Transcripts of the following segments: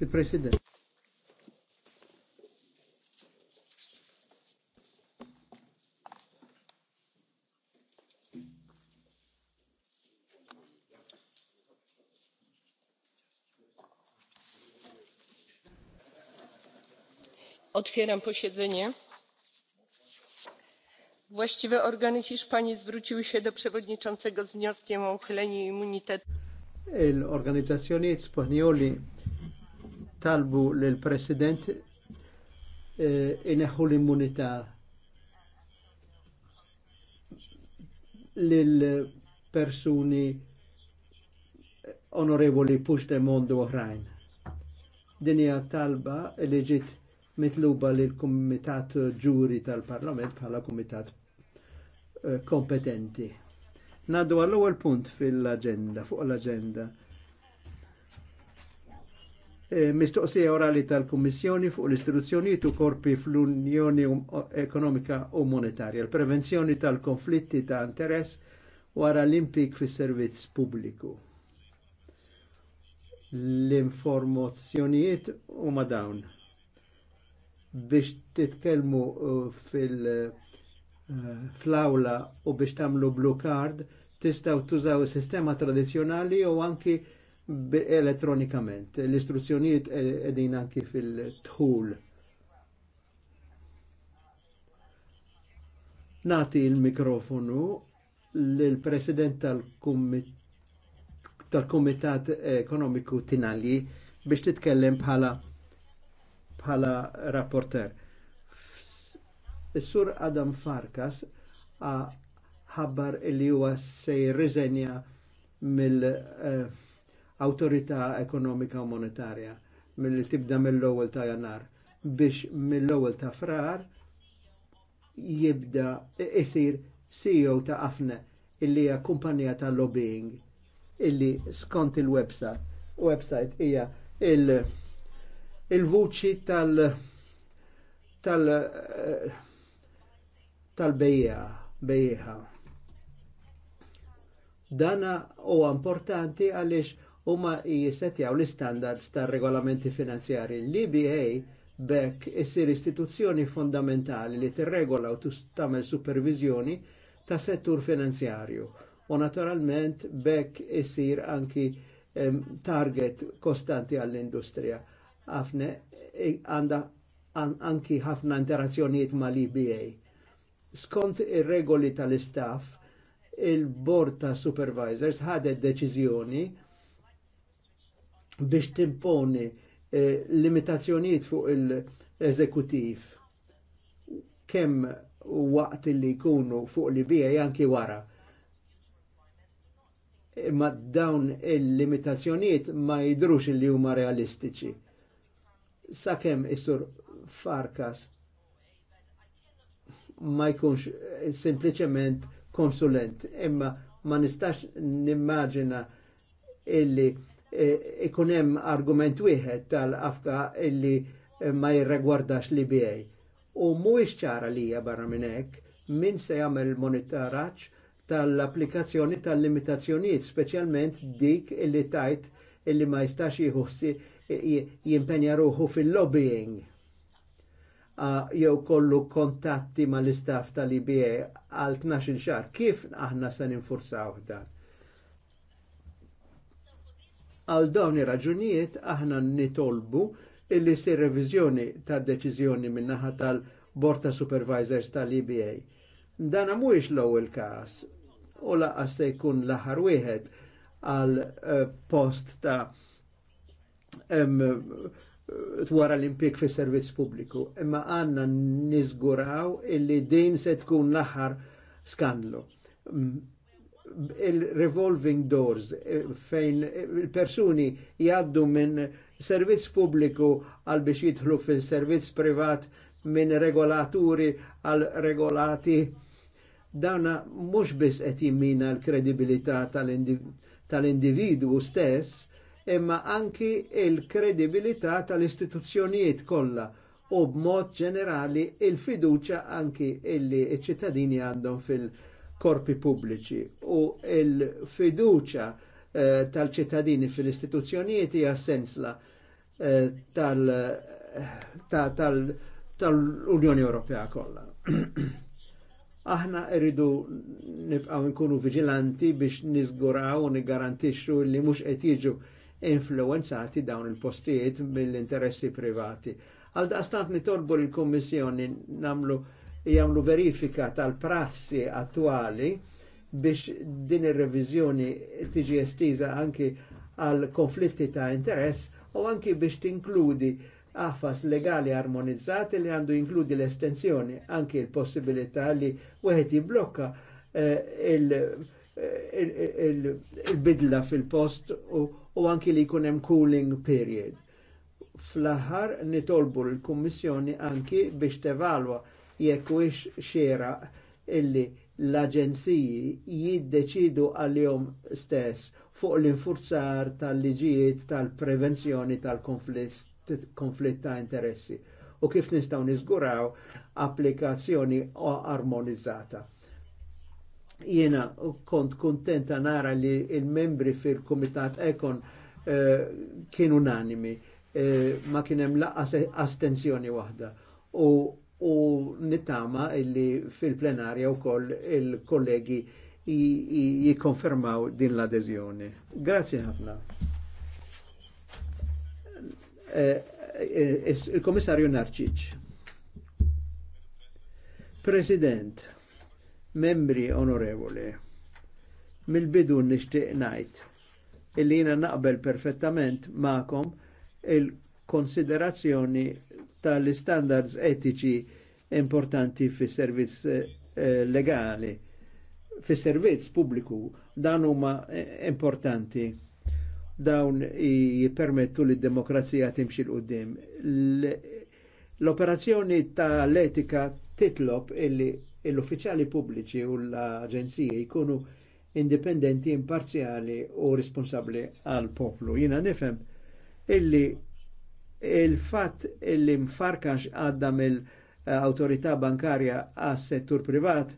Il-President. otwieram posiedzenie. właściwe organy hiszpanii zwróciły się do przewodniczącego z wnioskiem o uchylenie immunitetu l-organizzazzjonijiet spanjoli talbu l-president eh, ineħħu l-immunità l-persuni onorevoli Puigdemont u oħrajn. Dinja talba li ġiet mitluba lill kumitat ġuri tal-Parlament bħala kumitat eh, kompetenti. Naddu għall-ewwel punt fil agenda fuq l-aġenda. E, Mistoqsija orali tal-Kummissjoni fuq l-istituzzjonijiet u korpi fl-Unjoni um, Ekonomika u Monetarja, l-prevenzjoni tal-konflitti ta' interess wara l-impik fis servizz pubbliku. L-informazzjonijiet huma dawn biex titkellmu uh, fil- fl-awla u biex tamlu blue card tistaw tużaw sistema tradizjonali u anki elettronikament. L-istruzzjonijiet e- edin anki fil-tħul. Nati il-mikrofonu l-President tal-Kumitat Ekonomiku Tinali biex titkellem bħala bħala rapporter. Is-sur Adam Farkas ħabbar li huwa se jirriżenja mill-Awtorità eh, Ekonomika u Monetarja mill tibda mill-ewwel ta' Janar biex mill-ewwel ta' Frar jibda isir CEO ta' Afne illi hija kumpanija ta' lobbying illi skont il-website website hija il-vuċi il tal- tal- eh, tal-bejja, bejja. Dana huwa importanti għaliex huma jissetjaw l-istandards tar-regolamenti finanzjari. L-IBA bekk issir istituzzjoni fondamentali li tirregola u tagħmel supervizjoni ta' settur finanzjarju. U naturalment bekk issir anki target kostanti għall-industrija. Għafne għanda anki ħafna interazzjonijiet ma' l-IBA. E skont ir-regoli tal-istaff, il-Bord ta' Supervisors ħadet deċiżjoni biex timponi eh, limitazzjonijiet fuq il-eżekutiv kemm waqt li jkunu fuq li bija janki wara. Imma dawn il-limitazzjonijiet ma jidrux il-li huma realistiċi. Sakemm isur Farkas ma jkunx sempliċement konsulent, imma ma nistax nimmaġina illi eh, ikunem argument wieħed tal-afka illi eh, ma jirregwardax li bijaj. U mhuwiex ċara li hija barra minn hekk min se jagħmel monitoraġġ tal-applikazzjoni tal-limitazzjonijiet, speċjalment dik illi tajt illi ma jistax jieħu eh, jimpenja ruħu fil-lobbying jew kollu kontatti mal-istaff tal-IBA għal 12 xar, kif aħna se ninfurzaw dan? Għal dawn ir-raġunijiet aħna nitolbu illi si revizjoni ta' deċizjoni minnaħa tal-Bord ta' Supervisors tal-IBA. Dan mhuwiex l-ewwel każ u laqas se jkun l-aħħar wieħed għal eh, post ta' twara l-impjeg fis servizz pubbliku. Imma għanna nizguraw illi din se tkun l-aħħar skandlu. Il-revolving doors e, fejn il-persuni jaddu minn servizz pubbliku għal biex jidħlu fil-servizz privat minn regolaturi għal regolati dawna mhux biss qed jimmina l-kredibilità tal-individwu tal stess, imma anki il-kredibilità tal-istituzzjonijiet kollha u b'mod ġenerali il-fiduċa anki illi ċ-ċittadini għandhom fil-korpi pubbliċi u il-fiduċa eh, tal-ċittadini fil-istituzzjonijiet hija sensla eh, tal-Unjoni tal, Ewropea kollha. aħna rridu nibqaw nkunu vigilanti biex nizguraw u nigarantixxu li mhux qed jiġu influenzati dawn il-postijiet mill-interessi privati. Għal daqstant nitolbu l-Kommissjoni namlu jamlu verifika tal-prassi attuali biex din ir-reviżjoni tiġi estiża anki għal konflitti ta' interess u anki biex tinkludi għafas legali armonizzati li għandu inkludi l-estensjoni, anki l-possibilità li wieħed jiblokka eh, il-bidla eh, il, il, il, fil-post u u anki li jkun hemm cooling period. Fl-aħħar nitolbu l-Kummissjoni anki biex tevalwa jekk wiex xera illi l-aġenziji jiddeċidu għal-jom stess fuq l-infurzar tal-liġijiet tal-prevenzjoni tal-konflitt ta' interessi u kif nistaw niżguraw applikazzjoni armonizzata. Jiena kont kontenta nara li il-membri fil-Komitat Ekon eh, kien unanimi, eh, ma kien hemm laqas astenzjoni waħda. U, u nittama illi fil-plenarja wkoll il-kollegi jikonfermaw din l adezjoni Grazie ħafna. Eh, eh, Il-Komissarju Narċiċ. President membri onorevoli, mill-bidu nishtiq najt illi jina naqbel perfettament ma'kom il-konsiderazzjoni tal-standards etiċi importanti fis servizz eh, legali, fis servizz pubbliku, dan huma eh, importanti dawn jipermettu li demokrazija timxi l-qoddim. L-operazzjoni tal etika titlob illi l-uffiċjali pubbliċi u l-aġenziji jkunu indipendenti, imparzjali u responsabli għal poplu. Jina nifem illi il-fat illi mfarkax għadda mill-autorità bankarja għas settur privat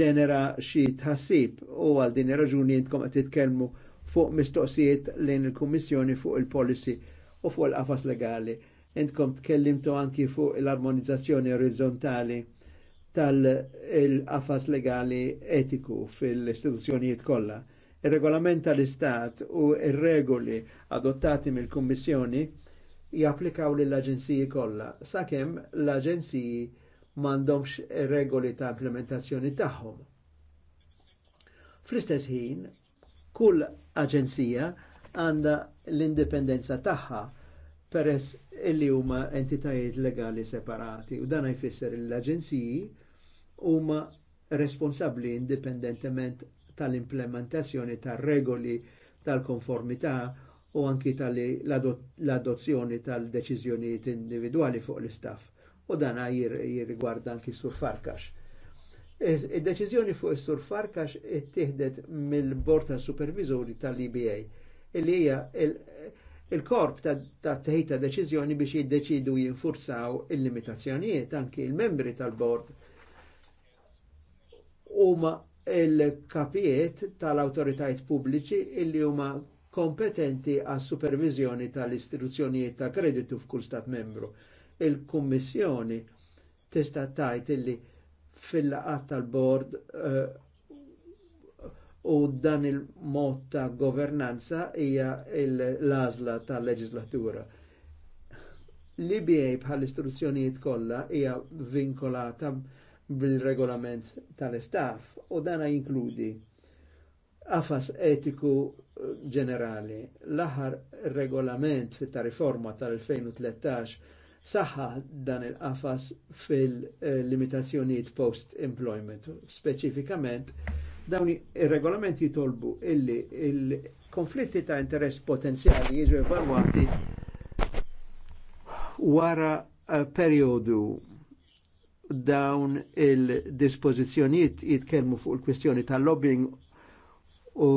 ġenera xi tħassib u għal din ir-raġuni jintkom qed titkellmu fuq mistoqsijiet lejn il-Kummissjoni fuq il-policy u fuq il-qafas legali entkom tkellimtu anki fuq l-armonizzazzjoni orizzontali tal-qafas legali etiku fil-istituzzjonijiet kollha. Il-regolament tal-Istat u ir regoli adottati mill-Kummissjoni japplikaw lill-Aġenziji kollha sakemm l-Aġenziji m'għandhomx regoli ta' implementazzjoni tagħhom. Fl-istess ħin, kull aġenzija għandha l-indipendenza tagħha peress illi huma entitajiet legali separati u dan jfisser l-aġenziji huma responsabbli indipendentement tal-implementazzjoni tar-regoli tal-konformità u anki tal-adozzjoni tal-deċiżjonijiet individwali fuq l-istaff. U dan jirrigwarda anki sur farkax. Id-deċiżjoni fuq is-sur farkax ittieħdet mill-Bord tas supervisuri tal-EBA illi hija il-korp ta' teħita deċiżjoni biex jiddeċidu jinfurzaw il-limitazzjonijiet anki il-membri tal-bord huma il-kapijiet tal-autoritajiet pubbliċi illi huma kompetenti għas supervizjoni tal-istituzzjonijiet ta' kreditu f'kull stat membru. Il-Kummissjoni tista' tajt illi fil-laqat tal-bord uh, u dan il-mod ta' governanza hija l-għażla tal-leġislatura. L-IBA bħal istruzzjonijiet kollha hija vinkolata bil-regolament tal-istaff u dana jinkludi afas etiku ġenerali. L-aħħar regolament ta' riforma tal-2013 saħħa dan il-qafas fil-limitazzjonijiet post-employment, speċifikament Dawni ir-regolamenti jitolbu illi il-konflitti ta' interess potenzjali jiġu evalwati wara eh, periodu dawn il-dispozizjoniet jitkelmu fuq il-kwestjoni tal-lobbying u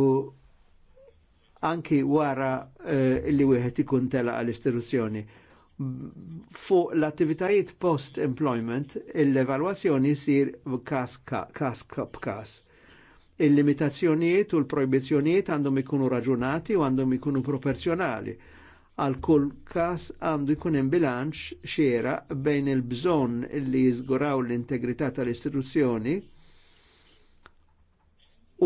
anki wara eh, li wieħed ikun tela għall-istituzzjoni. Fuq l-attivitajiet post-employment, l-evalwazzjoni sir kas b'kas il-limitazzjonijiet u l-projbizzjonijiet għandhom ikunu raġunati u għandhom ikunu proporzjonali. Għal kull kas għandu jkun hemm bilanċ xiera bejn il-bżonn li jiżguraw l-integrità tal-istituzzjoni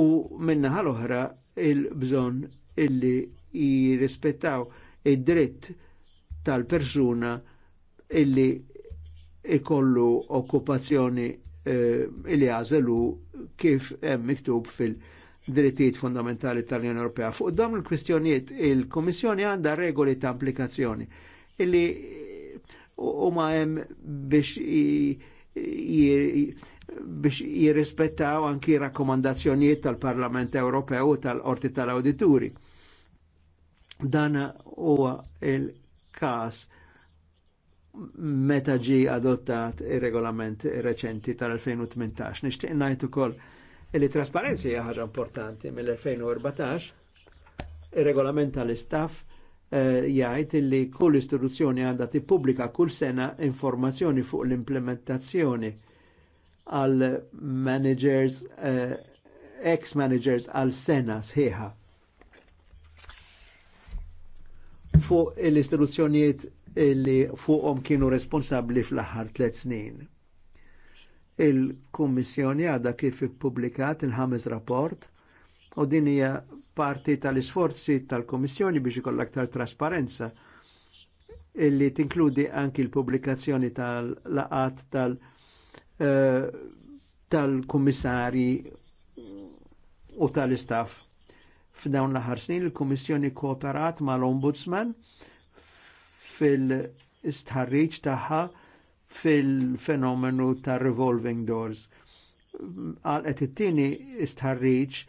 u minnaħa l-oħra il-bżonn illi jirrispettaw id-dritt tal-persuna illi ikollu okkupazzjoni Eh, il jażelu kif hemm miktub fil-drittijiet fundamentali tal-Unjoni Ewropea. Fuq dawn il-kwistjonijiet il-Kummissjoni għandha regoli ta' applikazzjoni illi huma hemm biex biex jirrispettaw anki rakkomandazzjonijiet tal-Parlament Ewropew u tal qorti tal-Awdituri. Dan huwa il-każ meta ġi adottat il-regolament reċenti tal-2018. Nishtiq najt ukoll li trasparenzi hija ħaġa importanti mill-2014. Il-regolament tal-istaff eh, jgħid li kull istituzzjoni għandha tippubblika kull sena informazzjoni fuq l-implementazzjoni għal managers eh, ex-managers għal sena sħiħa fuq l-istituzzjonijiet illi fuqhom kienu responsabbli fl-aħħar tliet snin. Il-Kummissjoni għadha kif ippubblikat il-ħames rapport u din hija parti tal-isforzi tal-Kummissjoni biex ikollha aktar trasparenza illi tinkludi anki l-pubblikazzjoni tal-laqat tal- eh, tal-kummissari u tal-istaff. F'dawn l-aħħar snin il-Kummissjoni kooperat mal-Ombudsman fil-istħarriċ tagħha fil-fenomenu ta' revolving doors. Għal it-tieni istħarriċ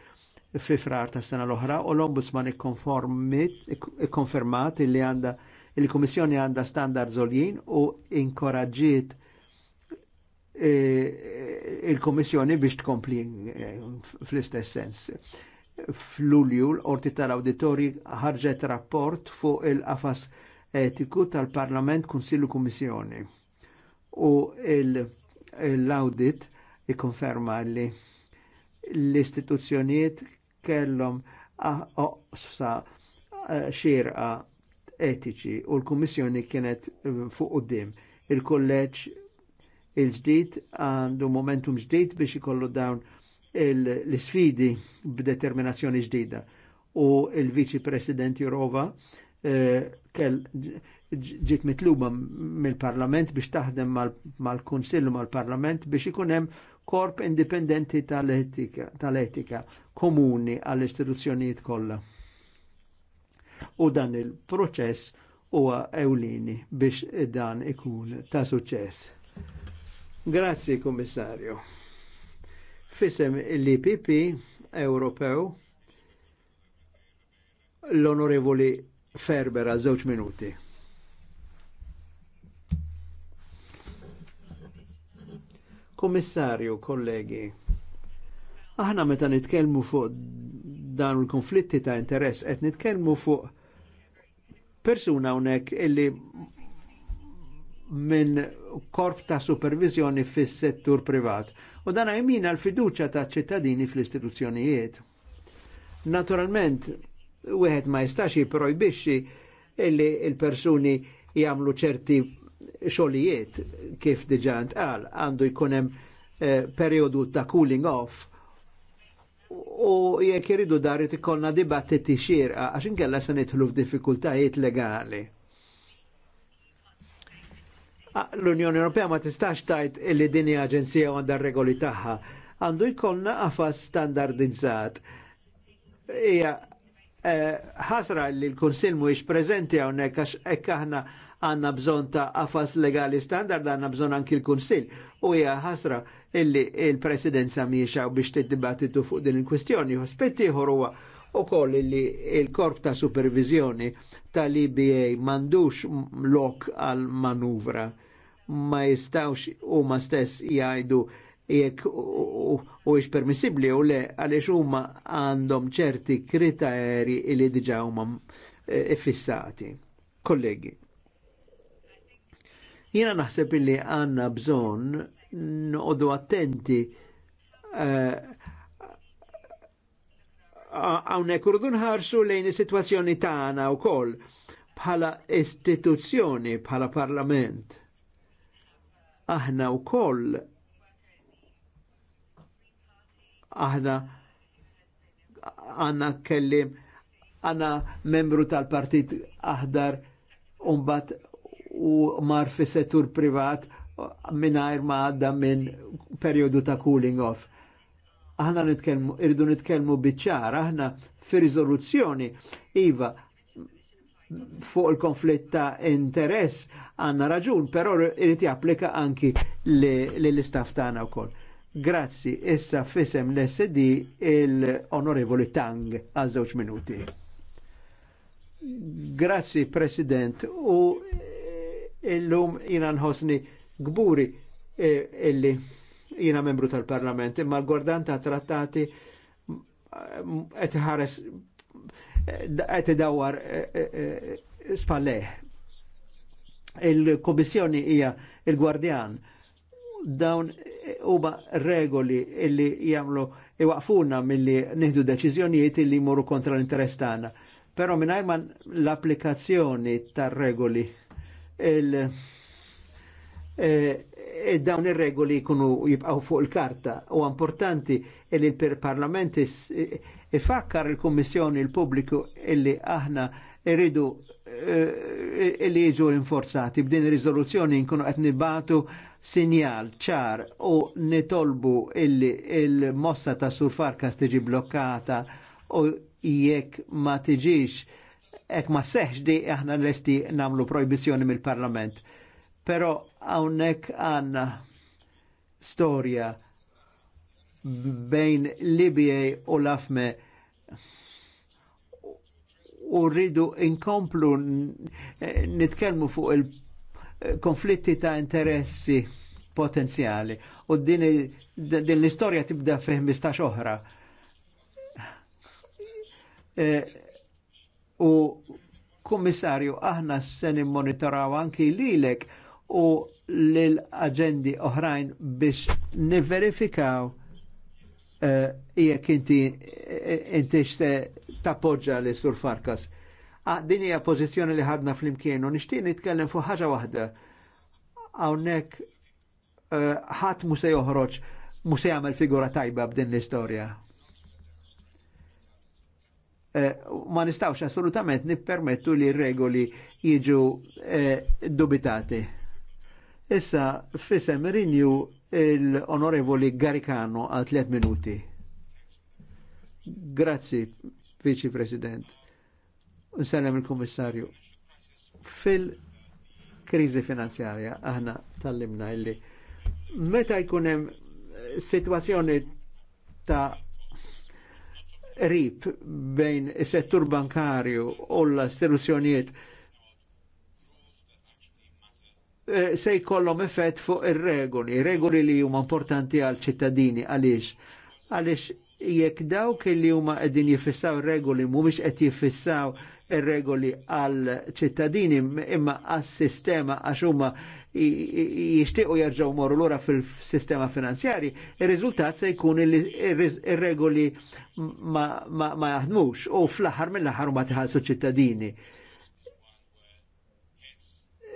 fi frar ta' sena l-oħra u l-Ombudsman ikkonfermat li għanda il-Kummissjoni għanda standard zoljien u inkoraġġiet e, il-Kummissjoni biex tkompli e, fl-istess sens. F'Lulju l orti tal-Awditorji ħarġet rapport fuq il-qafas etiku tal-Parlament, Kunsillu Kummissjoni. U l-audit ikkonferma li l-istituzzjonijiet kellhom sa xirqa etiċi u l-Kummissjoni kienet eh, fuq qudiem. Il-kolleġġ il-ġdid għandu momentum ġdid biex ikollu dawn l-sfidi b'determinazzjoni ġdida. U il-Viċi President Jurova eh, ġit mitluba mill-Parlament biex taħdem mal konsillu mal-Parlament biex ikun hemm korp indipendenti tal-etika komuni għall-istituzzjonijiet kollha. U dan il-proċess huwa ewlini biex dan ikun ta' suċċess. Grazzi, Kummissarju. Fisem l-IPP Ewropew l-Onorevoli ferbera żewġ minuti. Kommissarju, kollegi, aħna meta nitkellmu fuq dan il-konflitti ta' interess, qed nitkellmu fuq persuna unek illi minn korp ta' supervizjoni fis settur privat. U dan għajmina l-fiduċa ta' ċittadini fl-istituzzjonijiet. Naturalment, wieħed ma jistax jipprojbixxi illi il-persuni jagħmlu ċerti xogħlijiet kif diġà ntqal għandu jkun hemm eh, perjodu periodu ta' cooling off u jekk iridu dar ikollna dibattiti xierqa għax inkella se nidħlu f'diffikultajiet legali. Ah, L-Unjoni Ewropea ma tistax tajt illi dini aġenzija għandha regoli tagħha. Għandu jkollna qafas standardizzat. Ija, ħasra li l-Kunsil mhuwiex preżenti hawnhekk għax hekk aħna għandna bżonn ta' qafas legali standard għandna bżonn anki l kunsill u hija ħasra illi il-Presidenza mhijiex biex tiddibattitu fuq din il-kwistjoni u aspetti ieħor huwa ukoll illi il-korp ta' supervizjoni tal-IBA mandux lok għal manuvra ma jistawx u ma stess jgħidu jekk u ix permissibli u le għaliex huma għandhom ċerti kriteri li diġa huma eh, fissati. Kollegi, jina naħseb illi għanna bżon noqdu attenti għawnek eh, urdu nħarsu lejn is-sitwazzjoni tagħna wkoll bħala istituzzjoni bħala parlament. Aħna wkoll aħna għanna kellim għanna membru tal-partit aħdar umbat u mar fi settur privat minnajr ma għadda minn periodu ta' cooling off. Aħna nitkelmu, irridu nitkelmu biċċar, aħna fi rizoluzzjoni, Iva, fuq il-konflitt ta' interess għanna raġun, però irrit japplika anki l-istaff tagħna wkoll. Grazzi, issa fisem l-SD il-onorevoli Tang għal żewġ minuti. Grazzi, President, u eh, illum jina nħosni gburi eh, illi jina membru tal-Parlament, imma l-gordan ta' trattati eh, qed ħares qed spalleħ. Il-Kommissjoni hija il-Gwardjan il gwardjan dawn huma regoli illi jagħmlu iwaqfuna milli nieħdu deċiżjonijiet illi jmorru kontra l-interess tagħna. Però mingħajr ma l-applikazzjoni tar-regoli il e, e dawn ir-regoli jkunu jibqgħu fuq il-karta u importanti illi l-Parlament ifakkar il-Kummissjoni l-Pubbliku illi aħna irridu e, illi jiġu rinforzati b'din ir-riżoluzzjoni nkunu qed nibatu sinjal ċar u nitolbu illi il-mossa ta' surfarkas tiġi blokkata u jekk ma tiġix, ek ma seħx di aħna lesti namlu proibizjoni mill-parlament. Pero għawnek għanna storja bejn Libijaj u lafme u rridu inkomplu nitkelmu fuq il- konflitti ta' interessi potenziali u din, l istoria tibda fi 15 oħra. E, u kummissarju, aħna s-sen monitoraw anki lilek u l-agendi oħrajn biex niverifikaw e, jekk inti e, inti se tappoġġa li sur Farkas. Ah, din hija pożizzjoni li ħadna flimkien u nixtieq nitkellem fuq ħaġa waħda. Hawnhekk eh, ħadd uh, se joħroġ mu se jagħmel figura tajba b'din l-istorja. Eh, ma nistawx assolutament nippermettu li regoli jiġu eh, dubitati. Issa fisem rinju l-onorevoli Garicano għal 3 minuti. Grazzi, Vici President. Nsellem il-Kummissarju. Fil-krizi finanzjarja aħna tallimna illi meta jkun hemm eh, situazzjoni ta' rib bejn is-settur bankarju u l-istituzzjonijiet eh, se jkollhom effett fuq ir-regoli, regoli li huma importanti għal ċittadini għaliex għaliex jekk dawk li huma qegħdin jifissaw regoli mhumiex qed jifissaw ir-regoli għal ċittadini imma għas-sistema għax huma jixtiequ jerġgħu moru lura fil-sistema finanzjari, ir-riżultat se jkun ir-regoli ma jaħdmux u fl-aħħar mill-aħħar huma tħallsu ċittadini.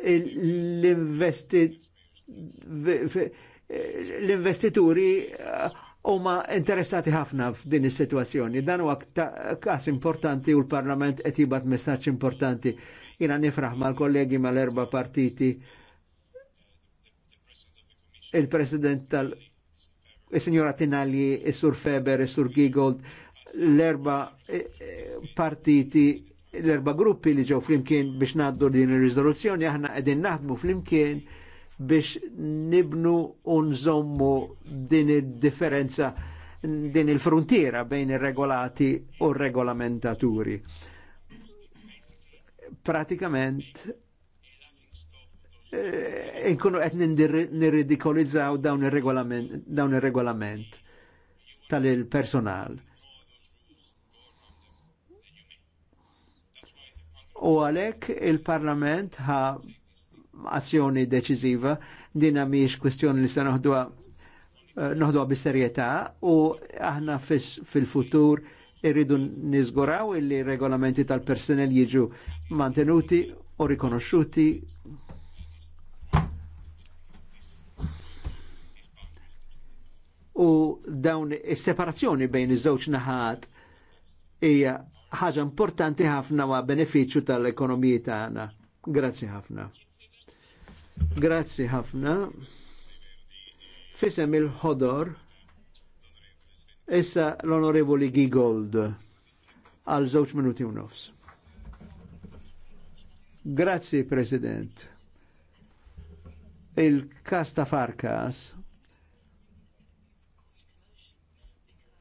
L-investituri huma interessati ħafna f'din is-sitwazzjoni. Dan huwa każ importanti u l-Parlament qed jibgħat messaġġ importanti. Jiena nifraħ mal-kollegi mal-erba' partiti il-President tal- il-Sinjora Tinalli, il-Sur Feber, il-Sur Gigold, l-erba eh, eh, partiti, l-erba gruppi li ġew flimkien biex naddu din ir-riżoluzzjoni aħna qegħdin naħdmu flimkien biex nibnu unżommu din il-differenza, din il-frontiera bejn il-regolati u regolamentaturi. Pratikament, eh, inkunu nkunu qed nirridikolizzaw dawn il-regolament dawn il-regolament tal-personal. U għalek il-parlament ha azzjoni deċiżiva, dina miex kwestjoni li se noħduha eh, noħduha bis-serjetà u aħna fil-futur irridu nizguraw illi regolamenti tal-personel jiġu mantenuti u rikonosciuti u dawn is-separazzjoni bejn iż-żewġ naħat hija ħaġa importanti ħafna wa beneficju tal-ekonomiji tagħna. Grazzi ħafna. Grazzi ħafna. Fisem il-ħodor issa l-onorevoli Gigold għal żewġ minuti u nofs. Grazzi, President. Il-kas ta' Farkas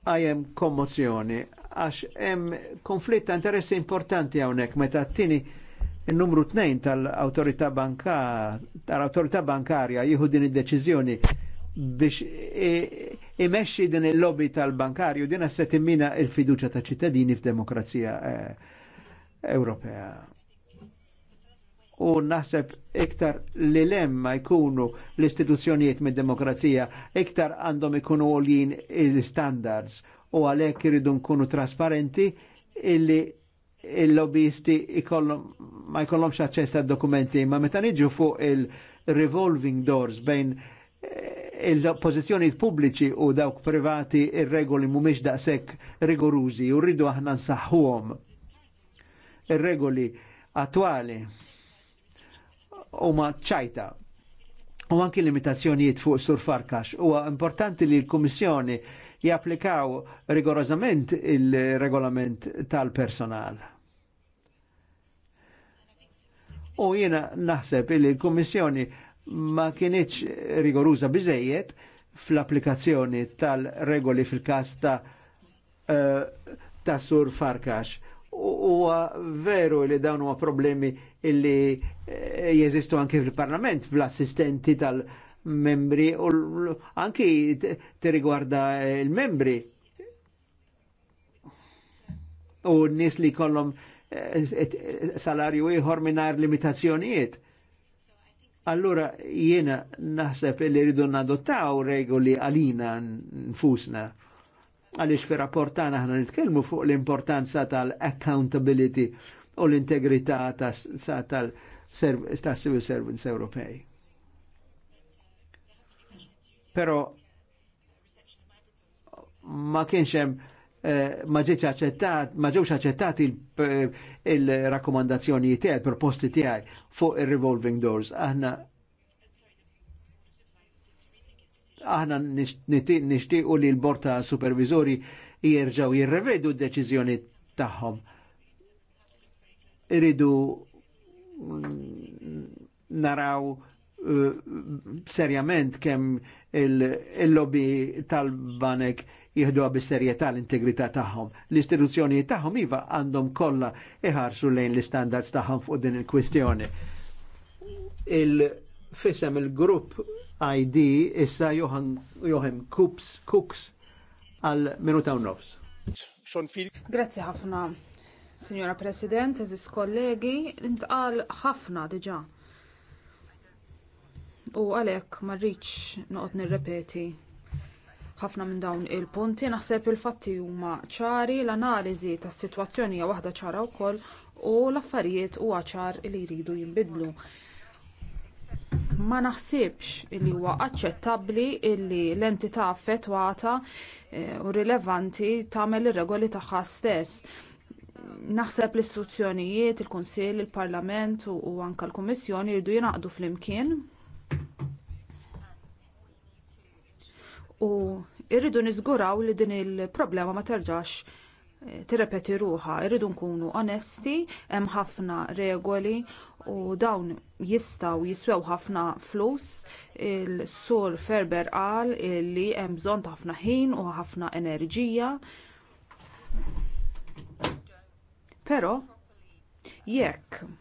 għajem kommozjoni għax hemm konflitt ta' interessi importanti hawnhekk meta t-tini Il-numru 2 tal-autorità banka, tal bankarja jieħu din id-deċiżjoni biex imesċi din il-lobby tal-bankarju din se immina il-fiduċa ta' ċittadini f'demokrazija eh, Ewropea. U naħseb iktar li lemma jkunu l-istituzzjonijiet mid-demokrazija, iktar għandhom ikunu għolin il-standards u għalek iridu nkunu trasparenti illi il-lobbyisti ma jkollhomx aċċess ta' dokumenti ma meta niġu fuq il-revolving doors bejn eh, il-pożizzjonijiet pubbliċi u dawk privati ir-regoli mhumiex daqshekk rigorużi u rridu aħna nsaħħuhom. Ir-regoli attwali huma ċajta u anki limitazzjonijiet fuq sur farkax. Huwa importanti li l-Kummissjoni japplikaw rigorozament il-regolament tal-personal. U jiena naħseb li l-Kummissjoni ma kienieċ rigoruża biżejjed fl-applikazzjoni tal-regoli fil-kas ta' uh, ta' sur farkax. U veru li dawn huwa problemi illi eh, jeżistu anke fil-parlament, fl-assistenti tal-parlament membri u anki riguarda eh, il-membri u n-nis li kollom eh, eh, salarju ieħor mingħajr limitazzjonijiet. Allura jiena naħseb li rridu nadottaw regoli għalina nfusna. Għaliex fi rapportana aħna nitkellmu fuq l-importanza tal-accountability u l-integrità tas-civil servants Ewropej. Pero ma kienx hemm eh, ma ġietx aċċettat, ma ġewx aċċettati il eh, rakkomandazzjoni il tiegħi, il-proposti tiegħi fuq ir-revolving doors. Aħna aħna nixtiequ li l-bord ta' supervizori jirġaw jirrevedu d-deċiżjoni tagħhom. Iridu naraw Eh, serjament kemm il-lobby tal-banek jihdu bis-serjetà l-integrità tagħhom. l istituzzjoni tagħhom iva għandhom kollha iħarsu lejn l-istandards tagħhom fuq din il-kwistjoni. Il-fisem il-grupp ID issa Johan Cooks Cooks għal minuta u nofs. Grazzi ħafna, Signora President, eżis kollegi, intqal ħafna diġa' u għalhekk ma rridx noqgħod nirrepeti ħafna minn dawn il-punti naħseb il-fatti huma ċari l-analiżi tas-sitwazzjoni hija waħda ċara wkoll u l-affarijiet huwa ċar li jridu jinbidlu. Ma naħsibx li huwa aċċettabbli li l-entità affettwata eh, u rilevanti tagħmel ir-regoli tagħha stess naħseb l-istituzzjonijiet, il-Kunsill, il-Parlament u anke l-Kummissjoni jridu jingħaqdu flimkien u irridu niżguraw li din il-problema ma terġax eh, tirrepeti ruħa, irridu nkunu onesti, hemm ħafna regoli u dawn jistaw jiswew ħafna flus, il-sur Ferber qal li hemm bżonn ta' ħafna ħin u ħafna enerġija. Però jekk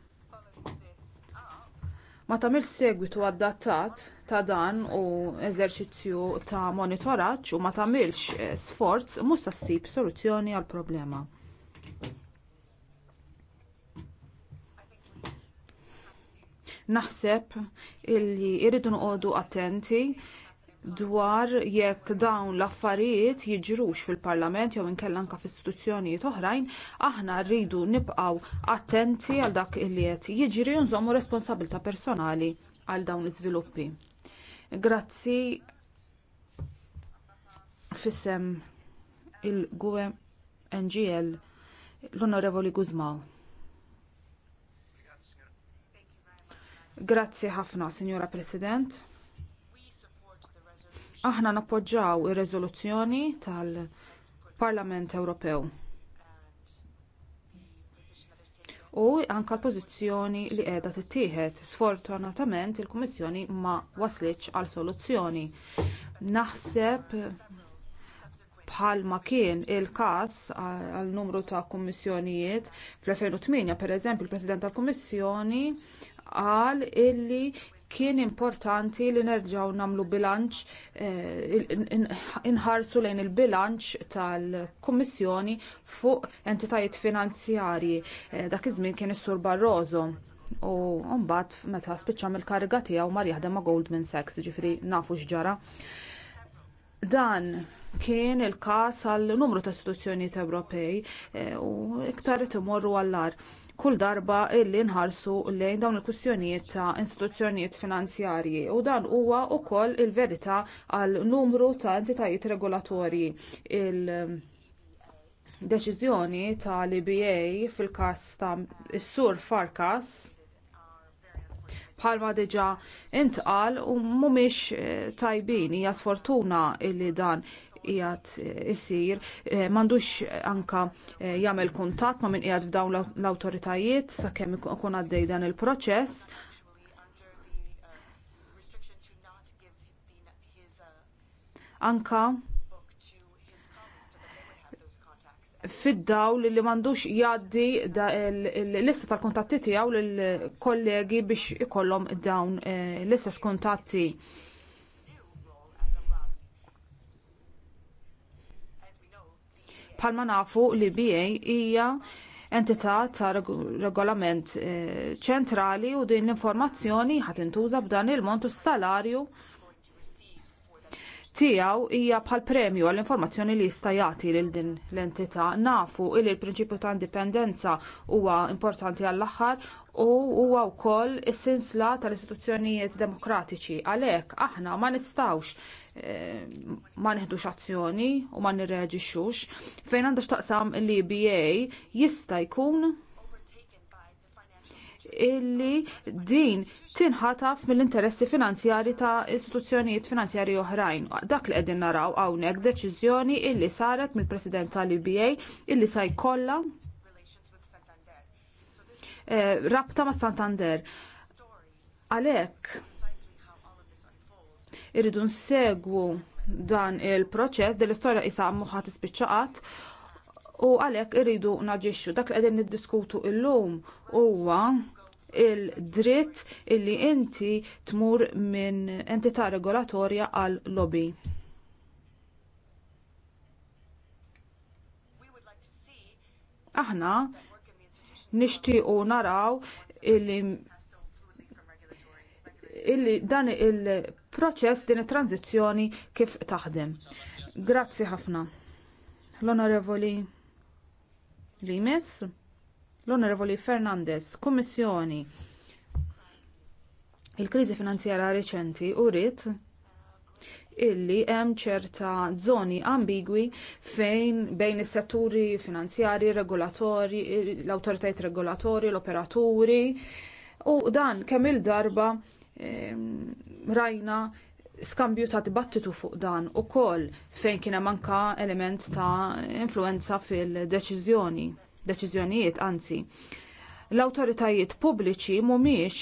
ma tagħmilx segwitu adattat ta' dan u eżerċizzju ta' monitoraġġ u ma tagħmilx eh, sforz mhux ssib soluzzjoni għall problema. Naħseb illi irridu noqogħdu attenti dwar jekk dawn l-affarijiet jiġrux fil-Parlament jew inkella anke f'istituzzjonijiet oħrajn, aħna rridu nibqgħu attenti għal dak li qed jiġri u nżommu responsabilità personali għal dawn l-iżviluppi. Grazzi fissem il-Gwe NGL l-Onorevoli Guzmaw. Grazzi ħafna, Signora President. Aħna nappoġġaw ir-reżoluzzjoni tal-Parlament Ewropew. u anka l-pożizzjoni li qiegħda tittieħed. Sfortunatament il-Kummissjoni ma waslitx għal soluzzjoni. Naħseb bħalma kien il-każ għal numru ta' kummissjonijiet fl-2008 eżempju, il-President tal-Kummissjoni qal illi kien importanti li nerġgħu nagħmlu bilanċ eh, inħarsu lejn il-bilanċ tal-Kummissjoni fuq entitajiet finanzjarji. Eh, dak iż-żmien kien is-Sur Barroso u mbagħad meta spiċċa mill-kariga tiegħu mar jaħdem ma' Goldman Sachs, ġifieri nafu x'ġara. Dan kien il-każ għal numru ta' istituzzjonijiet Ewropej eh, u iktar imorru għall-ar kull darba illi nħarsu lejn dawn il-kwistjonijiet ta' istituzzjonijiet finanzjarji u dan huwa wkoll il-verità għal numru ta' entitajiet regolatorji. Il um, deċiżjoni tal-EBA fil-każ ta' s sur Farkas bħalma diġà intqal u mhumiex eh, tajbin hija sfortuna li dan jgħat jisir, eh, m'għandux eh, anka eh, jagħmel kuntatt ma' min qiegħed f'dawn l-awtoritajiet sakemm ikun għaddej dan il-proċess. Anka fid-dawl li mandux jaddi l-lista tal-kontatti tiegħu lill kollegi biex ikollhom dawn l-istess kontatti. Palma nafu li BA hija entità ta' regolament eh, ċentrali u din l-informazzjoni ħat intuża b'dan il montu u s-salarju tiegħu hija bħal premju għall informazzjoni li jista' jagħti lil din l-entità. Nafu li l-prinċipju ta' indipendenza huwa importanti għall-aħħar u huwa wkoll is-sinsla tal-istituzzjonijiet demokratiċi. Għalhekk aħna ma nistgħux Eh, ma neħdux azzjoni u ma nirreġixxux fejn għandha x'taqsam l-EBA jista' jkun illi din tinħataf mill-interessi finanzjari ta' istituzzjonijiet finanzjari oħrajn. Dak li qegħdin naraw hawnhekk deċiżjoni illi saret mill-President tal-IBA illi sa jkollha eh, rabta ma' Santander. Għalhekk irridu nsegwu dan il-proċess l istorja isa moħħa tispiċċa u għalhekk irridu naġixxu dak li qegħdin niddiskutu llum huwa il-dritt illi inti tmur minn entità regolatorja għal lobby. aħna nixtiequ naraw illi illi dan il proċess din it-tranzizzjoni kif taħdem. Grazzi ħafna. L-Onorevoli Limes, l-Onorevoli Fernandez, Kommissjoni, Il-kriżi finanzjara reċenti u rrit illi hemm ċerta zoni ambigwi fejn bejn is-setturi finanzjari, regolatori, l-awtoritajiet regolatori, l-operaturi u dan kemm il-darba ehm, rajna skambju ta' dibattitu fuq dan u koll fejn kien hemm anka element ta' influenza fil-deċiżjoni, deċiżjonijiet anzi l-awtoritajiet pubbliċi mhumiex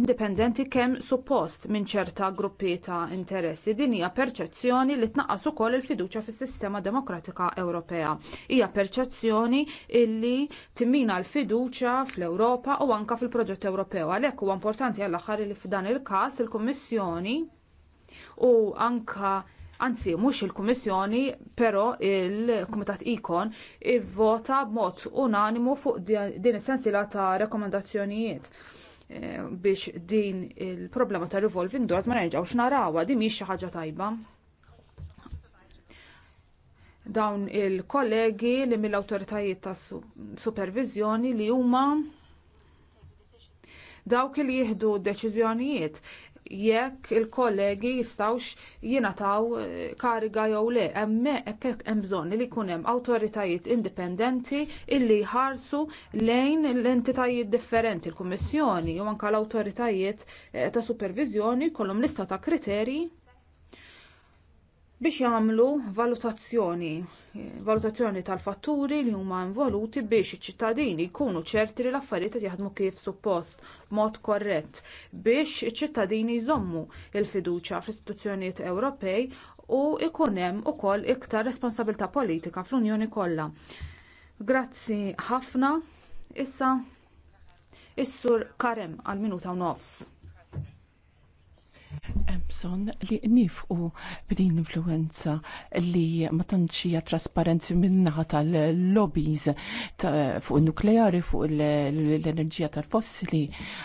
indipendenti kemm suppost minn ċerta gruppi ta' interessi. Din hija perċezzjoni li tnaqqas ukoll il-fiduċja fis-sistema demokratika Ewropea. Hija perċezzjoni illi timmina l-fiduċja fl-Ewropa u anke fil-proġett Ewropew. Għalhekk huwa importanti għall aħħar li f'dan il-każ il-Kummissjoni u anka anzi mhux il-Kummissjoni, però il-Kumitat Ikon ivvota b'mod unanimu fuq din is ta' rekomendazzjonijiet eh, biex din il-problema ta' revolving doors ma nerġaw xnarawa, di miex xi ħaġa tajba dawn il-kollegi li mill-awtoritajiet ta' supervizjoni li huma dawk li jieħdu deċiżjonijiet jekk il-kollegi jistawx jingħataw eh, kariga jew le. Hemmhekk hekk hemm bżonn li jkun hemm awtoritajiet indipendenti illi jħarsu lejn l-entitajiet differenti, l kummissjoni jew anke l-awtoritajiet eh, ta' supervizjoni jkollhom lista ta' kriterji biex jagħmlu valutazzjoni valutazzjoni tal-fatturi li huma involuti biex iċ-ċittadini jkunu ċerti li l-affarijiet qed jaħdmu kif suppost b'mod korrett biex iċ-ċittadini jżommu l-fiduċja fl-istituzzjonijiet Ewropej u jkun hemm ukoll iktar responsabilità politika fl-Unjoni kollha. Grazzi ħafna. Issa is-sur Karem għal minuta u nofs. Emson li nifqu b'din influenza li ma tantxija trasparenzi minnaħa tal-lobbies fuq il-nukleari, fuq l-enerġija tal-fossili,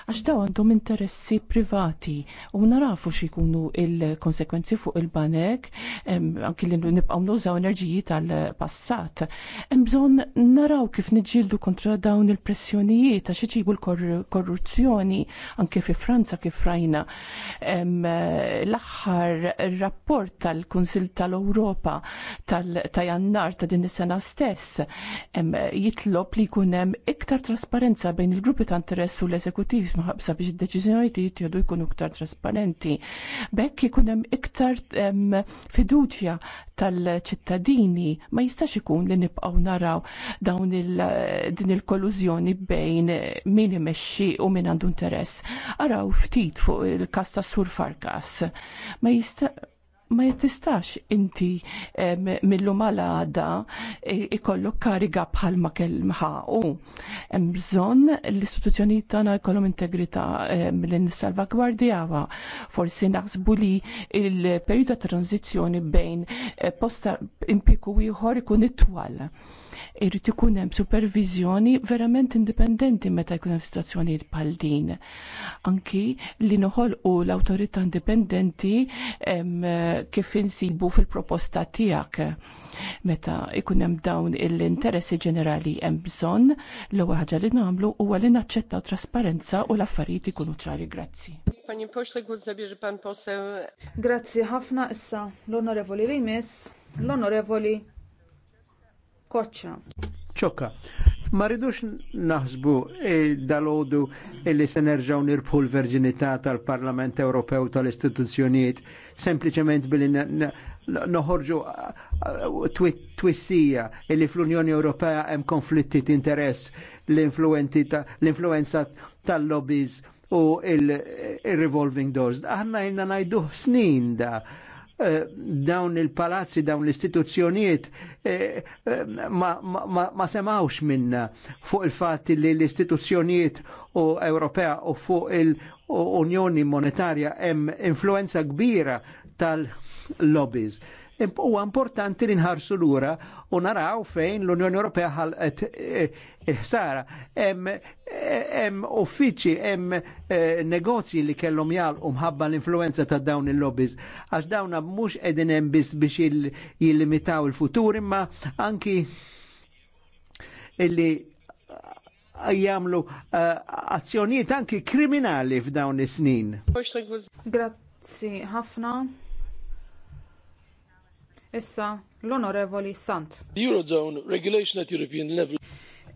għax daw għandhom interessi privati u narafu xikunu il-konsekwenzi fuq il-banek, anki li nibqaw nużaw enerġiji tal-passat. Emson naraw kif nġildu kontra dawn il-pressjonijiet għax iġibu l-korruzzjoni, anke fi Franza kif rajna Eh, l-aħħar rapport tal-Kunsil tal-Ewropa ta' jannar ta' din is-sena stess jitlob li jkun hemm iktar trasparenza bejn il-gruppi ta' interess u l-eżekutiv maħabsa biex id-deċiżjonijiet jieħdu jkunu iktar trasparenti. Bekk ikun hemm iktar fiduċja tal-ċittadini ma jistax ikun li nibqgħu naraw dawn il, din il kolużjoni bejn min imexxi u min għandu interess. Araw ftit fuq il-kasta surfa farkas. Ma jista' ma jittistax inti eh, mill-lum għada e, ikollok kariga bħal ma kelmħa u mżon l-istituzzjoni tana jkollhom integrita mill-salvagwardijawa. Forsi naħsbu li il-periodu ta' tranzizjoni bejn e, posta impiku ieħor ikun it-twal. Irrid ikun hemm supervizjoni verament indipendenti meta jkun hemm situazzjonijiet bħal din. Anki li noħolqu l-awtorità indipendenti kif insibu fil-proposta tiegħek. Meta ikun hemm dawn l-interessi ġenerali hemm bżonn, l-ewwel ħaġa li nagħmlu huwa li naċċettaw trasparenza u l-affarijiet ikunu ċari. Grazzi. Pani pośle, głos zabierze pan poseł. Grazzi ħafna issa l-onorevoli Rimis, l-onorevoli Koċċa. Ċokka. Ma ridux naħsbu e, dal-ħodu e, li se nerġaw nirbħu l-verġinità tal-Parlament Ewropew tal-istituzzjonijiet sempliciment billi noħorġu twissija e, li fl-Unjoni Ewropea hemm konflitti interess l-influenza tal-lobbies u il-revolving doors. Aħna jina najdu snin da Eh, dawn il-palazzi, dawn l-istituzzjonijiet eh, eh, ma, ma, ma semawx minna fuq il-fat li l-istituzzjonijiet u Ewropea u fuq il-Unjoni Monetarja hemm influenza kbira tal-lobbies huwa importanti li nħarsu lura u naraw fejn l-Unjoni Ewropea ħalqet eh, il-ħsara. Eh, hemm uffiċċji, hemm eh, negozji li kellhom jagħlqu mħabba l-influenza ta' dawn il-lobbies għax dawna mhux qegħdin hemm biss biex jillimitaw il-futur imma anki illi jamlu azzjonijiet anki kriminali f'dawn is-snin. Grazzi ħafna. Issa l-Onorevoli Sant. Eurozone regulation at European level.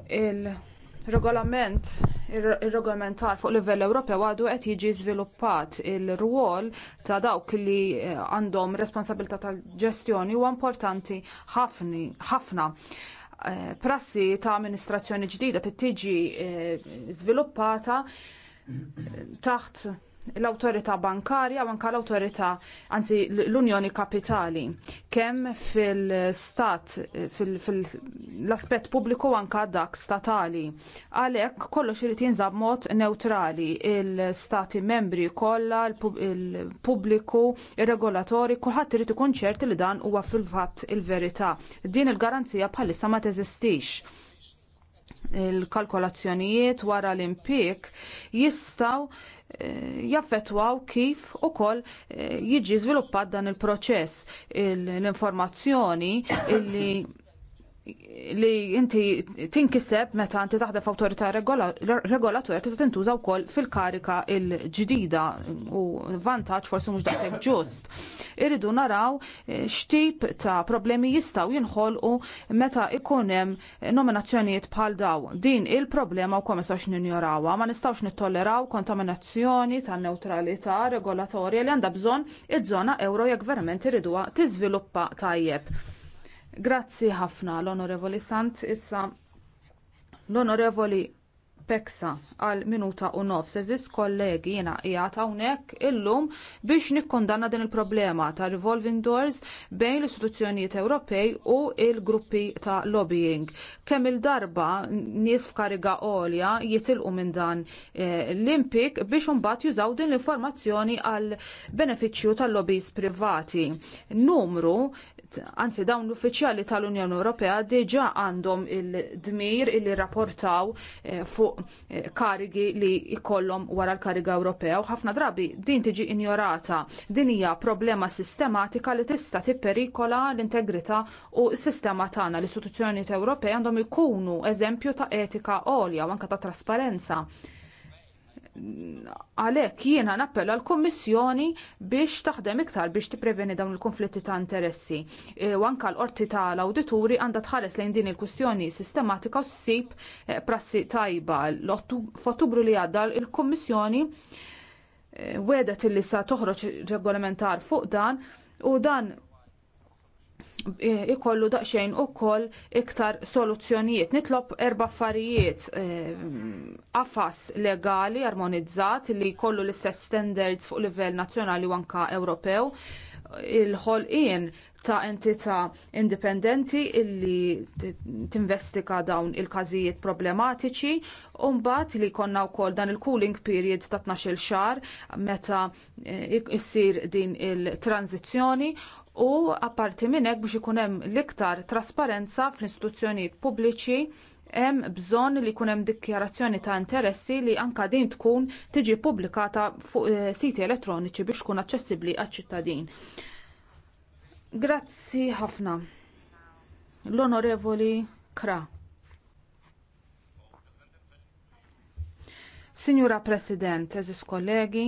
Il-regolament ir-regolamentar fuq livell Ewropew għadu qed jiġi żviluppat il-rwol ta' dawk li eh, għandhom responsabilità tal-ġestjoni huwa importanti ħafna. Eh, prassi ta' amministrazzjoni ġdida tittiġi eh, żviluppata taħt l autorita bankarja u anka l autorita anzi l-Unjoni Kapitali, kemm fil-stat, fil-aspett fil pubbliku anka dak statali. Għalhekk kollox irid jinżab mod neutrali il-stati membri kollha, il-pubbliku, ir-regolatori, kulħadd irid ikun ċert li dan huwa fil-fatt il-verità. Din il-garanzija bħalissa ma teżistix il-kalkolazzjonijiet wara l-impik jistaw Eh, jaffetwaw kif ukoll eh, jiġi żviluppat dan il-proċess l-informazzjoni illi li inti tinkiseb meta inti taħdem f'awtorità regolatur tista' tintuża wkoll fil-karika l-ġdida u vantaġġ forsi mhux daqshekk ġust. Irridu naraw eh, x'tip ta' problemi jistgħu jinħolqu meta ikun hemm nominazzjonijiet bħal daw. Din il-problema wkoll ma nistgħux ninjorawha, ma nistgħux nittolleraw kontaminazzjoni tan neutralità regolatorja li għandha bżonn iż-żona euro jekk verament irriduha tiżviluppa tajjeb. Grazzi ħafna l-Onorevoli Sant issa l-Onorevoli Peksa għal minuta u nofs eżis kollegi jena jgħat hawnhekk illum biex nikkondanna din il-problema ta' revolving doors bejn l-istituzzjonijiet Ewropej u il-gruppi ta' lobbying. Kemm il-darba nies f'kariga għolja jitilqu minn dan eh, l-impik biex imbagħad jużaw din l-informazzjoni għal benefiċċju tal-lobbies privati. Numru anzi dawn l-uffiċjali tal-Unjoni Ewropea diġà għandhom il-dmir illi rapportaw eh, fuq eh, karigi li jkollhom wara l-kariga Ewropea u ħafna drabi din tiġi injorata. Din hija problema sistematika li tista' tipperikola l-integrità u s-sistema tagħna. L-istituzzjonijiet Ewropej għandhom ikunu eżempju ta' etika għolja u anke ta' trasparenza għalhekk jiena nappella l-Kummissjoni biex taħdem iktar biex tippreveni dawn il-konflitti ta' interessi. E, u anke l-qorti tal-awdituri għandha tħares lejn din il-kwistjoni sistematika u ssib e, prassi tajba. F'Ottubru li għadda il-Kummissjoni e, wedet illi sa toħroġ regolamentar fuq dan u dan ikollu daqsxejn ukoll iktar soluzzjonijiet. Nitlob erba' affarijiet eh, qafas legali armonizzat li jkollu l-istess standards fuq livell nazzjonali u anke Ewropew il-ħolqien ta' entità indipendenti illi tinvestika dawn il-każijiet problematiċi u mbagħad li jkollna wkoll dan il-cooling period ta' 12-il xahar meta eh, issir din il-tranzizzjoni u apparti minn hekk biex ikun hemm l-iktar trasparenza fl-istituzzjonijiet pubbliċi hemm bżonn li jkun hemm dikjarazzjoni ta' interessi li anke din tkun tiġi pubblikata fuq eh, siti elettroniċi biex tkun aċċessibbli għaċ-ċittadin. Grazzi ħafna. L-Onorevoli Kra. Signora President, eżis kollegi,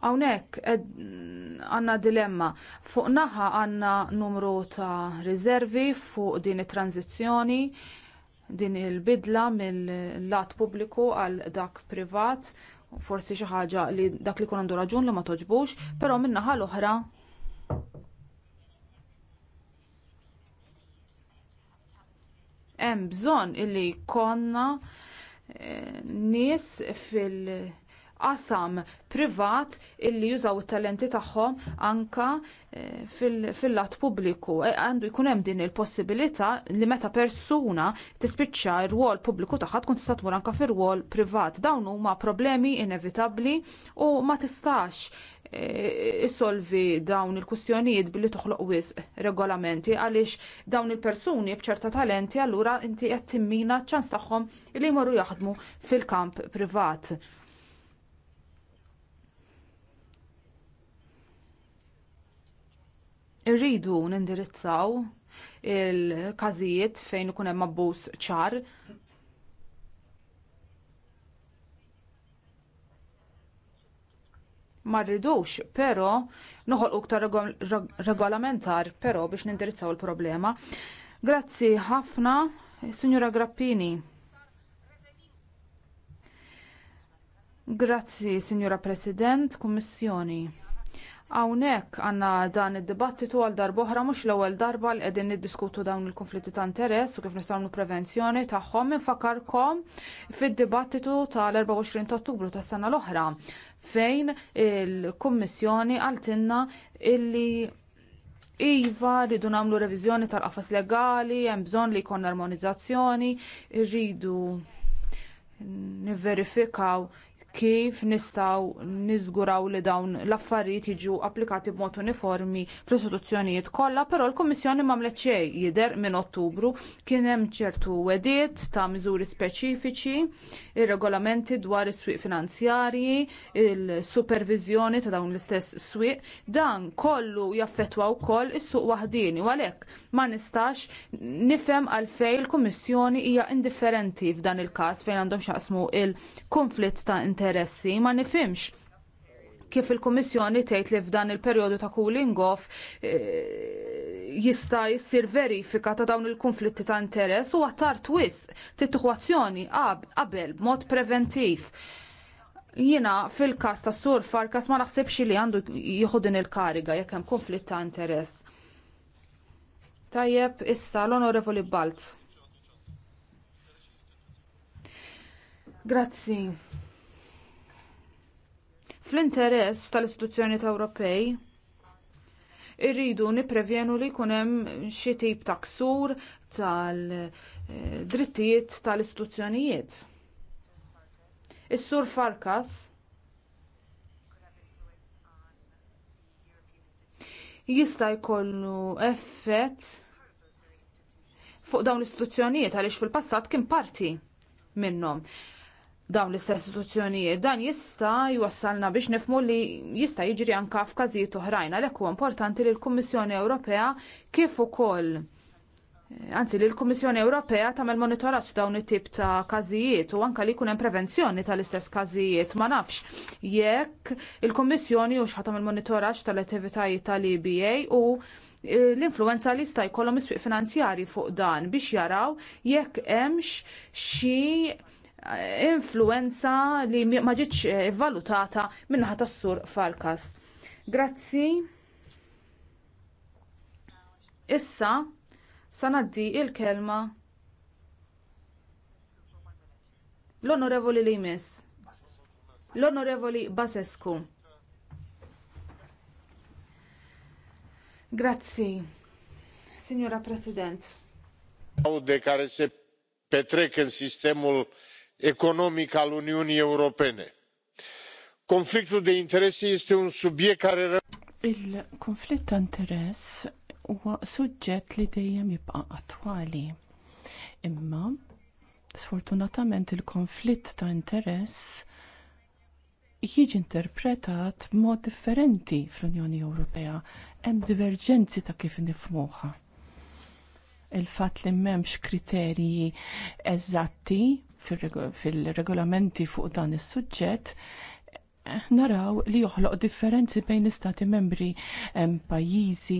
Hawnhekk għandna dilemma. Fuq naħa għandna numru ta' riservi fuq din it tranzizjoni din il-bidla mill-lat pubbliku għal dak privat, forsi xi ħaġa li dak li jkun għandu raġun li ma toġbux, però min-naħa l-oħra hemm bżonn illi jkollna eh, nies fil- qasam privat illi jużaw it-talenti tagħhom anka eh, fil-lat pubbliku. E, għandu jkun hemm din il-possibilità li meta persuna tispiċċa r-wol pubbliku tagħha tkun tista' tmur anke fir-wol privat. Dawn huma problemi inevitabbli u ma tistax eh, issolvi dawn il-kustjonijiet billi toħloq wisq regolamenti għaliex dawn il-persuni bċerta talenti allura inti qed timmina ċans tagħhom li jmorru jaħdmu fil-kamp privat. Irridu nindirizzaw il-każijiet fejn ikun hemm abbuż ċar ma rridux, però noħolqu aktar regolamentar, però biex nindirizzaw il-problema. Grazzi ħafna, Signora Grappini. Grazzi, Signora President, Kummissjoni. Hawnhekk għandna dan id-dibattitu għal darboħra mhux l-ewwel darba li qegħdin niddiskutu dawn il-konflitti ta' interess u kif nistgħu nagħmlu prevenzjoni tagħhom infakarkom fid-dibattitu tal-24 ta' Ottubru tas-sena l-oħra fejn il-Kummissjoni għaltinna illi Iva, rridu nagħmlu reviżjoni tal-qafas legali, hemm bżonn li jkun armonizzazzjoni, rridu nivverifikaw kif nistgħu niżguraw li dawn l-affarijiet jiġu applikati b'mod uniformi fl-istituzzjonijiet kollha, però l-Kummissjoni m'għamlet xejn jidher minn Ottubru kien hemm ċertu wediet ta' miżuri speċifiċi, ir-regolamenti dwar is-swieq finanzjarji, il-supervizjoni ta' dawn l-istess swieq, dan kollu jaffettwa wkoll is-suq waħdini u għalhekk ma nistax nifhem għalfejn il-Kummissjoni hija indifferenti f'dan il-każ fejn għandhom xaqsmu il-konflitt ta' interessi ma nifimx. kif il-Kummissjoni tgħid li f'dan il-perjodu ta' cooling off eh, jista' jsir verifika ta' dawn il-konflitti ta' interess u għattar twist tittieħu azzjoni qabel b'mod preventiv. Jiena fil-każ tas sur Farkas ma naħsibx li għandu jieħu din il-kariga jekk hemm konflitt ta' interess. Tajjeb, issa l-Onorevoli Balt. Grazzi. Fl-interess tal-istituzzjoni ta' Ewropej, irridu niprevjenu li jkun hemm xi tip ta' ksur tal-drittijiet tal-istituzzjonijiet. Is-sur Farkas jista' jkollu effett fuq dawn l-istituzzjonijiet għaliex fil-passat kien parti minnhom dawn l-istess istituzzjonijiet. Dan jista' jwassalna biex nifmu li jista' jiġri anka f'każijiet oħrajn għalhekk huwa importanti li l-Kummissjoni Ewropea kif ukoll Anzi, li l-Kummissjoni Ewropea tagħmel monitoraġġ dawn it-tip ta' każijiet u anke li jkun hemm prevenzjoni tal-istess każijiet ma nafx jekk il-Kummissjoni hux ħadd tagħmel monitoraġġ tal-attivitajiet tal-EBA u eh, l-influenza li jista' jkollhom is finanzjarji fuq dan biex jaraw jekk hemmx xi influenza li ma ġietx eh, valutata minnaħa tas-sur Falkas. Grazzi. Issa sanaddi ngħaddi l kelma l-Onorevoli Limis. L-Onorevoli Basescu. Grazzi, Signora President. care se petrec în sistemul economic al uniunii europene. conflictul de interese este un subiect care. il-konflitt ta' interess huwa suġġett li dejjem jibqa' attwali. Imma sfortunatament il-konflitt ta' interess jiġi interpretat b'mod differenti fl-Unjoni Ewropea hemm diverġenzi ta' kif nifhmuha. il fatt li m'hemmx kriterji eżatti fil-regolamenti fuq dan is-suġġett eh, naraw li joħloq differenzi bejn istati membri hemm pajjiżi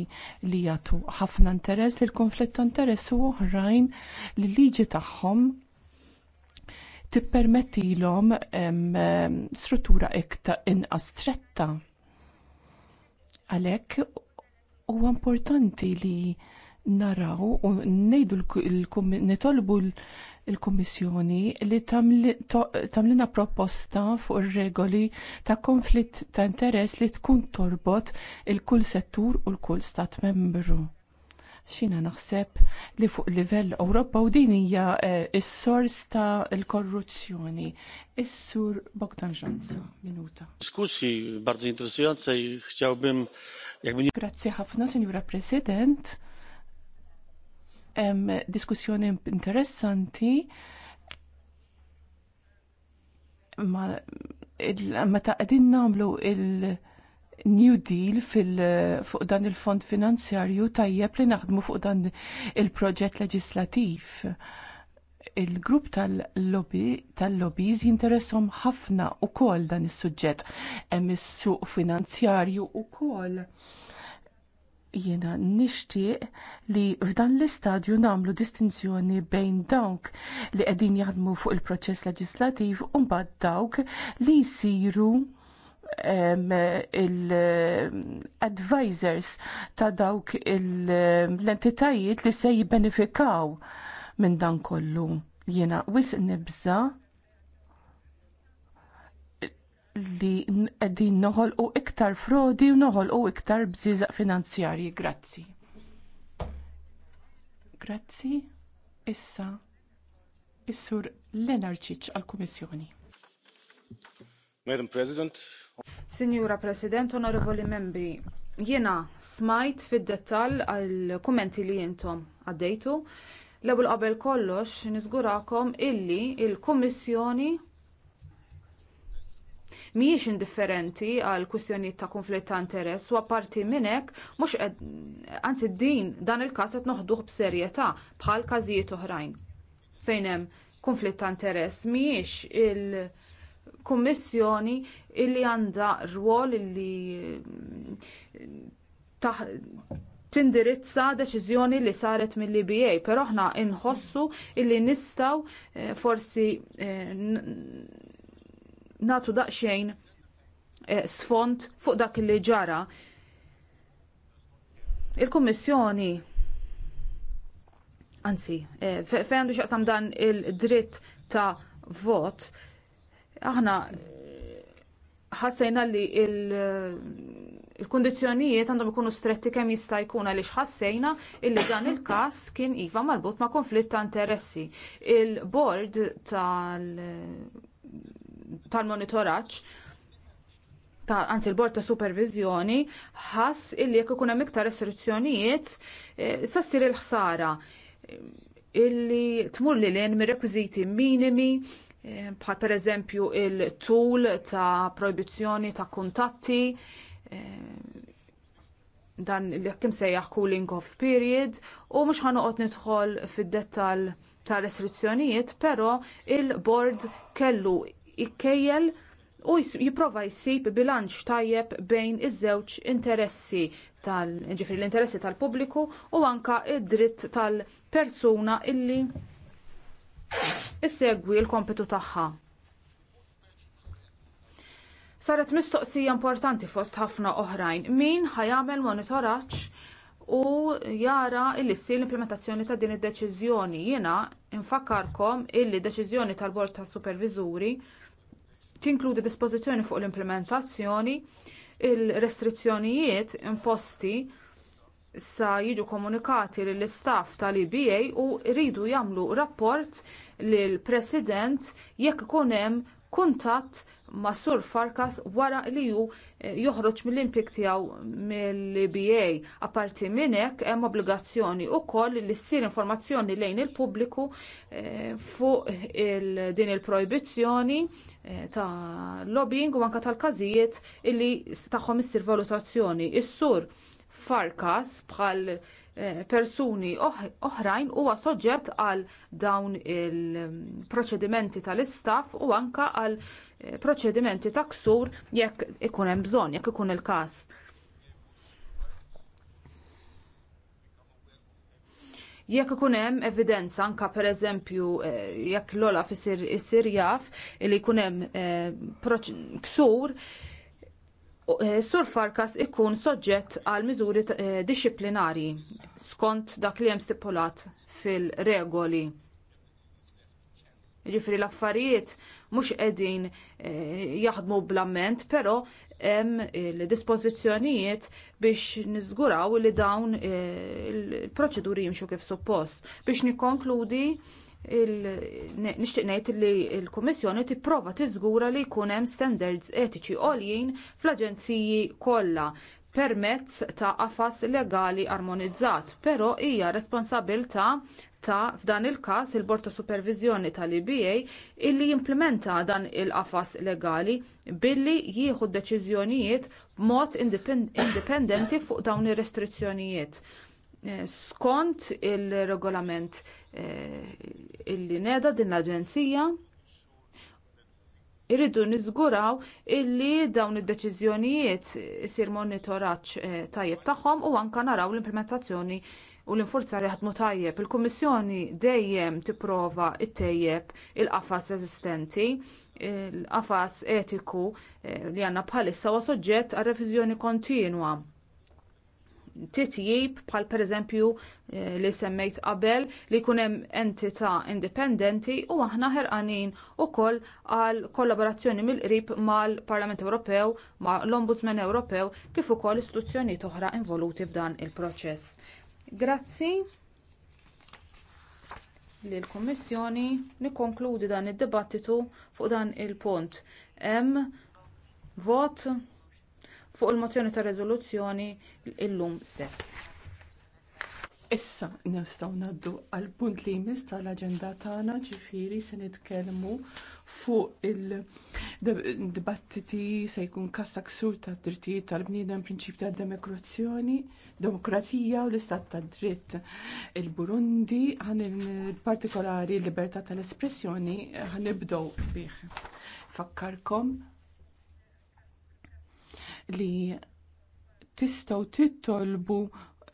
li jagħtu ħafna interess il konflitt ta' interess u oħrajn li liġi tagħhom tippermettilhom struttura iktar inqas stretta. Għalhekk huwa importanti li naraw u ngħidu nitolbu il-Kummissjoni li tamlina proposta fuq ir-regoli ta' konflitt ta' interess li tkun torbot il-kull settur u l-kull stat membru xina naħseb li fuq livell Ewropa u din hija eh, s-sors ta' l-korruzzjoni. Is-sur Bogdan Ġonza, minuta. Diskussi bardzo interesujące i chciałbym. Grazzi ħafna, Signora President hemm diskussjoni interessanti ma meta qegħdin nagħmlu il-New Deal fil fuq dan il-fond finanzjarju tajjeb li naħdmu fuq dan il-proġett leġislativ. Il-grupp tal-lobby tal-lobbies jinteressom ħafna u kol dan is-suġġett hemm is-suq finanzjarju u kol jiena nixtieq li f'dan l-istadju nagħmlu distinzjoni bejn dawk li qegħdin jaħdmu fuq il-proċess leġislattiv u mbagħad dawk li jsiru il-advisors ta' dawk l-entitajiet li se jibbenefikaw minn dan kollu. Jiena wisq nibża' li qegħdin noħolqu iktar frodi u noħolqu iktar bżiza finanzjarji. Grazzi. Grazzi. Issa is-sur Lenarċiċ għall-Kummissjoni. Madam President. Signora President, onorevoli membri, jiena smajt fid-dettall għal kummenti li jintom għaddejtu. L-ewwel qabel kollox niżgurakom illi il-Kummissjoni il komissjoni il kummissjoni mhijiex indifferenti għal kwistjonijiet ta' konflitt ta' interess u apparti minn hekk mhux anzi din dan il-każ qed noħduh b'serjetà bħal każijiet oħrajn fejn hemm konflitt ta' interess mhijiex il-Kummissjoni illi għandha rwol illi mm, tindirizza deċiżjoni li saret mill-IBA, però aħna inħossu illi nistgħu eh, forsi eh, natu daqxejn eh, sfond fuq dak li ġara. Il-Kummissjoni anzi, eh, fejn għandu xaqsam dan il-dritt ta' vot, aħna ħassejna li il-kondizjonijiet għandhom ikunu stretti kemm jista' jkun għaliex ħassejna illi dan il-każ kien iva marbut ma' konflitt ta' interessi. Il-bord tal tal-monitoraġġ ta' anzi l-bord ta' supervizjoni ħass illi jekk ikun hemm iktar restrizzjonijiet eh, sa ssir il-ħsara illi tmur li lejn mir-rekwiżiti minimi eh, bħal pereżempju il-tul ta' proibizzjoni ta' kuntatti eh, dan jekk sejjaħ cooling off period u mhux ħanoqgħod nidħol fid-dettall ta' restrizzjonijiet, però il-bord kellu ikkejjel u jipprova jsib bilanċ tajjeb bejn iż-żewġ interessi tal ġifri l-interessi tal-pubbliku u anka id-dritt tal-persuna illi issegwi l-kompetu tagħha. Saret mistoqsija importanti fost ħafna oħrajn. Min ħajamel monitoraċ u jara illi ssir l-implementazzjoni ta' din id-deċiżjoni. Jiena infakarkom illi deċiżjoni tal-Bord tas Superviżuri tinkludi dispożizzjoni fuq l-implementazzjoni, il-restrizzjonijiet imposti sa jiġu komunikati lill istaff tal-IBA u ridu jagħmlu rapport lill president jekk ikun hemm kuntatt ma' Sur Farkas wara li ju eh, joħroġ mill-impik tiegħu mill-BA. Apparti minn hekk hemm obbligazzjoni wkoll li ssir informazzjoni lejn il-pubbliku eh, fuq din il-projbizzjoni eh, ta' lobbying u anke tal-każijiet illi tagħhom issir valutazzjoni. Is-sur Farkas bħal persuni oħrajn huwa soġġett għal dawn il-proċedimenti mm, tal-istaff u anke għal proċedimenti ta' ksur jekk ikun hemm bżonn, jekk ikun il-każ. Jekk ikun hemm evidenza anka pereżempju eh, jekk l olaf fisir isir jaf li jkun hemm eh, ksur, eh, Sur Farkas ikun soġġett għal miżuri disciplinari skont dak li hemm stipulat fil-regoli Ġifri l-affarijiet mhux qegħdin eh, jaħdmu blament, pero però hemm dispozizjonijiet eh, dispożizzjonijiet biex niżguraw li dawn eh, il-proċeduri jimxu kif suppost. Biex nikkonkludi nixtieq ngħid li l-Kummissjoni tipprova tiżgura li jkun hemm standards etiċi għoljin fl-aġenziji kollha permezz ta' qafas legali armonizzat, però hija responsabilità ta' f'dan il-każ il-Bord ta' Supervizjoni tal-IBA illi jimplementa dan il-qafas legali billi jieħu deċiżjonijiet b'mod indipendenti fuq dawn ir-restrizzjonijiet. Eh, skont il-regolament eh, illi neda din l-Aġenzija irridu niżguraw illi dawn id-deċiżjonijiet isir monitoraġġ eh, tajjeb tagħhom u anke naraw l-implementazzjoni u l infurzari jaħdmu tajjeb. Il-Kummissjoni dejjem tipprova ttejjeb il-qafas eżistenti, il-qafas etiku eh, li għandna bħalissa huwa soġġett għal reviżjoni kontinwa titjib bħal pereżempju eh, li semmejt qabel li jkun hemm entità indipendenti u aħna ħerqanin ukoll għal kollaborazzjoni mill-qrib mal-Parlament Ewropew, mal l-Ombudsman Ewropew kif ukoll istituzzjonijiet oħra involuti f'dan il-proċess. Grazzi lill kummissjoni nikkonkludi dan id-dibattitu fuq dan il-punt. Hemm vot fuq il-mozzjoni ta' riżoluzzjoni illum stess. Issa nistgħu ngħaddu għal punt li jmiss tal-aġenda tagħna ġifieri se nitkellmu fuq il-dibattiti se jkun kasta ksur ta' drittijiet tal-bniedem prinċip ta' demokrazzjoni, demokrazija u l-istat ta' dritt. Il-Burundi għan il-partikolari libertà tal-espressjoni għan bih. Fakkarkom li tistgħu tittolbu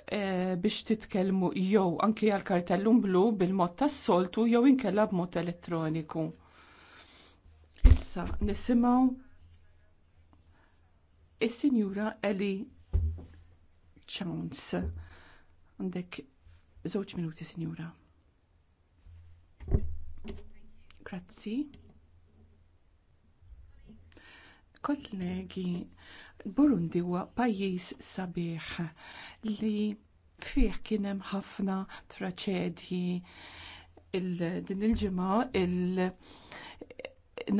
eh, biex titkellmu jew anki għal kartellum blu bil-mod tas-soltu jew inkella b'mod elettroniku. Issa nisimgħu is-Sinjura Eli Chance. Għandek żewġ minuti, Sinjura. Grazzi. Kollegi, Burundi huwa pajjiż sabiħ li fih kien hemm ħafna traċedji il din il-ġimgħa il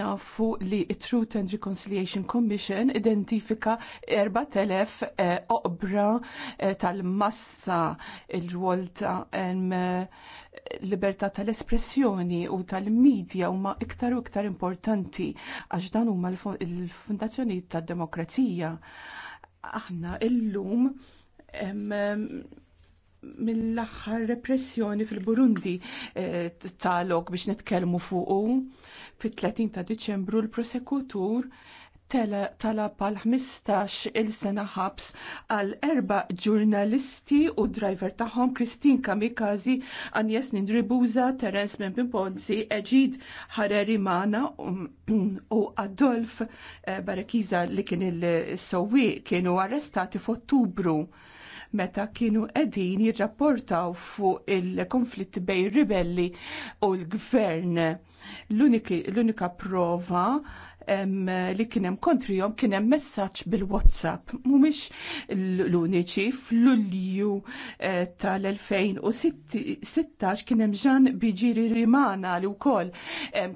nafu li Truth and Reconciliation Commission identifika 4000 eh, oqbra eh, tal-massa il-rwol libertà tal-espressjoni u tal-medja huma iktar u iktar importanti għax dan huma l-fundazzjoni tad-demokrazija. Aħna illum mill-aħħar repressjoni fil-Burundi eh, talog biex nitkellmu fuqu. Fit-30 ta' Diċembru l-prosekutur talab għal 15 il-sena ħabs għal erba ġurnalisti u driver tagħhom Kristin Kamikazi, Agnes Nindribuza, Terence Mempimponzi, Eġid Hareri Mana um, u Adolf eh, Barakiza li kien il-sowi kienu arrestati f'Ottubru meta kienu edin jirrapportaw fuq il-konflitt bej ribelli u l-gvern. L-unika prova li kienem kontrihom kienem messaġġ bil-WhatsApp. Mhumiex l-uniċi fl-Lulju eh, tal-2016 kienem ġan biġiri rimana li wkoll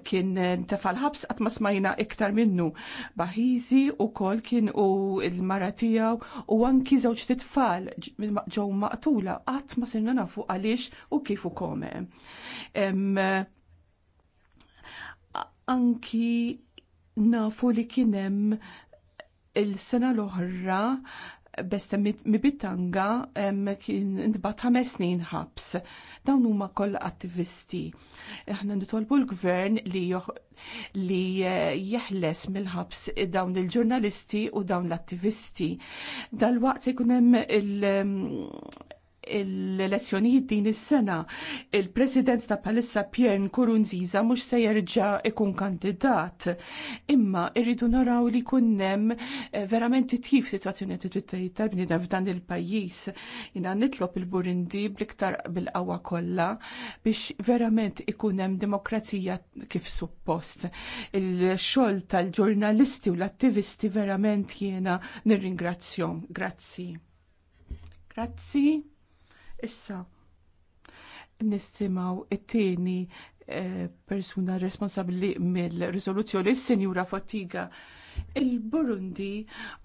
kien tefal ħabs qatt ma smajna iktar minnu. Baħizi kol kien u l-mara tiegħu u anki żewġ titfal ġew maqtula qatt ma sirna nafu għaliex u kif u kome. Anki nafu li kienem il-sena l-oħra besta mibitanga kien intbat ħames snin ħabs. Dawn huma koll attivisti. Aħna nitolbu l-gvern li li eh, jeħles mill-ħabs dawn il-ġurnalisti u dawn l-attivisti. Dal-waqt ikun hemm il- l-elezzjonijiet din is-sena il-President ta' palissa Pierre Kurunziza mhux se jerġa' ikun kandidat. Imma irridu naraw li kunnem eh, verament titjif situazzjoni t-twittajiet tal-bnidem f'dan il-pajjiż. Jina nitlob il-Burundi bliktar bil-qawwa kollha biex verament ikun hemm demokrazija kif suppost. Il-xogħol tal-ġurnalisti u l-attivisti verament jiena nirringrazzjom. Grazzi. Grazzi. Issa, nissimaw it-tieni eh, persuna responsabli mill-rizoluzzjoni s-senjura Fottiga. Il-Burundi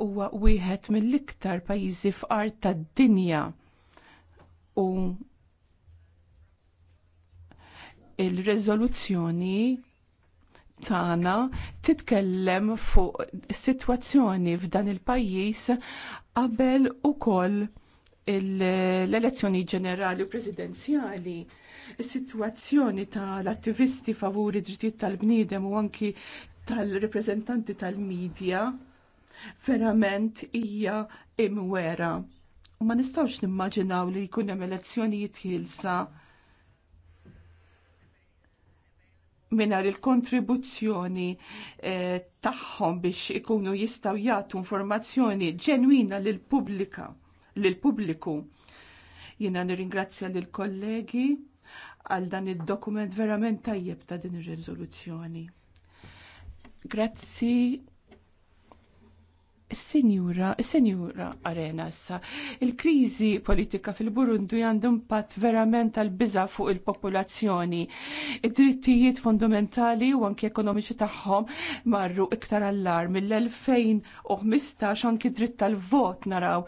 huwa wieħed mill-iktar pajjiżi fqar tad-dinja u il-rezoluzzjoni tagħna titkellem fuq is-sitwazzjoni f'dan il-pajjiż qabel ukoll l-elezzjoni ġenerali u presidenzjali is-sitwazzjoni tal-attivisti favuri drittijiet tal-bniedem u anki tal-reprezentanti tal-medja verament hija imwera. U ma nistawx nimmaġinaw li jkun hemm elezzjonijiet ħilsa minar il-kontribuzzjoni eh, tagħhom biex ikunu jistaw jagħtu informazzjoni ġenwina lill pubblika lill-pubbliku. Jiena nirringrazzja lill kollegi għal dan id-dokument verament tajjeb ta' din ir-riżoluzzjoni. Grazzi Senjura, Senjura Arena issa, il-krizi politika fil-Burundi għandu impatt verament tal-biża fuq il-popolazzjoni. Id-drittijiet fondamentali u anki ekonomiċi tagħhom marru iktar allarm mill-2015 anki dritt tal-vot naraw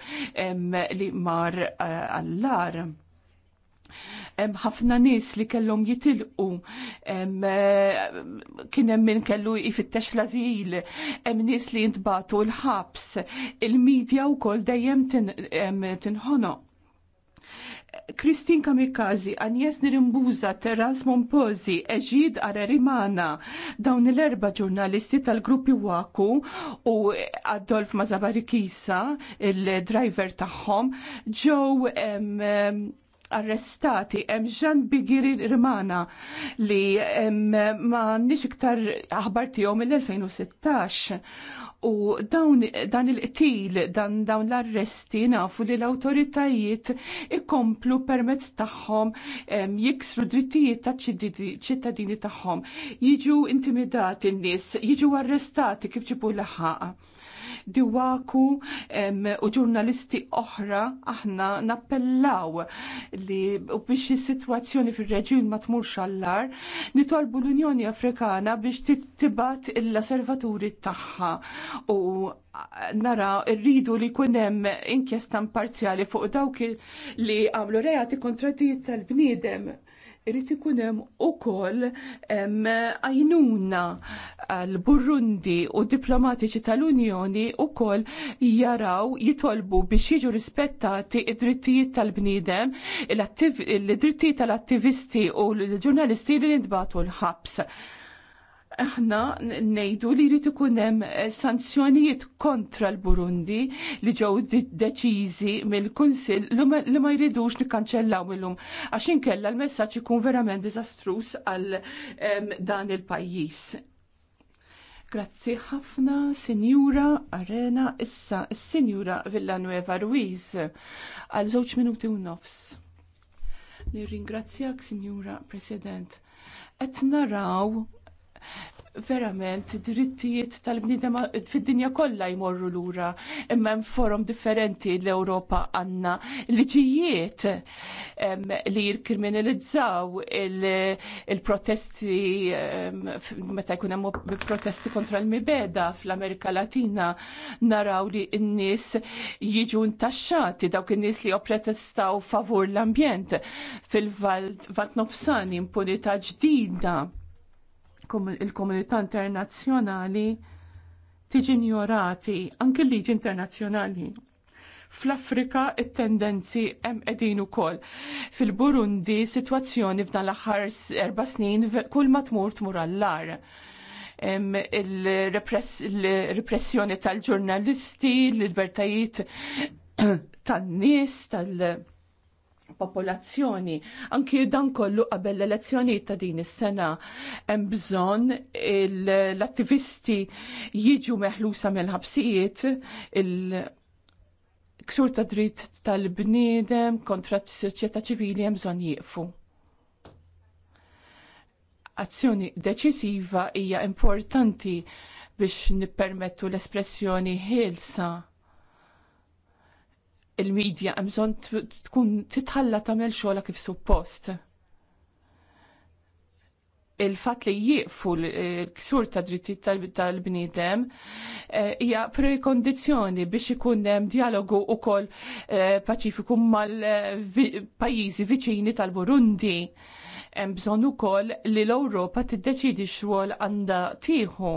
li mar eh, allarm ħafna nies li kellhom jitilqu kien hemm min kellu jfittex l-azil, hemm nies li jintbatu l-ħabs, il-medja wkoll dejjem tinħono. Kristin Kamikazi, Agnes Nirimbuza, Terras Mompozi, Eġid Rimana, dawn l-erba ġurnalisti tal-gruppi Waku u Adolf Mazabarikisa, il-driver tagħhom, ġew arrestati hemm ġan Bigiri Rimana li ma nix iktar aħbar tiegħu mill-2016 u dawn dan il-qtil dan dawn l-arresti nafu li l-awtoritajiet ikomplu permezz tagħhom jiksru drittijiet ta' ċittadini tagħhom. Jiġu intimidati n-nies, jiġu arrestati kif ġibu l-ħaqa diwaku u ġurnalisti oħra aħna nappellaw li u biex is-sitwazzjoni fir-reġjun ma tmurx għallar, nitolbu l-Unjoni Afrikana biex tibat l-osservaturi tagħha u nara rridu li kunem inkjesta imparzjali fuq dawk li għamlu reati kontra tal-bniedem Irrit ikun hemm ukoll għajnuna l-Burundi u diplomatiċi tal-Unjoni ukoll jaraw jitolbu biex jiġu rispettati id-drittijiet tal-bniedem, id-drittijiet tal-attivisti u l-ġurnalisti li nintbatu l-ħabs aħna nejdu li jrid ikun hemm eh, sanzjonijiet kontra l-Burundi li ġew deċiżi mill-Kunsill li ma jridux nikkanċellaw illum għax inkella l-messaġġ ikun verament diżastruż għal dan il-pajjiż. Grazzi ħafna, Sinjura Arena, issa Sinjura Villanueva Ruiz għal żewġ minuti u nofs. Nirringrazzjak, Sinjura President. Et naraw verament drittijiet tal-bnidem fid-dinja kollha jmorru lura imma hemm forum differenti l-Ewropa għandna liġijiet li jirkriminalizzaw il-protesti meta jkun hemm protesti kontra l-mibeda fl-Amerika Latina naraw li n-nies jiġu ntaxxati dawk in-nies li jopprotestaw favur l-ambjent fil-Valt Nofsani impunità ġdida il-komunità internazzjonali tiġi ignorati anke l-liġi internazzjonali. Fl-Afrika it-tendenzi hemm qegħdin ukoll. Fil-Burundi sitwazzjoni f'dan l-aħħar erba' snin kull ma tmur tmur għall Il-repressjoni Il-repressjoni tal-ġurnalisti, l-libertajiet tan-nies, tal-, tal popolazzjoni. Anki dan kollu qabel l-elezzjonijiet ta' din is-sena hemm bżonn l-attivisti jiġu meħlusa mill-ħabsijiet il ksur ta' dritt tal-bniedem kontra s-soċjetà ċivili hemm bżonn jieqfu azzjoni deċisiva hija importanti biex nippermettu l-espressjoni ħielsa il-medja għamżon tkun titħalla tagħmel xogħla kif suppost. Il-fat li jieqfu l-ksur ta' dritti tal-bniedem eh, hija prekondizzjoni biex ikun hemm dialogu wkoll eh, paċifiku mal-pajjiżi eh, viċini tal-Burundi. Hemm bżonn ukoll li l-Ewropa tiddeċidi x-xogħol għandha tieħu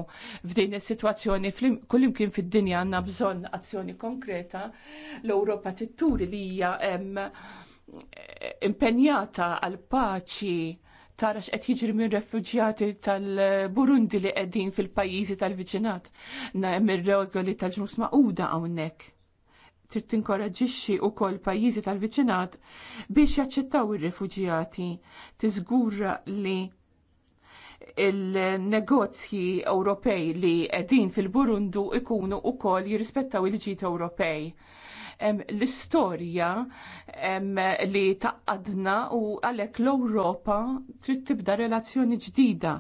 f'din is-sitwazzjoni kullimkien fid-dinja għandna bżonn azzjoni konkreta l-Ewropa titturi li hija impenjata għal paċi tara x'qed jiġri minn refuġjati tal-Burundi li qegħdin fil-pajjiżi tal-viċinat. Hemm ir-regoli tal-ġnus maquda hawnhekk trid tinkoraġixxi wkoll pajjiżi tal-viċinat biex jaċċettaw ir-refuġjati, tiżgura li il-negozji Ewropej li qegħdin fil-Burundu ikunu wkoll jirrispettaw il-ġid Ewropej. L-istorja li taqadna u għalhekk l-Ewropa trid tibda relazzjoni ġdida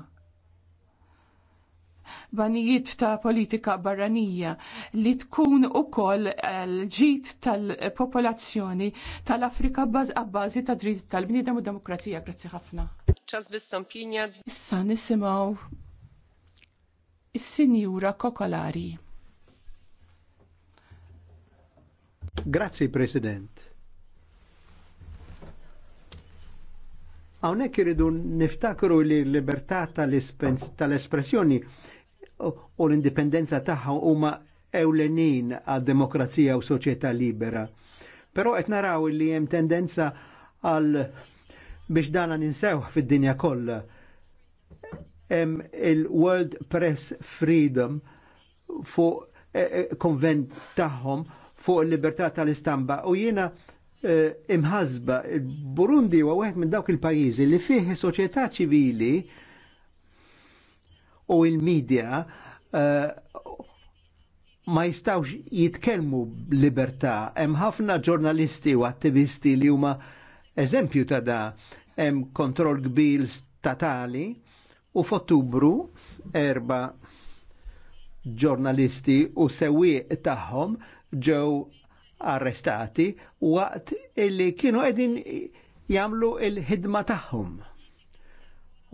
banijiet ta' politika barranija li tkun ukoll l-ġid tal-popolazzjoni tal-Afrika għabbażi ta' dritt tal-bniedem u demokrazija. Grazzi ħafna. Ċas bistampinja. Issa nisimaw il sinjura Kokolari. Grazzi, President. Hawnhekk irridu niftakru li l-libertà tal-espressjoni u l-indipendenza tagħha huma ewlenin għad demokrazija u soċjetà libera. Però qed naraw li hemm tendenza għal biex dana ninsew fid-dinja kollha. Hemm il-World Press Freedom fuq e, e, konvent tagħhom fuq il-libertà tal-istamba u jiena e, imħazba il-Burundi huwa wieħed minn dawk il-pajjiżi li fih soċjetà ċivili u il-medja eh, ma jistawx jitkelmu libertà. Hemm ħafna ġurnalisti u attivisti li huma eżempju ta' da hemm kontroll kbir statali u f'Ottubru erba ġurnalisti u sewwieq tagħhom ġew arrestati waqt illi kienu qegħdin jagħmlu il-ħidma tagħhom.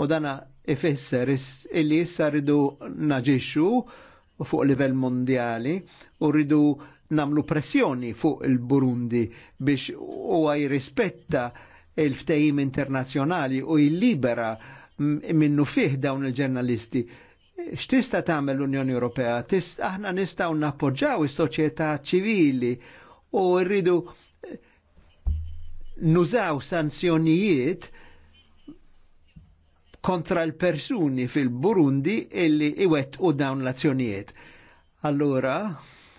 U dana ifisser illi issa rridu naġixxu fuq livell mondjali u rridu namlu pressjoni fuq il-Burundi biex huwa jirrispetta il-ftehim internazzjonali u jillibera minnu fih dawn il-ġurnalisti. X'tista' tagħmel l-Unjoni Ewropea? Aħna nistgħu nappoġġaw is-soċjetà ċivili u rridu nużaw sanzjonijiet kontra l-persuni fil-Burundi illi iwet u dawn l-azzjonijiet. Allora,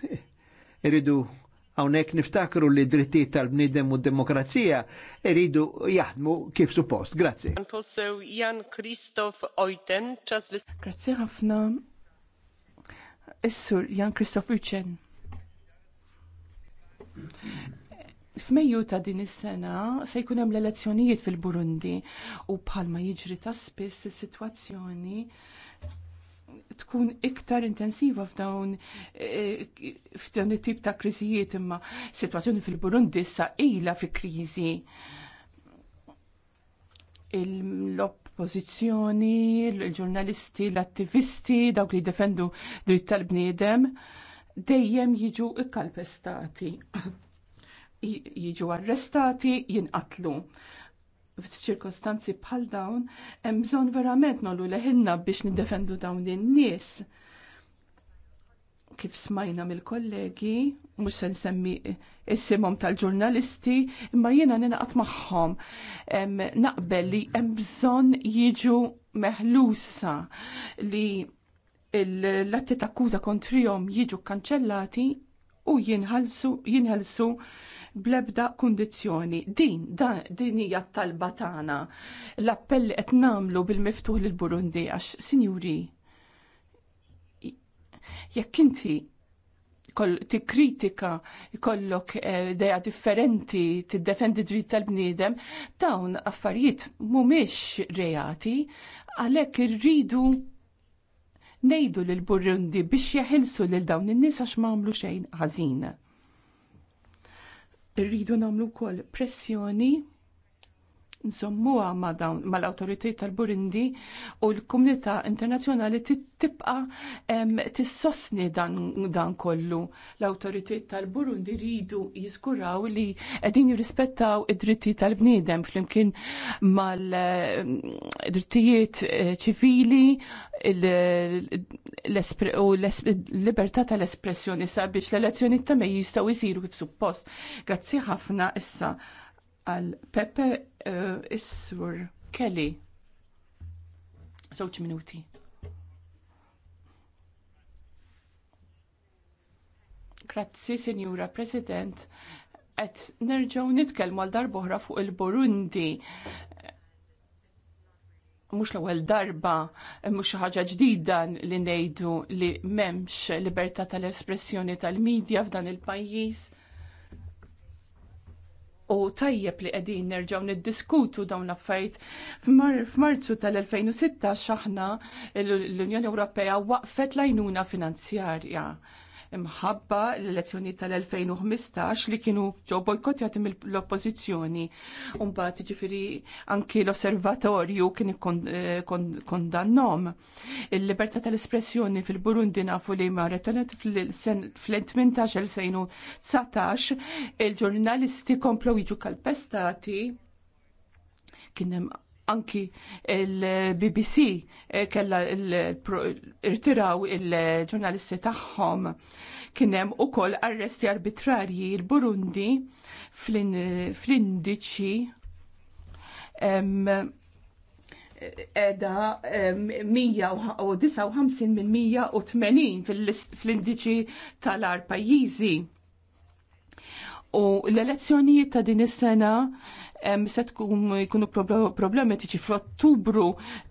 iridu għawnek niftakru li drittijiet tal-bnidem u demokrazija iridu jaħdmu kif suppost. Grazie. Jan Kristof Ojten, Grazie ħafna. Issur Jan Kristof Ujten. F'Mejju ta' din is-sena se jkun hemm l-elezzjonijiet fil-Burundi u bħalma jiġri ta' spiss is-sitwazzjoni tkun iktar intensiva f'dawn eh, f'dawn it-tip ta' kriżijiet imma sitwazzjoni fil-Burundi issa ilha fi kriżi. L-oppożizzjoni, l-ġurnalisti, l-attivisti, dawk li jiddefendu dritt tal-bniedem dejjem jiġu ikkalpestati. jiġu arrestati, jinqatlu. F'ċirkostanzi bħal dawn, hemm bżonn verament nollu leħinna biex niddefendu dawn in-nies. Kif smajna mill-kollegi, mhux se nsemmi issimhom tal-ġurnalisti, imma jiena ninaqat magħhom naqbel li hemm bżonn jiġu meħlusa li l-atti akkuża kontrihom jiġu kanċellati u jinħalsu jinħalsu blebda kundizzjoni. Din, da, din hija talba tagħna. L-appell qed nagħmlu bil-miftuħ lil Burundi għax sinjuri jekk inti tikkritika jkollok eh, idea differenti tiddefendi dritt tal-bniedem, dawn affarijiet mhumiex reati għalhekk irridu nejdu lil Burundi biex jeħilsu lil dawn in-nies għax ma għamlu xejn ħażin. Irridu nagħmlu wkoll pressjoni nsommuha ma' dawn mal-awtoritajiet tal-Burundi u l-komunità internazzjonali tibqa' tissostni dan, dan kollu. L-awtoritajiet tal-Burundi ridu jiskuraw li qegħdin jirrispettaw id-dritti tal-bniedem flimkien mal-drittijiet e, ċivili u l-libertà tal-espressjoni sabiex l-elezzjoni ta' mej jistgħu jsiru kif suppost. Grazzi ħafna issa għal Pepe uh, Issur Kelly. Żewġ minuti. Grazzi, Signora President. Et nerġaw nitkelmu għal darbohra fuq il-Burundi mux l-ewwel darba mhux xi ħaġa ġdida li ngħidu li m'hemmx libertà tal-espressjoni tal-medja f'dan il-pajjiż u tajjeb li qegħdin nerġgħu niddiskutu dawn l-affarijiet. F'Marzu tal-2016 aħna l-Unjoni Ewropea waqfet lajnuna finanzjarja imħabba l-elezzjoni tal-2015 li kienu ġo bojkotjati mill-oppozizjoni. Umbat ġifiri anki l-osservatorju kien eh, kondannom. Il-libertà tal-espressjoni fil-Burundi nafu li ma retenet fl-18-2019 il-ġurnalisti komplu jiġu kalpestati kienem anki il-BBC eh, kella irtiraw il-ġurnalisti tagħhom kienem u ukoll arresti arbitrarji il-Burundi fl-indiċi edha 159 minn 180 fl-indiċi tal-ar pajjiżi. U l-elezzjonijiet ta' din is-sena se tkun jkunu problemi tiġi fl-Ottubru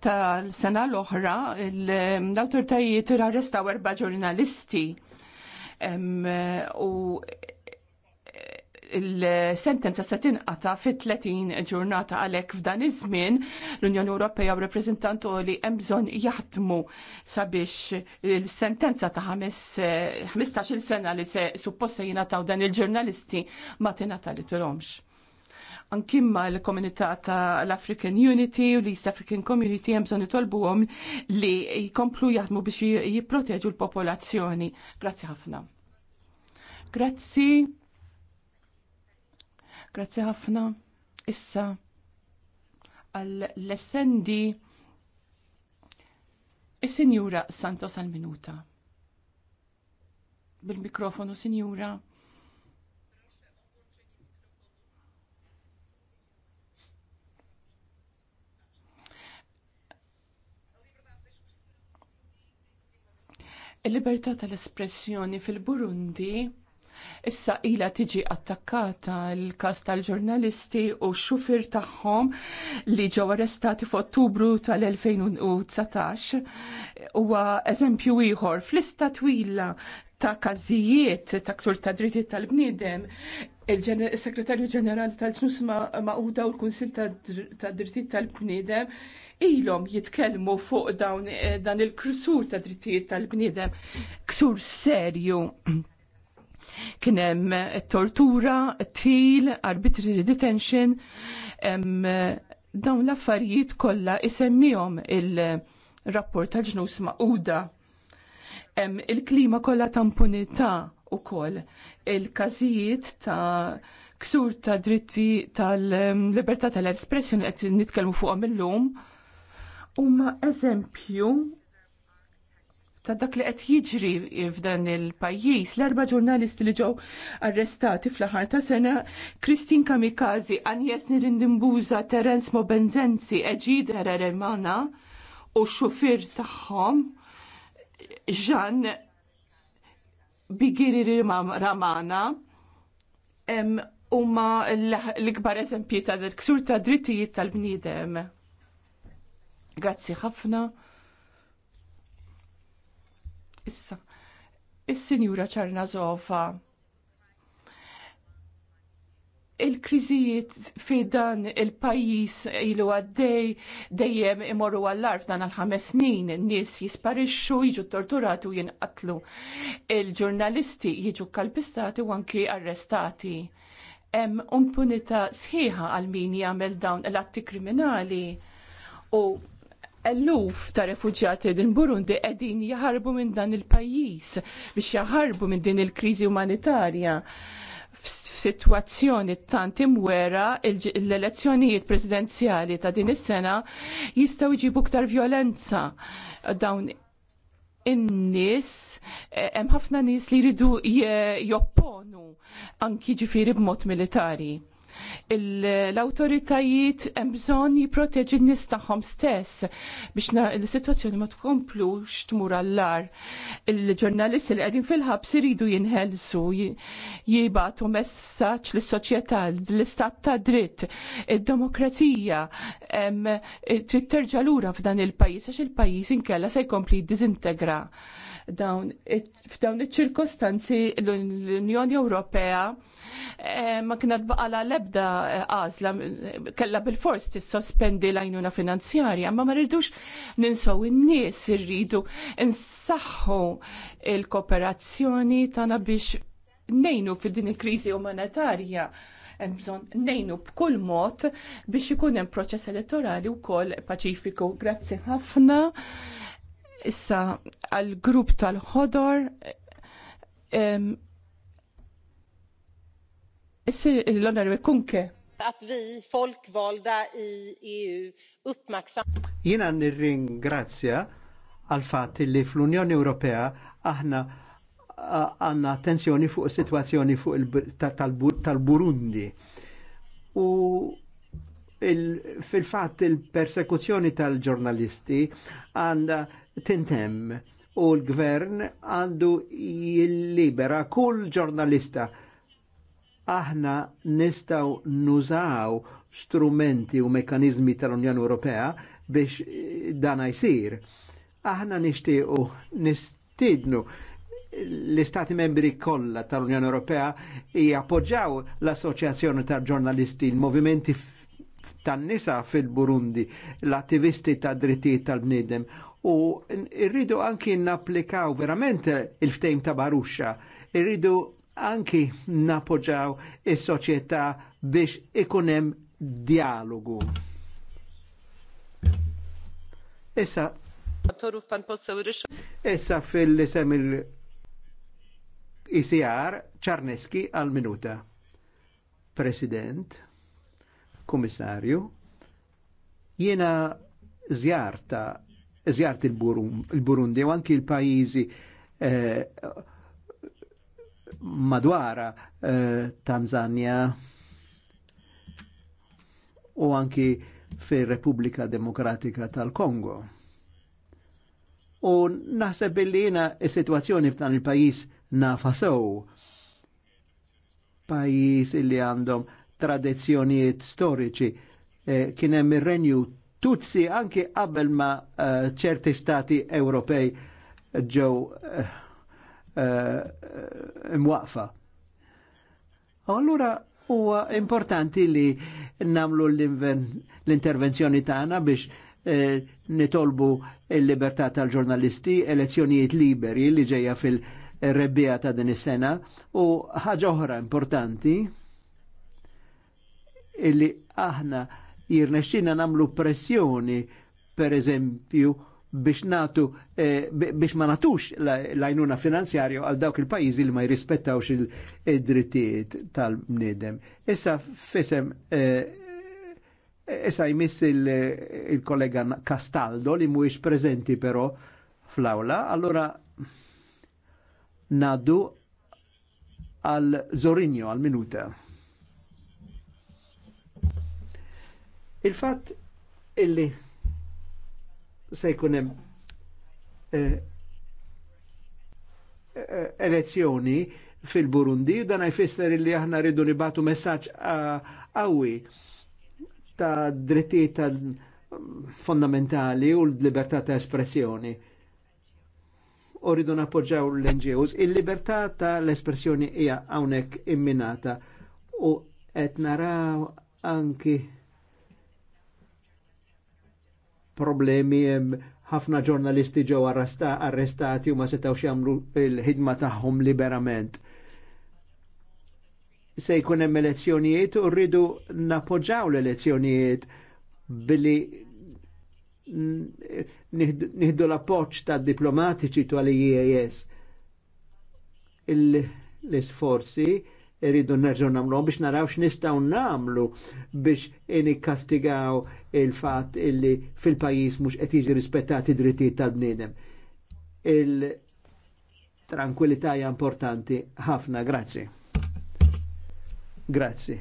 tal-sena l-oħra l-awtoritajiet arrestaw erba' ġurnalisti u il-sentenza se tinqata fi 30 ġurnata għalhekk f'dan iż-żmien l-Unjoni Ewropea u rappreżentantu li hemm bżonn jaħdmu sabiex il-sentenza ta' 15-il sena li se supposta jingħataw dan il-ġurnalisti ma tingħata li tilhomx anki l-komunità ta' l-African Unity u l-East African Community hemm bżonn itolbuhom li jkomplu jaħdmu biex jipproteġu l-popolazzjoni. Grazzi ħafna. Grazzi. Grazzi ħafna. Issa għall-essendi is-Sinjura Santos għal-Minuta. Bil-mikrofonu, sinjura santos al minuta bil mikrofonu sinjura Il-libertà tal-espressjoni fil-Burundi issa ila tiġi attakkata l-kas tal-ġurnalisti u x-xufir tagħhom li ġew arrestati f'Ottubru tal-2019 huwa eżempju ieħor fl-ista twila ta' każijiet ta' ksur ta' dritti tal-bniedem il-Segretarju Ġenerali tal-ġnus Magħquda u l-Kunsil ta' Dritti tal-Bniedem ilhom jitkellmu fuq dawn eh, dan il-ksur ta' drittijiet tal-bniedem, ksur serju. Kien hemm eh, tortura, til, arbitrary detention, eh, dawn l-affarijiet kollha isemmihom il-rapport tal-ġnus maquda. Il-klima kollha ta' impunità ukoll il-każijiet ta' ksur ta' dritti tal-libertà tal-espressjoni qed nitkellmu fuqhom illum. lum huma eżempju ta' dak li qed jiġri f'dan il-pajjiż. L-erba' ġurnalisti li ġew arrestati fl-aħħar ta' sena, Kristin Kamikazi, Agnes Nirindimbuża, Terence Mobenzenzi, Eġid Hereremana u xufir tagħhom Jean Bigiri Ramana huma l-ikbar eżempji ta' ksur ta' drittijiet tal-bniedem. Grazzi ħafna. Issa, is-Sinjura Ċarnazova il-kriżijiet fi dan il-pajis ilu għaddej dejjem imorru għall-arf dan għal-ħames snin, n-nies jisparixxu, jiġu torturati u jinqatlu. Il-ġurnalisti jiġu kalpistati u anki arrestati. Hemm impunità sħiħa għal min jagħmel dawn l-atti kriminali u eluf ta' refugjati din Burundi qegħdin jaħarbu minn dan il-pajjiż biex jaħarbu minn din il-kriżi umanitarja. F'sitwazzjoni tant imwera l-elezzjonijiet presidenzjali ta' din is-sena jistgħu jġibu ktar violenza dawn in-nies e, hemm ħafna nies li jridu jopponu anki ġifieri b'mod militari l-autoritajiet hemm bżonn jipproteġi n-nies tagħhom stess biex l-sitwazzjoni ma tkomplux tmur għall-lar. Il-ġurnalisti li qegħdin fil-ħabs iridu jinħelsu jibatu messaġġ lis-soċjetà, l-istat ta' dritt, id-demokrazija trid terġa' lura f'dan il-pajjiż għax il-pajjiż inkella se jkompli jiddiżintegra f'dawn iċ-ċirkostanzi l-Unjoni Ewropea eh, ma kienet baqala lebda eh, għażla kella bil-fors tissospendi l-għajnuna finanzjarja, ma ma rridux ninsow in-nies irridu nsaħħu il-kooperazzjoni tagħna biex nejnu fil-din il-kriżi umanitarja hemm bżonn nejnu b'kull mod biex ikun hemm proċess elettorali wkoll paċifiku. Grazzi ħafna Issa għal grupp tal-ħodor l-onorevole Kunke. Att vi folkvalda i EU uppmärksam. Jina nirringrazzja għal fatt li fl-Unjoni Ewropea aħna għanna attenzjoni fuq situazzjoni fuq tal-Burundi. U fil-fatt il-persekuzzjoni tal-ġurnalisti għanda tintem u l-gvern għandu jillibera kull ġurnalista. Aħna nistaw nużaw strumenti u mekanizmi tal-Unjoni Ewropea biex dana jisir. Aħna nishtiqu nistidnu l-Istati membri kollha tal-Unjoni Ewropea jappoġġaw l-Assoċjazzjoni tal-Ġurnalisti, il-Movimenti tan-nisa fil-Burundi, l-attivisti tad drittijiet tal-bniedem u irridu anki napplikaw verament il-ftejm ta' baruxa, irridu anki napoġaw is-soċjetà biex ikunem dialogu. Issa Issa fil-isem il-ICR Czarneski għal-minuta. President, Komissarju, jena zjarta zjart il-Burundi u anki il-pajizi eh, madwara eh, Tanzania u anki fir-Repubblika Demokratika tal-Kongo. U naħseb illi jina is f'dan il-pajis nafa sew. Pajis li għandhom tradizzjonijiet storiċi eh, kien hemm ir-renju Tutsi anki qabel ma eh, ċerti stati Ewropej ġew eh, eh, imwaqfa. Allura huwa importanti li namlu l-intervenzjoni tagħna biex nitolbu l libertà tal-ġurnalisti, elezzjonijiet liberi li ġejja fil-rebbija ta' din is-sena u ħaġa oħra importanti illi aħna jirnexxina namlu pressjoni, per eżempju, biex natu, eh, biex ma natux lajnuna la finanzjarju għal dawk il-pajizi li ma jirrispettawx il-drittijiet tal-bnidem. Issa fisem, eh, jmiss il-kollega il Castaldo li mhuwiex prezenti però fl-awla, allora nadu għal Zorinjo għal minuta. Il-fatt illi se jkun hemm eh, eh, elezzjoni fil-Burundi, dan għajfisser illi aħna rridu nibatu messaġġ eh, qawwi ta' drittijiet fondamentali u l-libertà ta' espressjoni u rridu nappoġġaw l-NGOs. Il-libertà tal-espressjoni hija hawnhekk imminata u qed naraw anki problemi hemm ħafna ġurnalisti ġew arrestati u ma setaw jagħmlu il-ħidma tagħhom liberament. Se jkun hemm elezzjonijiet u rridu napoġġaw l-elezzjonijiet billi nieħdu l-appoġġ tad diplomatiċi tal e IAS l-isforzi irridu nerġgħu nagħmluhom biex naraw x'nistgħu nagħmlu biex inikkastigaw il-fat illi fil-pajis mux qed jiġi rispettati drittijiet tal bnidem Il-tranquillità hija importanti ħafna, grazzi. Grazzi.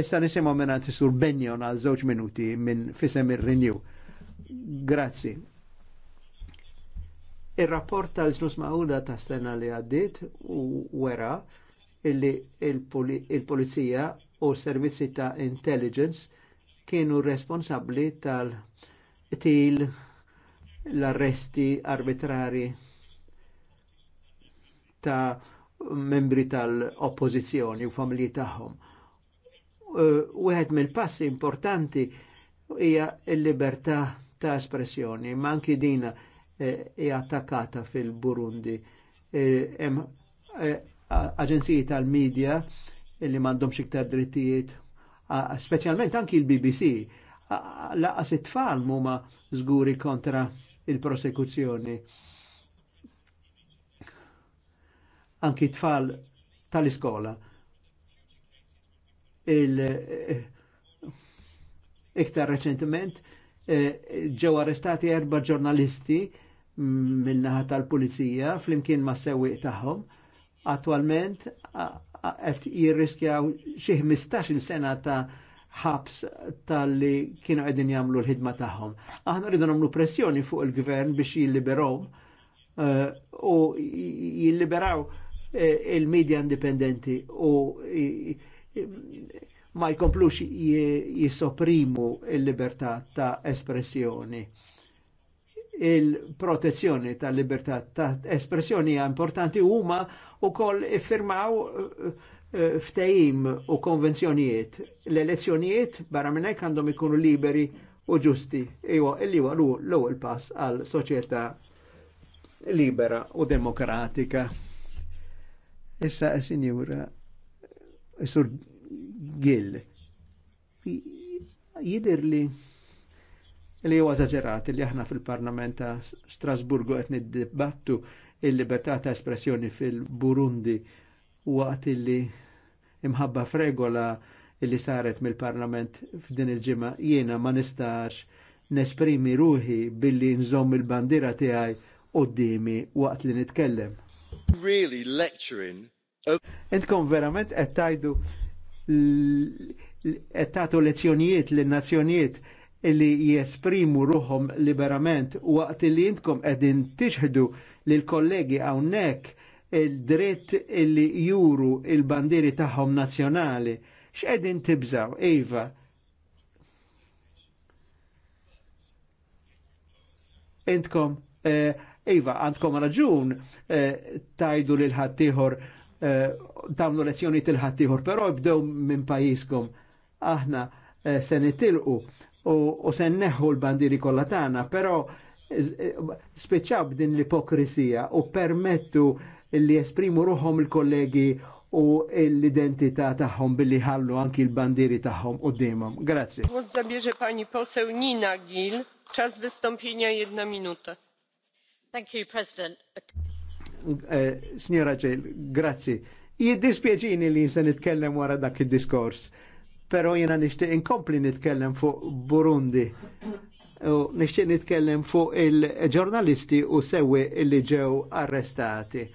Issa nisimgħu minn sur Benjon għal żewġ minuti minn fisem ir-Renew. Grazzi. Il-rapport tal snus ma'uda ta' sena li għaddit u wera illi il-polizija il u servizzi ta' intelligence kienu responsabbli tal-til l-arresti arbitrari ta' membri tal-oppozizjoni u familji tagħhom. Wieħed mill-passi importanti hija l-libertà ta' espressjoni, ma anki dina eh, hija attakkata fil-Burundi. Eh, hemm eh, aġenziji tal-medja illi m'għandhomx iktar drittijiet, speċjalment anki l-BBC, laqas it-tfal huma żguri kontra il-prosekuzzjoni. Anki tfal tal-iskola. Il eh, iktar reċentement eh, ġew arrestati erba' ġurnalisti mm, mill-naħa tal-pulizija flimkien ma' sewwieq tagħhom. Attualment qed jirriskjaw xi 15-il sena ta' ħabs tal-li kienu qegħdin jagħmlu l-ħidma tagħhom. Aħna rridu nagħmlu pressjoni fuq il-gvern biex jilliberaw uh, u jilliberaw eh, il-medja indipendenti u ma jkomplux jisoprimu il-libertà ta' espressjoni il-protezzjoni tal-libertà ta' espressjoni hija importanti huma u koll firmaw eh, eh, ftejim u konvenzjonijiet. L-elezzjonijiet barra minnek għandhom ikunu liberi u ġusti. Iwa, illi huwa l-ewwel pass għal soċieta libera u demokratika. Issa, eh, Signora sur Gill, jidir li li huwa li aħna fil-Parlament ta' Strasburgu qed niddibattu il-libertà ta' espressjoni fil-Burundi waqt illi imħabba fregola illi saret mill-Parlament f'din il-ġimgħa jiena ma nistax nesprimi ruħi billi nżomm il-bandira tiegħi qoddimi waqt li nitkellem. Really lecturing. Intkom verament qed tajdu qed tagħtu lezzjonijiet lin-nazzjonijiet illi jesprimu ruħom liberament waqt li jintkom edin tiġħdu l kollegi għawnek il-dritt illi juru il-bandiri taħħom nazjonali. X'edin tibżaw, Eva. Intkom, eh, Iva, għandkom raġun eh, tajdu lil ħaddieħor eh, tamlu lezzjoni til ħaddieħor, però jibdew minn pajjiżkom. Aħna eh, se nitilqu u se neħu l-bandiri kolla tana, però e, speċaw din l-ipokrisija u permettu li esprimu ruħom il-kollegi u l-identità tagħhom billi ħallu anki l-bandiri tagħhom demom. Grazie. Głos zabierze pani poseł Nina Gil. Czas wystąpienia jedna minuta. Thank you, President. E, signora Gil, grazzi. Jiddispjaċini li jinsa nitkellem wara dak id-diskors pero jena nishtiq inkompli nitkellem fuq Burundi. U nishtiq nitkellem fuq il-ġurnalisti u sewi li ġew arrestati.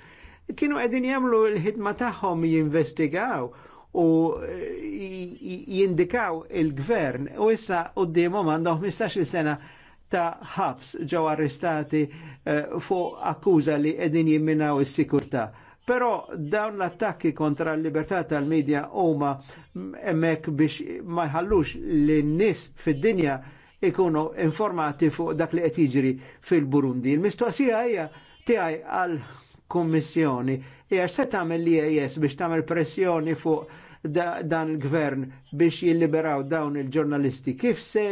Kienu għedin jamlu l-ħidma tagħhom jinvestigaw u jindikaw il-gvern u issa u d-dimom għandhom 15 sena ta' ħabs ġew arrestati eh, fuq akkuża li qegħdin jimminaw is-sikurtà. Però dawn l-attakki kontra l-libertà tal-medja huma emmek biex ma jħallux li n-nis fid-dinja ikunu informati fuq dak li qed jiġri fil-Burundi. Il-mistoqsija hija tiegħi għal kummissjoni hija se tagħmel li jes biex tagħmel pressjoni fuq dan il-gvern biex jilliberaw dawn il-ġurnalisti. Kif se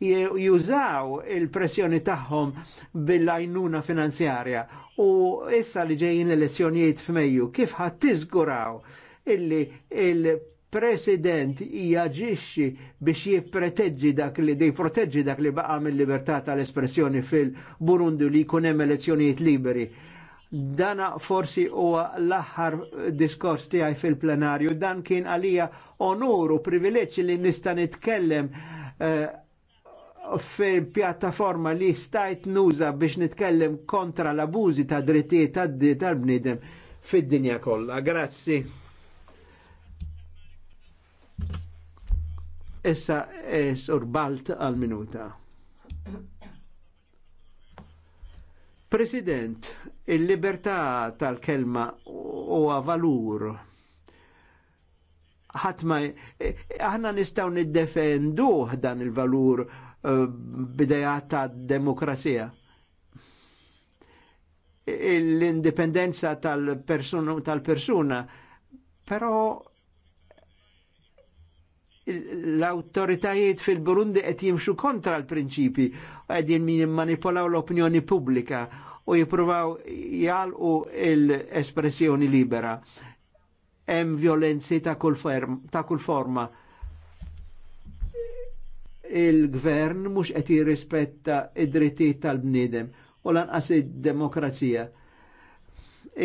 jużaw il-pressjoni tagħhom bil-għajnuna finanzjarja u issa li ġejjin elezzjonijiet f'Mejju, kif ħadd tiżguraw illi il-President jaġixxi biex jipproteġġi dak li dej proteġġi dak li baqa' mill-libertà tal-espressjoni fil-Burundi li jkun hemm elezzjonijiet liberi. Dana forsi huwa l-aħħar diskors tiegħi fil-plenarju, dan kien għalija onuru privileġġ li nista' nitkellem uh, fil-pjattaforma li stajt nuża biex nitkellem kontra l-abużi ta' drittijiet tal-bnidem fid-dinja kollha. Grazzi. Issa es urbalt għal minuta. President, il-libertà tal-kelma huwa valur ħatma eh, aħna nistgħu niddefenduh dan il-valur Eh, bideja ta' demokrazija. L-indipendenza tal-persuna, pero l-autoritajiet fil-Burundi qed jimxu kontra l-prinċipi, qegħdin manipolaw l-opinjoni pubblika u jippruvaw jgħalqu l-espressjoni libera. Hemm violenzi ta' kull forma il-gvern mhux qed jirrispetta id-drittijiet tal-bniedem u lanqas id-demokrazija.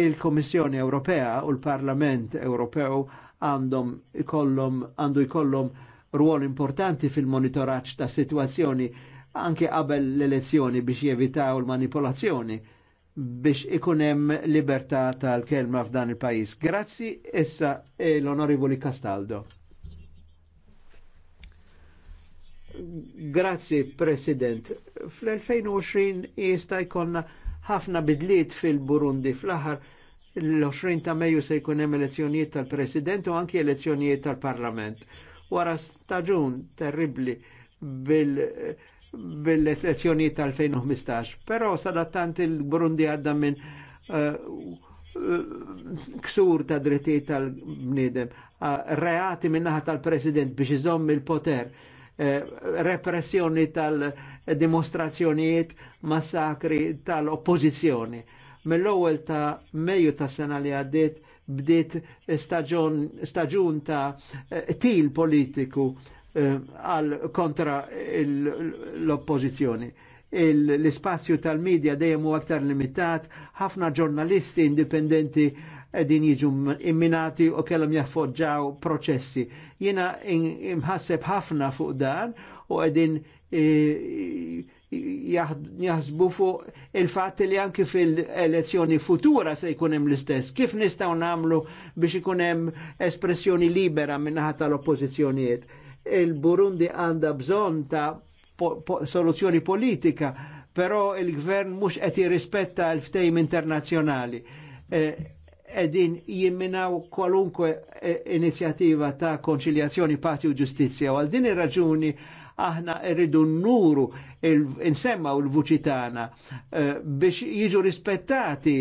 Il-Komissjoni Ewropea u l-Parlament Ewropew għandhom ikollhom għandu jkollhom ruol importanti fil-monitoraġġ ta' situazzjoni anke qabel l-elezzjoni biex jevitaw l-manipolazzjoni biex ikunem libertà tal-kelma f'dan il-pajis. Grazzi, issa eh, l-Onorevoli Castaldo. Grazzi, President. Fl-2020 jista' jkollna ħafna bidliet fil-Burundi fl-aħħar l-20 ta' Mejju se jkun hemm elezzjonijiet tal-President u anki elezzjonijiet tal-Parlament. Wara staġun terribli bil-elezzjonijiet bil tal-2015. Però sadattant il-Burundi għadda minn eh, ksur ta' drittijiet tal-bniedem, eh, reati minnaħa tal-President biex iżomm il-poter Eh, repressjoni tal-dimostrazzjonijiet massakri tal-oppozizjoni. Mill-ewwel ta' Mejju ta' sena li għaddiet bdiet staġun ta' eh, til politiku eh, għal kontra l-oppozizjoni. L-ispazju tal-medja dejjem u aktar limitat, ħafna ġurnalisti indipendenti din jiġu imminati u kellhom jaffoġġaw proċessi. Jiena imħasseb ħafna fuq dan u qegħdin e, jaħsbu fuq il-fatt li anki fil-elezzjoni futura se jkun hemm l-istess. Kif nistgħu nagħmlu biex ikun hemm espressjoni libera minnaħa tal-oppożizzjonijiet? Il-Burundi għandha bżonn ta' po po soluzzjoni politika, però il-gvern mhux qed jirrispetta l-ftejm internazzjonali. Eh, edin jimminaw kwalunkwe eh, inizjativa ta' konċiljazzjoni pati u ġustizja. Għal din il raġuni aħna irridu n nuru insemma u l vuċitana eh, biex jiġu rispettati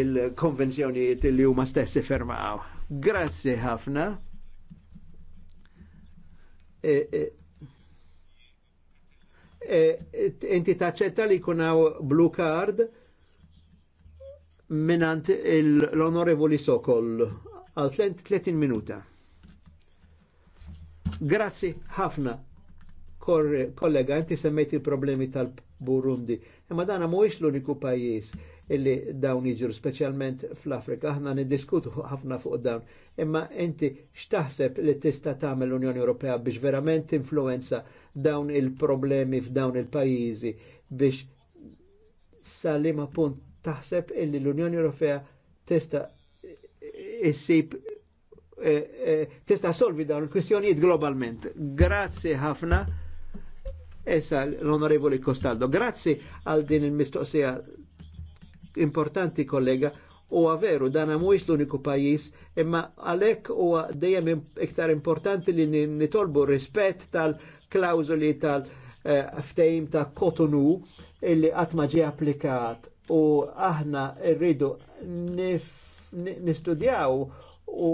il-konvenzjonijiet li huma stessi fermaw. Grazie ħafna. Enti e, e, e, taċċetta li kunaw blue card minant l-onorevoli Sokol għal 30 minuta. Grazzi ħafna, kollega, inti semmejt il-problemi tal-Burundi. Imma dana mhuwiex l-uniku pajjiż illi dawn jiġru, specialment fl-Afrika, aħna niddiskutu ħafna fuq dawn. Imma inti x'taħseb li tista' tagħmel l-Unjoni Ewropea biex verament influenza dawn il-problemi f'dawn il-pajjiżi biex salima punt taħseb illi l-Unjoni Ewropea testa issib eh, eh, tista' testa solvi dawn il-kwistjonijiet globalment. Grazzi ħafna. Essa l-Onorevoli Costaldo, grazzi għal din il-mistoqsija importanti kollega u għaveru dan mhuwiex l-uniku pajis imma għalhekk huwa dejjem iktar importanti li nitolbu rispett tal-klawżoli tal-ftehim eh, ta' Kotonu illi qatt ma ġie applikat u aħna rridu nistudjaw u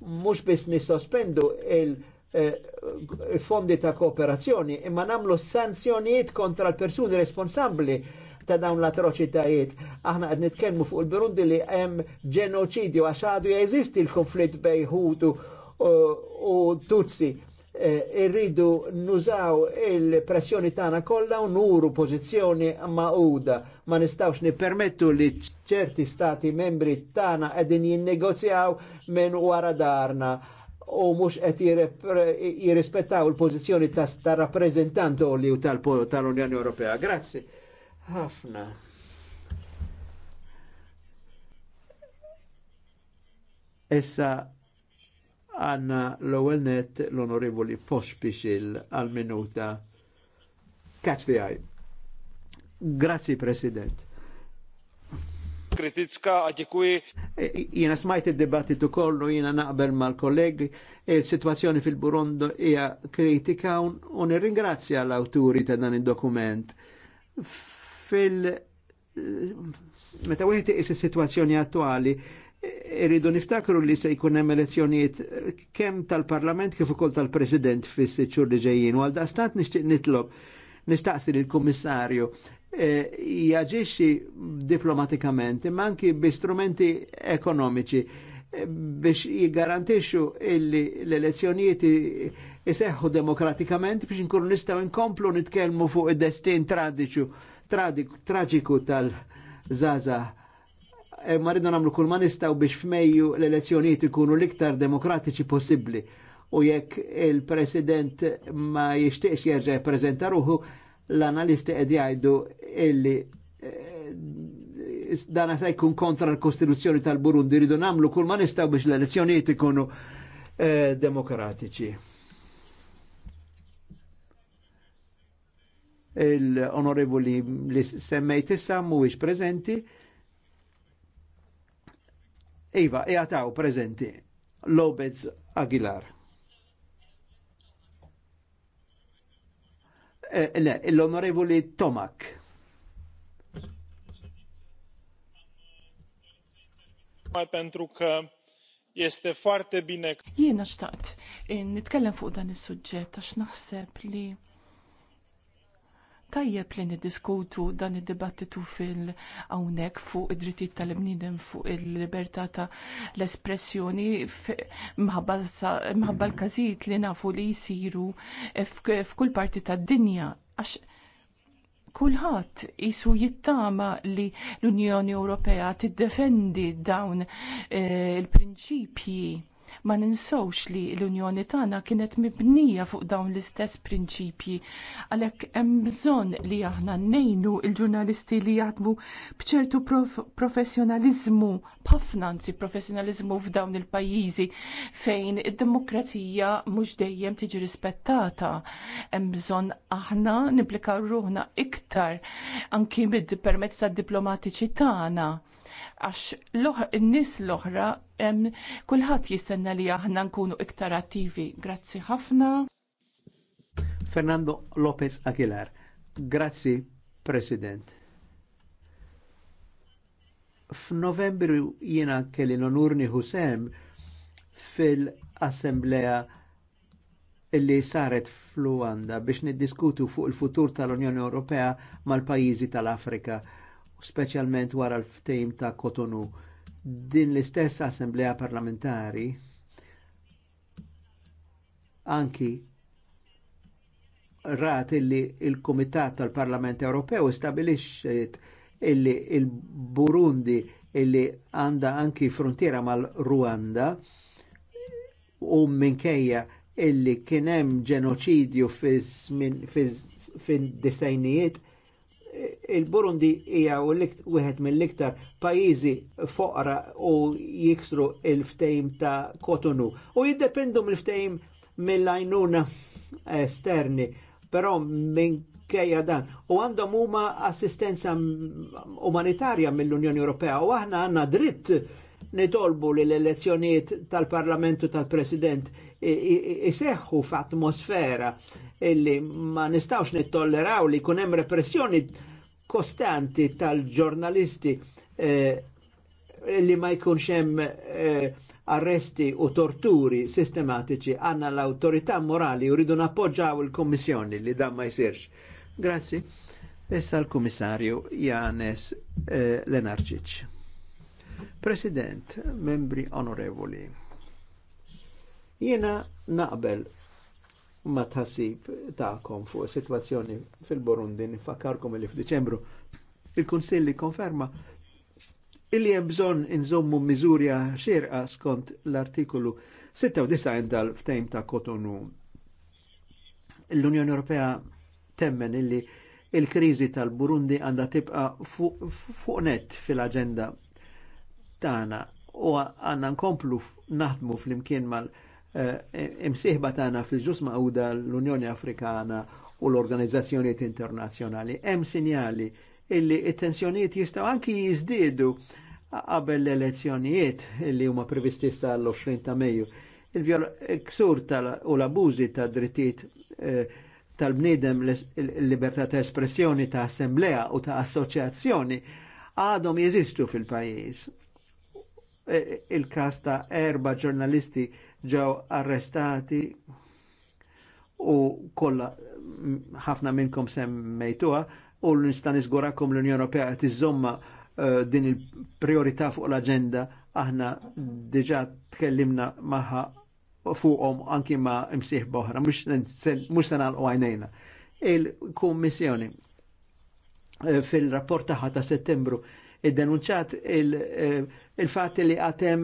mhux biss nisospendu il-fondi eh, ta' kooperazzjoni imma namlu sanzjonijiet kontra l-persuni responsabbli ta' dawn l-atroċitajiet. Aħna qed nitkellmu fuq il-Burundi li hemm ġenoċidju għax għadu jeżisti l-konflitt bej Hutu eh, u Tutsi Eh, irridu nużaw il-pressjoni tagħna kollha u nuru pożizzjoni maquda. Ma nistawx nippermettu li ċerti stati membri tagħna qegħdin jinnegozjaw minn wara darna u mux qed jirrispettaw il-pożizzjoni ta' rappreżentant li u tal-Unjoni Ewropea. Grazzi. Ħafna. Issa għanna l-ewwel net l-onorevoli Pospixil għal minuta Catch the eye. Grazie, President. Kritizka għadġi kwi. E, jena smajt il debattitu kollu, jena naqbel mal-kollegi, il-situazzjoni fil-Burondo hija kritika u nirringrazzja l-awturi ta' dan il-dokument. Fil- meta wieħed is-sitwazzjoni attwali, Irridu niftakru li se jkun hemm elezzjonijiet kemm tal-Parlament kif ukoll tal-President fis-sitt xhur li ġejjin. Għal daqstant nixtieq nitlob nistaqsi lill-Kummissarju eh, jaġixxi diplomatikament imma anki bi strumenti ekonomiċi eh, biex jgarantixxu illi l-elezzjonijiet iseħħu demokratikament biex nkunu nistgħu nkomplu nitkellmu fuq id-destin tradiċu tragiku tal-żaza Eh, ma rridu nagħmlu kull ma nistgħu biex f'Mejju l-elezzjonijiet ikunu l-iktar demokratiċi possibbli u jekk il-President ma jixtieqx jerġa' jippreżenta ruħu l-analisti qed jgħidu illi eh, dana se jkun kontra l-Kostituzzjoni tal-Burundi rridu namlu kull ma nistgħu biex l-elezzjonijiet ikunu eh, demokratiċi. l onorevoli li semmejt issa mhuwiex preżenti. Iva, jgħataw prezenti. Lobez Aguilar. Eh, le, l-onorevoli Tomak. mai pentru că este foarte bine. Jiena xtaqt, eh, nitkellem fuq dan is-suġġett għax naħseb li tajjeb li niddiskutu dan id-dibattitu fil-għawnek fuq id-drittijiet tal-bniedem fuq il-libertà ta' l-espressjoni mħabba l-każijiet li nafu li jisiru f'kull parti tad-dinja għax kulħadd isu jittama li l-Unjoni Ewropea tiddefendi dawn eh, il-prinċipji Ma ninsewx li l-Unjoni tagħna kienet mibnija fuq dawn l-istess prinċipji għalhekk hemm bżonn li aħna nejnu l-ġurnalisti li jaħdmu bċertu prof professjonaliżmu b'ħafna anzi professjonaliżmu f'dawn il-pajjiżi fejn id-demokrazija mhux dejjem tiġi rispettata. Hemm bżonn aħna nipplikaw ruħna iktar anki mid permezz tad-diplomatiċi tagħna għax n-nis l-oħra kulħadd jistenna li aħna nkunu iktar attivi. Grazzi ħafna. Fernando Lopez Aguilar. Grazzi, President. F'Novembru jiena kelli l-onur nieħu fil-Assemblea li saret fl-Luanda biex niddiskutu fuq il-futur tal-Unjoni Ewropea mal-pajjiżi tal-Afrika. tal unjoni tal unjoni ewropea mal pajjiżi tal afrika specialment wara l-ftejm ta' Kotonu. Din l-istess assemblea parlamentari anki rat illi il-Komitat tal-Parlament Ewropew stabilixxet illi il-Burundi illi għanda anki frontiera mal-Ruanda u minkejja illi kienem ġenoċidju fin disajnijiet il-Burundi hija wieħed mill-iktar pajjiżi foqra u jiksru il-ftejm ta' Kotonu. U jiddependu mill-ftejm mill-għajnuna esterni, però minn kejja dan. U għandhom huma assistenza umanitarja mill-Unjoni Ewropea u aħna għandna dritt nitolbu li l-elezzjonijiet tal-Parlamentu tal-President iseħħu f'atmosfera illi ma nistawx nittolleraw li kunem repressjoni kostanti tal-ġurnalisti eh, li ma jkunx hemm eh, arresti u torturi sistematiċi għanna l-autorità morali u rridu appoġġaw il-Kommissjoni li dan ma jsirx. Grazzi. Issa l-Kummissarju Janes eh, Lenarċiċ. President, membri onorevoli, jena naqbel ma tħassib ta'kom fuq situazzjoni fil-Burundi nifakkarkom li f'Diċembru il-Kunsilli konferma illi hemm bżonn inżommu miżuri xirqa skont l-artikolu 96 tal-ftejm ta' Kotonu. L-Unjoni Ewropea temmen illi il-kriżi tal-Burundi għandha tibqa fuq net fil-aġenda tagħna u għandna nkomplu naħdmu fl-imkien mal- Eh, imsieħba tagħna fil-ġus maqda l-Unjoni Afrikana u l-organizzazzjonijiet internazzjonali. Hemm sinjali illi it-tensjonijiet jistgħu anki jiżdiedu qabel l-elezzjonijiet li huma previsti sal-20 ta' Mejju. Il-ksur u l-abużi ta' drittijiet eh, tal bnidem l-libertà ta' espressjoni ta' assemblea u ta' assoċjazzjoni għadhom jeżistu fil-pajjiż. Eh, il-kas ta' erba' ġurnalisti ġew arrestati u kollha ħafna minnkom semmejtuha u nista' niżgurakom l-Unjoni Ewropea qed iżomma eh, din il-priorità fuq l-aġenda aħna diġà tkellimna magħha fuqhom anki ma' imsieħ boħra, mhux se nagħlqu għajnejna. Il-Kummissjoni eh, fil-rapport tagħha ta' Settembru id-denunċat il eh, fat li għatem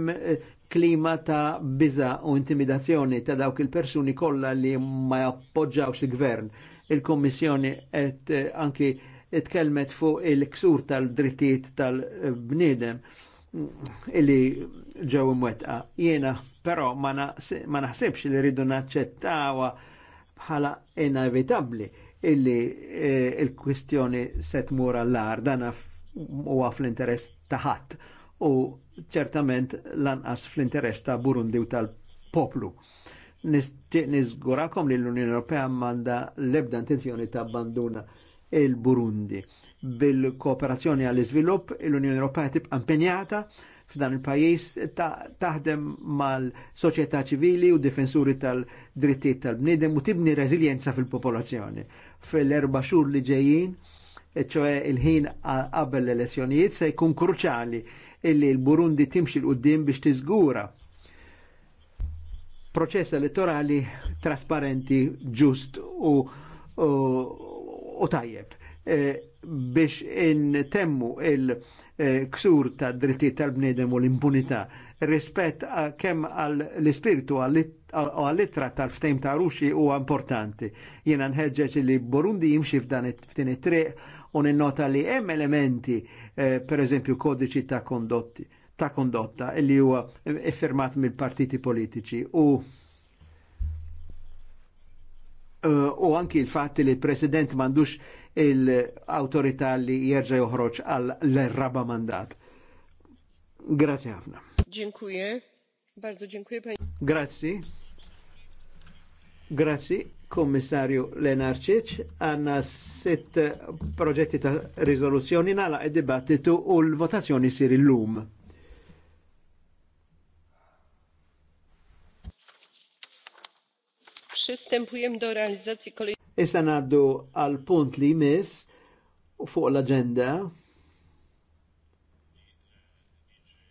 klima ta' biza u intimidazzjoni ta' dawk il-persuni kollha li ma jappoġġawx il-gvern. Il-Kommissjoni qed eh, anki tkellmet fuq il-ksur tal-drittijiet tal-bniedem mm, illi ġew imwetqa. Jiena però ma naħsibx li rridu naċċettawa bħala inevitabbli illi eh, il-kwistjoni se tmur għall-ar dan huwa fl-interess ta' ħadd u ċertament lanqas fl-interess ta' Burundi u tal-poplu. Nizgurakom li l-Unjoni Ewropea manda lebda intenzjoni ta' abbanduna il-Burundi. Bil-kooperazzjoni għall-iżvilupp, l-Unjoni Ewropea tibqa' impenjata f'dan il-pajjiż taħdem mal-soċjetà ċivili u difensuri tal-drittijiet tal-bniedem u tibni reżiljenza fil-popolazzjoni. Fil-erba' xhur li ġejjin, ċoe il-ħin qabel l-elezzjonijiet se jkun kruċali illi l-Burundi timxi l-qoddim biex tiżgura proċess elettorali trasparenti, ġust u, u, u tajjeb e, biex intemmu il-ksur ta' drittijiet tal-bnedem u l-impunità rispett kemm għall-ispirtu għall-ittra tal-ftejm ta' ruxi u importanti. Jena nħedġeċ li Burundi jimxi f'dan it-triq u ninnota li hemm elementi Eh, per eżempju kodiċi ta' kondotti ta' kondotta li huwa effirmat mill-partiti politiċi u eh, u anki il-fatti li l president mandux il-autorità li jerġa' joħroġ għal l-raba mandat. Grazie ħafna. Dziękuję. Bardzo dziękuję. Grazie. Grazie. Kommissarju Lenarċiċ, għanna sitt proġetti ta' rizoluzzjoni nala id-dibattitu u l-votazzjoni sir il-lum. Przystępujem do realizacji kolejnych. Issa naddu għal punt li jmiss fuq l-agenda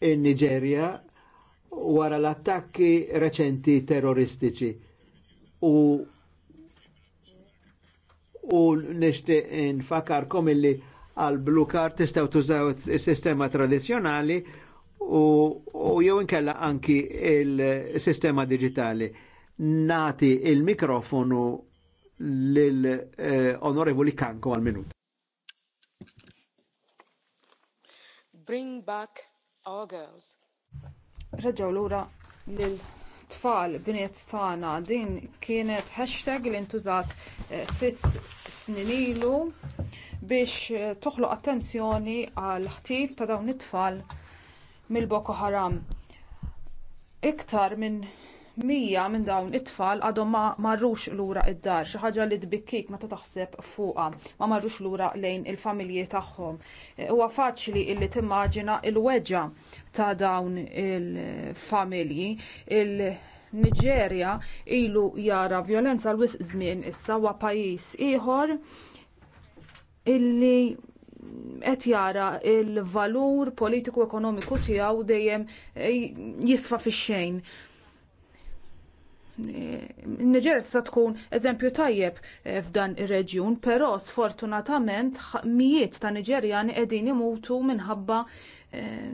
in Nigeria wara l-attakki reċenti terroristiċi u u nishtiq nfakarkom illi għal blue card tistaw tużaw il-sistema tradizjonali u, u jew inkella anki il-sistema digitali. Nati il-mikrofonu lill-onorevoli eh, Kanko għal minut. Bring back our girls. Reġaw l-ura lil tfal bniet tagħna. Din kienet hashtag li ntużat eh, sitt snin ilu biex eh, toħloq attenzjoni għal ħtif ta' dawn it-tfal mill-Boko Haram. Iktar minn mija minn dawn it-tfal għadhom ma marrux lura id-dar, xi ħaġa li tbikkik meta taħseb fuqha, ma marrux lura lejn il-familji tagħhom. E, huwa faċli li timmaġina il-weġġa ta' dawn il-familji il niġerja ilu jara vjolenza l wisq żmien issa huwa pajjiż ieħor illi qed jara l valur politiku ekonomiku tiegħu dejjem jisfa fix-xejn Niġer sa tkun eżempju tajjeb eh, f'dan ir-reġjun, però sfortunatament mijiet ta' Niġerjani qegħdin imutu minħabba eh,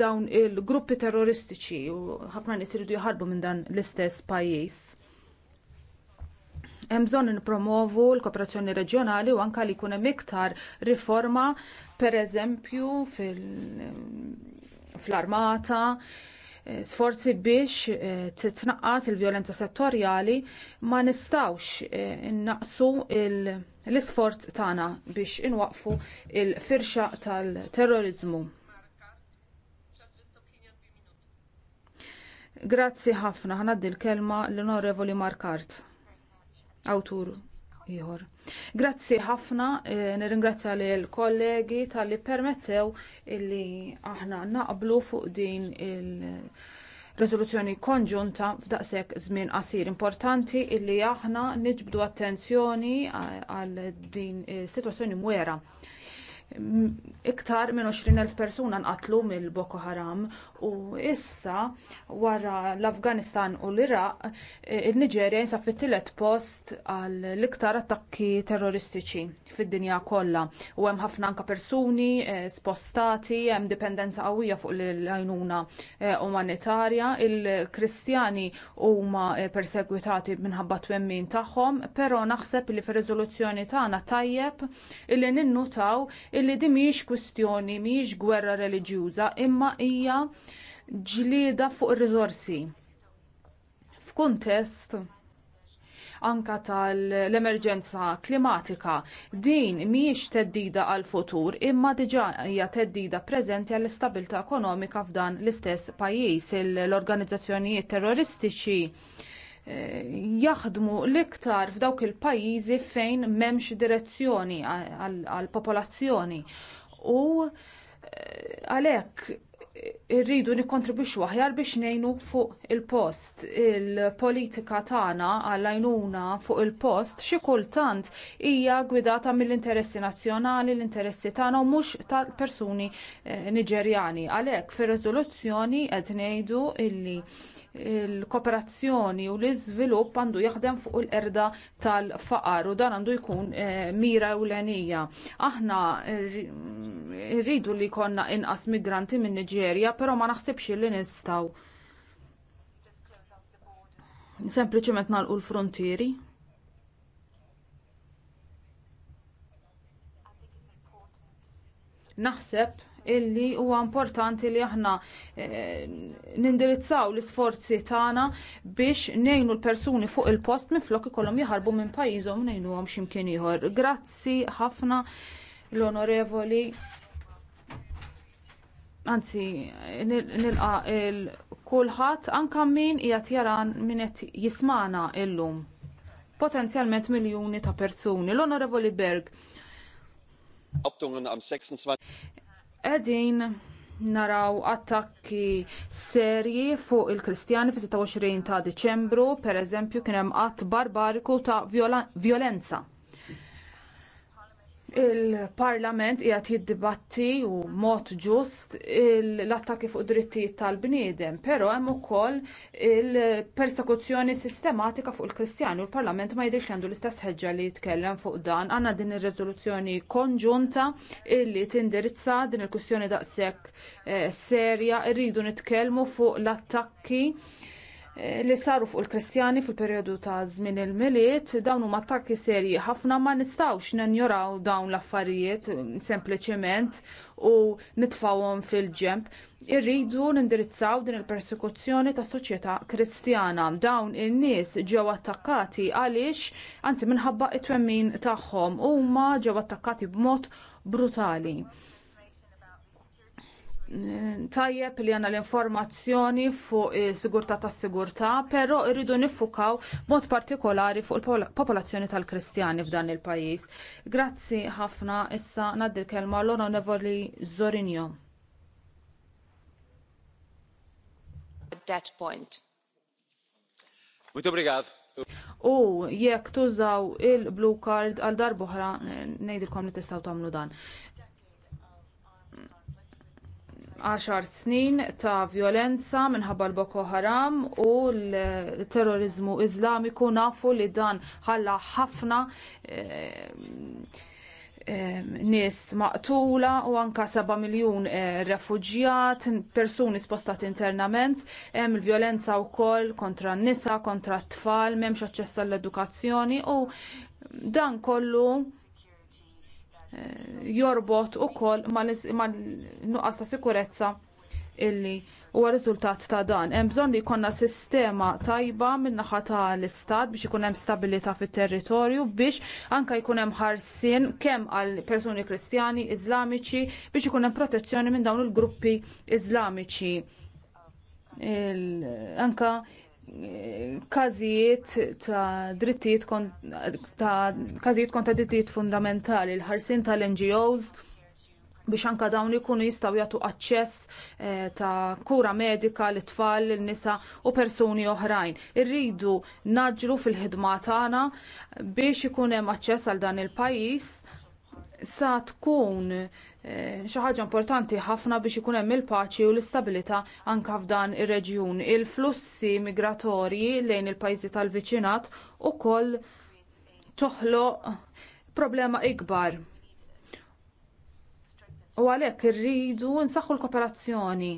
dawn il-gruppi terroristiċi u ħafna nies iridu jħarbu minn dan l-istess pajjiż. Hemm bżonn nippromovu l-kooperazzjoni reġjonali u anke li jkun hemm iktar riforma pereżempju fil-armata. fil fil armata sforzi biex eh, titnaqqas il-vjolenza settorjali ma nistawx eh, innaqsu l-isforz tagħna biex inwaqfu l firxa tal-terrorizmu. Grazzi ħafna ħanaddi l-kelma l-Onorevoli Markart, awtur ieħor. Grazzi ħafna, e, nirringrazzja lill kollegi talli permettew illi aħna naqblu fuq din il-rezoluzzjoni konġunta f'daqshekk żmien qasir importanti illi aħna niġbdu attenzjoni għal din is-sitwazzjoni e, mwera iktar minn 20.000 persuna nqatlu mill Boko Haram u issa wara l-Afganistan u l-Iraq eh, il-Niġerja jinsab fit-tielet post għal l-iktar attakki terroristiċi fid-dinja kollha u hemm ħafna anka persuni eh, spostati, hemm dipendenza qawwija fuq l-għajnuna eh, umanitarja, il-Kristjani huma persegwitati minħabba twemmin tagħhom, però naħseb li fir-riżoluzzjoni tagħna tajjeb illi ninnutaw illi di mhijiex kwestjoni mhijiex gwerra reliġjuża imma hija ġlieda fuq ir F'kuntest anka tal-emerġenza klimatika. Din mhijiex teddida għal futur imma diġà hija teddida preżenti għall istabilità ekonomika f'dan l-istess pajjiż l-organizzazzjonijiet terroristiċi jaħdmu l-iktar f'dawk il-pajjiżi fejn m'hemmx direzzjoni għall-popolazzjoni. U eh, għalhekk irridu nikkontribwixxu aħjar biex ngħinu fuq il-post. Il-politika tagħna għall-għajnuna fuq il-post xi kultant hija gwidata mill-interessi nazzjonali, l-interessi tagħna u mhux tal persuni eh, Niġerjani. Għalhekk fir-riżoluzzjoni qed ngħidu illi il-kooperazzjoni u l-iżvilupp għandu jaħdem fuq il-erda tal-faqar u dan għandu jkun eh, mira l-għenija. Aħna rridu li konna inqas migranti minn Nigeria, però ma naħsibx li nistaw. Sempliċement nagħlqu l-frontieri. Naħseb illi huwa importanti li aħna eh, nindirizzaw l-isforzi tagħna biex ngħinu l-persuni fuq il-post minflok ikollhom jaħarbu minn pajjiżhom ngħinuhom x'imkien ieħor. Grazzi ħafna l-onorevoli Anzi, nilqa il-kulħadd anka min qiegħed jaran min qed jismana illum. Potenzjalment miljuni ta' persuni. L-Onorevoli Berg, Qegħdin naraw attakki serji fuq il-Kristjani fis-26 ta' Diċembru, pereżempju kien hemm att barbariku ta' violenza il-parlament qiegħed jiddibatti u mod ġust l-attakki fuq drittijiet tal-bniedem, però hemm ukoll il-persekuzzjoni sistematika fuq il-Kristjani u l-Parlament ma jidhirx għandu l-istess ħeġġa li jitkellem fuq dan. Għandna din ir-riżoluzzjoni konġunta illi tindirizza din il-kwistjoni daqshekk eh, serja, rridu nitkellmu fuq l-attakki Eh, li saru fuq il-Kristjani fil-perjodu ta' żmien il-miliet dawn huma attakki serji ħafna ma nistgħux nenjoraw dawn l-affarijiet mm, sempliċement u nitfawhom fil-ġemp. Irridu nindirizzaw din il-persekuzzjoni tas soċjetà Kristjana. Dawn in-nies ġew attakkati għaliex anzi minħabba it-twemmin tagħhom huma ġew attakkati b'mod brutali tajjeb li għanna l-informazzjoni fuq sigurta ta' sigurta, pero irridu nifukaw mod partikolari fuq il-popolazzjoni tal-Kristjani f'dan il-pajis. Grazzi ħafna issa naddi kelma l nevoli Zorinjo. That point. Muito obrigado. U jekk tużaw il-blue card għal darbuħra, nejdilkom li tistaw tamlu dan. 10 snin ta' vjolenza minħabba l-Boko Haram u l-terrorizmu Iżlamiku nafu li dan ħalla ħafna eh, eh, nis maqtula u anka 7 miljun e, eh, refugjat, persuni spostati internament, hemm il-vjolenza wkoll kontra n-nisa, kontra t-tfal, m'hemmx aċċess għall-edukazzjoni u dan kollu Eh, jorbot ukoll ma' nuqqas ta' sikurezza illi huwa riżultat ta' dan. Hemm bżonn li jkollna sistema tajba min-naħa tal-istat biex ikun hemm stabilità fit-territorju biex anke jkun hemm ħarsien kemm għal persuni kristjani, iżlamiċi biex ikun hemm protezzjoni minn dawn il-gruppi iżlamiċi. Il anka każijiet ta' drittijiet ta' każijiet ta' drittijiet fundamentali, l-ħarsin tal-NGOs biex anka dawn ikunu jistgħu jagħtu aċċess eh, ta' kura medika l tfal l nisa u persuni oħrajn. Irridu naġru fil-ħidma tagħna biex ikun hemm aċċess għal dan il-pajjiż sa tkun Eh, xi ħaġa importanti ħafna biex ikun hemm il-paċi u l-istabilità anke f'dan ir-reġjun. Il-flussi migratorji lejn il-pajjiżi tal-viċinat ukoll toħloq problema ikbar. U għalhekk irridu nsaħħu l-kooperazzjoni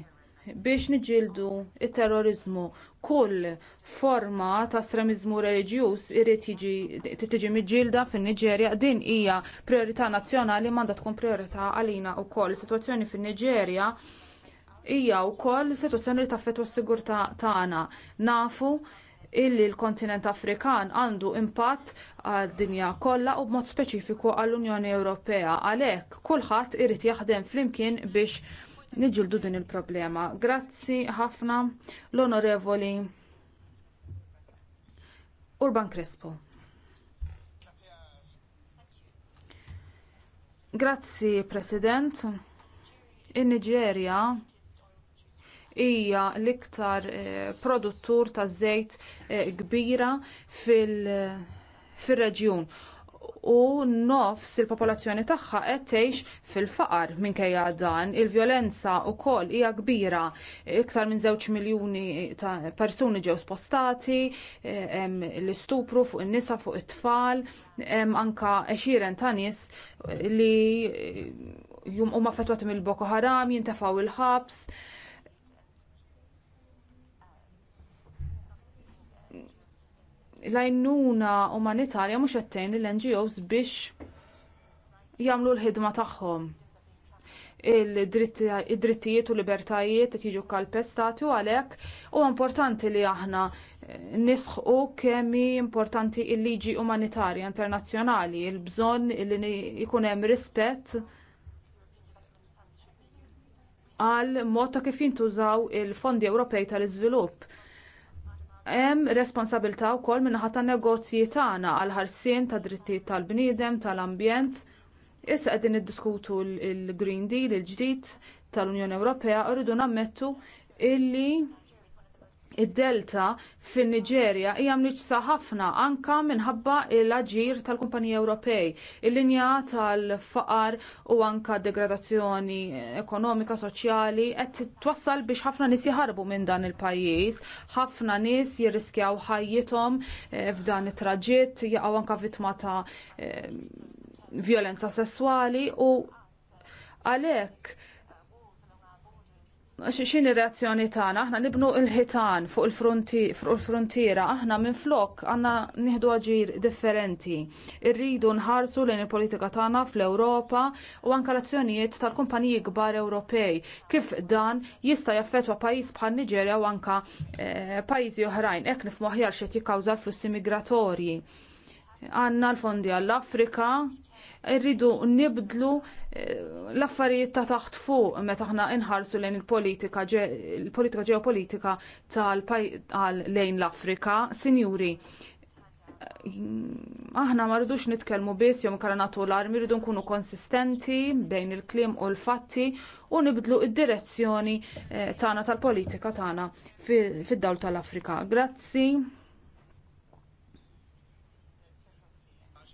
biex niġildu t terrorizmu kull forma ta' estremiżmu reliġjuż irid jiġi tiġi miġilda fin-Niġerja din hija priorità nazzjonali m'għandha tkun priorità għalina wkoll. Is-sitwazzjoni fin-Niġerja hija wkoll sitwazzjoni li taffettwa s-sigurtà tagħna. Nafu illi l-kontinent Afrikan għandu impatt għad-dinja kollha u b'mod speċifiku għall-Unjoni Ewropea. Għalhekk kulħadd irid jaħdem flimkien biex niġġuldu din il-problema. Grazzi ħafna l-onorevoli Urban Crespo. Grazzi, President. In-Niġerja hija l-iktar eh, produttur ta' żejt eh, kbira fil- fil-reġjun u nofs il-popolazzjoni tagħha qed tgħix fil-faqar minkejja dan. Il-vjolenza wkoll hija kbira, iktar minn żewġ miljuni ta' persuni ġew spostati, l-istupru fuq in-nisa fuq it-tfal, anka għexieren ta' nies li jum huma fetwati mill-Boko Haram, jintefaw il-ħabs, l-għajnuna umanitarja mhux qed tgħin lill-NGOs biex jagħmlu l-ħidma tagħhom. Id-drittijiet u libertajiet qed jiġu kalpestati u għalhekk huwa importanti li aħna eh, nisħu kemm importanti il-liġi umanitarja internazzjonali, il-bżonn li jkun hemm rispett għal mod ta' kif jintużaw il-fondi Ewropej tal-iżvilupp hemm responsabilità wkoll min-naħa tan-negozji tagħna għal ħarsien ta' drittijiet tal-bniedem, tal-ambjent. Issa qegħdin niddiskutu l-Green Deal il-ġdid tal-Unjoni Ewropea rridu nammettu illi Id-delta fin niġerja hija mniċsa ħafna anke minħabba l-aġir tal-kumpaniji Ewropej. Il-linja tal-faqar u anke degradazzjoni ekonomika, soċjali qed twassal biex ħafna nies jaħarbu minn dan il-pajjiż. Ħafna nies jirriskjaw ħajjithom eh, f'dan it-traġitt, jaqgħu anke vittma ta' eh, violenza sesswali u għalhekk xin reazzjoni tagħna, aħna nibnu il-ħitan fuq il-frontiera, aħna minn flok għandna nieħdu aġir differenti. Irridu nħarsu lejn il-politika tagħna fl-Ewropa u anke l-azzjonijiet tal-kumpaniji kbar Ewropej. Kif dan jista' jaffettwa pajjiż bħal Niġerja u anke eh, pajjiżi oħrajn, hekk nifmu aħjar xed jikkawża flussi migratorji. Għanna l-fondi għall-Afrika, rridu nibdlu eh, l-affarijiet ta' taħt fuq meta aħna inħarsu lejn il-politika il-politika ġeopolitika tal lejn l-Afrika, sinjuri. Aħna ma rridux nitkellmu biss jew inkella nagħtu l-armi, rridu nkunu konsistenti bejn il-kliem u l-fatti u nibdlu id-direzzjoni eh, tagħna tal-politika tagħna fid-dawl tal-Afrika. Grazzi.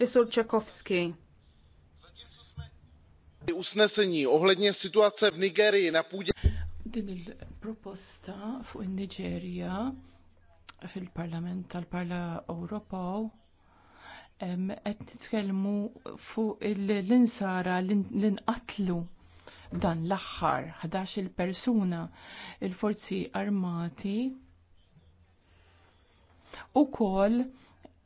Isul Tchaikovsky. Usnesení ohledně situace v Nigerii na půdě. Din il-proposta fuq in-Niġerja fil-Parlament tal-Parla Ewropew qed nitkellmu fuq l-insara l-inqatlu dan l-aħħar 11-il persuna il-forzi armati u kol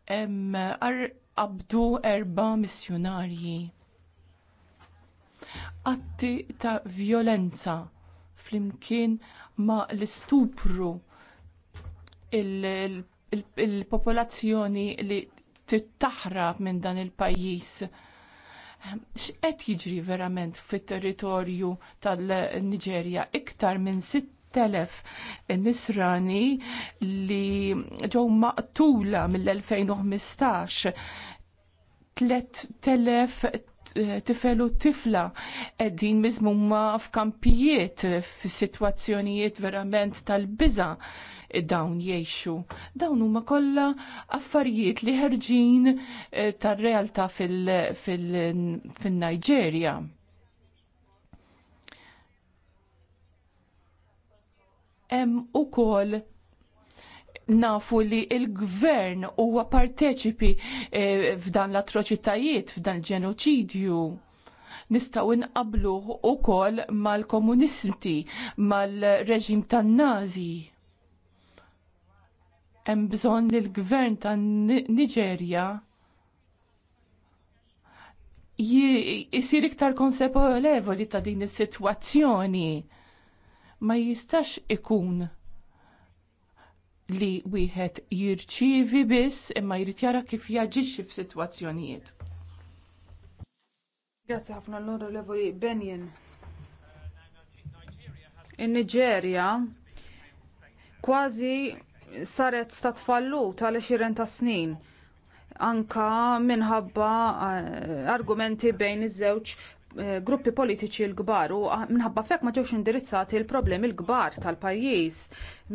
qabdu erba missjonarji atti ta' violenza flimkien ma' l-istupru il-popolazzjoni li tittaħrab minn dan il-pajjiż. X'qed jiġri verament fit-territorju tal-Niġerja iktar minn 6,000 nisrani li ġew maqtula mill-2015 3,000 tifel u tifla qegħdin miżmumma f'kampijiet f'sitwazzjonijiet verament tal biza dawn jiexu. Dawn huma kollha affarijiet li ħerġin eh, tar-realtà fin-Niġerja. Hemm ukoll nafu li il-gvern huwa parteċipi eh, f'dan l-atroċitajiet, f'dan l-ġenoċidju. Nistaw inqablu u kol mal-komunisti, mal-reġim tan-nazi. Hemm bżonn li l-gvern tan-Niġerja jisir iktar konsepolevoli ta' din is-sitwazzjoni. Ma jistax ikun li wieħed jirċievi biss imma jrid jara kif jaġixxi f'sitwazzjonijiet. Grazzi ħafna l-Onorevoli Benjen. In-Niġerja kważi saret stat fallut għal 20 ta' snin anka minħabba eh, argumenti bejn iż-żewġ Eh, gruppi politiċi l gbar u ah, minħabba fekk ma ġewx indirizzati l-problemi l-kbar tal-pajjiż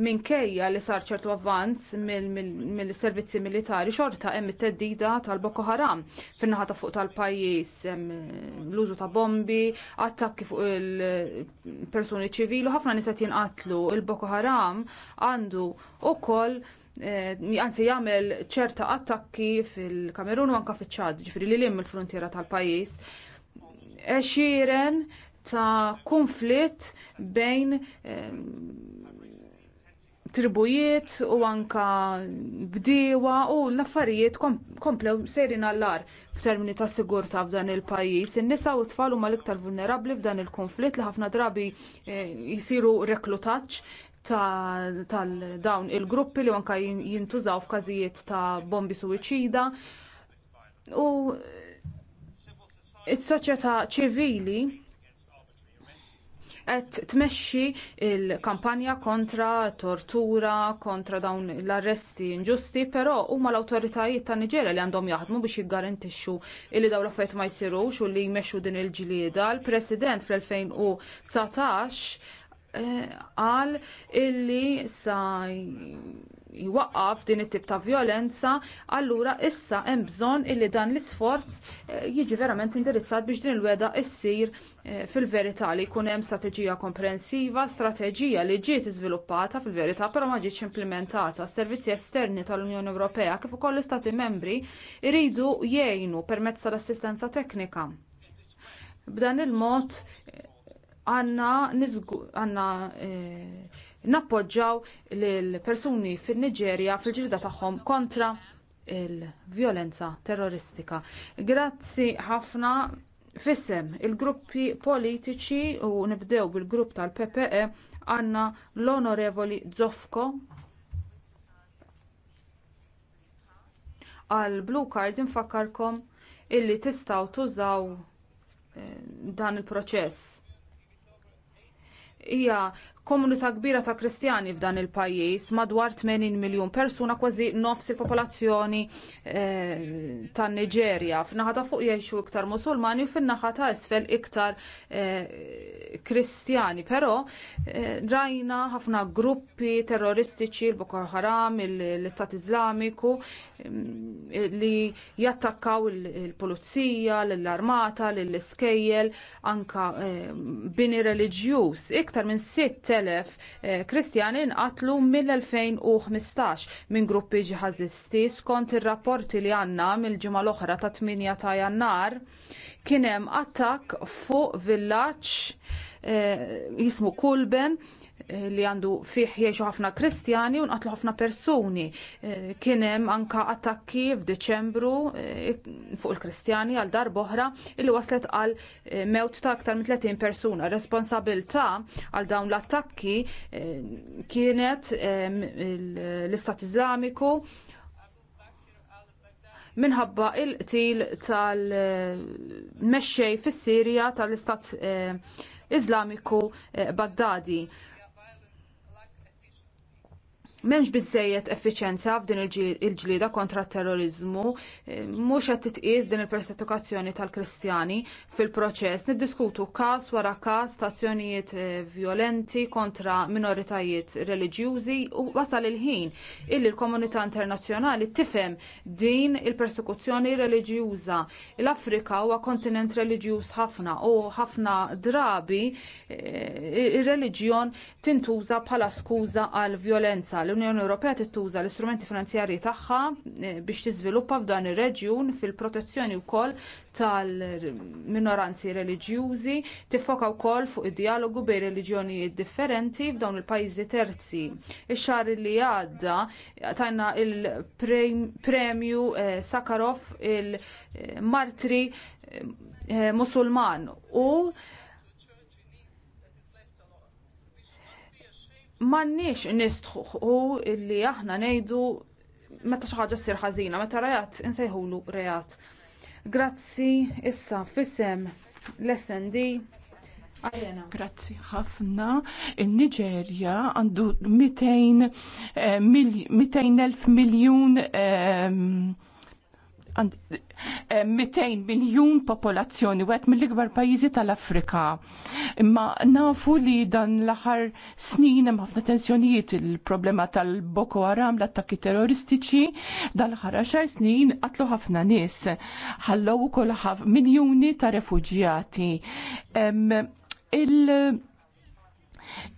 minkejja li sar ċertu avvanz mill-servizzi militari xorta hemm it-teddida tal-Boko Haram fin-naħa ta' fuq tal-pajjiż eh, l-użu ta' bombi, attakki fuq il-persuni ċivili u ħafna nies qed jinqatlu il-Boko Haram għandu ukoll eh, anzi jagħmel ċerta attakki fil-Kamerun u anke fiċ-Ċad, ġifri li lim il-frontiera tal-pajjiż għexieren ta' konflitt bejn tribujiet u anka bdiewa u l-affarijiet komplew sejrin għallar f'termini ta' sigurta f'dan il-pajis. In-nisa u t-tfal huma l-iktar vulnerabli f'dan il-konflitt li ħafna drabi eh, jisiru reklutaċ tal-dawn il-gruppi li anka jintużaw f'każijiet ta' bombi suwiċida. U Is-soċjetà ċivili qed tmexxi l kampanja kontra tortura, kontra dawn l-arresti inġusti, però huma l-awtoritajiet ta' Niġerja li għandhom jaħdmu biex jiggarantixxu li dawn l-affarijiet ma jsirux u li jmexxu din il-ġlieda. L-President fl-2019 eh, qal illi sa jwaqqaf din it-tip ta' violenza, allura issa hemm bżonn illi dan l-isforz eh, jiġi verament indirizzat biex din il-weda issir eh, fil-verità li jkun hemm strateġija komprensiva, strateġija li ġiet iżviluppata fil-verità però ma ġietx implementata. Servizzi esterni tal-Unjoni Ewropea kif ukoll l-Istati membri jridu jgħinu permezz tal-assistenza teknika. B'dan il-mod eh, għandna nappoġġaw l persuni fin-Niġerja fil-ġilda tagħhom kontra il-vjolenza terroristika. Grazzi ħafna fissem il-gruppi politiċi u nibdew bil-grupp tal-PPE għandna l-onorevoli Zofko għal blue card infakkarkom illi tistgħu tużaw eh, dan il-proċess. Ija komunità kbira ta' kristjani f'dan il-pajjiż madwar 80 miljun persuna kważi nofs il-popolazzjoni eh, tan Niġerja. F'naħa ta' fuq jgħixu iktar musulmani u fin-naħa ta' isfel iktar eh, kristjani. Però eh, rajna ħafna gruppi terroristiċi l-Boko Haram, l-Istat Iżlamiku mm, li jattakkaw il-pulizija, l-armata, l-iskejjel, anka eh, bini reliġjuż. Iktar minn sitt 10,000 Kristjani eh, inqatlu mill-2015 minn gruppi ġihadisti skont ir-rapporti li għandna mill-ġimgħa l-oħra ta' 8 ta' Jannar kien hemm attakk fuq villaġġ eh, jismu Kulben li għandu fih jiexu ħafna kristjani u nqatlu ħafna persuni. Eh, kien hemm anka attakki f'Deċembru eh, fuq il-kristjani għal dar boħra illi waslet għal eh, mewt ta' aktar minn 30 persuna. Responsabilta għal dawn l-attakki kienet l-Istat Iżlamiku minħabba il-qtil tal-mexxej fis-Sirja tal-Istat Iżlamiku Baghdadi. M'hemmx biżejjed effiċjenza f'din il-ġlida kontra t terrorizmu, mhux qed titqies din il-persekuzzjoni tal-Kristjani fil-proċess. Niddiskutu każ wara każ stazzjonijiet eh, violenti kontra minoritajiet reliġjużi u wasal il-ħin illi l-komunità internazzjonali tifhem din il-persekuzzjoni reliġjuża. L-Afrika huwa kontinent reliġjuż ħafna u ħafna drabi eh, ir-reliġjon tintuża bħala skuża għal violenza l-Unjoni Ewropea tittuża l-istrumenti finanzjarji tagħha eh, biex tiżviluppa f'dan ir-reġjun fil-protezzjoni wkoll tal-minoranzi reliġjużi, tiffoka wkoll fuq id-dialogu bejn reliġjonijiet differenti f'dawn il-pajjiżi terzi. Ix-xahar li għadda tajna il-premju eh, Sakharov il-martri eh, musulman u Mannix nistħu illi aħna nejdu meta xi ħaġa ssir ħażina, meta rajat insejħulu rejat. Grazzi issa fissem l-SND Ajena. Grazzi ħafna. Il-Niġerja għandu 200 eh, miljun eh, 200 eh, miljun popolazzjoni u mill-ikbar pajjiżi tal-Afrika. Imma nafu li dan l-aħħar snin hemm ħafna tensjonijiet il-problema tal-Boko Haram, l-attakki terroristiċi, dan l-aħħar snin qatlu ħafna nies. Ħallew ukoll miljuni ta' refuġjati. Il-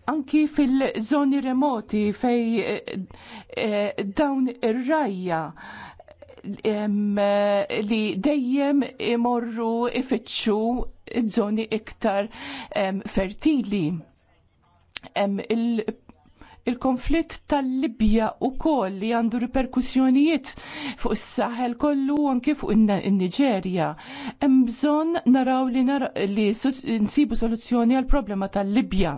anki fil-żoni remoti fej eh, eh, dawn ir-rajja li dejjem imorru ifittxu żoni iktar fertili. Il-konflitt il konflitt tal libja u koll li għandu riperkussjonijiet fuq is-saħel kollu anke fuq in-Niġerja. Hemm bżonn naraw li, li nsibu soluzzjoni għal problema tal-Libja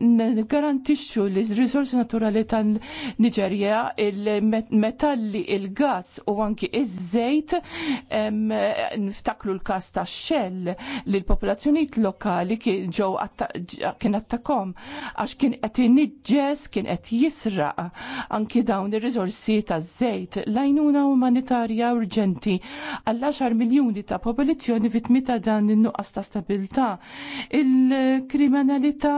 garantixxu li r-risorsi naturali tan Niġerja, il-metalli, il-gas u anki iż-żejt, niftaklu l-kas ta' xell li l-popolazzjonijiet lokali ġew kien attakom għax kien qed inniġġes kien qed jisraq anki dawn ir-risorsi ta' żejt lajnuna umanitarja urġenti għall 10 miljuni ta' popolazzjoni vitmita ta' dan in-nuqqas ta' stabilità, il-kriminalità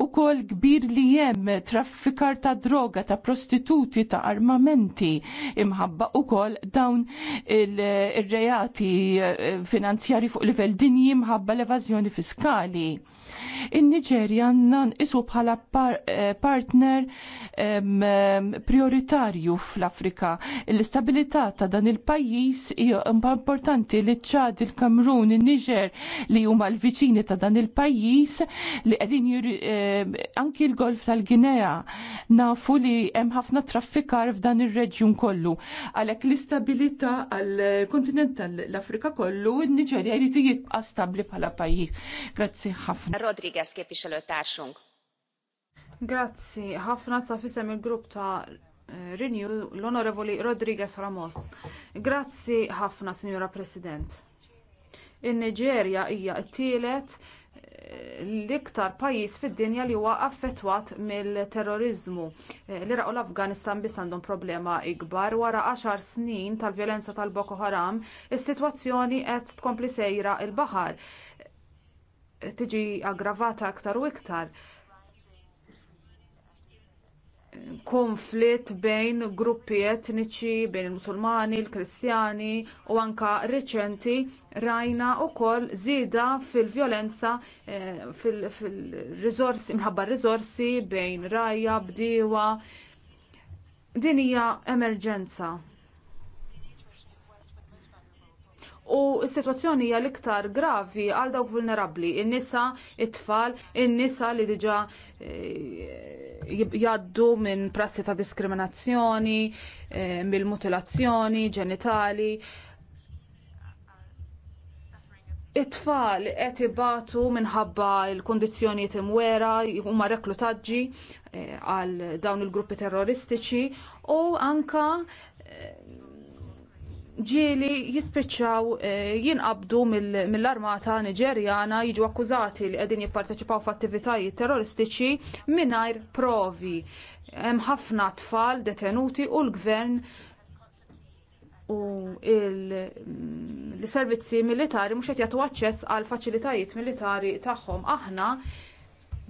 u wkoll kbir li hemm traffikar ta' droga, ta' prostituti, ta' armamenti imħabba wkoll dawn il reati eh, finanzjari fuq livell dinji imħabba l-evażjoni fiskali In-Niġerja nan isu bħala par eh, partner prioritarju fl-Afrika. L-istabilità ta' dan il-pajjiż hija importanti li ċad il-Kamrun, il niġer li huma l-viċini ta' dan il-pajjiż li qegħdin anki l-Golf tal-Ginea nafu li hemm ħafna traffikar f'dan ir-reġjun kollu. Għalhekk l-istabilità għall-kontinent tal-Afrika kollu, in-Niġerja jrid jibqa' stabbli bħala pajjiż. Grazzi ħafna. Rodriguez képviselőtársunk. Grazzi, ħafna sa fisem il-grupp ta' eh, Renew l-Onorevoli Rodriguez Ramos. Grazzi ħafna, Signora President. In-Niġerja hija t-tielet eh, l-iktar pajjiż fid-dinja li huwa affettwat mill-terrorizmu. Eh, L-Iraq u l-Afganistan biss għandhom problema ikbar. Wara 10 snin tal-vjolenza tal-Boko Haram, is-sitwazzjoni qed tkompli sejra il-baħar tiġi aggravata aktar u iktar. Konflitt bejn gruppi etniċi, bejn il-Musulmani, il-Kristjani u anka riċenti rajna wkoll żieda fil-vjolenza eh, fil-rizorsi, mħabba rizorsi bejn rajja, bdiewa. Din hija emerġenza. u s-sitwazzjoni hija l-iktar gravi għal dawk vulnerabbli, in-nisa, it-tfal, in-nisa li diġà eh, jgħaddu minn prassi ta' diskriminazzjoni, eh, mill-mutilazzjoni ġenitali it-tfal qed ibatu minħabba l-kondizzjonijiet imwera huma reklutaġġi eh, għal dawn il-gruppi terroristiċi u anka ġieli jispiċċaw eh, jinqabdu mill-armata Niġerjana jiġu akkużati li qegħdin jipparteċipaw f'attivitajiet terroristiċi mingħajr provi. Hemm ħafna tfal detenuti u l-gvern u mm, l-servizzi militari mhux qed jagħtu aċċess għal faċilitajiet militari tagħhom. Aħna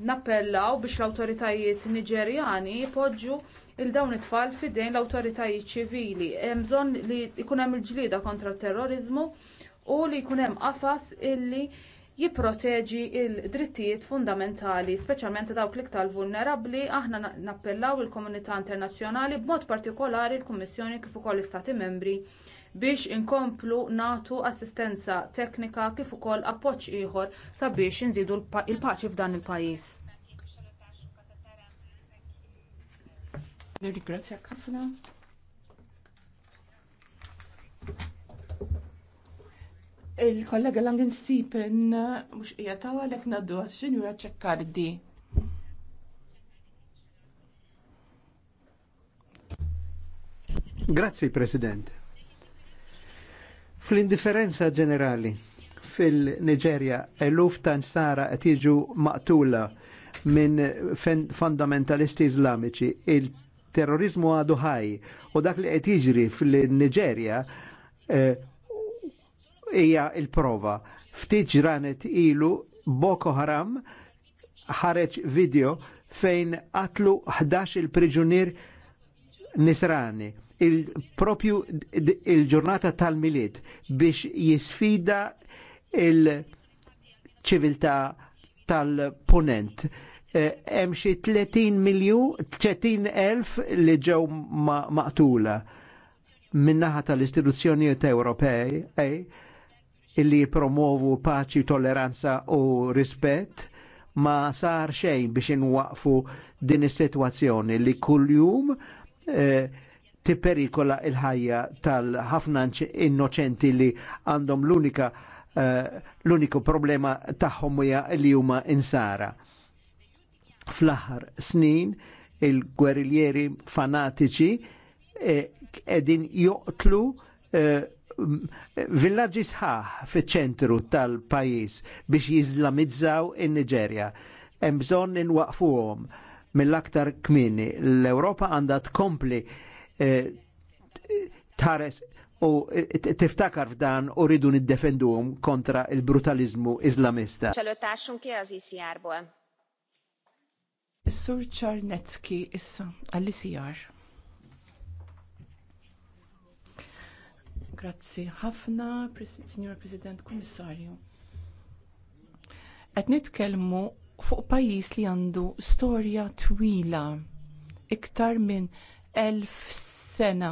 nappellaw biex l-awtoritajiet Niġerjani jpoġġu il dawn it-tfal fidejn l-awtoritajiet ċivili. Hemm bżonn li jkun hemm il-ġlieda kontra t-terrorizmu u li jkun hemm qafas illi jipproteġi l drittijiet fundamentali, speċjalment dawk l-iktar vulnerabbli, aħna nappellaw il-komunità internazzjonali b'mod partikolari l-Kummissjoni kif ukoll l-Istati membri biex inkomplu nagħtu assistenza teknika kif ukoll appoġġ ieħor sabiex inżidu l-paċi f'dan il-pajjiż. Nirringrazzjak ħafna. Il-kollega Langen Stephen mux ijatawa lek naddu għas ġenjura ċekkardi. Grazie, President. Fl-indifferenza ġenerali fil-Niġerja eluf ta' nsara qed jiġu maqtula minn fundamentalisti islamiċi. Il-terrorizmu għadu ħaj u dak li qed jiġri fil-Niġerja eh, hija eh, il-prova. Ftit ġranet ilu Boko Haram ħareġ video fejn qatlu 11 il-priġunier nisrani il-propju il-ġurnata tal-miliet biex jisfida il-ċiviltà tal-ponent. Eh, hemm xi 30 milju, 30 elf li ġew maqtula minnaħa tal-istituzzjonijiet Ewropej ej, eh, illi promuovu paċi, tolleranza u rispett ma sar xejn biex inwaqfu din is-sitwazzjoni li kuljum eh, tiperikola il-ħajja tal-ħafna innoċenti li għandhom l-unika eh, l-uniku problema tagħhom li huma insara. Fl-aħħar snin il-guerriljeri fanatiċi eh, edin joqtlu eh, villaġġi sħaħ fiċ-ċentru tal-pajis biex jizlamizzaw in-Niġerja. Hemm bżonn inwaqfuhom mill-aktar kmini. L-Ewropa għandha tkompli Eh, tares u tiftakar f'dan u ridu niddefenduhom kontra il-brutalizmu islamista. Ċalutaxxum ki għażis jarbu. Is-Sur Czarnecki issa għall-ICR. Grazzi ħafna, Signor President, Komissarju. Qed nitkellmu fuq pajjiż li għandu storja twila iktar minn elf sena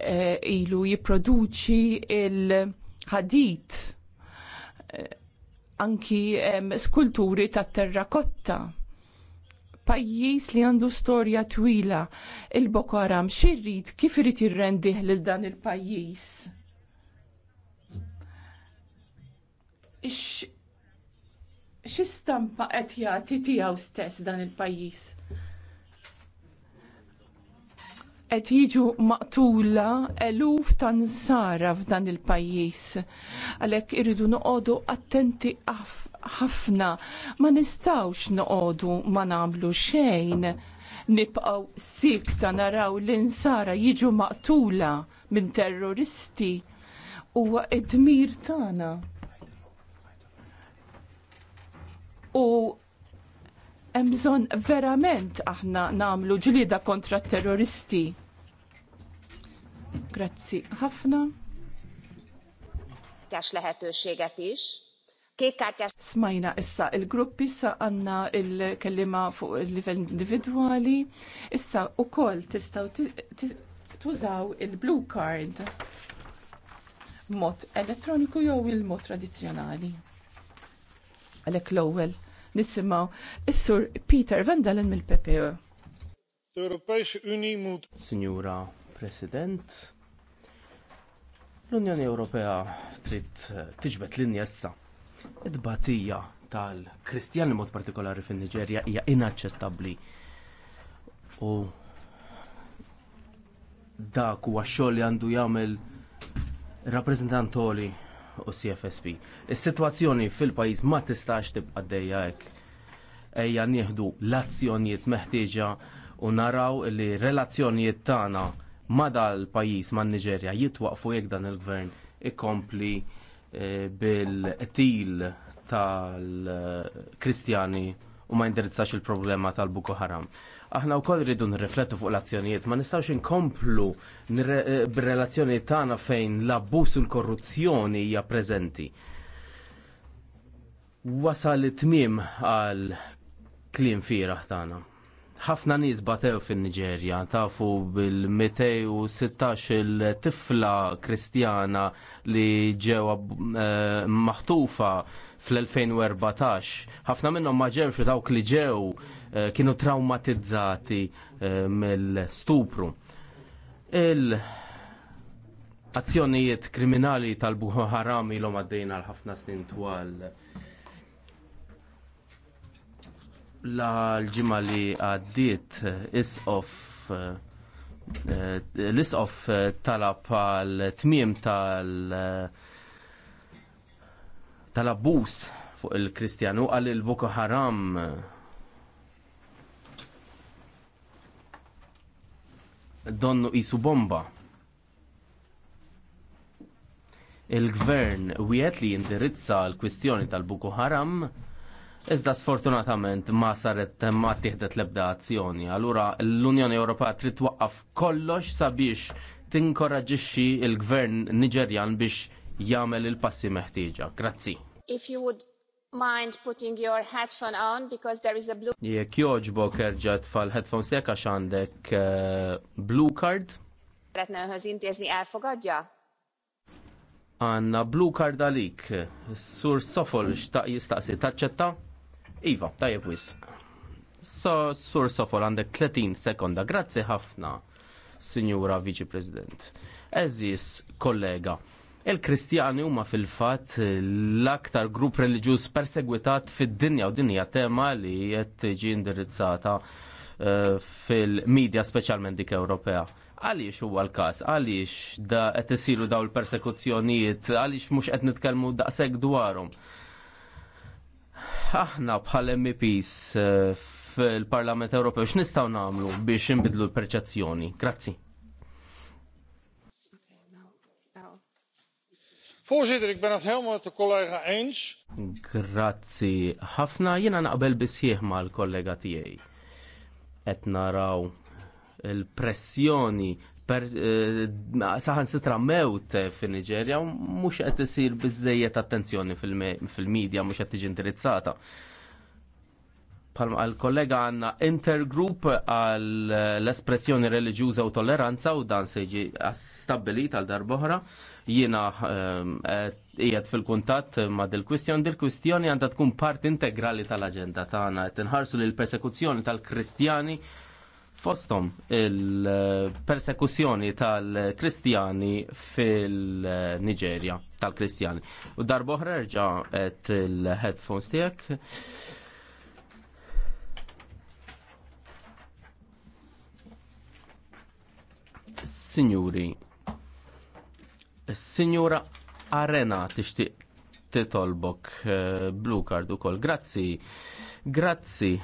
e, ilu jipproduċi il-ħadit e, anki skulturi tat terrakotta pajjiż li għandu storja twila il-Boko Haram xirrid kif irid jirrendih lil dan il-pajjiż. Ix x'istampa qed jagħti tiegħu stess dan il-pajjiż qed jiġu maqtula eluf ta' nsara f'dan il-pajjiż. Għalhekk iridu noqogħdu attenti ħafna ma nistgħux noqogħdu ma nagħmlu xejn nibqgħu sikta naraw l insara jiġu maqtula minn terroristi huwa id-dmir tagħna. U hemm bżonn verament aħna nagħmlu ġlieda kontra t terroristi. Grazzi ħafna. Kjax lehetőséget is. Kékkártyás. Smajna issa il-grupp issa għanna il-kellima fuq il-livell individuali. Issa u koll tistaw tużaw il-blue card mod elettroniku jew il-mod tradizjonali. Għalek l-ewwel nisimaw is-Sur Peter Vandalen mill-PPE. Europese mut. Signora President, l-Unjoni Ewropea trid eh, tiġbed linja issa. Id-batija tal-Kristjani mod partikolari fin-Niġerja hija inaċċettabbli. U dak huwa x-xogħol li għandu jagħmel rappreżentantoli u CFSP. Is-sitwazzjoni fil-pajjiż ma tistax tibqa' dejja hekk. Ejja nieħdu l-azzjonijiet meħtieġa u naraw li relazzjonijiet tagħna ma dal-pajjiż man Niġerja jitwaqfu jekk dan il-gvern ikompli e, bil-til tal-Kristjani u ma jindirizzax il-problema tal-Boko Haram. Aħna wkoll rridu nirriflettu fuq l-azzjonijiet, ma nistawx inkomplu eh, b'relazzjoni tagħna fejn l-abbuż u l-korruzzjoni hija preżenti. Wasal it-tmiem għal kliem firaħ tagħna. Ħafna nies batew fin-Niġerja tafu bil-216 il-tifla kristjana li ġew eh, maħtufa fl-2014. Ħafna minnhom ma ġewx dawk li ġew eh, kienu traumatizzati eh, mill-stupru. Il azzjonijiet kriminali tal-Boko Haram ilhom għaddejna l-ħafna snin twal. l-ġimma li għaddiet uh, eh, l-isqof talab għal tmiem tal- tal-abbuż fuq il-Kristjanu għal il-Boko Haram donnu isu bomba. Il-gvern wiet li jindirizza l-kwistjoni tal-Boko Haram Iżda sfortunatament ma saret ma tieħdet l-ebda azzjoni. Allura l-Unjoni Ewropea trid twaqqaf kollox sabiex tinkoraġixxi l-gvern Niġerjan biex jagħmel il-passi meħtieġa. Grazzi. If you would mind putting your headphone on because there is a blue Jekk joġbok erġa' tfal headphones tiegħek għax għandek eh, blue card. Retnőhöz intézni elfogadja? Għanna blue card għalik. Sur Sofol xtaq jistaqsi taċċetta? Iva, tajjeb wis. So, sur Sofol għandek 30 sekonda. Grazzi ħafna, Signora viċi President. Eżis, kollega Il-Kristjani huma fil-fatt l-aktar grupp reliġjuż persegwitat fid-dinja u dinja tema li qed tiġi indirizzata eh, fil-medja speċjalment dik Ewropea. Għaliex huwa l-każ, għaliex da qed isiru daw il-persekuzzjonijiet, għaliex mhux qed nitkellmu daqshekk dwarhom. Aħna bħal MPs eh, fil-Parlament Ewropew x'nistgħu nagħmlu biex inbidlu l-perċezzjoni. Grazzi. Voorzitter, ik ben het helemaal met de collega eens. Grazzi. Ħafna jiena naqbel bisħieħ mal-kollega tiegħi. Qed naraw il-pressjoni per eh, saħan sitra mewt fin Niġerja u mhux qed isir biżejjed attenzjoni fil-medja mhux qed tiġi indirizzata. Palma għal-kollega għanna intergroup għall espressjoni reliġjuża u tolleranza u dan se jiġi stabilit għal darboħra jina ehm, qiegħed fil-kuntatt ma' dil-kwistjoni, dil-kwistjoni għandha tkun part integrali tal agenda tagħna Tinħarsu li l persekuzzjoni tal-Kristjani fostom il-persekuzzjoni tal-Kristjani fil nigeria tal-Kristjani. U darboħra rġa il-headphones tiegħek. Signori, Signora Arena tixtieq titolbok eh, blue card ukoll. Grazzi. Grazzi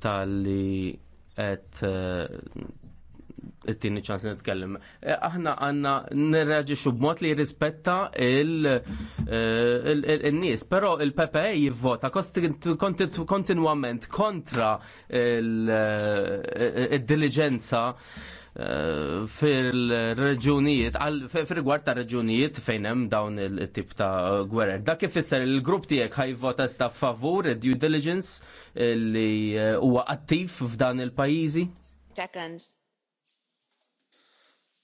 tal-li qed eh, it-tieni ċans nitkellem. Eh, aħna għanna nirreġixxu b'mod li jirrispetta il-nies, però il-PPE jivvota kontinuament kontra il-diligenza il, il, e il, il, il, il, il, il, fil-reġunijiet, fil-rigward ta' reġunijiet fejn hemm dawn il-tip ta' gwerer. Dak fisser il-grupp tiegħek ħajvota sta' favur due diligence li eh, huwa attiv f'dan il-pajjiżi? Seconds.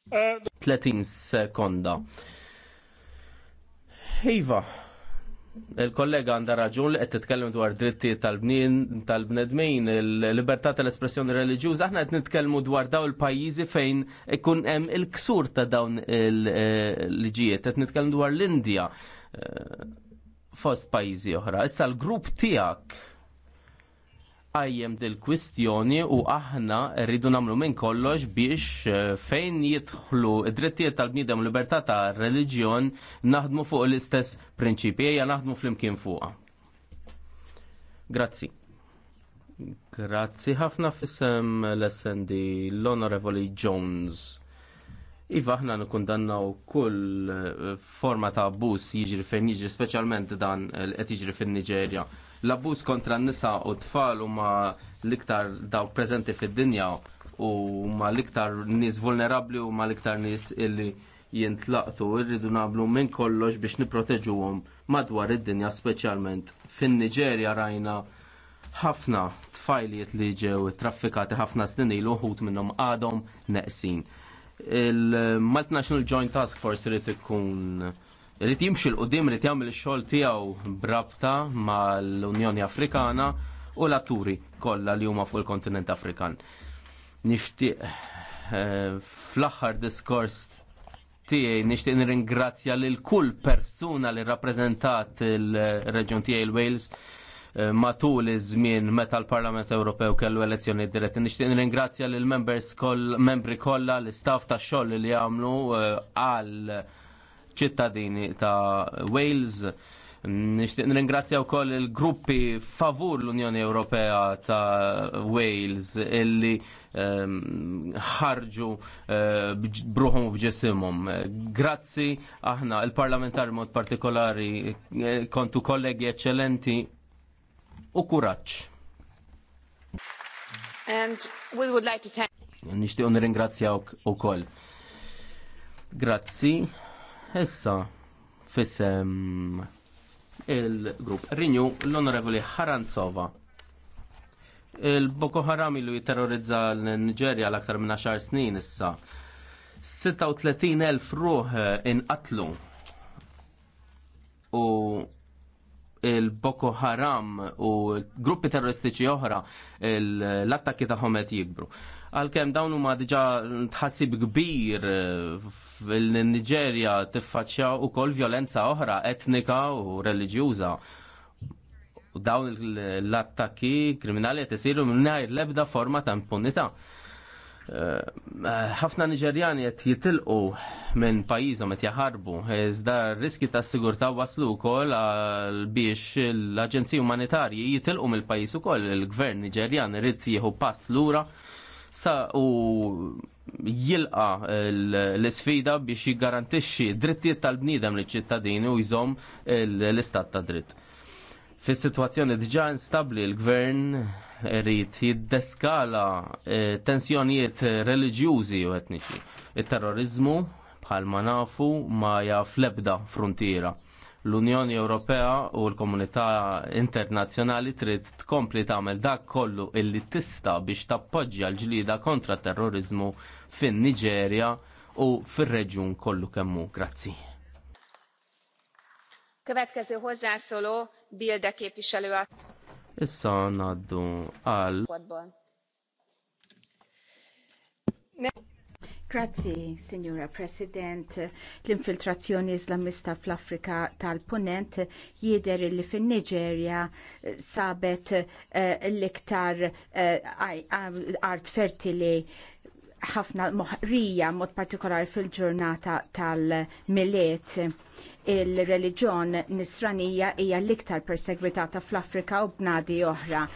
30 eh, sekonda. Iva, il-kollega għandha raġun li qed titkellem dwar dritti tal bnin tal-bnedmin, il-libertà tal-espressjoni religjuż, aħna qed nitkellmu dwar daw il-pajjiżi fejn ikun hemm il-ksur ta' dawn il-liġijiet, qed nitkellmu dwar l-Indja eh, fost pajjiżi oħra. Issa l-grupp tiegħek għajjem dil-kwistjoni u aħna rridu namlu minn kollox biex eh, fejn jidħlu id-drittijiet tal-bniedem libertà ta' reliġjon naħdmu fuq l-istess prinċipi, ja naħdmu flimkien fuqha. Grazzi. Grazzi ħafna fissem l-essendi l-Honorevoli Jones. Iva aħna nikundannaw kull eh, forma ta' abbuż jiġri fejn jiġri speċjalment dan eh, qed jiġri fin-Niġerja. L-abbuż kontra n-nisa u tfal huma l-iktar dawk preżenti fid-dinja u ma l-iktar nies vulnerabbli u ma l-iktar nies illi jintlaqtu irridu nagħmlu minn kollox biex nipproteġuhom madwar id-dinja speċjalment fin-Niġerja rajna ħafna tfajliet li ġew traffikati ħafna snin il uħut minnhom għadhom neqsin. Il-Multinational Joint Task Force irid ikun li jimxil qudiem li jagħmel ix-xogħol tiegħu brabta mal-Unjoni Afrikana u l-atturi kollha li huma fuq il-kontinent Afrikan. Nixtieq eh, fl-aħħar diskors tiegħi nixtieq nirringrazzja lil kull persuna li rappreżentat il-reġjun tiegħi il-Wales eh, matul iż-żmien meta l-Parlament Ewropew kellu elezzjoni diretti. Nixtieq nirringrazzja lill members koll membri kollha l-istaff tax-xogħol li jagħmlu eh, għal uh, ċittadini ta' Wales. Nishtiq nringrazzja wkoll il-gruppi favur l-Unjoni Ewropea ta' Wales illi ehm, ħarġu eh, bruħom u bġesimum. Grazzi aħna il-parlamentar mod partikolari eh, kontu kollegi eccellenti u kuraċ. And we would like to thank Nishtiq nirringrazzja u Grazzi. Issa, fissem il-grupp Renew l-Onorevoli Haranzova. Il-Boko Haram ilu jiterrorizza l-Nigeria l-aktar minn 10 snin issa. 36.000 ruħ inqatlu u il-Boko Haram u gruppi terroristiċi oħra l-attakki tagħhom qed jikbru għalkemm dawn huma diġà tħassib kbir eh, fil-Niġerja tiffaċċja wkoll violenza oħra etnika u reliġjuża. Dawn l-attakki kriminali qed isiru mingħajr l-ebda forma ta' impunità. Eh, ħafna Niġerjani qed jitilqu minn pajjiżhom qed jaħarbu, iżda riski ta' sigurtà waslu wkoll biex l-Aġenziji Umanitarji jitilqu mill-pajjiż ukoll il-Gvern Niġerjan irid jieħu pass lura sa u jilqa l-sfida biex jiggarantixxi drittijiet tal-bniedem li ċittadini u jżomm l-istat ta' dritt. Fis situazzjoni diġà instabli l-gvern rrit jiddeskala eh, tensjonijiet reliġjużi u etniċi. it terrorizmu bħalma nafu ma jaf l-ebda frontiera l-Unjoni Ewropea u l-komunità internazzjonali trid tkompli tagħmel dak kollu illi tista biex tappoġġja l-ġlida kontra terrorizmu fin-Niġerja u fir-reġjun kollu kemm hu. Grazzi. Következő hozzászóló Bilde képviselő a... Issa naddu għal. Grazzi, Signora President. L-infiltrazzjoni islamista fl-Afrika tal-Punent jider li fin niġerja eh, sabet eh, l-iktar eh, art fertili ħafna moħrija mod partikolari fil-ġurnata tal milet Il-reliġjon nisranija hija l-iktar persegwitata fl-Afrika u bnadi oħra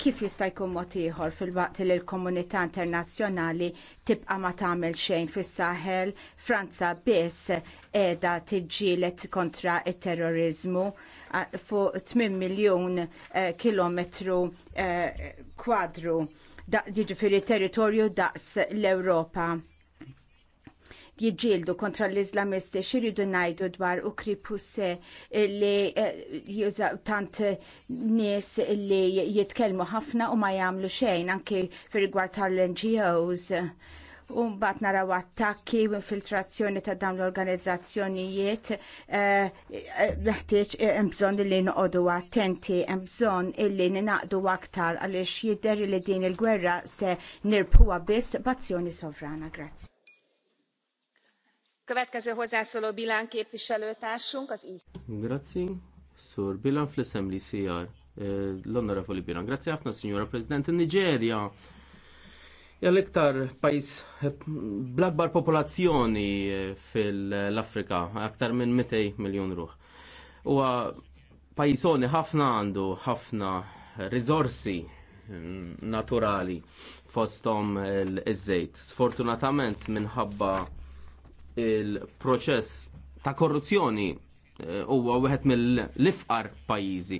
kif jista' jkun mod ieħor fil-waqt li l-komunità internazzjonali tibqa' ma tagħmel xejn fis-Saħel, Franza biss qiegħda tiġġieled kontra t terrorizmu fuq 8 miljun eh, kilometru eh, kwadru jiġifieri territorju daqs l-Ewropa jiġġieldu kontra l-Islamisti xiridu ngħidu dwar u kripusse li eh, jużaw tant nies li jitkellmu ħafna u ma jagħmlu xejn anke fir-rigward tal-NGOs. U mbagħad naraw attakki u infiltrazzjoni ta' dawn l-organizzazzjonijiet eh, eh, meħtieġ hemm bżonn li noqogħdu attenti, hemm bżonn illi ninaqdu aktar għaliex jidher li din il-gwerra se nirpuha biss b'azzjoni sovrana. Grazzi. Következő hozzászóló Bilán képviselőtársunk az Grazie. Sur fl-Assembly CR. l Grazie ħafna, Signora President. Nigeria iktar pajis eh, bl-akbar popolazzjoni eh, fil-Afrika, aktar minn 200 miljon ruħ. U pajisoni ħafna għandu ħafna rizorsi mm, naturali fostom l-izzejt. Sfortunatament minħabba il-proċess ta' korruzzjoni eh, huwa wieħed mill-ifqar pajjiżi.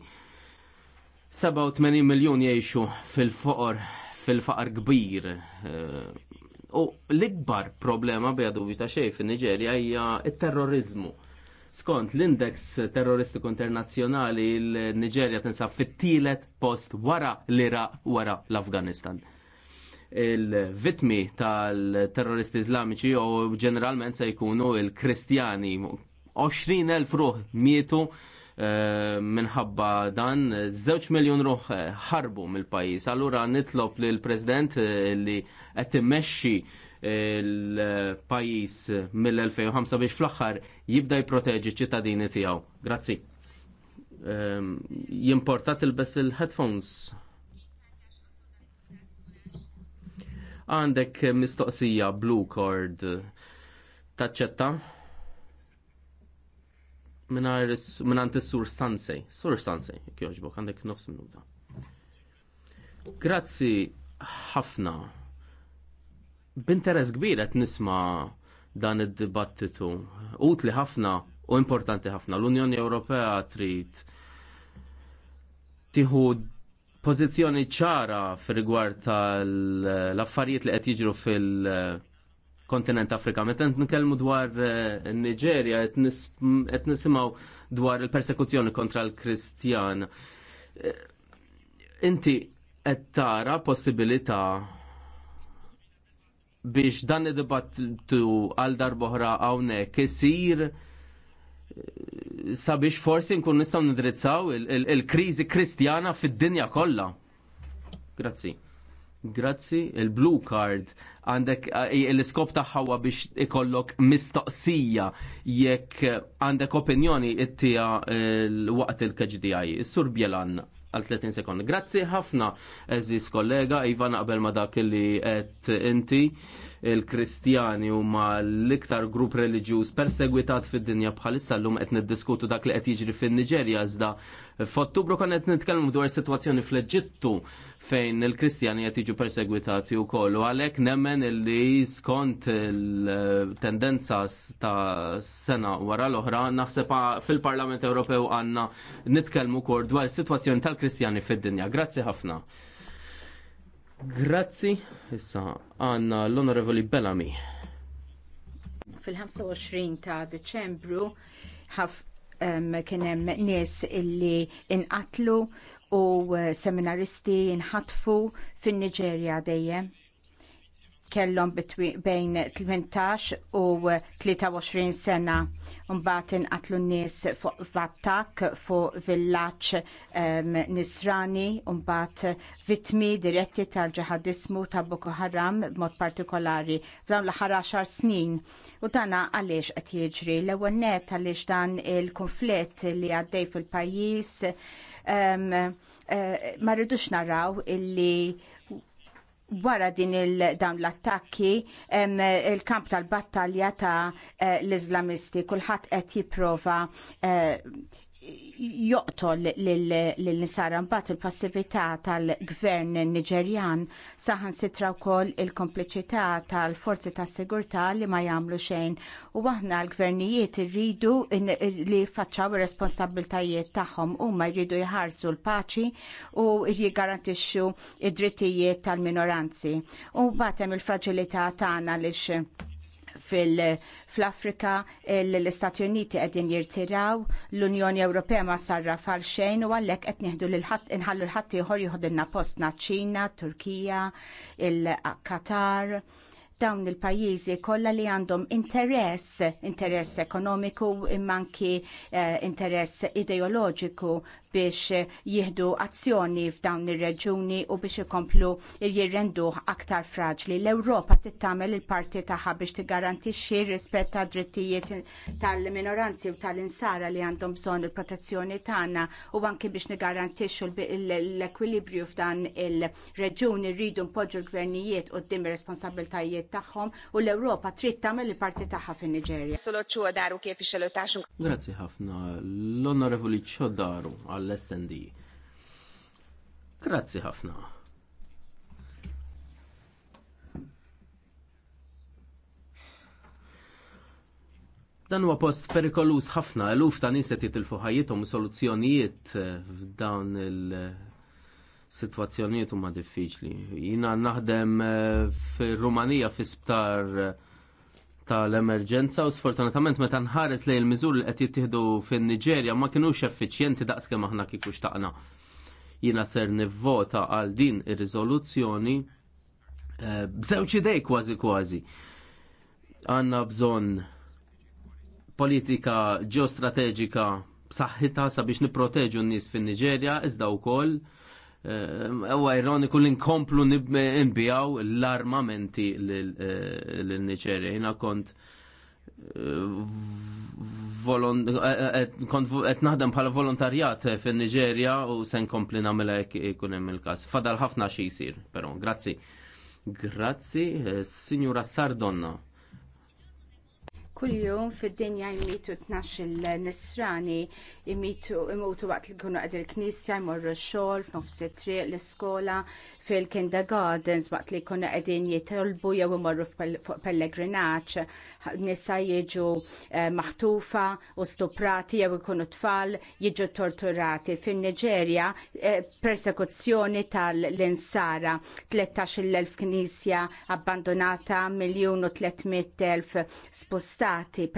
87 miljon jgħixu fil-foqor, fil-faqar kbir. Eh, u l-ikbar problema bejadu ta' xej fin-Niġerja hija t-terrorizmu. Skont l-Index Terroristiku Internazzjonali l-Niġerja tinsab fit-tielet post wara l-Iraq wara l-Afganistan il-vitmi tal-terroristi islamiċi u ġeneralment se jkunu il-kristjani. 20.000 ruħ mietu eh, minħabba dan, zewċ miljon ruħ eh, ħarbu mill-pajis. Allura nitlob eh, li l-President li għettimmeċi l-pajis mill-2005 biex fl-axħar jibda jproteġi ċittadini tijaw. Grazzi. Ehm, jimportat il-bess il-headphones. Għandek mistoqsija blue card taċċetta? minnant s sur Sansej. Sur Sansej, kjoġbok, għandek nofs minuta. Grazzi ħafna. B'interess kbir qed nisma dan id-dibattitu. Utli ħafna u importanti ħafna. L-Unjoni Ewropea trid tieħu pożizzjoni ċara fir-rigward tal-affarijiet li qed jiġru fil- kontinent Afrika. Meta nkellmu dwar eh, Niġerja qed nisimgħu dwar il-persekuzzjoni kontra l-Kristjan. Eh, inti qed tara possibilità biex dan id-dibattu għal darboħra hawnhekk isir sabiex forsi nkun nistgħu nidrizzaw il-kriżi kristjana fid-dinja kollha. Grazzi. Grazzi, il-blue card għandek eh, l-iskop tagħha biex ikollok mistoqsija jekk eh, għandek opinjoni ittija eh, waqt il-KGDI. Sur Bjelan għal 30 sekond. Grazzi ħafna, eżis kollega, Ivan qabel ma dak li għet inti il-Kristjani u ma l-iktar grupp reliġjuż persegwitat fid-dinja bħalissa l-lum qed niddiskutu dak li qed jiġri fin-Niġerja iżda f'Ottubru kon qed nitkellmu dwar sitwazzjoni fl-Eġittu fejn il-Kristjani qed jiġu persegwitati wkoll u għalhekk nemmen illi skont il-tendenza ta' sena wara l-oħra naħseb fil-Parlament Ewropew għandna nitkellmu wkoll dwar is-sitwazzjoni tal-Kristjani fid-dinja. Grazzi ħafna. Grazzi, issa għandna l-Onorevoli Bellamy. Fil-25 ta' Deċembru kien hemm nies illi inqatlu u eh, seminaristi inħatfu fin-Niġerja dejjem kellhom bejn 18 u 23 sena mbagħad inqatlu n-nies fuq f'attakk fuq villaġġ ehm, Nisrani u mbagħad vittmi diretti tal-ġihadismu ta' Boko Haram b'mod partikolari f'dawn l-aħħar 10 snin. U dana għaliex qed jiġri l-ewwel net għaliex dan il-konflitt li għaddej fil-pajjiż um, uh, ma rridux naraw illi wara din il dawn l-attakki il-kamp tal-battalja ta' eh, l-Islamisti kulħadd qed jipprova eh, joqtol l-nisara mbagħad il-passività tal-gvern Niġerjan saħan sitra wkoll il-kompliċità tal-forzi tas-sigurtà li ma jagħmlu xejn u aħna l-gvernijiet irridu li faċċaw ir taħħom tagħhom huma jridu jħarsu l-paċi u jiggarantixxu id-drittijiet tal-minoranzi. U mbagħad hemm il-fraġilità tagħna lix fil-Afrika l-Istati Uniti qegħdin jirtiraw, l-Unjoni Ewropea ma sarra fal xejn u għalhekk qed nieħdu inħallu l-ħadd ieħor jieħodilna postna ċina Turkija, il-Qatar dawn il-pajjiżi kollha li għandhom interess, interess ekonomiku imma anki eh, interess ideoloġiku biex jieħdu azzjoni f'dawn ir-reġuni u biex ikomplu jirrenduh aktar fraġli. L-Ewropa tittamel il-parti tagħha biex tigarantixxi rispett ta' drittijiet tal-minoranzi u tal-insara li għandhom bżonn il-protezzjoni tagħna u anke biex nigarantixxu l-ekwilibrju f'dan il-reġuni rridu npoġġu l-gvernijiet quddiem ir-responsabbiltajiet tagħhom u l-Ewropa trid tagħmel il-parti tagħha fin-Niġerja. Solo daru kif ixelu Grazzi ħafna. L-Onorevoli ċodaru għal għall-SND. Grazzi ħafna. Dan huwa post perikolus ħafna, eluf ta' nies qed jitilfu ħajjithom soluzzjonijiet eh, f'dawn il-sitwazzjonijiet huma diffiċli. Jiena naħdem eh, fir-Rumanija fi sptar eh, tal-emerġenza u sfortunatament meta nħares lejn il-miżur li qed jittieħdu fin-Niġerja ma kinux effiċjenti daqskemm aħna kif xtaqna. Jiena ser nivvota għal din ir-riżoluzzjoni eh, b'żewġ idej kważi kważi. Għandna bżonn politika ġeostrateġika b'saħħitha sabiex nipproteġu n-nies fin-Niġerja iżda wkoll Ewa eh, ironiku li nkomplu nbijaw l-armamenti l-Niċerja. Eh, Jina kont eh, qed naħdem bħala volontarjat fin niġerja u se nkompli namela jekk ikun hemm il-każ. Fadal ħafna xi jsir, però grazzi. Grazzi, Signora Sardonna. Kuljum fid-dinja jmitu il nisrani jmitu imutu waqt li kunu għad il-knisja jmorru xol, f'nofs it-triq, l-iskola, fil-kindergardens waqt li kunu għedin jitolbu jew imorru f'pellegrinaċ nisa jiġu eh, maħtufa u stuprati jew ikunu tfal jiġu torturati. fin niġerja eh, persekuzzjoni tal-insara 13.000 knisja abbandonata, 300.000 spostati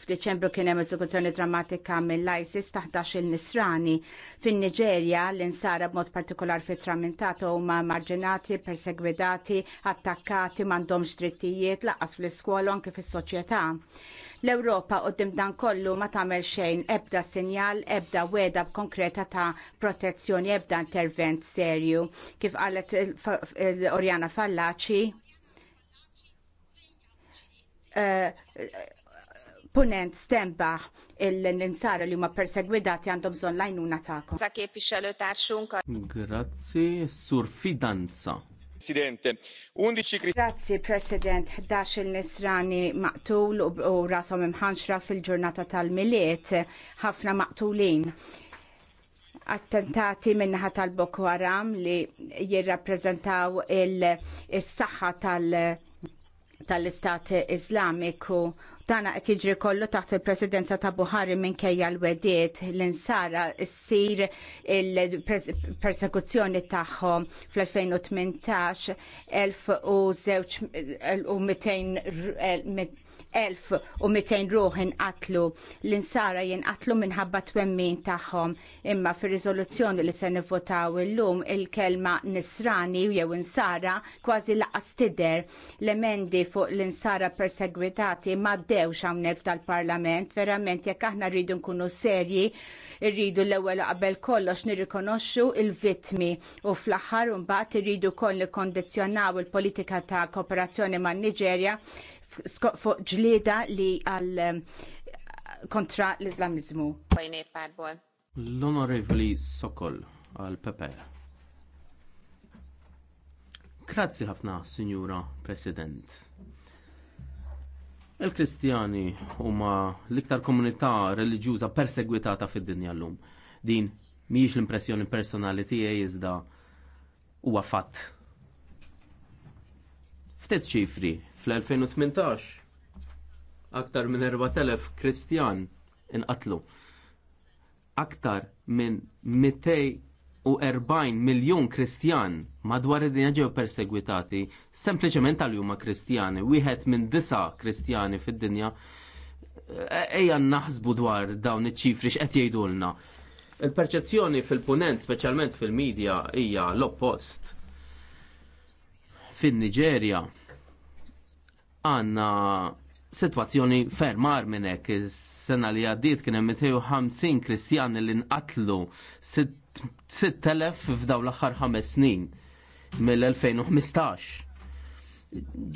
F'Deċembru kien hemm eżekuzzjoni drammatika mill-ISIS taħdax il-Nisrani. Fin-Niġerja l-insara b'mod partikolar fit tramintato huma marġinati, persegwidati, attakkati m'għandhomx drittijiet laqas fl-iskola anke fis-soċjetà. L-Ewropa qudiem dan kollu ma tagħmel xejn ebda sinjal, ebda weda konkreta ta' protezzjoni, ebda intervent serju. Kif qalet Orjana Fallaci, uh, punent stembaħ il-ninsara li huma persegwidati għandhom bżonn lajnuna tagħkom. Sa kif ix Grazzi, Surfidanza. Presidente, 11 Grazzi President, 11 nisrani maqtul u rasom imħanxra fil-ġurnata tal-miliet, ħafna maqtulin attentati minnaħa tal-Boko Haram li jirrappreżentaw il-saħħa tal- tal-Istat Islamiku Dana qed jiġri kollu taħt il-presidenza ta' Buhari minkejja l-wediet l-insara ssir il-persekuzzjoni tagħhom fl-2018 1200 1200 ruħ inqatlu l-insara jinqatlu minħabba twemmin tagħhom imma fir-riżoluzzjoni li se nivvotaw illum il-kelma nisrani jew insara kważi laqas tidher l-emendi fuq l-insara persegwitati m'għaddewx hawnhekk tal parlament verament jekk aħna rridu nkunu serji rridu l-ewwel qabel kollox nirrikonoxxu il-vittmi u fl-aħħar mbagħad irridu koll nikkondizzjonaw il-politika ta' kooperazzjoni man-Niġerja fuq ġlieda li għal eh, kontra l-Islamizmu. L-Onorevli Sokol għal Pepe. Grazzi ħafna, Signora President. Il-Kristjani huma l-iktar komunità reliġjuża persegwitata fid-dinja llum. Din mhijiex l-impressjoni personali tiegħi iżda huwa fatt. Ftit ċifri Fl-2018 aktar minn 4000 Kristjan inqatlu. Aktar minn 240 miljon Kristjan madwar id-dinja ġew persegwitati sempliċement tal huma Kristjani, wieħed minn disa Kristjani fid-dinja. Ejja naħsbu dwar dawn iċ-ċifri x'qed jgħidulna. Il-perċezzjoni fil-punent, speċjalment fil-medja, hija l-oppost. Fin-Niġerja, għanna situazzjoni ferm arminek. Sena li għaddit kien hemm 250 Kristjani li nqatlu 6000 f'daw l-aħħar ħames snin mill-2015.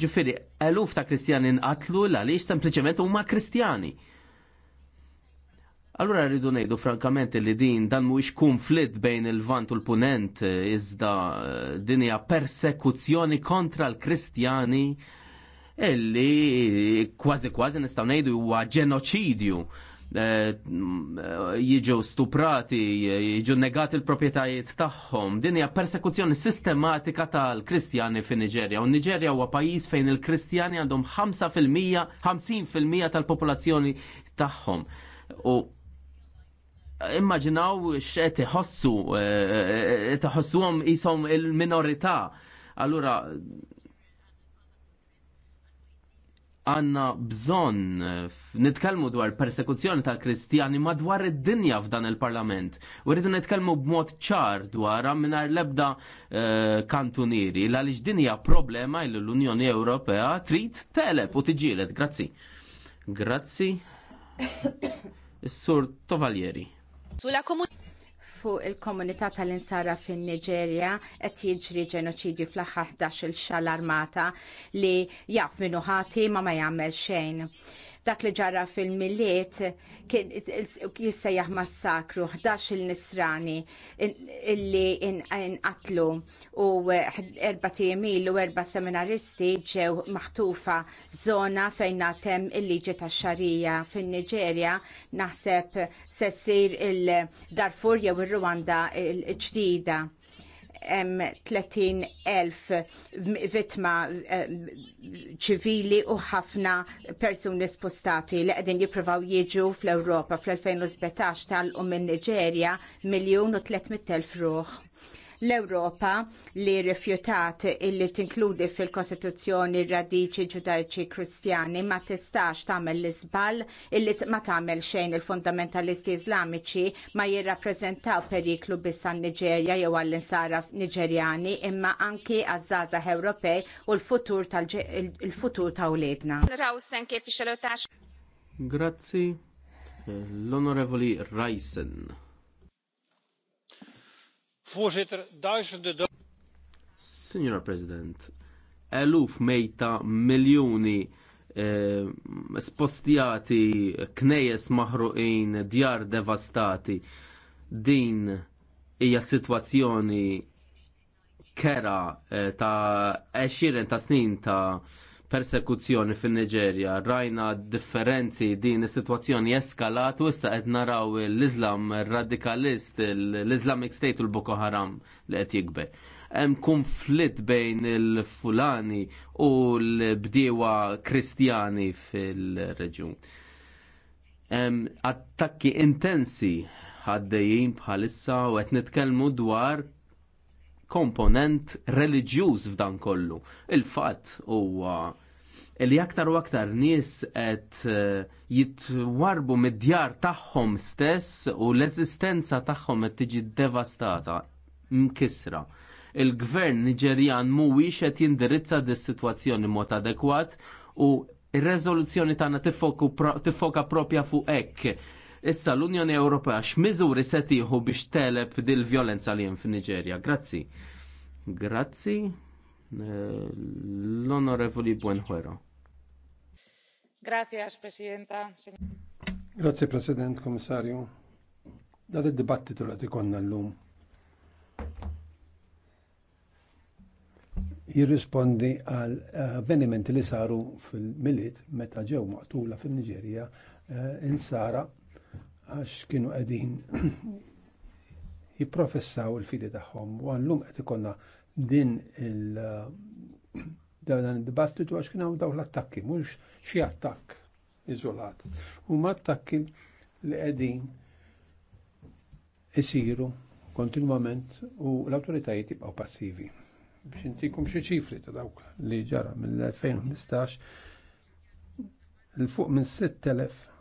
Ġifieri, eluf ta' Kristjani nqatlu għaliex sempliċement huma Kristjani. Allura rridu ngħidu frankament li din dan mhuwiex konflitt bejn il-Vant u l-Punent iżda eh, din hija persekuzzjoni kontra l-Kristjani illi kważi kważi nistgħu ngħidu huwa ġenoċidju eh, eh, jiġu stuprati, jiġu negati l-propietajiet tagħhom. Din hija persekuzzjoni sistematika tal-Kristjani fin niġerja U Niġerja huwa pajjiż fejn il-Kristjani għandhom 5% 50% tal-popolazzjoni tagħhom. U immaġinaw x'qed iħossu eh, iħossuhom ishom il-minorità. Allura għanna bżon nitkelmu dwar persekuzzjoni tal-Kristjani madwar id-dinja f'dan il-Parlament. U rridu nitkelmu b'mod ċar dwar minar lebda uh, kantuniri l għaliex dinja problema il l-Unjoni Ewropea trid telep u tiġilet. Grazzi. Grazzi. Is-Sur Tovalieri. Sulla fuq il-komunità tal-insara fin niġerja qed jiġri ġenoċidju fl-aħħar 11-il armata li jaf minnu ħati ma ma jagħmel xejn dak li ġara fil-miliet kien jissejjaħ massakru 11 il-nisrani illi inqatlu u erba tiemil u erba seminaristi ġew maħtufa f'żona fejn natem il-liġi tax xarija fin-Niġerja naħseb se ssir il-Darfur jew ir-Rwanda l ġdida hemm 30,000 vittma eh, ċivili u ħafna persuni spostati li qegħdin jippruvaw jiġu fl-Ewropa fl-2017 tal-u minn Niġerja miljun u 300,000 ruħ. L-Ewropa li rifjutat illi tinkludi fil-Kostituzzjoni radiċi ġudaiċi kristjani ma tistax tagħmel l izbal illi ma tagħmel xejn il-fundamentalisti islamici ma jirrappreżentaw periklu bissa għan Niġerja jew għall-insara Niġerjani imma anki għaż Ewropej u l-futur tal-futur ta' uledna. Grazzi l-Onorevoli Rajsen. Voorzitter, duizenden doden. President, eluf mejta miljoni eh, spostjati, knejjes maħruqin, djar devastati. Din hija situazzjoni kera eh, ta' 20 ta' snin ta' persekuzzjoni fin niġerja rajna differenzi din is-sitwazzjoni eskalat u issa qed naraw l-Islam radikalist, l-Islamic State u l-Boko Haram li qed jikber. Hemm konflitt bejn il-Fulani u l-bdiewa Kristjani fil-reġjun. Attakki intensi ħaddejjin bħalissa u qed nitkellmu dwar komponent reliġjuż f'dan kollu. Il-fatt huwa li aktar u aktar nies qed eh, jitwarbu mid-djar tagħhom stess u l-eżistenza tagħhom qed tiġi devastata, mkisra. Il-gvern Niġerjan mhuwiex qed jindirizza dis sitwazzjoni mod adekwat u ir-reżoluzzjoni tagħna tifoka propja fuq hekk Issa l-Unjoni Ewropea x'miżuri se tieħu biex teleb dil-vjolenza li hemm f'Niġerja. Grazzi. Grazzi. Eh, L-Onorevoli Buenhuero. Grazie, Presidenta. Grazie, President, Komissarju. Dal id-dibattitu li tikonna l-lum. jirrispondi għal eh, avvenimenti li saru fil milit meta ġew maqtula fil-Niġerija eh, insara għax kienu qegħdin jiprofessaw il-fidi tagħhom u għallum qed ikonna din il dan il dibattitu għax kienu hawn dawn l-attakki, mhux xi attakk iżolat. Huma attakki li qegħdin isiru kontinwament u l-awtoritajiet jibqgħu passivi. Biex intikum xi ċifri ta' dawk li ġara mill-2015 il fuq minn 6000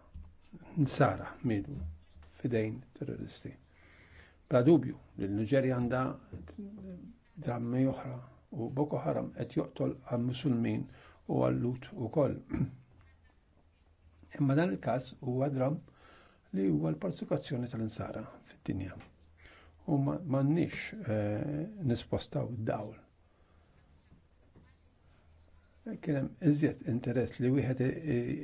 nsara midu fidejn terroristi. Bla dubju li l-Niġerja għandha drammi oħra u Boko Haram qed joqtol għal musulmin u għal lut ukoll. Imma dan il-każ huwa dram li huwa l-persekuzzjoni tal-insara fid-dinja. U nix eh, nispostaw id-dawl Kien hemm iżjed interess li wieħed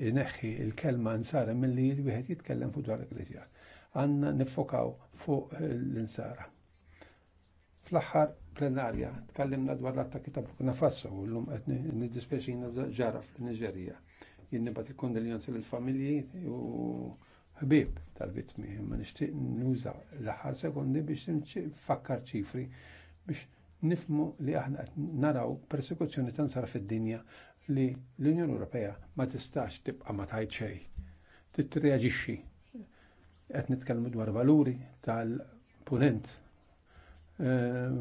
ineħħi l kelma nsara milli wieħed jitkellem fuq dwar il-Greċja. Għandna nifokaw fuq l-insara. Fl-aħħar plenarja tkallimna dwar l-attakki ta' Burkina Faso u llum qed niddispeċina ġara fil niġerija Jien nibgħat il-kondoljonzi lill-familji u ħbieb tal-vittmi, ma nixtieq nuża l-aħħar sekundi biex nfakkar ċifri biex nifmu li aħna naraw persekuzzjoni tansar fid-dinja li l-Unjoni Ewropea ma tistax tibqa' ma tajt xejn. Titreaġixxi. Qed nitkellmu dwar valuri tal-punent. Eh,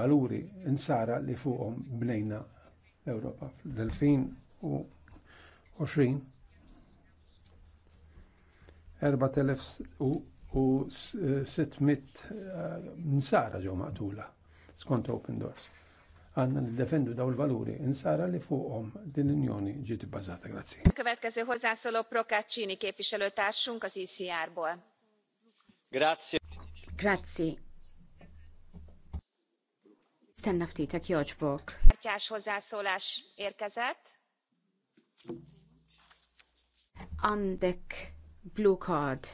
valuri insara li fuqhom bnejna l-Ewropa fl-2020 600 eh, eh, nsara ġew maqtula skont Open Doors. Għanna li defendu daw l-valuri insara li fuqhom din l-Unjoni ġiet ibbażata. Grazzi. Következő hozzászóló Prokaccini képviselőtársunk az ICR-ból. Grazie. Grazzi. Stenna ftitek joġbok. Kártyás hozzászólás érkezett. Għandek blue card.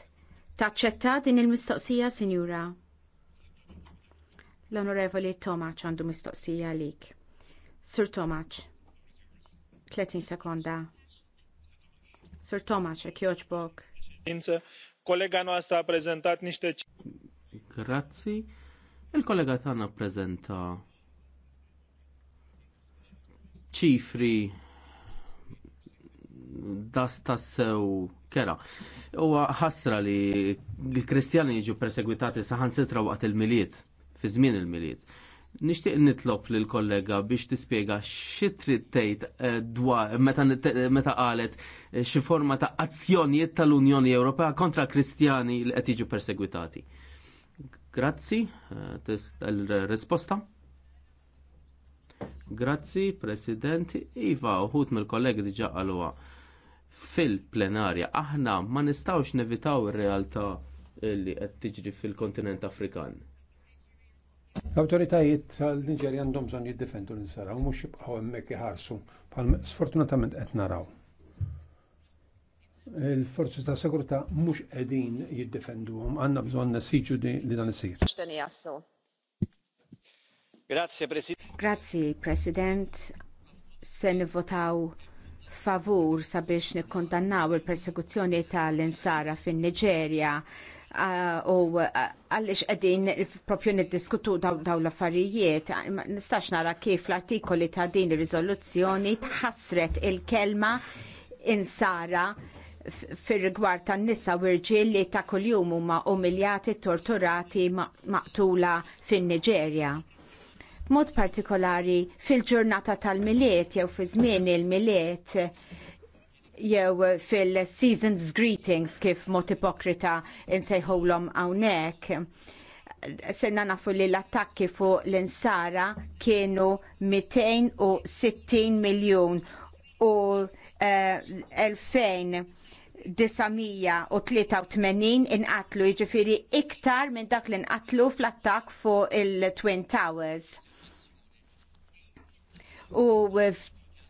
Taċċetta din il-mistoqsija, sinjura? L-Onorevoli Tomaċ għandu mistoqsija għalik. Sur Tomaċ, 30 sekonda. Sur Tomaċ, ek joġbok. Kollega nostra prezentat nishte. Grazzi. Il-kollega tagħna prezenta ċifri das tassew kera. Uwa ħasra li l-Kristjani jiġu persegwitati saħan sitra waqt il-miliet fi żmien il-miliet. Nixtieq nitlob lil kollega biex tispjega xi trid tgħid eh, dwar meta qalet eh, xi forma ta' azzjonijiet tal-Unjoni Ewropea kontra Kristjani li qed jiġu persegwitati. Grazzi, eh, l-risposta. Grazzi, President. Iva, uħut mill-kollegi diġa għalwa fil-plenarja. Aħna ma nistawx nevitaw ir-realtà li qed tiġri fil-kontinent Afrikan. L-autoritajiet tal-Niġerja għandhom bżonn jiddefendu l-insara u mhux jibqgħu hemmhekk iħarsu bħal sfortunatament qed naraw. Il-forzi ta' Sigurtà mhux qegħdin jiddefenduhom, għandna bżonn nesiġu li dan isir. Grazie President. Grazie President. Se nivvotaw favur sabiex nikkondannaw il-persekuzzjoni tal-insara fin-Niġerja u uh, għallix għedin propju niddiskutu daw l-affarijiet, nistax nara kif l-artikoli ta' din ir-riżoluzzjoni tħassret il-kelma insara fir rigward tan nisa u rġiel li ta' kuljum huma umiljati, torturati, maqtula fin-Niġerja. Mod partikolari fil-ġurnata tal-miliet jew fi żmien il-miliet jew fil-seasons greetings kif mod ipokrita insejħulhom hawnhekk serna nafu li l-attakki fuq l-insara kienu 260 miljon u 2983 eh, inqatlu jiġifieri iktar minn dak li nqatlu fl-attakk fuq il-Twin Towers. U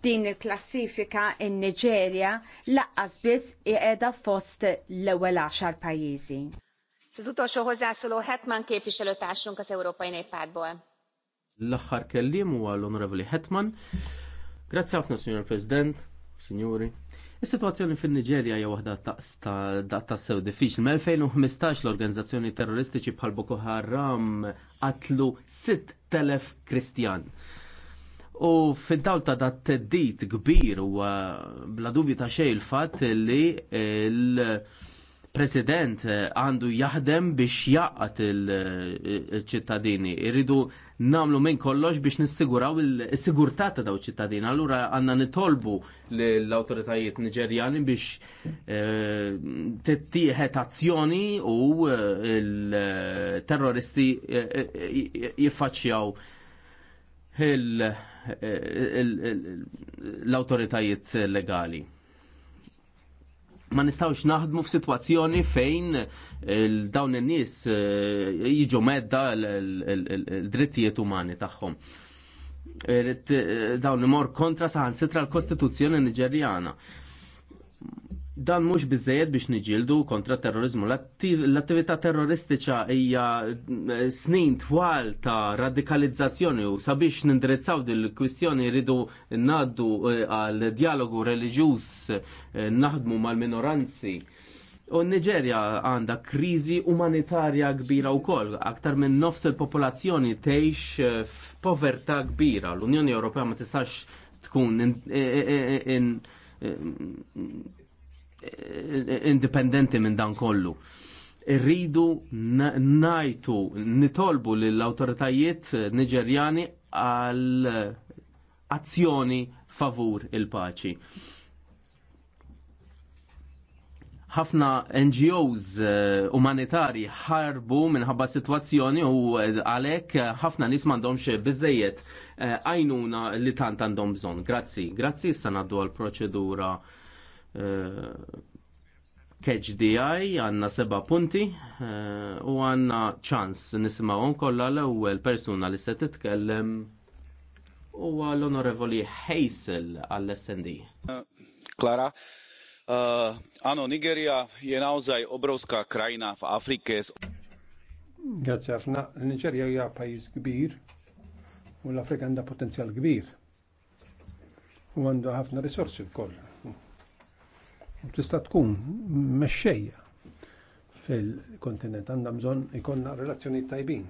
din il-klassifika in-Niġerja laqqas biss iqeda fost l-ewwel għaxar pajjiżi. Az utolsó hozzászóló Hetman képviselőtársunk az Ewropej Nejpadboe. L-aħħar kellim huwa l-Onorevoli Hetman. Grazzi ħafna, Signor President, Signori. Is-sitwazzjoni fin-Niġerja hija waħda ta' sew diffiċli. Mill-2015 l-organizzazzjoni terroristiċi bħal Boko Haram qatlu 6,000 Kristjan. U fid-dawl ta' dat teddit kbir u uh, bla dubju ta' xej il-fatt li il-President uh, għandu jaħdem biex jaqqat uh, il-ċittadini. Irridu namlu minn kollox biex nissiguraw il-sigurtà ta' daw ċittadini. Allura għanna nitolbu l-autoritajiet niġerjani biex tittieħed azzjoni u il-terroristi jiffaċċjaw il- l-autoritajiet legali. Ma nistawx naħdmu f'sitwazzjoni fejn dawn in-nies eh, jiġu medda l-drittijiet umani tagħhom. Eh, dawn imor kontra saħansitra l-Kostituzzjoni Niġerjana dan mhux biżejjed biex niġildu kontra terrorizmu. L-attività terroristiċa hija eh, snin twal ta' radikalizzazzjoni u sabiex nindirizzaw din il kwistjoni rridu ngħaddu eh, għal dialogu reliġjuż eh, naħdmu mal-minoranzi. U Nigeria għandha kriżi umanitarja kbira wkoll. Aktar minn nofs il-popolazzjoni tgħix f'povertà kbira. L-Unjoni Ewropea ma tistax tkun indipendenti minn dan kollu. Irridu najtu, nitolbu l-autoritajiet eh, niġerjani għal eh, azzjoni favur il-paċi. Ħafna NGOs eh, umanitari ħarbu minħabba situazzjoni u għalek ħafna nis mandomx bizzejiet għajnuna li tant għandhom bżon. Grazzi, grazzi stanaddu għal proċedura Catch KHDI għanna seba punti eh, u għanna ċans nisimawon kolla l ewel persuna li se titkellem u l-onorevoli Heysel għall-SND. Klara, eh, għano Nigeria jenawżaj obrowska krajna f'Afrikes. Grazie għafna, Nigeria hija pajis kbir u l-Afrika għanda potenzjal kbir u għandu ħafna risorsi wkoll tista' tkun mexxejja fil-kontinent għandna bżonn ikollna relazzjoni tajbin.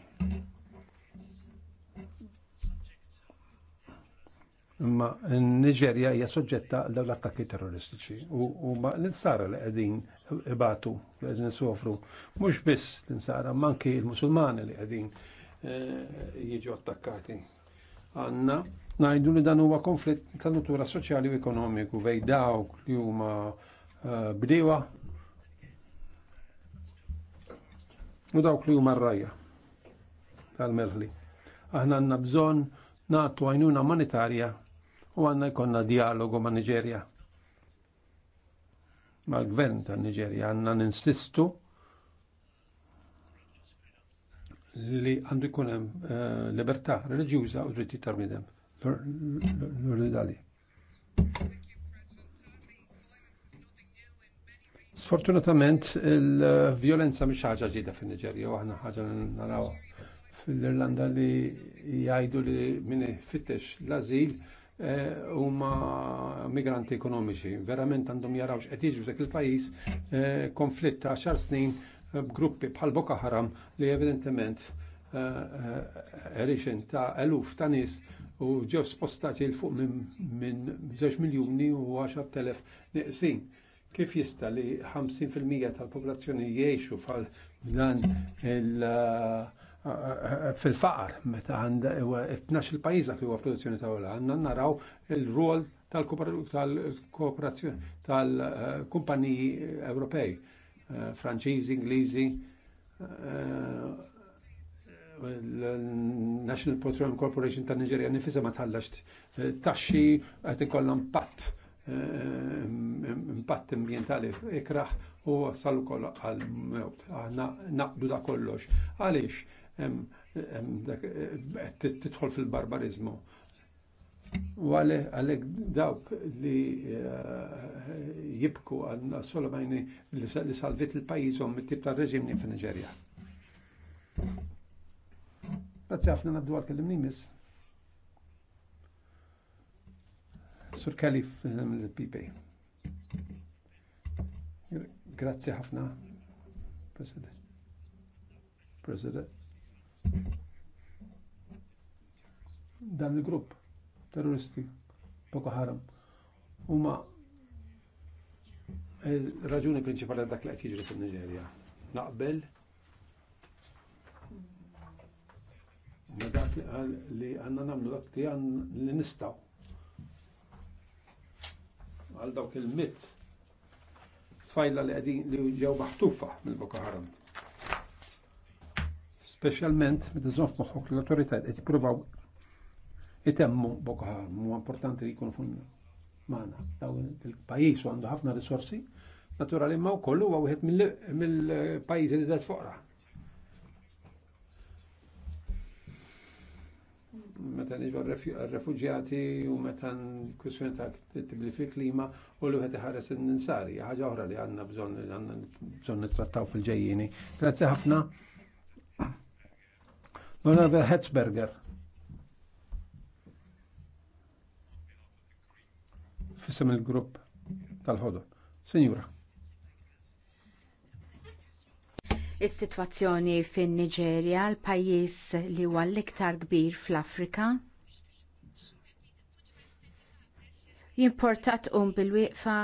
Imma Niġerja hija soġġetta għal dawn l-attakki terroristiċi u ma l-insara li qegħdin ibatu li qegħdin isofru mhux biss l-insara manki l-Musulmani li qegħdin eh, jiġu attakkati. Għandna ngħidu li dan huwa konflitt ta' natura soċjali u ekonomiku vej dawk li huma Eh, bdiewa u dawk li huma rajja tal-merħli. Aħna għandna bżonn nagħtu għajnuna monetarja u għandna jkollna dialogu ma' Niġerja. Mal-gvern ta' Niġerja għandna ninsistu li għandu jkun hemm eh, libertà reliġjuża u dritti tal bidem L-ordinali. Sfortunatament il-violenza mi ħaġa ġida fin-Niġerja u aħna ħaġa naraw fil-Irlanda li jgħidu li min fittex l-azil eh, huma migranti ekonomiċi. Verament għandhom jarawx qed jiġu f'dak il-pajjiż eh, konflitt ta' xar snin b'gruppi bħal Boko Haram li evidentement eh, erixen ta' eluf ta' nies u ġew spostati l fuq minn 10 miljuni u 10.000 telef neqsin. Kif jista li 50% tal-popolazzjoni jiexu f'dan uh, uh, uh, fil-faqar meta għanda 12 pajjiża li huwa produzzjoni ta' ola għandna naraw il-rol tal-kooperazzjoni tal-kumpaniji Ewropej, Franċiżi, Ingliżi, l-National Petroleum Corporation ta' Nigeria nifisa ma tħallax taxxi qed ikollhom patt impatt ambientali ikraħ u wassalu ukoll għal mewt. Aħna naqdu da kollox. Għaliex eh, tidħol fil-barbarizmu. U għalek dawk li eh, jibku għanna solomajni li salvit il-pajizom mit-tib ta' reġimni fil-Nigeria. Grazie għafna naddu għal-kellimni miss. Sur Kalif mill-PP. Eh, Grazzi ħafna, President. President. Dan il-grupp terroristi Boko Haram huma il-raġuni prinċipali dak li qed jiġri fin-Niġerja. Naqbel ma dak li għanna namlu dak li nistaw għal dawk il-mit tfajla li għedin li ġew maħtufa mill Boko Haram. Specialment, meta zonf moħħok l-autoritajt qed jippruvaw jitemmu Boko Haram, mu importanti li jkunu fun maħna. Daw il-pajjiż għandu ħafna risorsi, naturali ma wkoll huwa wieħed mill-pajjiżi li żed foqra. meta nġu refugjati u meta n-kwissjoni ta' tibli fi klima u li uħet ħares n-ninsari, ħagġa oħra li għanna bżon li għanna bżon nittrattaw fil-ġejjini. Grazie ħafna. L-Honorable Hetzberger. Fissem il-grupp tal-ħodor. Signora. Is-sitwazzjoni fin-Niġerja, l-pajjiż li huwa l-iktar kbir fl-Afrika. Jimportat um bil-wieqfa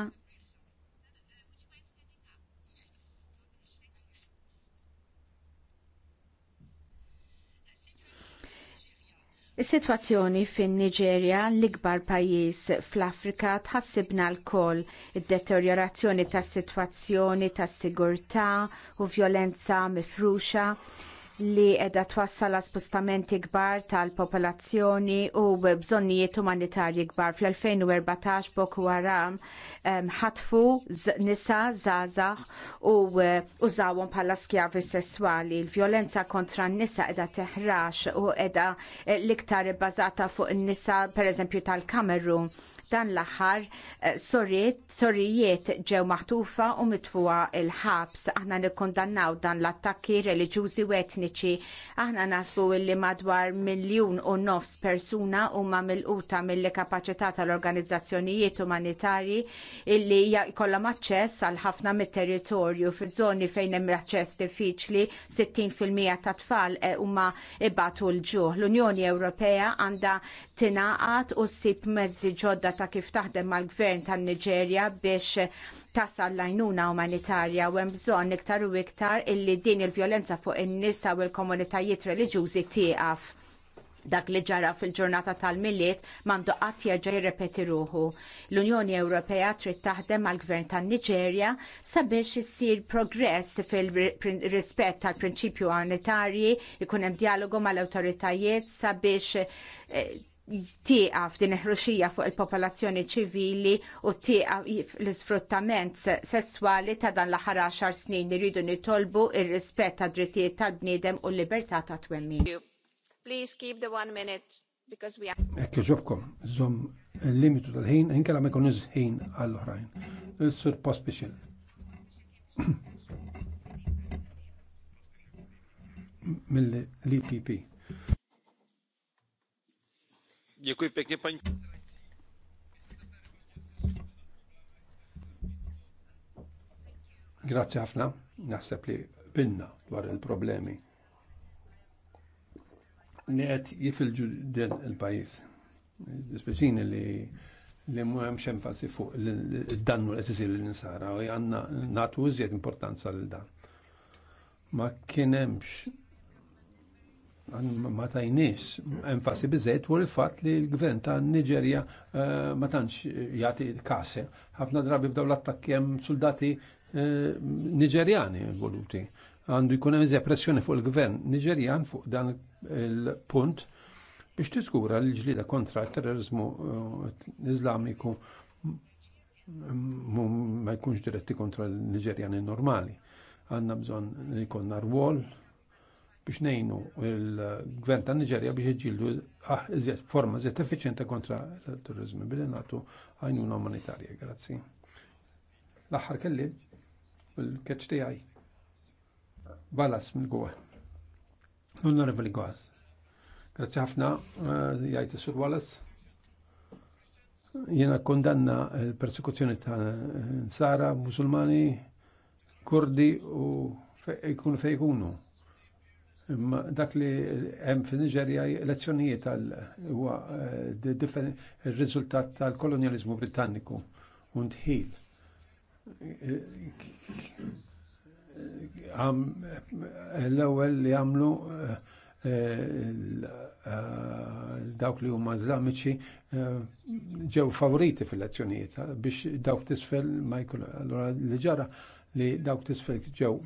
Is-sitwazzjoni fin-Niġerja l-ikbar pajjiż fl-Afrika tħassibna wkoll id-deteriorazzjoni tas-sitwazzjoni tas-sigurtà u vjolenza mifruxa li edha twassal spostamenti kbar tal-popolazzjoni u bżonnijiet umanitarji kbar. Fl-2014 Boko Haram ħatfu nisa zazax u e, użawhom bħala skjavi sessuali. Il-vjolenza kontra n-nisa edha teħrax u edha e, l-iktar bbażata fuq in nisa pereżempju tal-Kamerun Dan l-aħħar eh, sorijiet ġew maħtufa u mitfuwa il-ħabs. Aħna nikkondannaw dan l-attakki reliġjużi u etniċi. Aħna nasbu li madwar miljun u nofs persuna huma milquta mill-kapaċità tal-organizzazzjonijiet umanitarji illi jkollhom aċċess għal ħafna mit-territorju fiż-żoni fejn hemm aċċess diffiċli 60% ta' tfal eh, huma ibatu l-ġuħ. L-Unjoni Ewropea għandha tinaqat u ssib mezzi ġodda ta' kif taħdem mal-gvern tan-Niġerja biex tasal l-għajnuna umanitarja u hemm bżonn iktar u iktar illi din il-vjolenza fuq in-nisa u l-komunitajiet reliġjużi tieqaf dak li ġara fil-ġurnata tal-miliet mandu qatt jerġa' jirrepeti ruħu. L-Unjoni Ewropea trid taħdem għal gvern tan niġerja sabiex issir progress fil-rispett tal-prinċipju umanitarji ikun hemm dialogu mal-awtoritajiet sabiex eh, tieqaf din il-ħruxija fuq il-popolazzjoni ċivili u tieqaf l-isfruttament sesswali ta' dan l-aħħar 10 snin irridu nitolbu ir-rispett ta' drittijiet tal-bniedem u l-libertà ta' twemmin. Please keep the one minute because we are. Ekki ġobkom, il limitu tal-ħin, inkella ma jkun ħin għall-oħrajn. Il-sur pospixil. mill-LPP. Grazie ħafna, naħseb li binna dwar il-problemi. Li qed jifilġu din il-pajjiż. Dispeċini li li m'hemmx enfasi fuq id-dannu li tisir li ninsara u għandna nagħtu iżjed importanza lil dan. Ma kien hemmx ma tajniex enfasi bizzet, u l-fat li l-gvern ta' Nigeria eh, ma tantx jagħti kase. Ħafna drabi b'daw l-attakki għem soldati eh, nigeriani voluti. Għandu jkun għemizja pressjoni fuq l gvern nigerian fuq dan il-punt biex tiskura l-ġlida kontra l terrorizmu eh, Islamiku ma jkunx diretti kontra l-Nigerjani normali. Għanna bżon li konna rwol biex nejnu il-gvern ta' Nigeria biex iġildu ah, iżjed forma iżjed effiċenta kontra l bil-li natu għajnuna umanitarja. Grazzi. L-aħħar kelli bil ti għaj. Balas Mil gwa L-onorevoli Gwas. Grazzi ħafna, eh, jgħajt sur Wallace. Jena kondanna il persekuzzjoni ta' Sara, Musulmani, Kurdi u fejkunu fejkunu dak li hemm fin Niġerja elezzjonijiet tal huwa eh, ir-riżultat tal-kolonjaliżmu Britanniku u ntħil. Eh, l-ewwel li għamlu eh, dawk li huma żamiċi ġew favoriti fil-elezzjonijiet biex dawk tisfel ma Allora li ġara li dawk tisfel ġew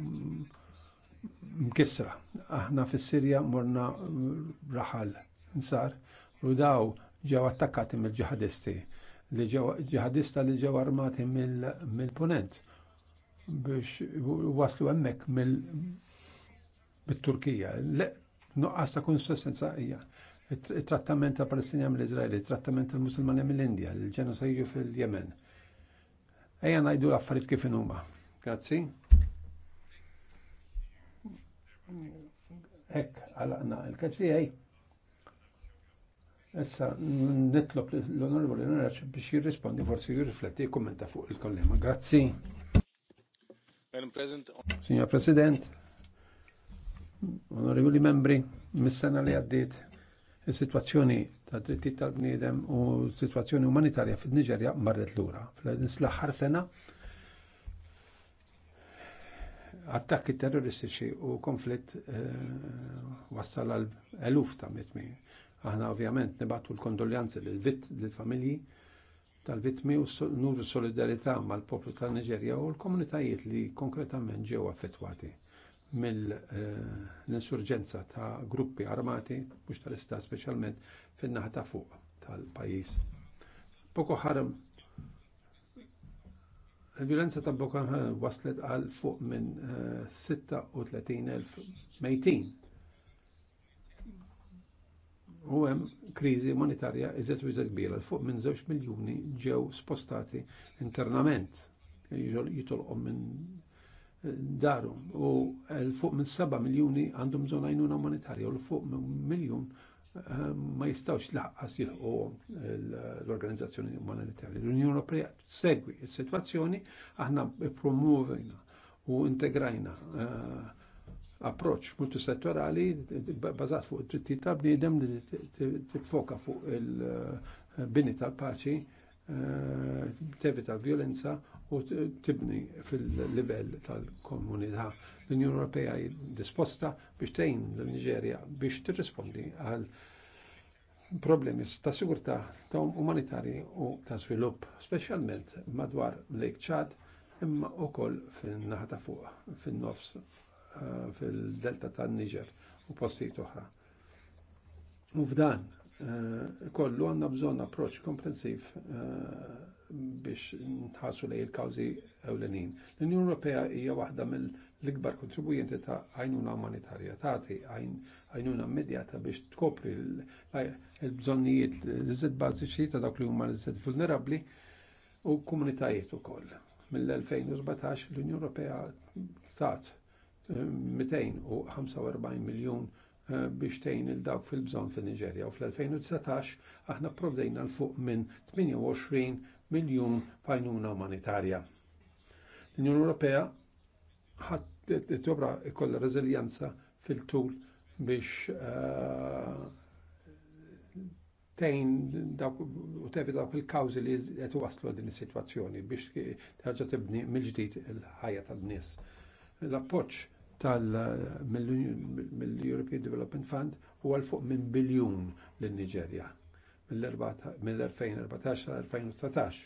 Mkissra, Aħna fis-Sirja morna raħal nsar u daw ġew attakkati mill-ġihadisti li ġihadista li ġew armati mill-punent biex waslu hemmhekk mill-Turkija. Nuqqas ta' konsistenza hija. Il-trattament ta' Palestinja mill-Izraeli, il-trattament tal-Musulmani mill-Indja, il-ġenosidju fil-Jemen. Ejja ngħidu l-affarijiet kif huma. Grazzi. Ek, għalaqna il-kaċijaj. Essa, nitlob l-onorevoli Naraċ biex jirrispondi, forsi jirrifletti, kommenta fuq il-kollema. Grazzi. Signor President, onorevoli membri, mis-sena li għaddit il-situazzjoni ta' drittijiet tal-bniedem u situazzjoni umanitarja fil-Niġerja marret l-ura. fl sena, attakki terroristiċi u konflitt eh, wassal għal eluf ta' mitmi. Aħna ovvjament nibatu l-kondoljanzi lill-familji tal-vitmi u nuru solidarità mal-poplu ta' Niġerja u l-komunitajiet li konkretament ġew affettwati mill-insurġenza eh, ta' gruppi armati, mhux tal-istat speċjalment fin-naħa ta' fuq tal-pajjiż. Boko Haram Il-violenza ta' Boko Haram waslet għal fuq minn 36.000 eh, mejtin. U hemm kriżi monetarja iżet u iżet kbira, fuq minn 2 miljuni ġew spostati internament jitolqhom minn eh, darhom u fuq minn 7 miljuni għandhom bżonn għajnuna monetarja u fuq minn miljun ma jistawx laqqas jilħu l-Organizzazzjoni Umanitarja. L-Unjoni Ewropea segwi s situazzjoni aħna promuvina u integrajna eh, approċ multisettorali bazat fuq it-trittijiet ta' bnidem li t-foka fuq il-bini eh, tal-paċi, eh, tevita violenza u tibni fil-livell tal-komunità. L-Unjoni Ewropea disposta biex tgħin l-Niġerja biex tirrispondi għal problemi ta' sigurtà ta' umanitarji u ta' svilupp, speċjalment madwar Lake Chad imma wkoll fin-naħa ta' fuq, fin-nofs, eh, fil-delta tan-Niġer u postijiet oħra. U f'dan eh, kollu għandna bżonn approċċ komprensiv eh, biex nħassu lej il-kawzi ewlenin. L-Unjoni Ewropea hija waħda mill-ikbar kontribujenti ta' għajnuna umanitarja, tagħti għajnuna immedjata biex tkopri l-bżonnijiet l-iżid bażiċi ta' dawk li huma l-iżid vulnerabbli u komunitajiet ukoll. Mill-2017 l-Unjoni Ewropea tat 245 miljun eh, biex tgħin il dawk fil-bżonn fin-Niġerja u fl-2019 aħna provdejna l fuq minn 28 miljun fajnuna umanitarja. L-Unjoni Ewropea ħadd tobra ikolla reżiljanza fil-tul biex eh, tejn u tevita dawk il-kawzi li qed waslu din is-sitwazzjoni biex terġa' tibni mill-ġdid il-ħajja tan-nies. L-appoġġ tal-European Development Fund huwa l fuq minn biljun lin-Niġerja mill-2014 għal-2019.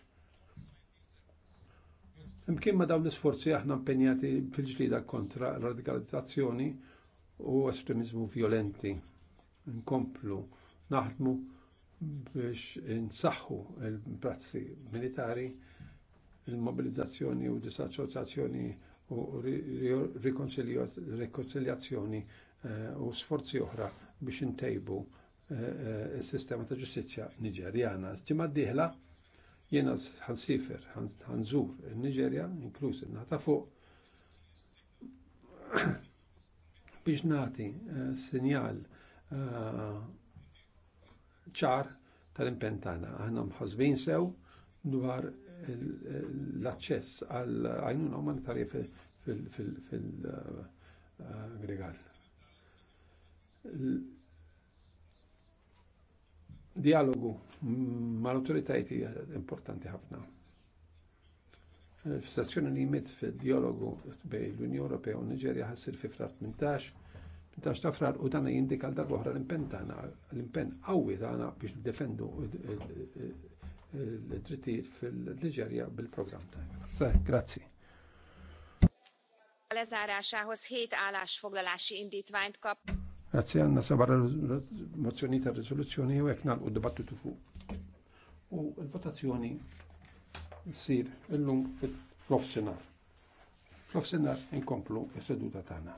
Imkien ma dawn l-isforzi aħna impenjati fil-ġlida kontra radikalizzazzjoni u estremizmu violenti. Nkomplu, naħdmu biex nsaħħu il-prazzi militari, il-mobilizzazzjoni u disassoċjazzjoni u rikonċiljazzjoni eh, u sforzi oħra biex intejbu il-sistema ta' ġustizja nigerjana. Ġimma d-dieħla jiena ħansifer, ħanżur il nigerja inkluż il nata fuq, biex nati eh, sinjal eh, ċar tal-impentana. Aħna mħazbin sew dwar l-aċċess għal għajnuna umanitarja fil-Gregal. Eh, dialogu mal-autoritajiet hija importanti ħafna. F'stazzjoni li jmiet fid dialogu bej l-Unjoni Ewropea u Niġerja ħassir fi frar 18, 18 ta' frar u dan jindika l darba l-impenn tagħna, l-impenn qawwi tagħna biex defendu l-drittijiet fil-Niġerja bil-programm tagħna. Grazzi. Għal-eżara għal ħit Lezárásához hét állásfoglalási vajnt kop. Grazzi għanna sabar mozzjoni ta' risoluzzjoni u għek nalqu dibattitu fuq. U l-votazzjoni sir illum fil-flof senar. Flof senar inkomplu s-seduta tagħna.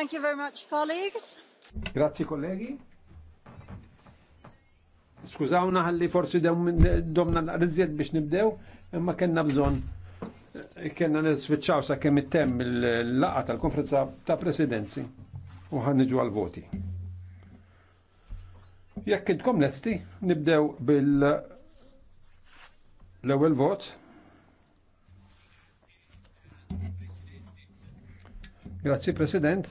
Thank you very much, colleagues. Grazie, kollegi. Skużawna ħalli forsi domna naqrizziet biex nibdew, imma kena bżon eh, kena niswitċaw sa' kemm it-tem il-laqa tal-konferenza ta' presidenzi u ħanniġu għal-voti. Jekk intkom lesti, nibdew bil l-ewwel vot. Grazzi President.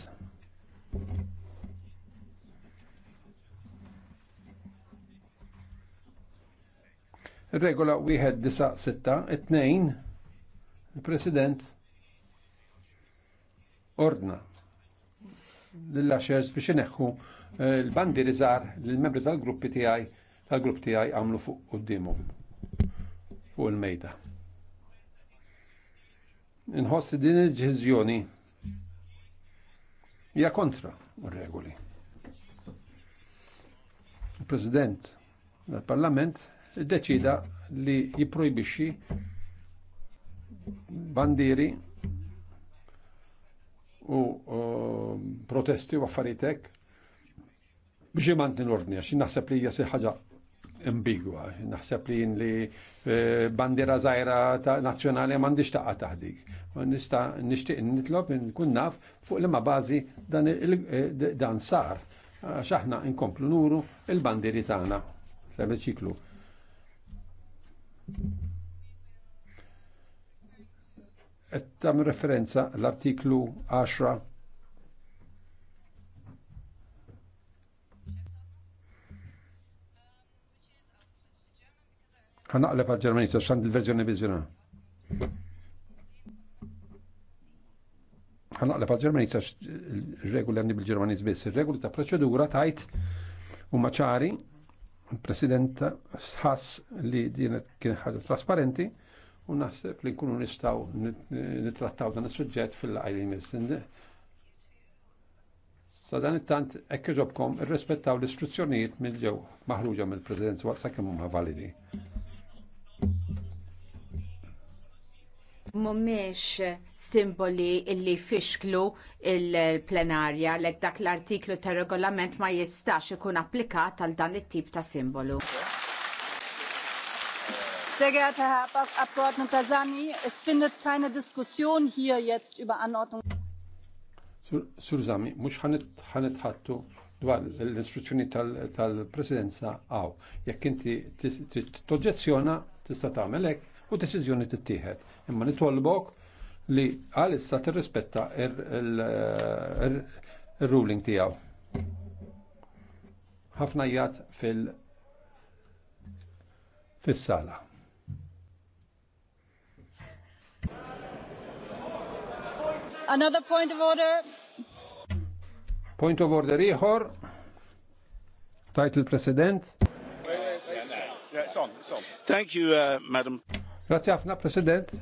Regola 1962 il-President ordna l-laxers biex ineħħu eh, l bandi zar l-membri tal-gruppi TI tal-grupp tiegħi għamlu fuq d-dimu fuq il-mejda. Inħossi din il ġizjoni hija kontra r-regoli. Il-President tal-Parlament deċida li jipprojbixxi bandiri u protesti u affaritek biex imantni l-ordni, għax naħseb li hija xi ħaġa ambigwa, naħseb li li e, bandira zaħira ta' nazjonali mandiċ taqqa taħdik. Nista' nixtieq nitlob nkun naf fuq li ma' bażi dan, e, dan sar għax aħna nkomplu nuru il-bandiri tagħna fl Et tam referenza l-artiklu 10 ħanaqleb għal ġermanista xand il-verżjoni biżjona. ħanaqleb għal ġermanista il-regoli għandi bil-ġermaniz biss. Il-regoli ta' proċedura tajt u maċari President sħass li dinet kien ħaġa trasparenti u naħseb li nkunu nistaw nitrattaw dan is-suġġett fil-qajli Sa dan it-tant ekk ġobkom irrespettaw l-istruzzjonijiet mill-ġew maħruġa mill-Presidenza waqt sakemm huma validi. mumiex simboli illi fixklu il-plenarja l dak l-artiklu ta' regolament ma jistax ikun applikat għal dan it-tip ta' simbolu. Sehr geehrter Herr Abgeordneter Sani, es findet keine Diskussion hier jetzt über Anordnung. Sur Sami, mux ħanet ħattu dwar l-istruzzjoni tal-presidenza għaw. Jekk inti toġġezzjona tista' tagħmelek u deċiżjoni tittieħed imma nitwallbok li għalissa t-rispetta il-ruling tijaw. Ħafna jgħat fil- fis-sala. Another point of order. Point of order ieħor. Tajt il-President. Thank you, uh, Madam. Grazie ħafna, President.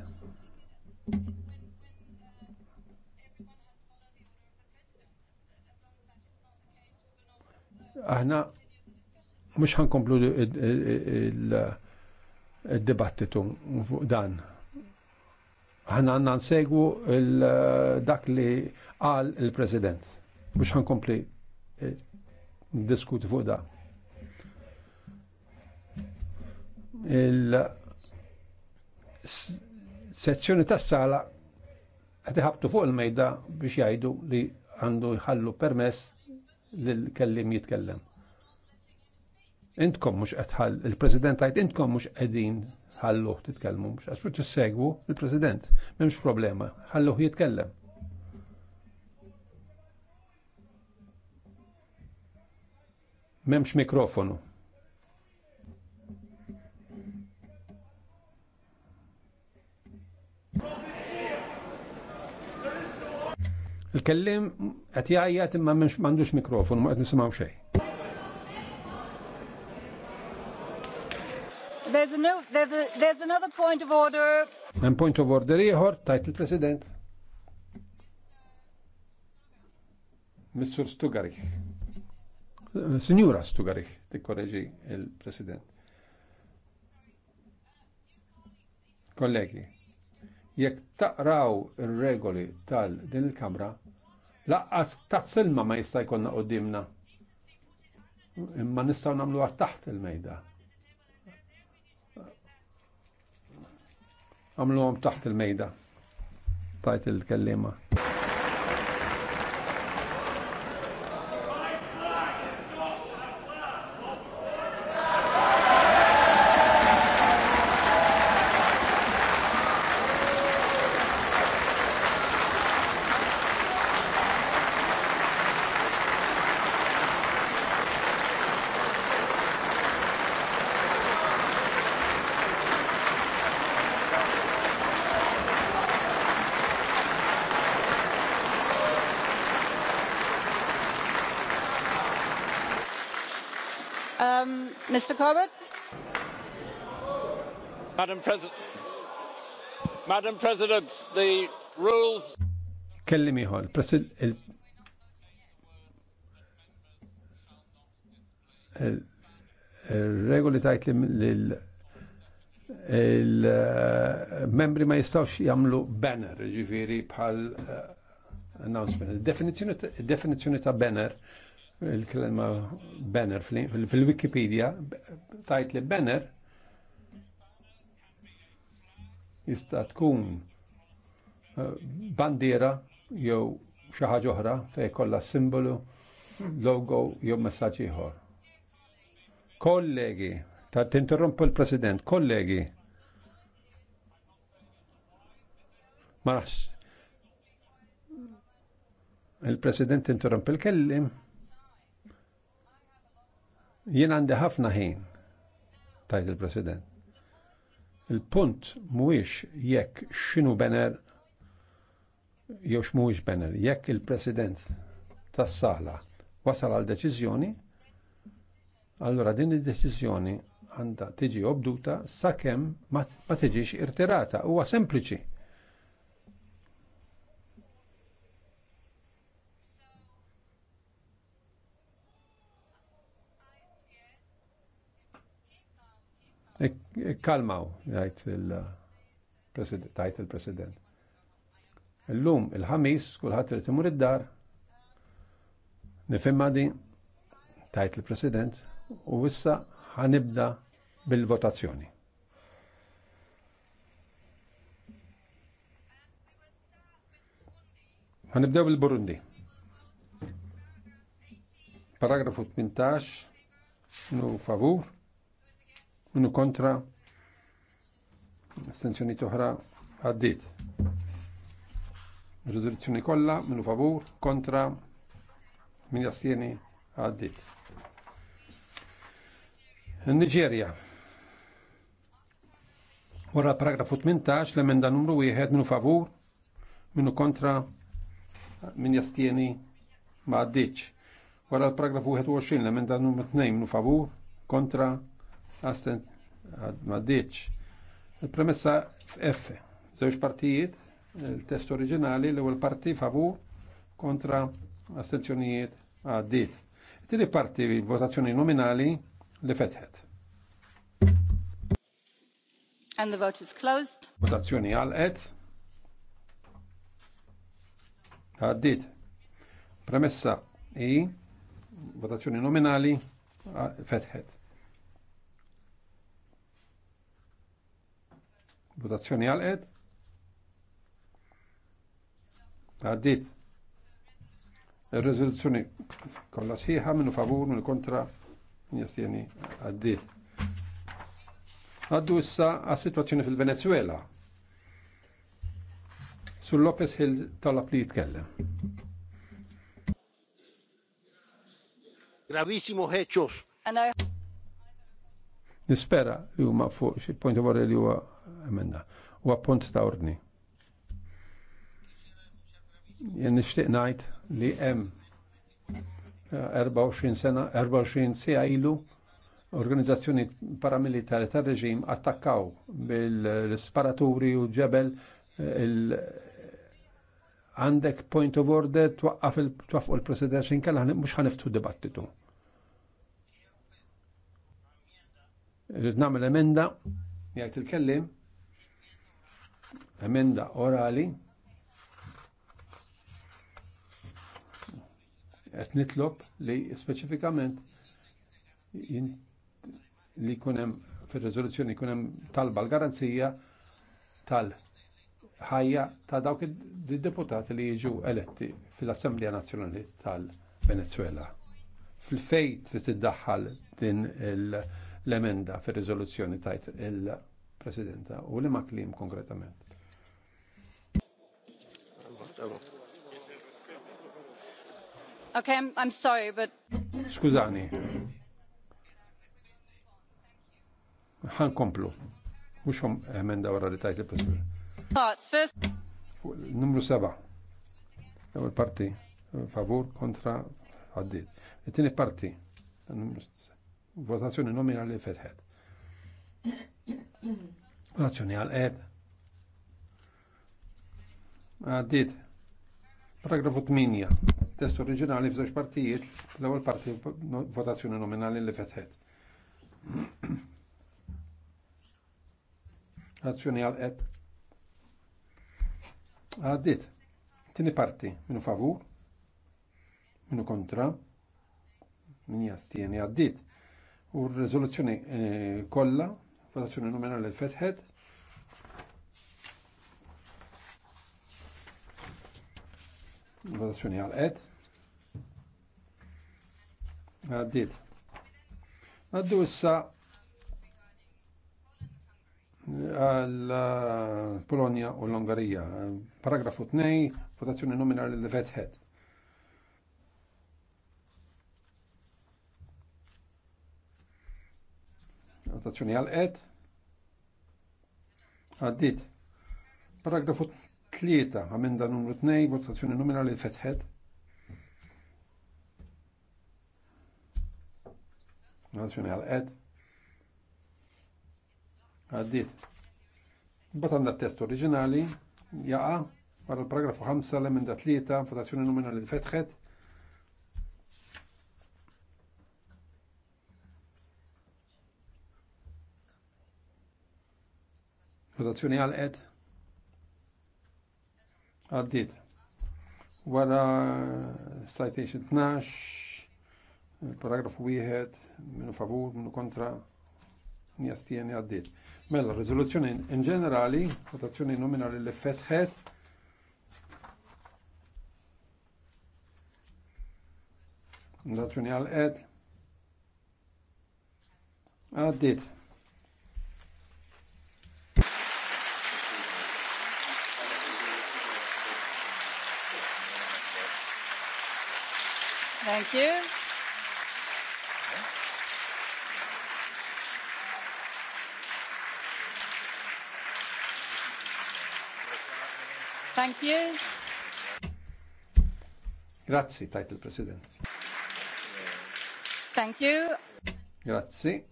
Aħna mhux ħankomplu il-dibattitu fuq dan. Aħna għandna nsegwu dak li qal il-President. Mhux ħankompli eh, diskuti fuq dan. il sezzjoni tas-sala qed iħabtu fuq il-mejda biex jajdu li għandu jħallu permess lil kellim jitkellem. Intkom mhux qed il-President għajt intkom mhux qegħdin ħalluh titkellmu mhux t-segwu il-President, m'hemmx problema, ħalluh jitkellem. M'hemmx mikrofonu. Il-kellim qed jgħajjat imma m'għandux mikrofon, ma qed nisimgħu xejn. There's, a new, there's, a, there's another point of order. and point of order ieħor tajt il-President. Mr. Stugarich. Signora Stugarich, tikkoreġi il-President. Kollegi, Jekk taqraw ir-regoli tal din il-Kamra, laqqas ta' silma ma jista' jkollna qudiemna. Imma nistgħu nagħmluha taħt il-mejda. Għamluhom taħt il-mejda. Tajt il-kellima. Mr. Corbett? Madam President, Madam President, the rules. regoli tajt li il-membri eh, ma jistawx jamlu banner, ġifiri bħal eh, announcement. Definizjoni ta' banner il-kelma banner fil-Wikipedia tajt li banner jista' tkun eh, bandiera jew xi ħaġa oħra fejn kollha simbolu, logo jew messaġġ ieħor. Kollegi, ta' tinterrompu l-President, kollegi. Ma Il-President interromp il-kellim. Jien għandi ħafna ħin, tajt il-President. Il-punt mhuwiex jekk x'inhu bener jew x'mhuwiex bener, jekk il-President tas-sala wasal għal deċiżjoni, allura din id-deċiżjoni għandha tiġi obduta sakemm ma tiġix irtirata. Huwa sempliċi Kalmaw, jgħajt il-president. Illum, il-ħamis, kullħat irid imur id-dar, nifimma din, tajt il-president, u wissa ħanibda bil-votazzjoni. Għanibdew bil-Burundi. Paragrafu 18, nu favur, Unu kontra. Astenzjoni toħra għaddit. Rezoluzzjoni kolla. minu favur, kontra, minn jastieni għaddit. Nigeria. Wara paragrafu 18 l-emenda numru 1 minu favur, minu kontra, min jastieni ma għaddit. Wara paragrafu 21 l-emenda numru 2 minnu favur, kontra, Asten maddiċ. Il-premessa F. Zewġ partijiet, il-test oriġinali, l-ewwel parti favur kontra astenzjonijiet għaddit. Tili parti votazzjoni nominali li fetħet. And the vote is closed. Votazzjoni għal-et. Għaddit. Premessa i votazzjoni nominali fetħet. Votazzjoni għal-ed. Għaddit. Il-rezoluzzjoni kolla siħa minnu favur, minnu kontra, jastjeni għaddit. Għaddu issa għas situazzjoni fil-Venezuela. Sul Lopez Hill talab li jitkellem. Gravissimo heċos. Nispera li huma fuq xi point of order li huwa emenda. U appunt ta' ordni. Jien nixtieq ngħid li hemm 24 eh, sena, 24 sija ilu organizzazzjoni paramilitari tar reġim attakkaw bil-sparaturi u ġebel eh, għandek point of order twaqqaf il-twaqqaf il xin kalla mux ħaniftu dibattitu. Rid namel emenda jgħid il-kellim emenda orali qed nitlob li speċifikament li kunem fil-rezoluzzjoni kunem talba l-garanzija tal-ħajja ta' dawk id-deputati li jiġu eletti fil-Assemblea Nazzjonali tal-Venezuela. Fil-fej trid iddaħħal din l-emenda fil riżoluzzjoni tajt il-Presidenta u li ma' klim konkretament. Okay, I'm, sorry, but... Skużani. Ħan komplu. Mux hom emenda wara li tajt li possibli. First... Numru seba. Ewwel parti favur kontra għaddit. It-tieni parti votazzjoni nominali fetħed. Votazzjoni għal qed. Għaddit. Paragrafu 8. Test oriġinali f'żewġ partijiet, l-ewwel parti votazzjoni nominali li fetħet. Azzjoni għal qed. Għaddit. Tieni parti minu favur, minu kontra, minn jastieni għaddit. U r-riżoluzzjoni eh, kollha, votazzjoni nominali li fetħet, Votazzjoni għal-qed. Għaddit. Għaddu issa għal eh, Polonia u l-Ungarija. Paragrafu 2, votazzjoni nominali li fetħed. Votazzjoni għal-qed. Għaddit. Paragrafu Tlieta, għamenda numru 2, votazzjoni nominali fetħed. Votazzjoni għal-ed. Għaddit. Batan da test oriġinali, jaqa, għara l-paragrafu 5, l-emenda 3, votazzjoni nominali fetħed. Votazzjoni għal-ed. Għaddit. Wara citation 12, paragrafu 1, minu favur, minu kontra, njastijeni għaddit. Mela, rizoluzzjoni in ġenerali, votazzjoni nominali l fetħet, votazzjoni għal-ed, għaddit. Thank you. Thank you. Grazie, title president Thank you. Grazie.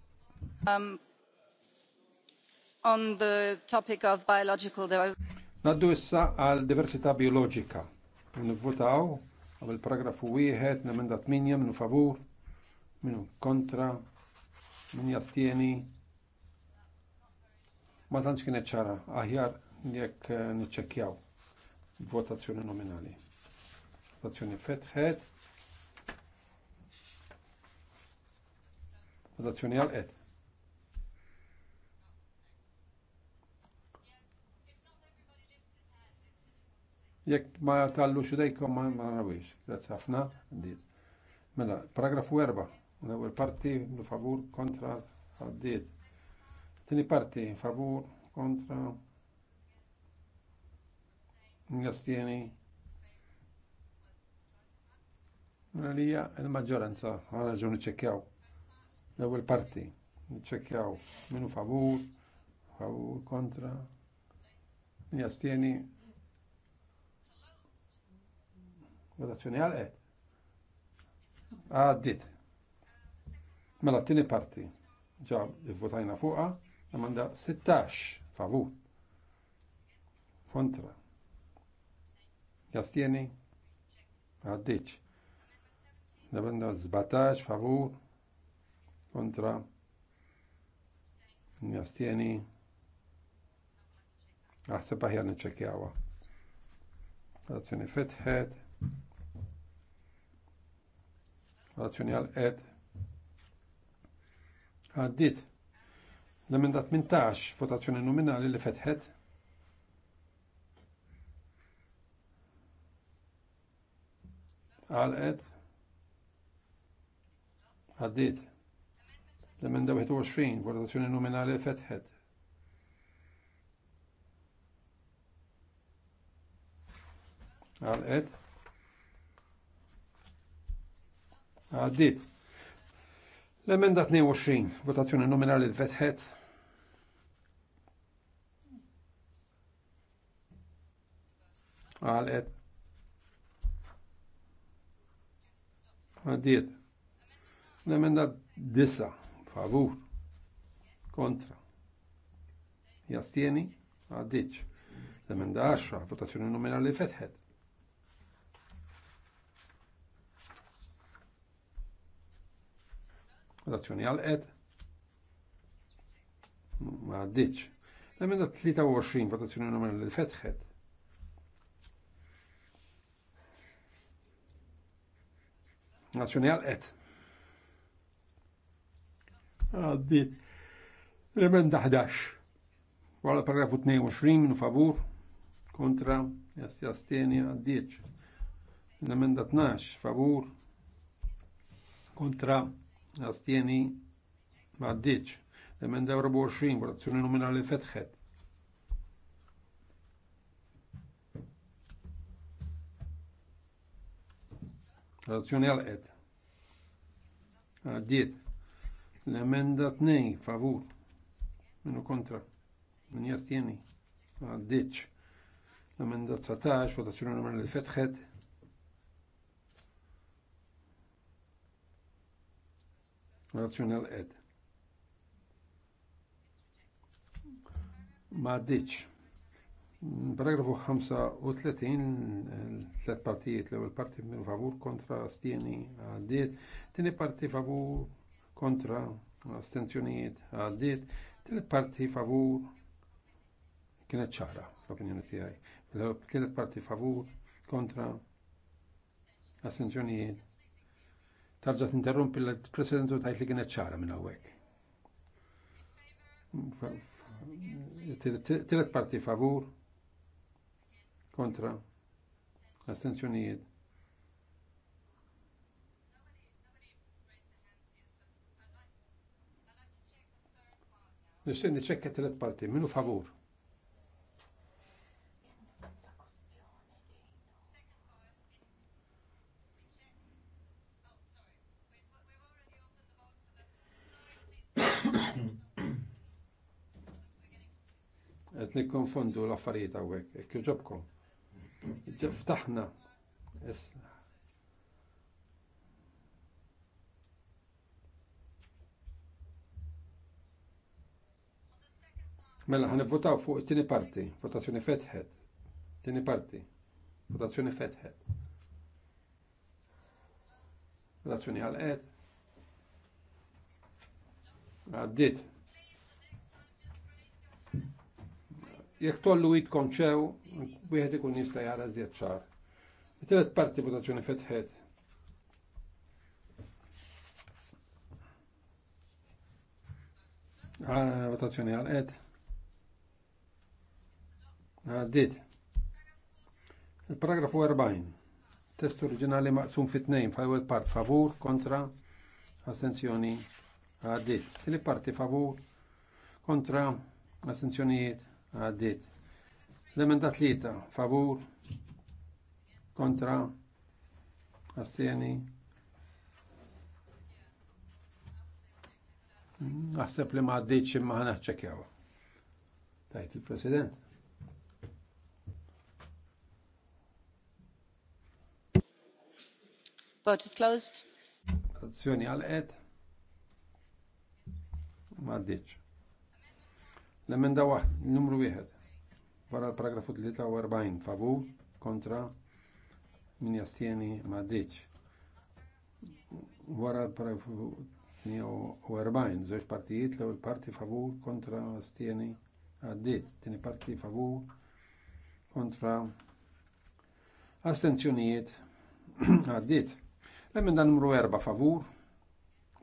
Um, on the topic of biological diversity. Naddu issa għal diversità biologika. Nivvutaw Għab il paragrafu wieħed, nemenda 8 minu favur, minu kontra, min jastieni. Ma tantx kien ċara, aħjar jekk eh, niċċekkjaw votazzjoni nominali. Votazzjoni fetħed. Votazzjoni għal-qed. Jekk ma tallu xidejkom ma ma narawiex. Grazzi ħafna. Mela, paragrafu 4. L-ewwel parti favur kontra għaddiet. Tini parti favur kontra Jastieni. Għalija mela, il-maġġoranza għana ġun ċekjaw. L-ewel parti. ċekjaw minu favur, favur kontra. Jastieni Relazzjoni għal E. Għaddit. Mela t-tini parti. Ġa votajna fuqa, għamanda 16 favur. Kontra. Jastieni. Għaddiċ. Għamanda 17 favur. Kontra. Jastieni. Għasib aħjar nċekjawa. Votazzjoni fetħet. relazzjoni għal ed. Għaddit. L-emenda 18, votazzjoni nominali li fetħet. Għal ed. Għaddit. L-emenda 21, votazzjoni nominali li fetħet. għal-qed Għaddit. L-emenda 22, votazzjoni nominali l-vetħet. Għalqet. Għaddit. L-emenda disa. favur. Kontra. Jastieni, Għaddit. L-emenda 10, votazzjoni nominali fetħed. Votazzjoni għal-qed. Ma għaddiċ. L-emenda 23, votazzjoni numru li fetħet. Nazzjoni għal-qed. Għaddiċ. L-emenda 11. Wara paragrafu 22 minu favur, kontra, jastjastjeni għaddiċ. l 12, favur, kontra, Astieni maddiċ. Emenda 24, votazzjoni nominali fetħet. Votazzjoni għal-qed. Għaddiet. L-emenda 2, favur. Minu kontra. Min jastieni. Għaddiċ. L-emenda 19, votazzjoni nominali fetħet. rational Ed. Ma ditx. Paragrafu 35, tlet partijiet, l-ewwel parti favur kontra astieni għaddiet, tini parti favur kontra astenzjonijiet għaddiet, tini parti favur kienet ċara l-opinjoni tiegħi. Tielet parti favur kontra astenzjonijiet Tarġa tinterrumpi l-presidentu tajt li kienet ċara minn hawnhekk. Tiret parti favur, kontra, astenzjonijiet. Nisċen, ċekka tiret parti, minnu favur. qed nikkonfondu l-affarijiet għawek, hekk ġobkom. Ftaħna. Mela ħan fuq it tini parti, votazzjoni fetħet. Tini parti, votazzjoni fetħet. Votazzjoni għal-qed. Għaddit. jekk tollu jitkom ċew, wieħed ikun jista' jara żjed ċar. it parti votazzjoni fetħet. Ah, votazzjoni għal qed. Għaddit. Il-paragrafu 40. Test oriġinali maqsum fit-tnejn fajwet part favur, kontra, astenzjoni għaddit. Tili parti favur, kontra, astenzjonijiet għaddit. L-emenda tlita. favur, kontra, astieni. Għasab li ma għaddit imma ħana ċekjaw. Tajt il-President. Vote is closed. Azzjoni għal-qed. Ma għaddit. L-emenda waħd, numru wieħed. Wara l-paragrafu 43, favur, kontra, min jastieni ma ddiċ. Wara l-paragrafu 42, zoċ partijiet, l-ewel parti favur, kontra, astieni, għaddit, tini parti favur, kontra, astenzjonijiet, għaddit. L-emenda numru 4, favur,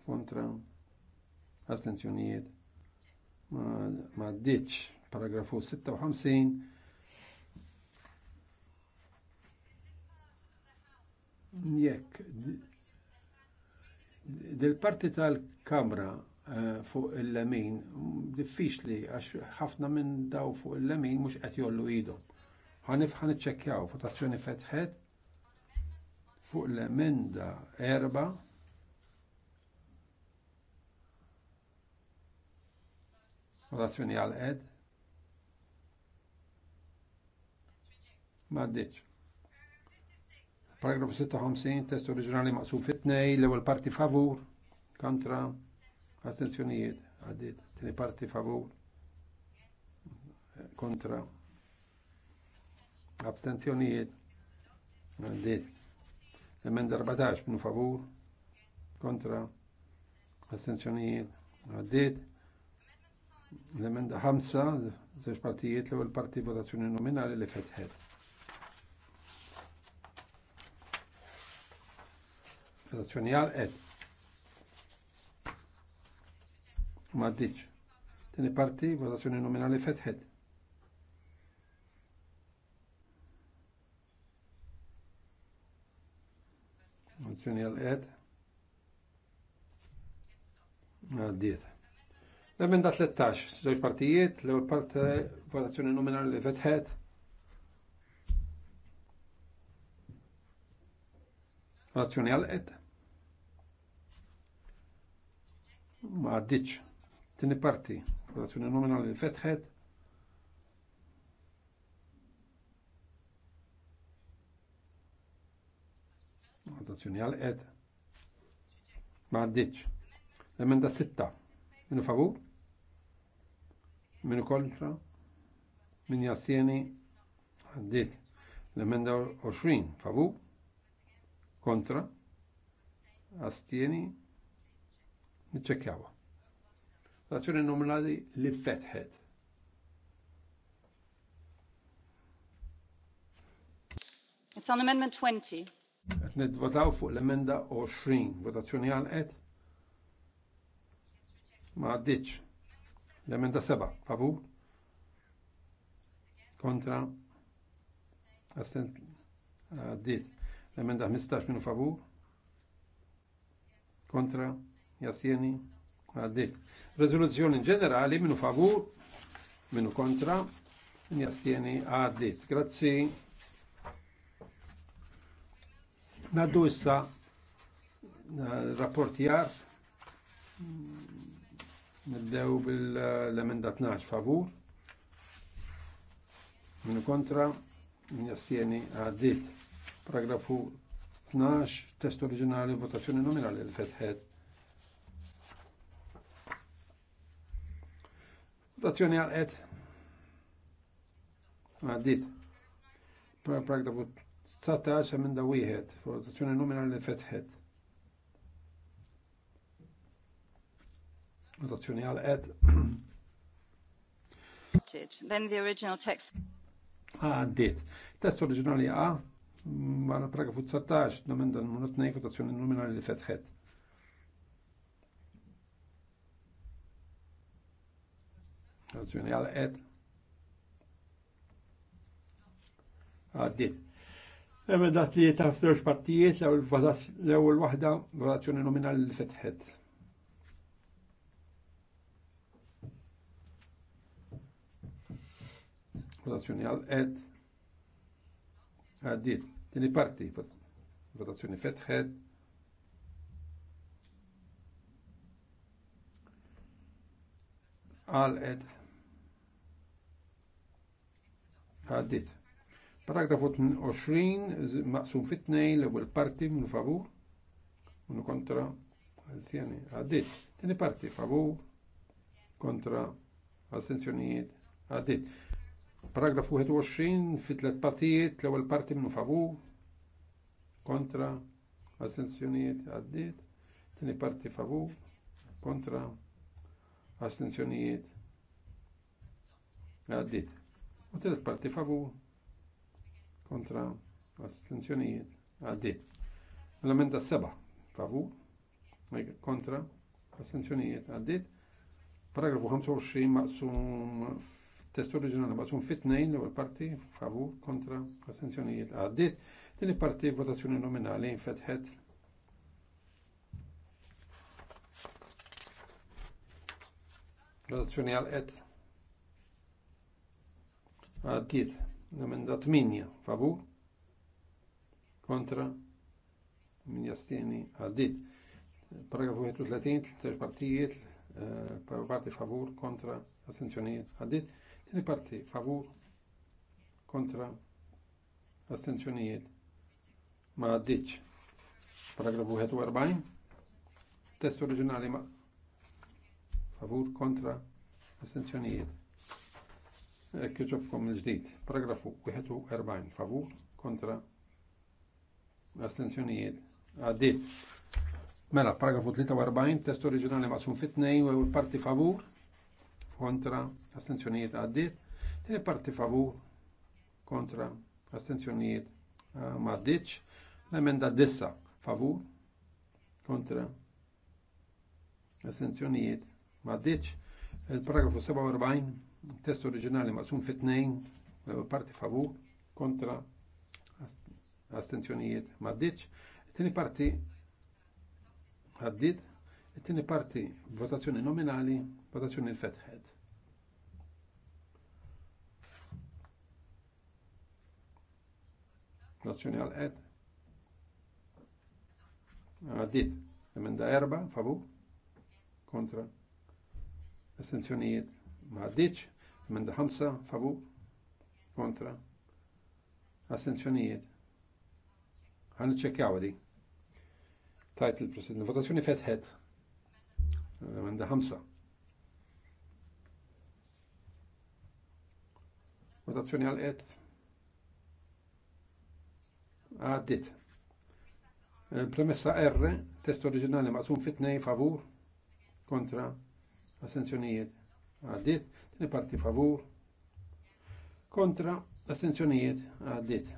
kontra, astenzjonijiet, ma ddiċ. Paragrafu 56. Jekk del-parti tal-kamra eh, fuq il-lemin diffiċli għax ħafna minn daw fuq il-lemin mhux qed jollu idhom. Ħanif ħaniċċekkjaw fotazzjoni fetħet fuq l-emenda erba' Votazzjoni għal ed. Ma Maddiċ. Paragrafu 56, test oriġinali maqsum fitnej, tnej l-ewwel parti favur, kontra, astenzjonijiet, għaddit, tieni parti favur, kontra, abstenzjonijiet, għaddit. l-emend 14 minn favur, kontra, astenzjonijiet, għaddit. L-emenda ħamsa, zeċ partijiet l ewel parti votazzjoni nominali li fetħed. Votazzjoni għal qed. Ma ddiċ. Tini parti votazzjoni nominali fetħed. Votazzjoni għal qed. Ma ddiet. Emenda 13, żewġ partijiet, l-ewwel part eh, votazzjoni nominali li fetħet. Votazzjoni għal għalqet. Ma għaddiċ. Tieni parti, votazzjoni nominali li fetħet. Votazzjoni għal għalqet. Ma għaddiċ. Emenda 6. Minu favur? minu kontra, min jastieni, għaddit. L-emenda 20, favu, kontra, astieni, nċekjawa. L-azzjoni nominali li fetħed. It's on Amendment 20. Qed nidvotaw fuq l-emenda 20, votazzjoni għal-et? Ma għaddiċ. L-emenda seba', favur, kontra, astent, għaddit. L-emenda 15 minu favur, kontra, Jasieni? għaddit. Rezoluzzjoni ġenerali minu favur, minu kontra, Jasieni? għaddit. Grazzi. Naddu issa jar eh, Nibdew bil-emenda 12 favur. Minu kontra, min jastieni għaddit. Paragrafu 12, test oriġinali, votazzjoni nominali l fetħed Votazzjoni għal-qed. Għaddit. Paragrafu 19, emenda 1, votazzjoni nominali l fetħed Votazzjoni għal ed. Then the original text. Ah, did. Test oriġinali A, għal paragrafu 19, namenda numru 2, votazzjoni nominali li fetħet. Votazzjoni għal ed. Ah, Għaddit. Emendat li taf partijiet, l-ewel wahda votazzjoni nominali li fetħet. votazzjoni għal ed għaddit. Tini parti, votazzjoni fetħed. Għal ed għaddit. Paragrafu 20, maqsum fit l-ewel parti, minn favur, minn kontra, għal-sjani, għaddit. Tini parti, favur, kontra, għal astenzjonijiet, għaddit paragraf 21 fi tlet partijiet, l-ewwel parti minnu favur, kontra, astenzjonijiet għaddiet, tieni parti favur, kontra, astenzjonijiet għaddiet. U tielet parti favur, kontra, astenzjonijiet għaddiet. L-emenda seba' favur, kontra, astenzjonijiet għaddiet. Paragrafu 25 maqsum Test oriġinali maqsum fit-tnejn l-ewwel parti favur kontra astensjonijiet għaddiet. Tieni parti votazzjoni nominali infetħet Votazzjoni għal qed. Għaddiet. Emenda 8 favur kontra min jastieni għaddit. Paragrafu 31, tlex partijiet, eh, parti favur kontra astenzjonijiet għaddit. Tieni parti favur kontra astenzjonijiet ma għaddiċ. Paragrafu 41. Test oriġinali ma favur kontra astenzjonijiet. Kħiġofkom l ġdijt Paragrafu 41. Favur kontra astenzjonijiet. Għaddiċ. Mela, paragrafu 43, test oriġinali maqsum fit-2 u parti favur kontra astenzjonijiet għaddit, tini parti favur kontra astenzjonijiet għaddit, eh, l-emenda dissa favur kontra astenzjonijiet għaddit, il-paragrafu 47, test oriġinali maqsum fit-tnejn, eh, parti favur kontra astenzjonijiet għaddit, tini parti għaddit, it-tini parti votazzjoni nominali, votazzjoni l-fetħed. Votazzjoni għal-qed. Għaddit. Emenda erba, favu. Kontra. estenzjonijiet, Ma għaddiċ. Emenda ħamsa, favu. Kontra. estenzjonijiet. Għan ċekjaw di. Tajt il-President. Votazzjoni fetħet. Emenda ħamsa. Votazzjoni għal-qed għaddit. Eh, premessa R, test oriġinali maqsum fitnej favur kontra assenzjonijiet għaddit, tini parti favur kontra assenzjonijiet għaddit.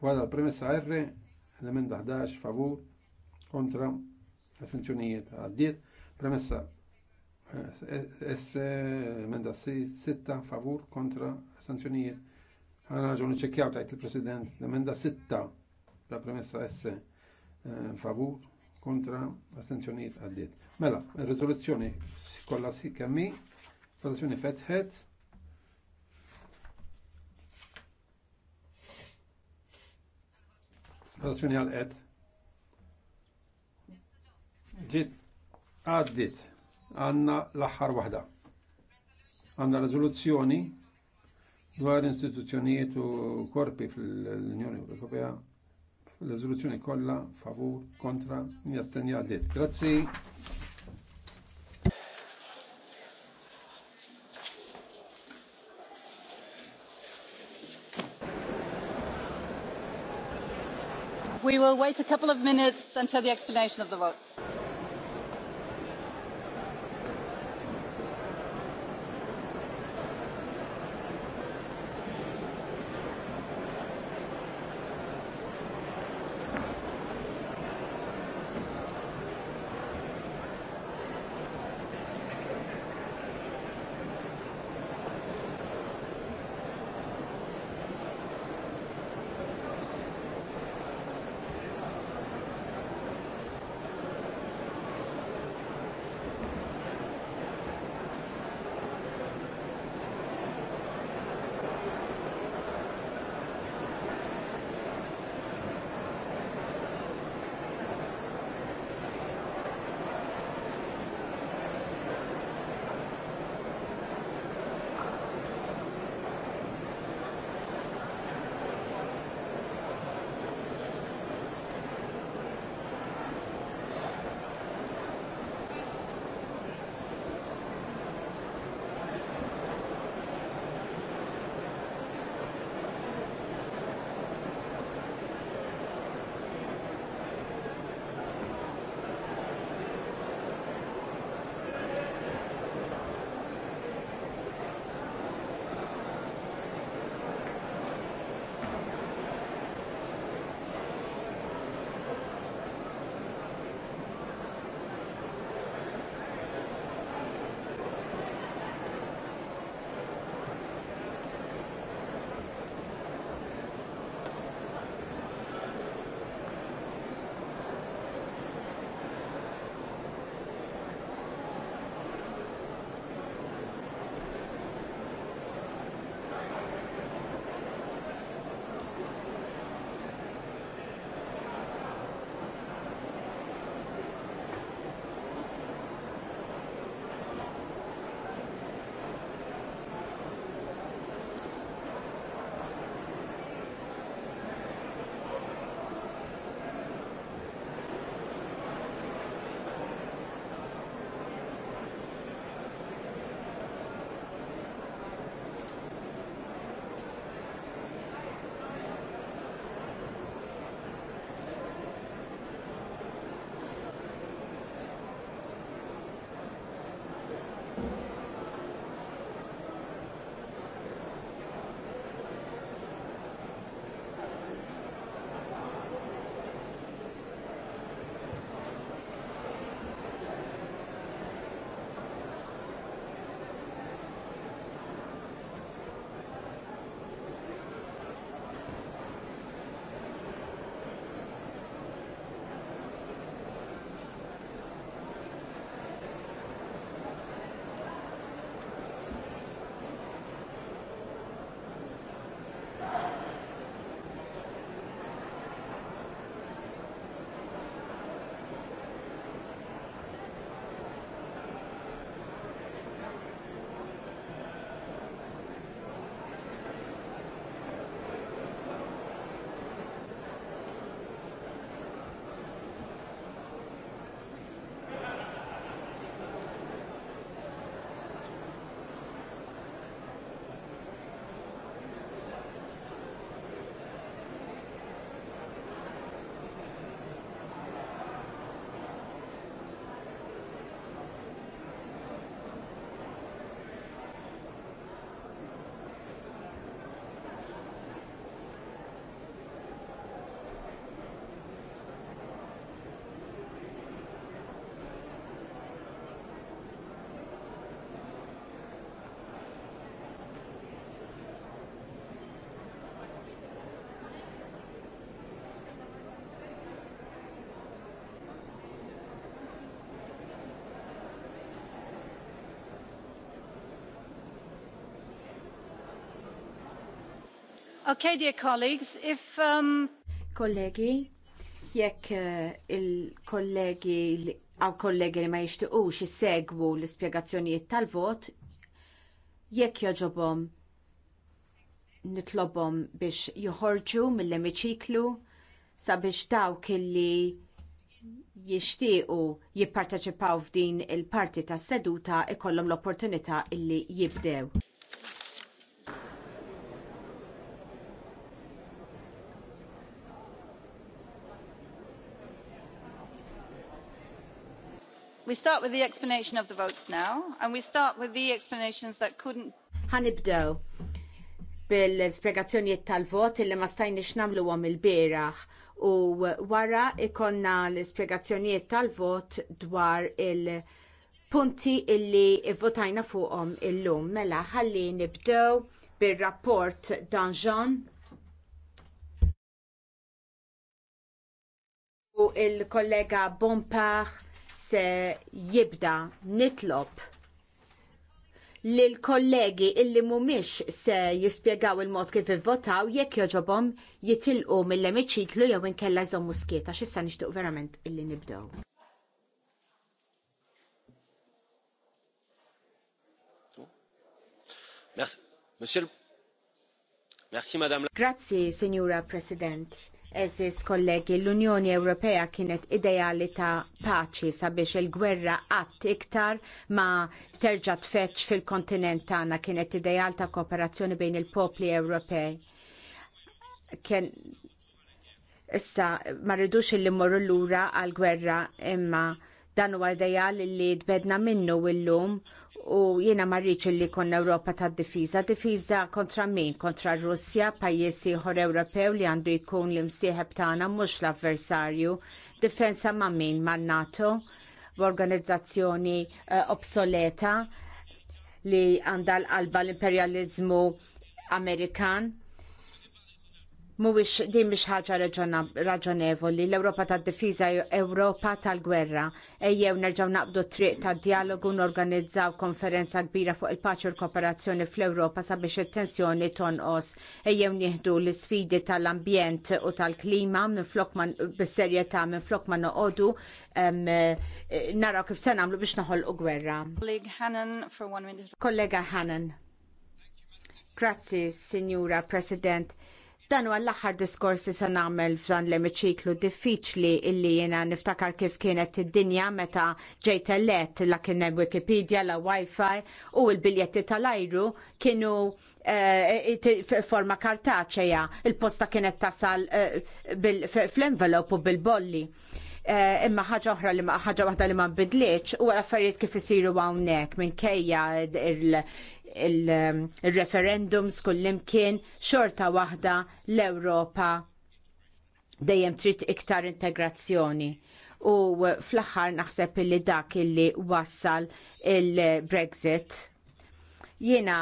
Għada l-premessa R, element 11 favur kontra assenzjonijiet għaddit, premessa eh, S, eh, element 6 favur kontra assenzjonijiet Għana ġuni ċekjaw tajt il-President l-emenda 6 ta' premessa esse eh, favur kontra astenzjoniet għaddit. Mela, il-rezoluzzjoni kolla si kemmi, rezoluzzjoni fetħet, Rezoluzzjoni għal-ed, ġit għaddit, għanna l-axħar wahda. Għanna rezoluzzjoni dwar istituzzjonijiet u korpi fl-Unjoni Ewropea l-eżoluzzjoni kollha favur, kontra, jastenja għaddiet. Grazzi. We will wait a couple of minutes until the explanation of the votes. Okay, dear colleagues, if... Um... Kollegi, jekk eh, il-kollegi għaw kollegi li ma jishtiqux segwu l ispjegazzjonijiet tal-vot, jekk joġobom nitlobom biex joħorġu mill-emiċiklu sabiex dawk li jishtiqu jipparteċipaw f'din il-parti tas seduta ikollhom l-opportunità illi jibdew. We start with the explanation of the votes now, and we start with the explanations that couldn't. Ħanibdew bil-spiegazzjonijiet tal-vot illi ma stajniex namlu għom il-beraħ u wara ikonna l-spiegazzjonijiet tal-vot dwar il-punti illi votajna fuqhom illum. Mela, ħalli nibdew bir-rapport Danjon u il-kollega Bompach se jibda nitlob lil kollegi illi mumiex se jispjegaw il-mod kif votaw jekk joġobom jitilqu mill-emiċiklu jew inkella muskieta xi sa nixtieq verament illi nibdew. Merci, Monsieur... Merci, Madame. Grazie, Signora President Eżis kollegi, l-Unjoni Ewropea kienet ideali ta' paċi sabiex il-gwerra qatt iktar ma terġa tfeċ fil-kontinent tagħna kienet ideal ta' kooperazzjoni bejn il-popli Ewropej. Ken issa ma rridux illi morru lura għal gwerra imma dan huwa ideal li tbedna minnu l-lum u jiena marriċ li kon Ewropa ta' difiża, difiza kontra min, kontra Russja, pajjiż ieħor Ewropew li għandu jkun l-imsieħeb tagħna mhux l-avversarju, difensa ma' min ma' NATO, b'organizzazzjoni eh, obsoleta li għandha l-qalba l-imperializmu Amerikan Mhuwiex din mhix ħaġa raġonevoli l-Ewropa tad-difiża Ewropa tal-gwerra. Ejjew nerġgħu naqbdu triq tad-dialogu norganizzaw konferenza kbira fuq il-paċi u l-kooperazzjoni fl-Ewropa sabiex it-tensjoni tonqos. Ejjew nieħdu l-isfidi tal-ambjent u tal-klima minflok ma bis-serjetà minflok ma noqogħdu naraw kif se nagħmlu biex naħolqu gwerra. Kollega Hannan. Grazzi, Signora President Dan huwa l-aħħar diskors li se nagħmel f'dan l-emiċiklu diffiċli illi jiena niftakar kif kienet id-dinja meta ġejt let la kien hemm Wikipedia, la Wi-Fi u l-biljetti tal-ajru kienu eh, forma kartaċeja, il-posta kienet tasal eh, fl-envelope u bil-bolli. Eh, imma ħaġa oħra li ħaġa waħda li ma nbidliċ u l-affarijiet kif isiru hawnhekk kejja Um, il-referendums kullimkien xorta waħda l ewropa dejjem trid iktar integrazzjoni. U fl-aħħar naħseb illi dak illi wassal il-Brexit Jiena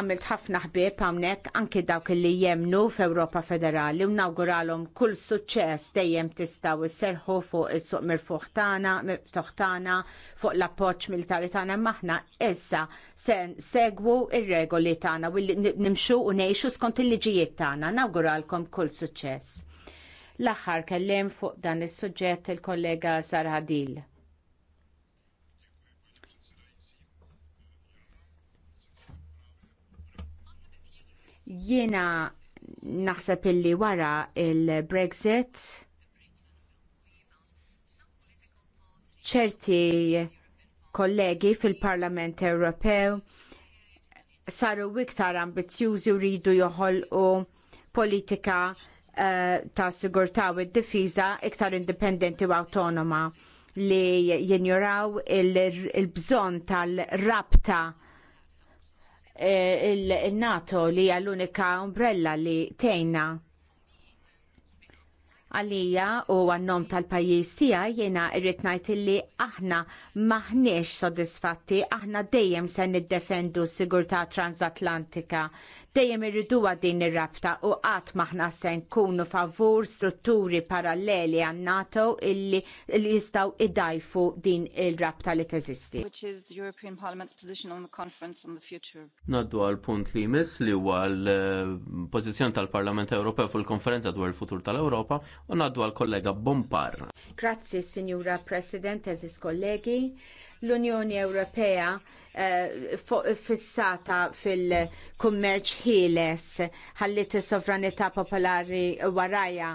għamilt ħafna ħbieb hawnhekk anki dawk li jemnu f'Ewropa Federali u nawguralhom kull suċċess dejjem tistgħu isserħu fuq is-suq mirfuħ tagħna, miftuħ tagħna, fuq l-appoġġ militari tagħna maħna issa se segwu ir-regoli tagħna u nimxu u ngħixu skont il-liġijiet tagħna. Nawguralkom kull suċċess l-aħħar kellem fuq dan is-suġġett il-kollega Sarhadil. Jiena naħseb illi wara il-Brexit ċerti kollegi fil-Parlament Ewropew saru iktar ambizzjużi u rridu joħolqu politika eh, ta' sigurtà u d-difiża iktar indipendenti u awtonoma li jinjuraw il il bżonn tal rabta Eh, il-NATO li hija l unika umbrella li tejna Għalija u għannom tal-pajis tija jena irritnajt illi aħna maħniex soddisfatti, aħna dejjem se niddefendu sigurtà transatlantika. Dejjem irridu din ir-rabta u qatt maħna se nkunu favur strutturi paralleli għan NATO illi li jistaw idajfu din il-rabta li teżisti. Which Naddu għal punt li jmiss li huwa l eh, tal-Parlament Ewropew fil-konferenza dwar il-futur tal-Ewropa u naddu għal kollega Bompar. Grazzi, Signora President, eżis kollegi. L-Unjoni Ewropea uh, fissata fil-kummerċ ħieles ħallit sovranità popolari waraja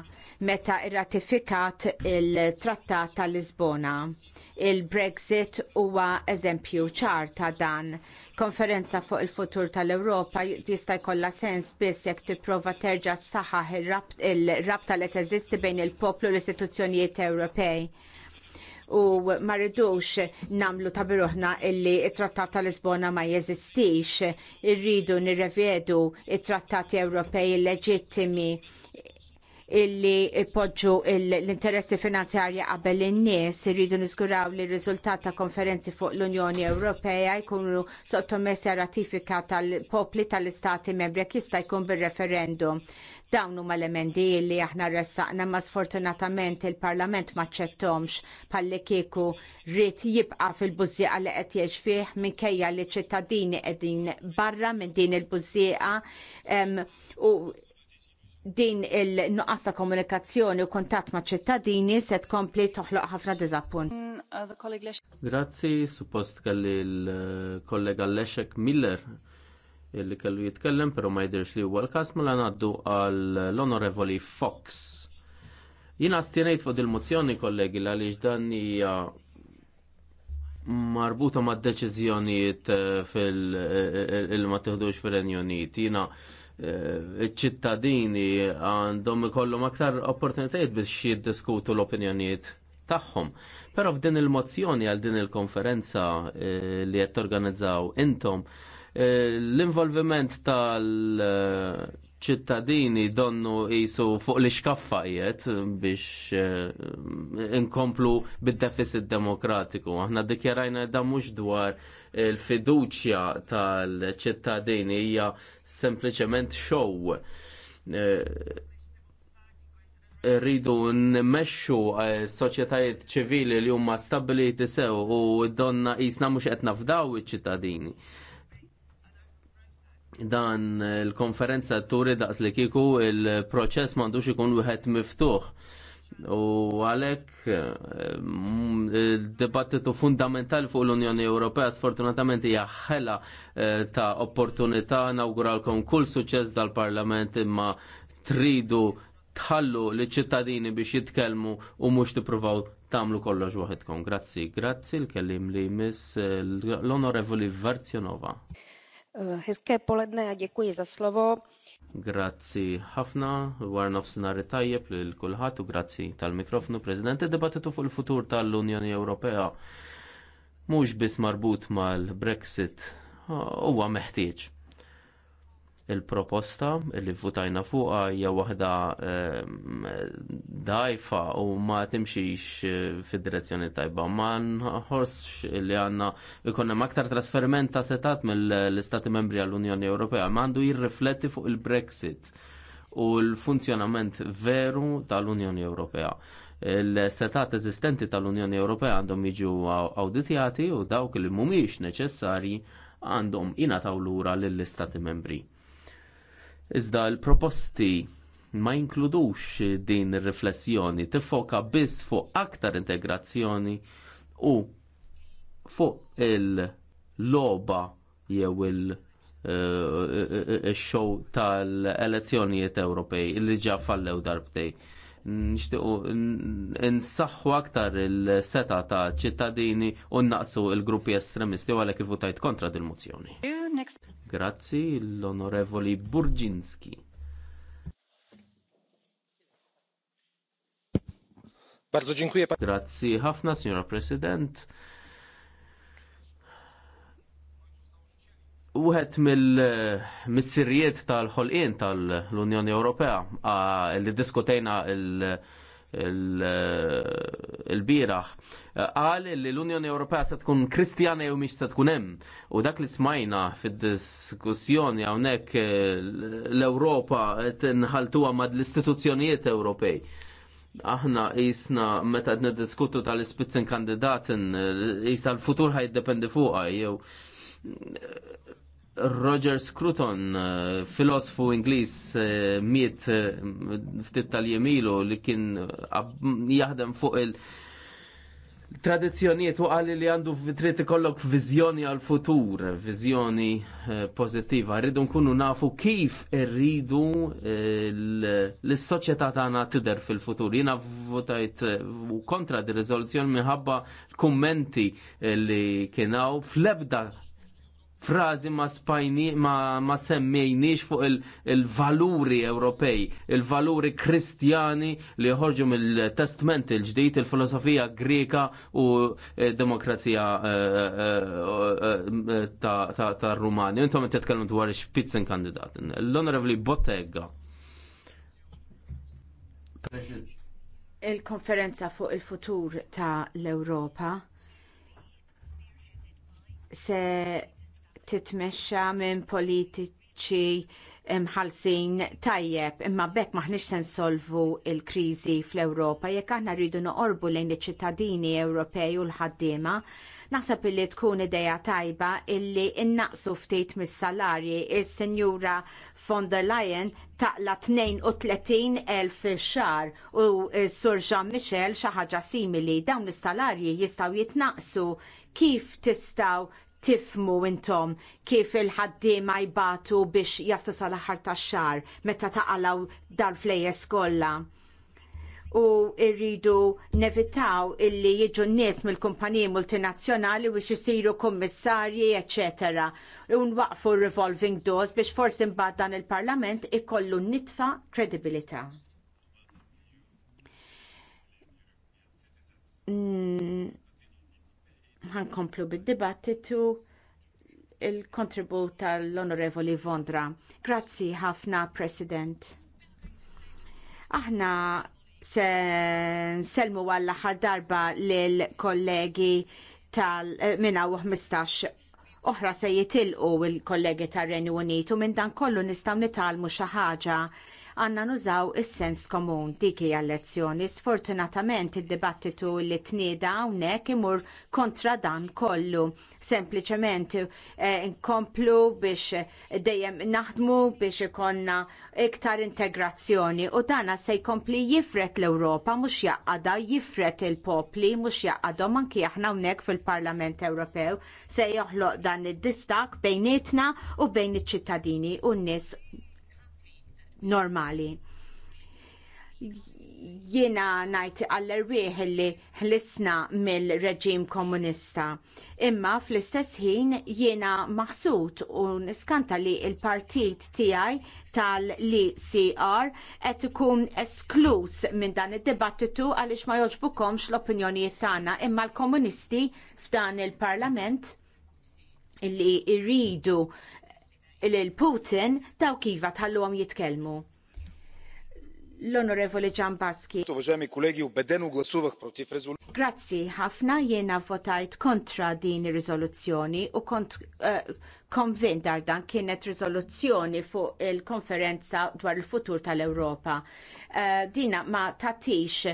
meta irratifikat il-Trattat tal-Lisbona Il-Brexit huwa eżempju ċar ta' dan. Konferenza fuq il-futur tal-Ewropa tista' jkollha sens biss jekk tipprova terġa' saħaħ ir-rabta li teżisti bejn il-poplu l-istituzzjonijiet Ewropej u ma rridux namlu ta' biruħna illi it-trattat ta' Lisbona ma jeżistix, irridu nirrevedu it-trattati Ewropej leġittimi illi poġġu l-interessi finanzjarja qabel in-nies irridu niżguraw li r-riżultat ta' konferenzi fuq l-Unjoni Ewropea jkunu sottomessi ratifika tal-popli tal-istati membri jekk jista' jkun bir-referendum. Dawn huma l-emendi li aħna ressaqna ma sfortunatament il-Parlament ma ċettomx palli kieku rrit jibqa' fil-bużieqa li qed jgħix fih minkejja li ċittadini qegħdin barra minn din il-bużieqa u din il-nuqqas ta' komunikazzjoni u kontatt ma' ċittadini se tkompli toħloq ħafna diżappunt. Grazzi, suppost kelli l-kollega Leszek Miller illi kellu jitkellem, pero ma jidirx li huwa l-kas ma mela ngħaddu għal l-Onorevoli Fox. Jina stinejt fuq il-mozzjoni kollegi għaliex dan hija marbuta eh, eh, eh, ma' deċiżjonijiet fil-ma teħdux fil-Renjonit. Jina ċittadini għandhom ikollhom aktar opportunitajiet biex jiddiskutu l-opinjonijiet tagħhom. Però f'din il-mozzjoni għal din il-konferenza eh, li qed torganizzaw intom, eh, l-involviment tal- ċittadini donnu jisu fuq li xkaffajiet biex eh, inkomplu bid-deficit demokratiku. Aħna dikjarajna da mhux dwar il-fiduċja tal-ċittadini hija sempliċement show. Eh, rridu nmexxu eh, soċjetajiet ċivili li huma stabiliti sew u donna jisna mhux qed nafdaw iċ-ċittadini dan il-konferenza turi daqs li kiku il-proċess mandux ikun wieħed miftuħ U għalek eh, il-debattitu fundamentali fuq l-Unjoni Ewropea sfortunatament hija ħela eh, ta' opportunità nawguralkom kull suċċess dal-Parlament imma tridu tħallu li ċittadini biex jitkellmu u mhux tippruvaw tagħmlu kollox waħedkom. Grazzi, grazzi l-kellim li miss eh, l-Onorevoli Verzjonova. Hezké poledne a děkuji za slovo. Grazzi ħafna, war it tajjeb lil kulħadd u grazzi tal-mikrofonu President id-dibattitu fuq il-futur tal-Unjoni Ewropea mhux biss marbut mal-Brexit huwa meħtieġ il-proposta li votajna fuqha hija waħda ehm, dajfa u ma timxix eh, fid-direzzjoni tajba. Ma nħossx li għandna ikun hemm aktar trasferiment ta' setat mill-Istati Membri għall-Unjoni Ewropea ma għandu jirrifletti fuq il-Brexit u l-funzjonament veru tal-Unjoni Ewropea il-setat eżistenti tal-Unjoni Ewropea għandhom jiġu awditjati u dawk li mhumiex neċessarji għandhom ingħataw lura lill istati membri. Iżda l-proposti ma jinkludux din ir-riflessjoni, tiffoka biss fuq aktar integrazzjoni u fuq il-loba jew il-show eh, eh, eh, tal-elezzjonijiet Ewropej li ġa fallew darbtej nixtiequ insaħħu aktar il-seta ta' ċittadini u naqsu il-gruppi estremisti u għalhekk votajt kontra dil-mozzjoni. Grazzi l-Onorevoli Burġinski. Bardzo dziękuję. Grazzi ħafna, Signora President. Wieħed mill-sirriet eh, tal-ħolqien tal-Unjoni Ewropea li diskutejna eh, il-biraħ qal li l-Unjoni Ewropea se tkun kristjana jew miex se tkun hemm. U dak li smajna fid-diskussjoni hawnhekk eh, l-Ewropa tinħaltuha mad l-istituzzjonijiet Ewropej. Aħna jisna meta qed niddiskutu tal-ispizzin kandidatin jisa l-futur ħajdependi fuqha jew Roger Scruton, eh, filosofu Ingliż eh, miet eh, ftit tal-jemilu li kien jaħdem fuq il- Tradizzjonijiet u għalli li għandu trid ikollok viżjoni għal futur, viżjoni pożittiva. Rridu nkunu nafu kif irridu l-soċjetà tagħna tidher fil-futur. Jiena votajt kontra di riżoluzzjoni minħabba l-kummenti li kienaw fl-ebda frażi ma spajni ma, ma semmejniex fuq il-valuri il Ewropej, il-valuri kristjani li ħorġu mill-testament il-ġdid il-filosofija Greka u eh, demokrazija eh, eh, ta' Rumani. Intom qed titkellmu dwar ix-spitzen kandidat. L-Onorevoli Bottega. Il-konferenza fuq il-futur ta' l-Ewropa se titmexxa minn politiċi mħalsin tajjeb imma bekk maħniex se nsolvu l-kriżi fl-Ewropa jekk aħna rridu noqorbu lejn iċ-ċittadini Ewropej u l-ħaddiema naħseb illi tkun ideja tajba illi innaqsu ftit mis-salarji is-Sinjura von der Leyen taqla 32,000 xar u s-Sur Jean Michel xi ħaġa simili dawn is-salarji jistgħu jitnaqsu kif tistgħu tifmu intom kif il-ħaddiema jbatu biex jaslu sal-aħħar tax-xahar meta għalaw dal-flejes kollha. U rridu nevitaw illi jiġu n-nies mill-kumpaniji multinazzjonali biex isiru kummissarji, eccetera, U nwaqfu revolving doors biex forsi mbagħad dan il-Parlament ikollu nitfa kredibilità. Mm ħankomplu bid-dibattitu il-kontribut tal-Onorevoli Vondra. Grazzi ħafna, President. Aħna se nselmu għall aħħar darba lill-kollegi tal eh, minna 15 oħra se jitilqu il-kollegi tar renju Unitu minn dan kollu nistgħu nitalmu xi ħaġa għanna nużaw is-sens komun dik hija lezzjoni. Sfortunatament id-dibattitu li tnieda hawnhekk imur kontra dan kollu. Sempliċement eh, nkomplu biex dejjem naħdmu biex ikonna iktar integrazzjoni u dana se jkompli jifret l-Ewropa mhux jaqada jifret il-popli mhux jaqadhom anki aħna hawnhekk fil-Parlament Ewropew se joħloq dan id-distak bejnietna u bejn iċ-ċittadini u n-nies normali jiena najt għall-erwieħ li ħlisna mill-reġim komunista. Imma fl-istess ħin jiena maħsut u niskanta li il-partit tiegħi tal-LCR qed ikun esklus minn dan id-dibattitu għaliex ma joġbukomx l-opinjonijiet tagħna imma l-komunisti f'dan il-Parlament illi irridu il-Putin taw kiva tħalluhom jitkellmu. L-Onorevoli Ġambaski. Grazzi, ħafna jena votajt kontra din ir rizoluzzjoni u kont eh, konvint uh, dan kienet rizoluzzjoni fuq il-konferenza dwar il-futur tal-Europa. Uh, eh, dina ma tatix uh,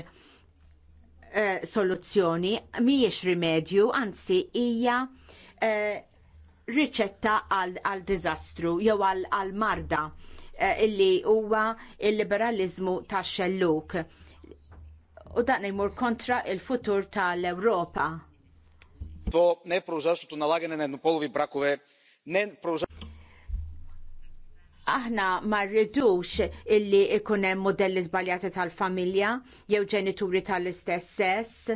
soluzzjoni, miex rimedju, anzi hija uh, riċetta għal diżastru jew għal marda eh, illi huwa il-liberalizmu tax xelluk. U dan imur kontra il-futur tal-Ewropa. To ne tu nalagene ne nupolvi ne aħna ma rridux illi ikun hemm modelli żbaljati tal-familja jew ġenituri tal-istess sess.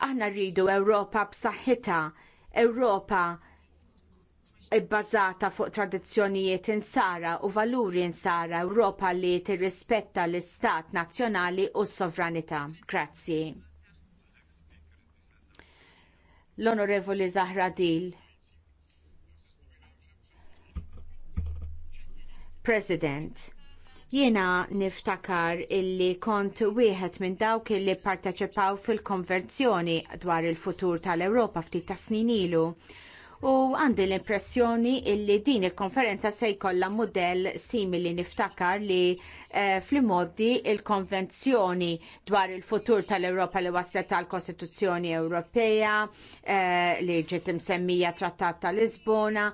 Aħna rridu Ewropa b'saħħitha Ewropa bbażata fuq tradizzjonijiet insara u valuri insara Ewropa li tirrispetta l-istat nazzjonali u s-sovranità. Grazzi. L-Onorevoli Zahra Dil. President Jiena niftakar illi kont wieħed minn dawk illi parteċipaw fil-konverzjoni dwar il-futur tal-Ewropa ftit ta' snin ilu. U għandi l-impressjoni illi din il-konferenza se jkollha mudell simili niftakar li eh, fl-immoddi il-konvenzjoni dwar il-futur tal-Ewropa li waslet tal-Kostituzzjoni Ewropea eh, li ġiet imsemmija Trattat tal-Lisbona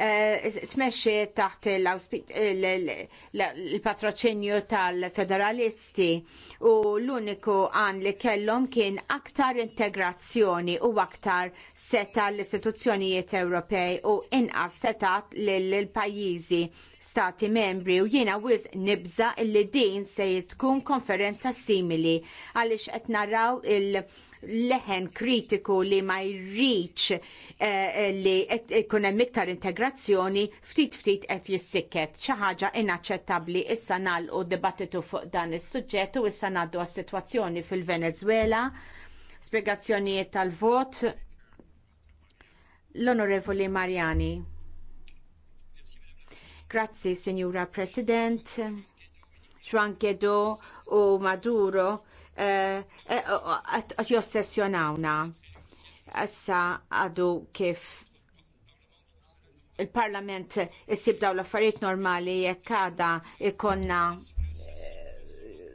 Eh, tmexxi taħt il-patroċinju tal-federalisti u l-uniku għan li kellhom kien aktar integrazzjoni u aktar seta l-istituzzjonijiet Ewropej u inqas setat l-pajjiżi stati membri u jiena wis nibża li din se jitkun konferenza simili għaliex qed naraw il- leħen kritiku li ma jriċ eh, eh, li ikun hemm iktar integrazzjoni ftit ftit qed jissikket. Xi ħaġa inaċċettabbli issa nagħlqu dibattitu fuq dan is-suġġett u issa ngħaddu għas-sitwazzjoni fil-Venezuela. Spjegazzjonijiet tal-vot. L-Onorevoli Mariani. Grazzi, Signora President. Xuan u Maduro Eh, eh, oh, oh, għax jossessjonawna. Issa għadu kif il-parlament jessib daw l-affarijiet normali jekk għada ikonna eh,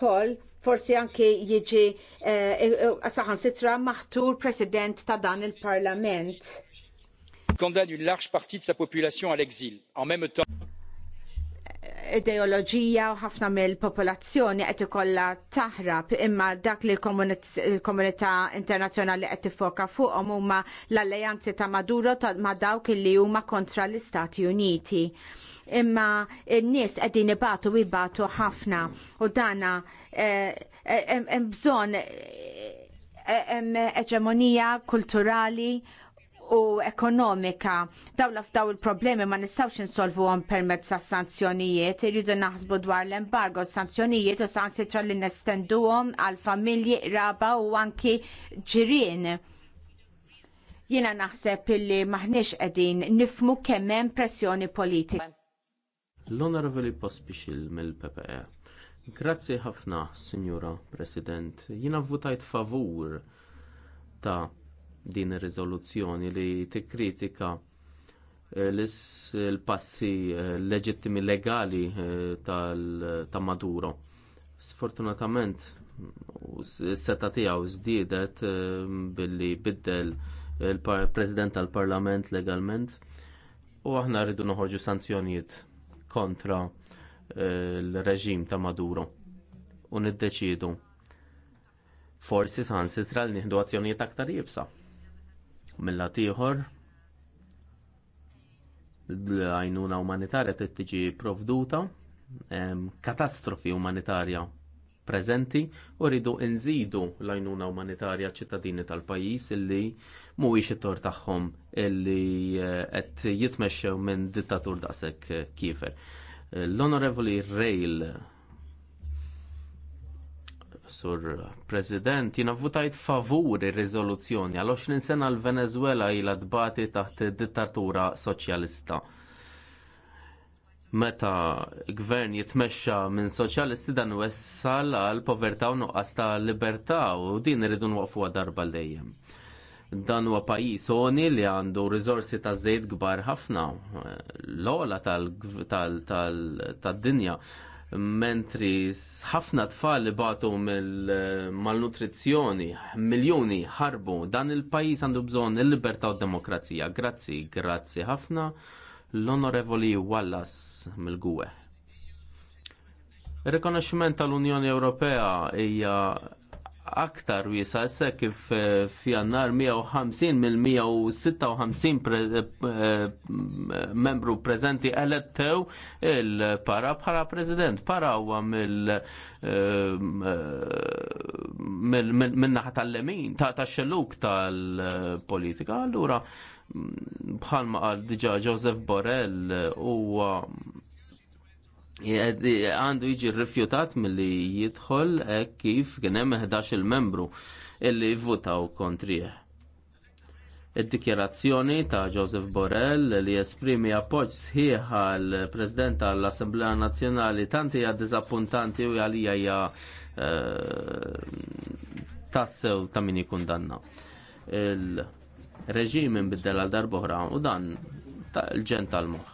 Paul forsi anki jiġi għasaħan sitra maħtur president ta' dan il-parlament. Condamne une large partie de sa population à l'exil. En même temps, ideoloġija u ħafna mill-popolazzjoni qed ikollha taħrab imma dak li l-komunità internazzjonali qed tifoka fuqhom huma l-alleanzi ta' Maduro ta ma' dawk li huma kontra l-Istati Uniti. Imma n-nies qegħdin ibatu ibatu ħafna u dana eh, eh, hemm bżonn eh, eġemonija kulturali u ekonomika. Dawla f'daw il-problemi ma nistawx insolvuhom permezz ta' sanzjonijiet, irridu naħsbu dwar l-embargo, sanzjonijiet u sansitra li nestenduhom għal familji, raba u anki ġirin. Jiena naħseb illi maħniex qegħdin nifmu kemm hemm pressjoni politika. L-Onorevoli Pospixil mill-PPE. Grazzi ħafna, Signora President. Jina votajt favur ta' din ir-riżoluzzjoni li tikkritika eh, l-passi eh, leġittimi legali eh, ta' Maduro. Sfortunatament, s-seta tiegħu żdiedet billi biddel il-President tal-Parlament legalment u aħna rridu noħorġu sanzjonijiet kontra l-reġim ta' Maduro u niddeċiedu forsi sansitra li nieħdu azzjonijiet aktar jibsa. Mill-lat ieħor l-għajnuna umanitarja trid tiġi provduta, katastrofi umanitarja preżenti u rridu nżidu l-għajnuna umanitarja ċittadini tal-pajjiż illi mhuwiex it-tor tagħhom illi eh, qed jitmexxew minn dittatur daqshekk kiefer. L-Onorevoli Rail Sur President, jina votajt favur ir-riżoluzzjoni għal 20 sena l-Venezuela jila tbati taħt dittatura soċjalista. Meta gvern jitmexxa minn soċjalisti dan wessal għal povertà u nuqqas ta' libertà u din irridu nwaqfuha darba dejjem. Dan huwa pajjiż oni li għandu riżorsi ta' żejt kbar ħafna, l ogħla tal-dinja. Tal, tal, tal, tal dinja mentri ħafna tfal li batu mal malnutrizzjoni miljoni ħarbu, dan il-pajis għandu bżon il-libertà u demokrazija. Grazzi, grazzi ħafna l-onorevoli Wallace mill-Gwe. Il-rikonoxximent tal-Unjoni Ewropea hija aktar wiesa issa kif eh, f'jannar 150 mill-156 eh, eh, membru preżenti elettew il-para bħala president. Para huwa mill-naħa tal-lemin, ta' Xeluk tal-politika. Allura mm, bħalma għal diġà Joseph Borrell huwa għandu jiġi rrifjutat milli jidħol eh, kif kien hemm 11 membru illi votaw kontrih. Id-dikjerazzjoni ta' Joseph Borrell li esprimi appoġġ sħiħ għal President tal-Assemblea Nazzjonali tanti hija diżappuntanti u għalija hija eh, tassew ta' min kundanna. Il-reġim imbiddel għal darbohra u dan l-ġen tal moħ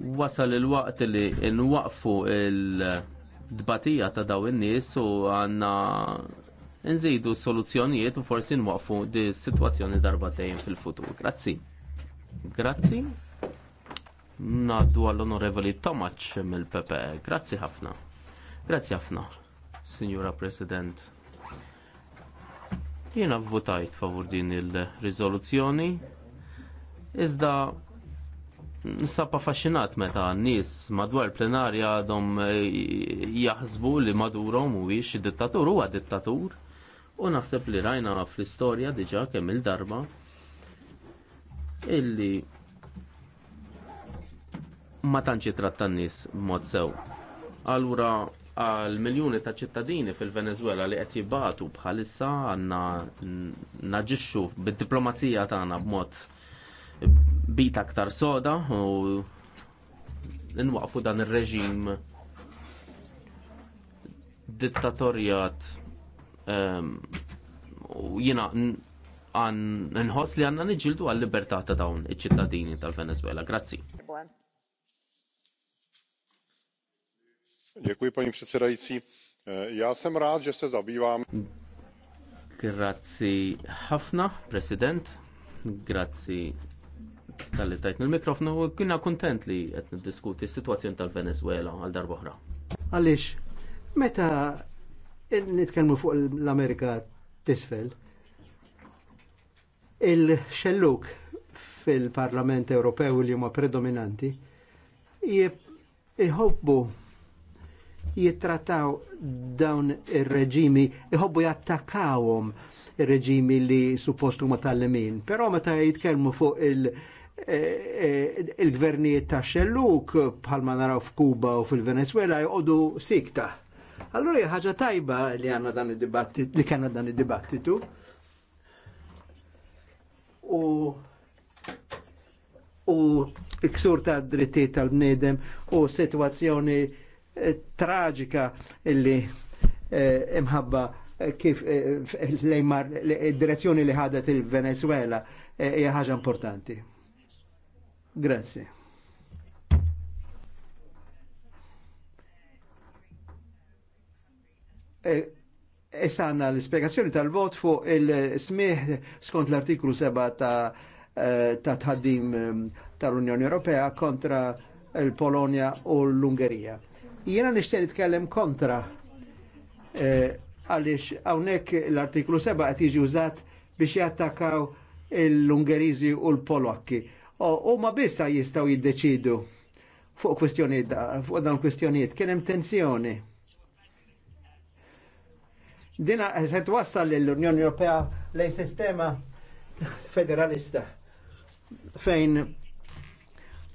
wasal il-waqt li nwaqfu il-dbatija ta' daw in-nies u għanna nżidu soluzzjonijiet u forsi nwaqfu di situazzjoni darba dejjem fil-futur. Grazzi. Grazzi. Naddu għall-onorevoli Tomac mill-Pepe. Grazzi ħafna. Grazzi ħafna, Signora President. Jiena votajt favur din il-rizoluzzjoni. Iżda nsab affaxxinat meta n-nies madwar plenarja għadhom eh, jaħsbu li Maduro mhuwiex dittatur huwa dittatur. U naħseb li rajna fl-istorja diġa kemm il-darba illi ma tantx jitratta n-nies b'mod sew. Allura għal miljuni ta' ċittadini fil-Venezuela li qed jibatu bħalissa għandna naġixxu bid-diplomazija tagħna b'mod bita aktar soda u nwaqfu dan il reġim dittatorjat ehm, u jina għan nħos li għanna nġildu għal libertà ta' dawn iċ-ċittadini tal-Venezuela. Grazzi. Dziękuję Pani Przewodniczący. Eh, ja jestem rad, że se zabývám. Grazzi Hafna, President. Grazzi tal-li tajt mill mikrofna u kienna kontent li qed niddiskuti s-sitwazzjoni tal-Venezuela għal darba oħra. meta nitkellmu fuq l-Amerika tisfel, il-xelluk fil-Parlament Ewropew li huma predominanti jħobbu jittrattaw dawn ir-reġimi, jħobbu jattakawhom ir-reġimi li suppostu ma tal-lemin. Però meta jitkellmu fuq il- E, e, il-gvernijiet ta' xelluk bħalma naraw f'Kuba u fil-Venezuela jgħodu sikta. Allora ħaġa tajba li għanna dan id-dibattitu, li kanna dan id-dibattitu. U u iksur ta' drittijiet tal-bnedem u situazzjoni e, traġika illi imħabba kif eh, direzzjoni li ħadet il-Venezuela hija ħaġa importanti. Grazie. E, e sanna l-spiegazzjoni tal-vot fuq il smih skont l-artiklu 7 ta' eh, ta' tħaddim ehm, tal-Unjoni Ewropea kontra l polonia u l-Ungerija. Jiena nixtieq nitkellem kontra eh, għaliex hawnhekk l-artiklu 7 qed jiġi użat biex jattakaw l-Ungeriżi u l-Polakki u ma bissa jistaw jiddeċidu fuq kwestjoniet, fuq dawn kwestjoniet, kien hemm tensjoni. Dina se twassal l-Unjoni Ewropea lejn sistema federalista fejn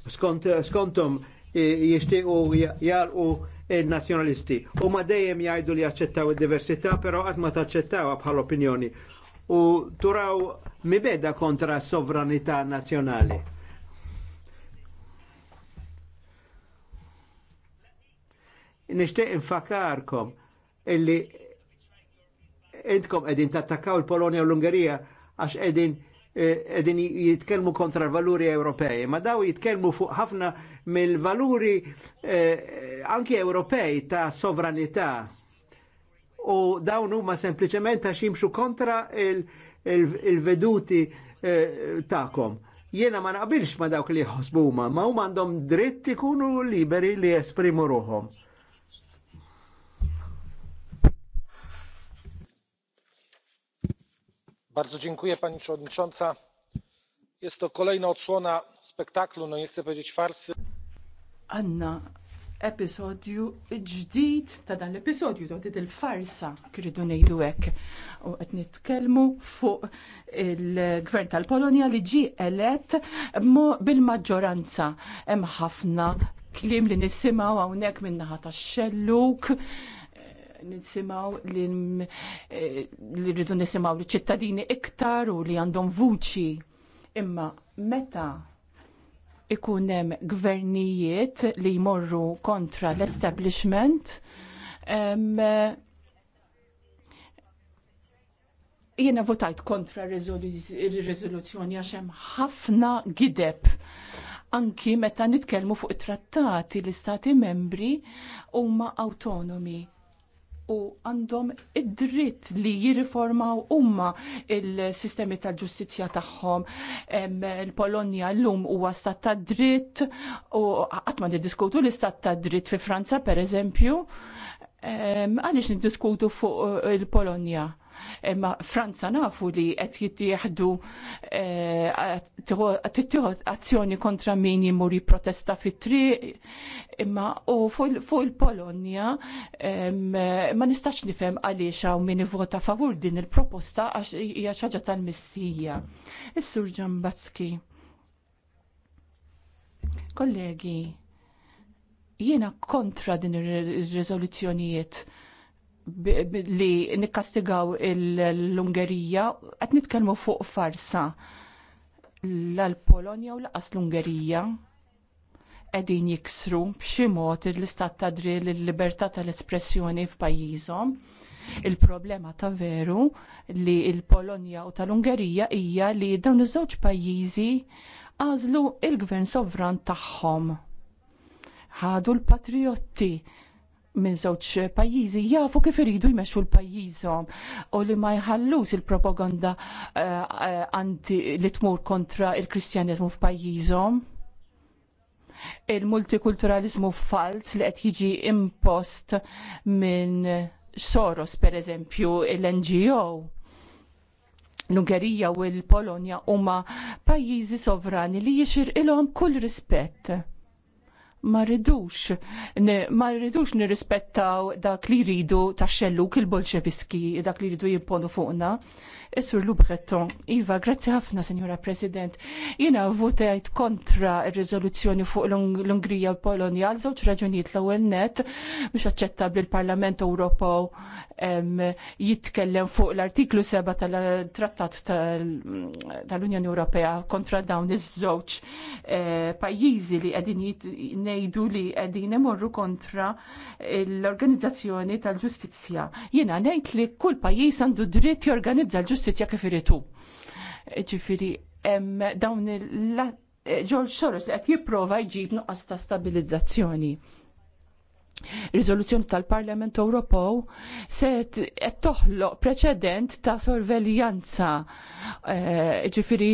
skont, skontom jishtiqu jarqu il-nazjonalisti. U ma dejjem jgħidu li jaċċettaw id-diversità, però qatt ma taċċettawha bħal opinjoni u turaw mibeda kontra s-sovranità nazjonali. Nishtiq infakarkom illi edkom edin tattakaw il-Polonia u l-Ungerija għax edin eh, edin jitkelmu kontra l-valuri Ewropej, ma daw jitkelmu fuq ħafna mill-valuri eh, anki Ewropej ta' sovranità u dawn huma sempliċement għax jimxu kontra il-veduti eh, ta'kom. Jiena ma naqbilx ma dawk li jħosbuma, ma huma għandhom dritt ikunu liberi li jesprimu ruhom. Bardzo dziękuję pani przewodnicząca. Jest to kolejna odsłona spektaklu, no nie chcę powiedzieć farsy. Anna episodju ġdid ta' dan l-episodju ta' dit il-farsa kridu ngħidu hekk. U qed nitkellmu fuq il-Gvern tal polonia li ġie elet bil-maġġoranza hemm ħafna kliem li nisimgħu hawnhekk min-naħa tax-xelluk nisimaw eh, li rridu nisimaw li ċittadini iktar u li għandhom vuċi. Imma meta ikun hemm gvernijiet li jmorru kontra l-establishment jiena votajt kontra il riżoluzzjoni għax hemm ħafna gideb anki meta nitkellmu fuq it-trattati l-istati membri huma autonomi u għandhom id-dritt li jirriformaw umma il-sistemi tal-ġustizja tagħhom. Il-Polonja l-lum huwa stat ta' dritt u qatt ma niddiskutu l-istat ta' dritt fi Franza pereżempju. Għaliex niddiskutu fuq il-Polonja? Imma Franza nafu li qed jittieħdu eh, tittieħu azzjoni kontra min jimur jipprotesta fit-triq. Imma u fuq il-Polonja ma nistax nifhem għaliex hawn min ivvota favur din il-proposta għax hija xi ħaġa tal-missija. Is-Sur Ġambatski. Kollegi, jiena kontra din ir-riżoluzzjonijiet li nikkastigaw l-Ungerija, qed nitkellmu fuq farsa l-Polonja u l-qas l-Ungerija qegħdin jiksru b'xi mod l-istat tadri l il-libertà tal-espressjoni f'pajjiżhom. Il-problema ta' veru li l-Polonja u tal-Ungerija hija li dawn iż-żewġ pajjiżi għażlu l gvern sovran tagħhom. Ħadu l-patriotti minn żewġ pajjiżi jafu kif iridu jmexxu l-pajjiżhom u li ma jħallux il-propaganda eh, eh, anti li tmur kontra il-Kristjaneżmu f'pajjiżhom. Il-multikulturalizmu fals li qed jiġi impost minn Soros pereżempju l-NGO. L-Ungerija u l-Polonja huma pajjiżi sovrani li jixir ilhom kull rispett ma rridux ma rridux nirrispettaw dak li jridu taxxellu kil-bolċeviski bolxeviski dak li jridu jimponu fuqna. Isur Lubreton, Iva, grazzi ħafna, Senjora President. Jina votajt kontra il-rizoluzzjoni fuq l-Ungrija u Polonja għal żewġ raġunijiet l-ewwel net biex aċċetta bil parlament Ewropew jitkellem fuq l-artiklu 7 tal-Trattat tal-Unjoni Ewropea kontra dawn iż-żewġ eh, pajjiżi li qegħdin ngħidu li qegħdin imorru kontra l-organizzazzjoni tal-ġustizzja. Jiena ngħid li kull pajjiż għandu dritt jorganizza l ġustizja ġustizzja kif iritu. tu. hemm dawn il eh, George Soros qed jipprova jġib nuqqas ta' stabilizzazzjoni. Riżoluzzjoni tal-Parlament Ewropew se qed toħloq preċedent ta' sorveljanza eh, ġifiri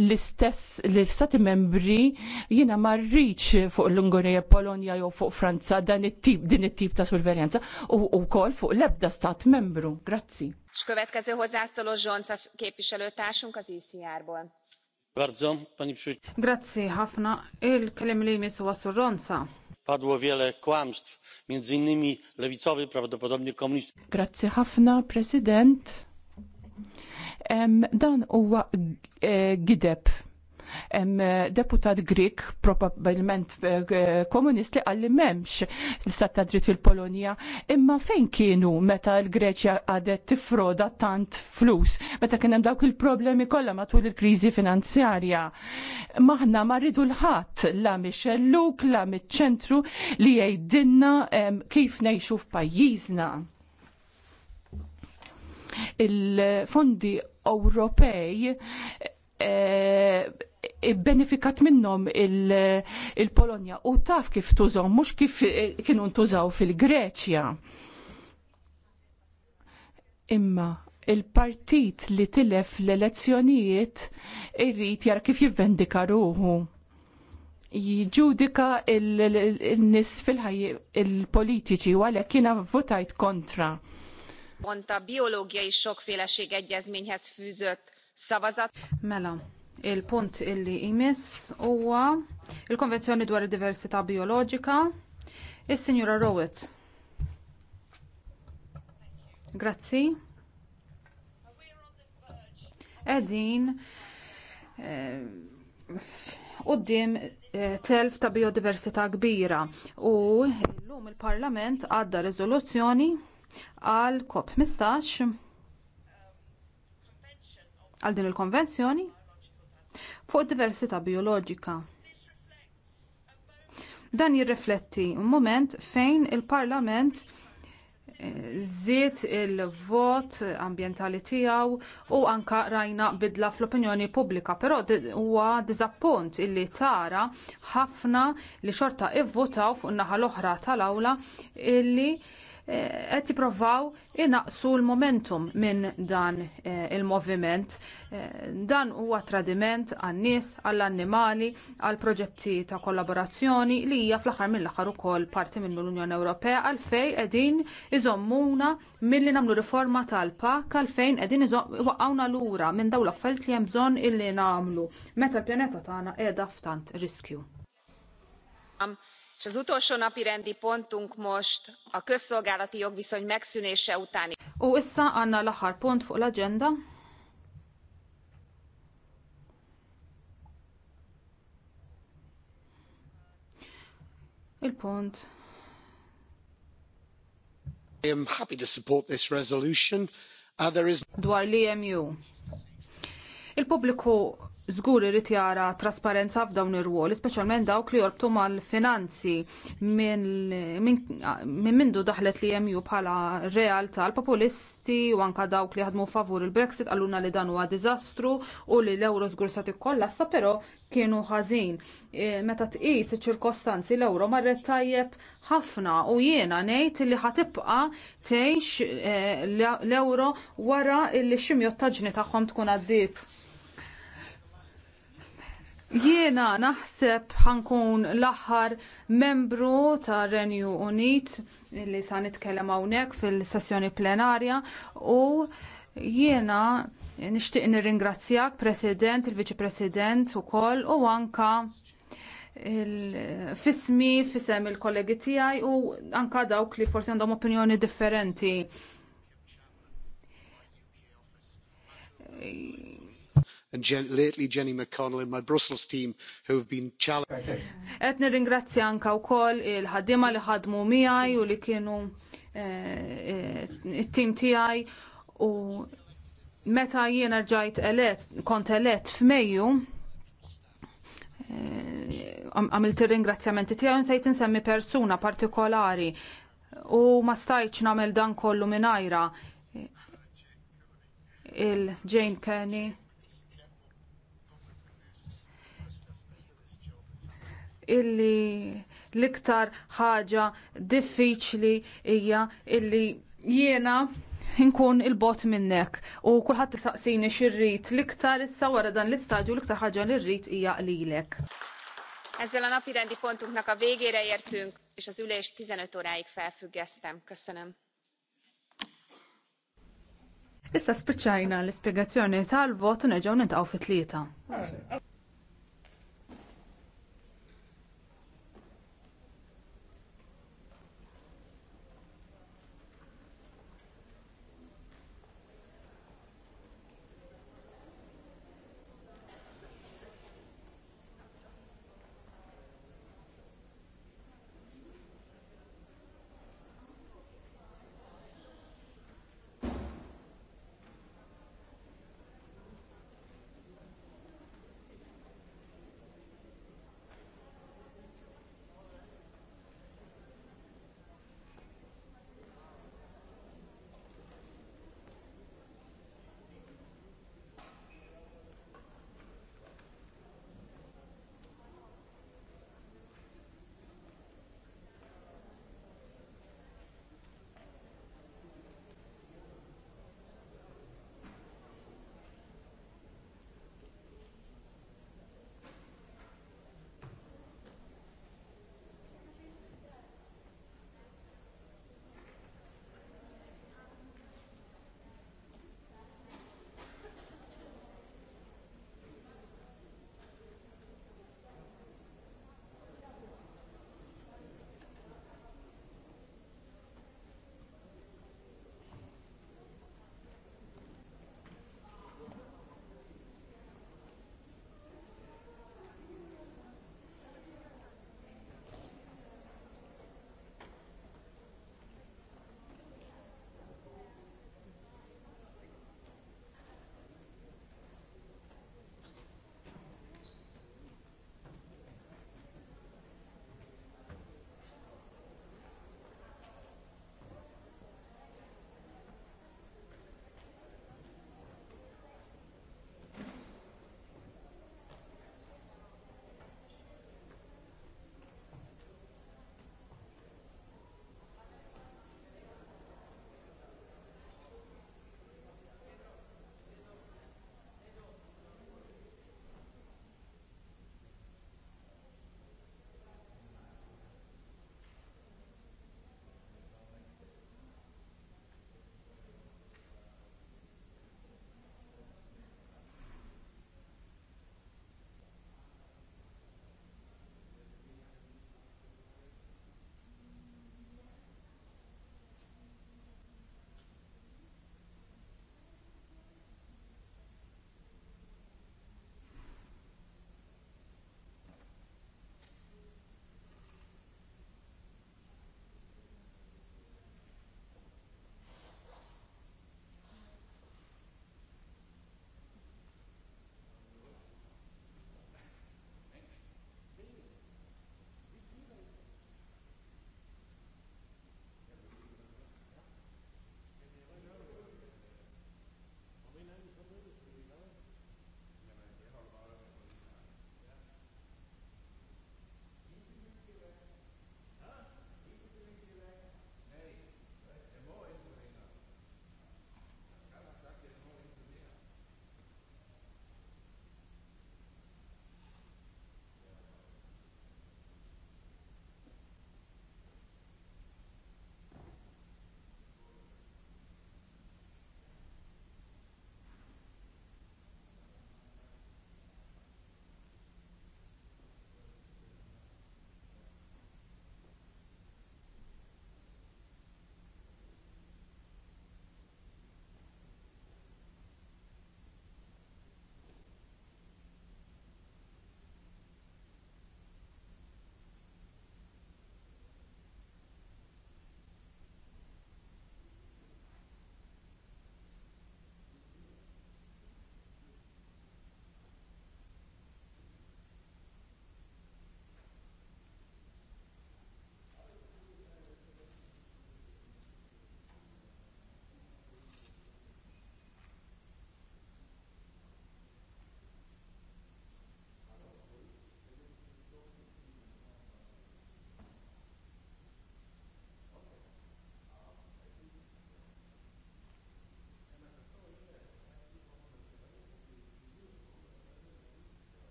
l-istess l-istati membri jiena ma rridx fuq l ungurija Polonja jew fuq Franza dan it-tip din it-tip ta' sorveljanza u wkoll fuq l-ebda stat membru. Grazzi. Grazzi ħafna. Il-kelim li jmiss huwa Surronza. Padło wiele kłamstw, między innymi lewicowy, prawdopodobnie komunist. Grazie, Hafna, President. dan huwa e, gideb deputat Grik, probabilment eh, eh, komunist li għalli memx l-istat ta' dritt fil-Polonja, imma fejn kienu meta l-Greċja għadet tifroda tant flus, meta kienem dawk il-problemi kollha matul il-krizi finanzjarja. Maħna marridu l-ħat la Michel Luk, la mit-ċentru li jgħidinna kif nejxu f'pajjiżna il-fondi Ewropej eh, benefikat minnom il-Polonja u taf kif tużom, mux kif eh, kienu ntużaw fil-Greċja. Imma il-partit li tilef l-elezzjonijiet irrit jara kif jivvendika ruħu. Jġudika il-nis fil-ħaj il-politiċi u għalek kiena votajt kontra. fűzött szavazat. Mela, il-punt illi jmiss huwa il-Konvenzjoni dwar id-diversità bioloġika. Is-Sinjura Rowett. Grazzi. Edin eh, qoddim eh, telf ta' biodiversità kbira u llum il-Parlament għadda riżoluzzjoni għal COP15 għal din il-konvenzjoni fuq diversità bijoloġika. Dan jirrifletti un mument fejn il-Parlament żied eh, il-vot ambjentali tiegħu u anke rajna bidla fl-opinjoni pubblika, però huwa diżappunt illi tara ħafna li xorta ivvotaw fuq in-naħa l-oħra tal-awla illi qed jipprovaw inaqsu l-momentum minn dan eh, il-moviment. Eh, dan huwa tradiment għan-nies, għall-annimali, għall proġetti ta' kollaborazzjoni li hija fl-aħħar mill-aħħar ukoll parti minnu l-Unjoni Ewropea għalfejn qegħdin iżommuna milli nagħmlu riforma tal-pak għalfejn qegħdin iżommuna lura minn dawn l-affarijiet li hemm bżonn illi nagħmlu meta l-pjaneta tagħna qiegħda f'tant riskju. Um, és az utolsó napirendi pontunk most a közszolgálati jogviszony megszűnése utáni. U issa għanna l-aħħar punt fuq l-agenda. Il-punt. I am happy to support this resolution. Uh, there is... Dwar li jemju. il publiku Żgur irid jara trasparenza f'dawn ir-rwol, speċjalment dawk li jorbtu mal-finanzi minn min mindu daħlet li jemju bħala realtà l-populisti u anka dawk li ħadmu favur il-Brexit għalluna li dan huwa diżastru u li l-euro żgur se tikkollassa però kienu ħażin. E, meta tqis iċ-ċirkostanzi l-euro marret tajjeb ħafna u jiena ngħid li ħatibqa tgħix e, l-euro wara li ximjot taġni tagħhom tkun għaddiet. Jiena naħseb ħankun l-aħħar membru ta' Renju Unit li sa' nitkellem hawnhekk fil-sessjoni plenarja u jiena nixtieq nirringrazzjak President, il-Viċi President ukoll u anka fismi, fisem il-kollegi tiegħi u anka dawk li forsi għandhom opinjoni differenti and lately Jenny McConnell in my Brussels team who have been challenged. Qed nirringrazzja anke wkoll il-ħaddiema li ħadmu miegħi u li kienu eh, eh, it-tim tiegħi u meta jiena rġajt elett kont elett f'Mejju eh, għamilt ir-ringrazzjamenti tiegħu nsejt insemmi persuna partikolari u ma stajtx nagħmel dan kollu mingħajra il-Jane Kenny illi l-iktar ħaġa diffiċli hija illi jiena nkun il-bot minnek u kulħadd tistaqsini xirrit l-iktar issa wara dan l-istadju l-iktar ħaġa li rrid hija lilek. Ezzel a napi rendi pontunknak a végére értünk, és az ülést 15 óráig felfüggesztem. Köszönöm. Issa spiċċajna l-ispjegazzjoni tal-vot neġaw nintaw fit-tlieta.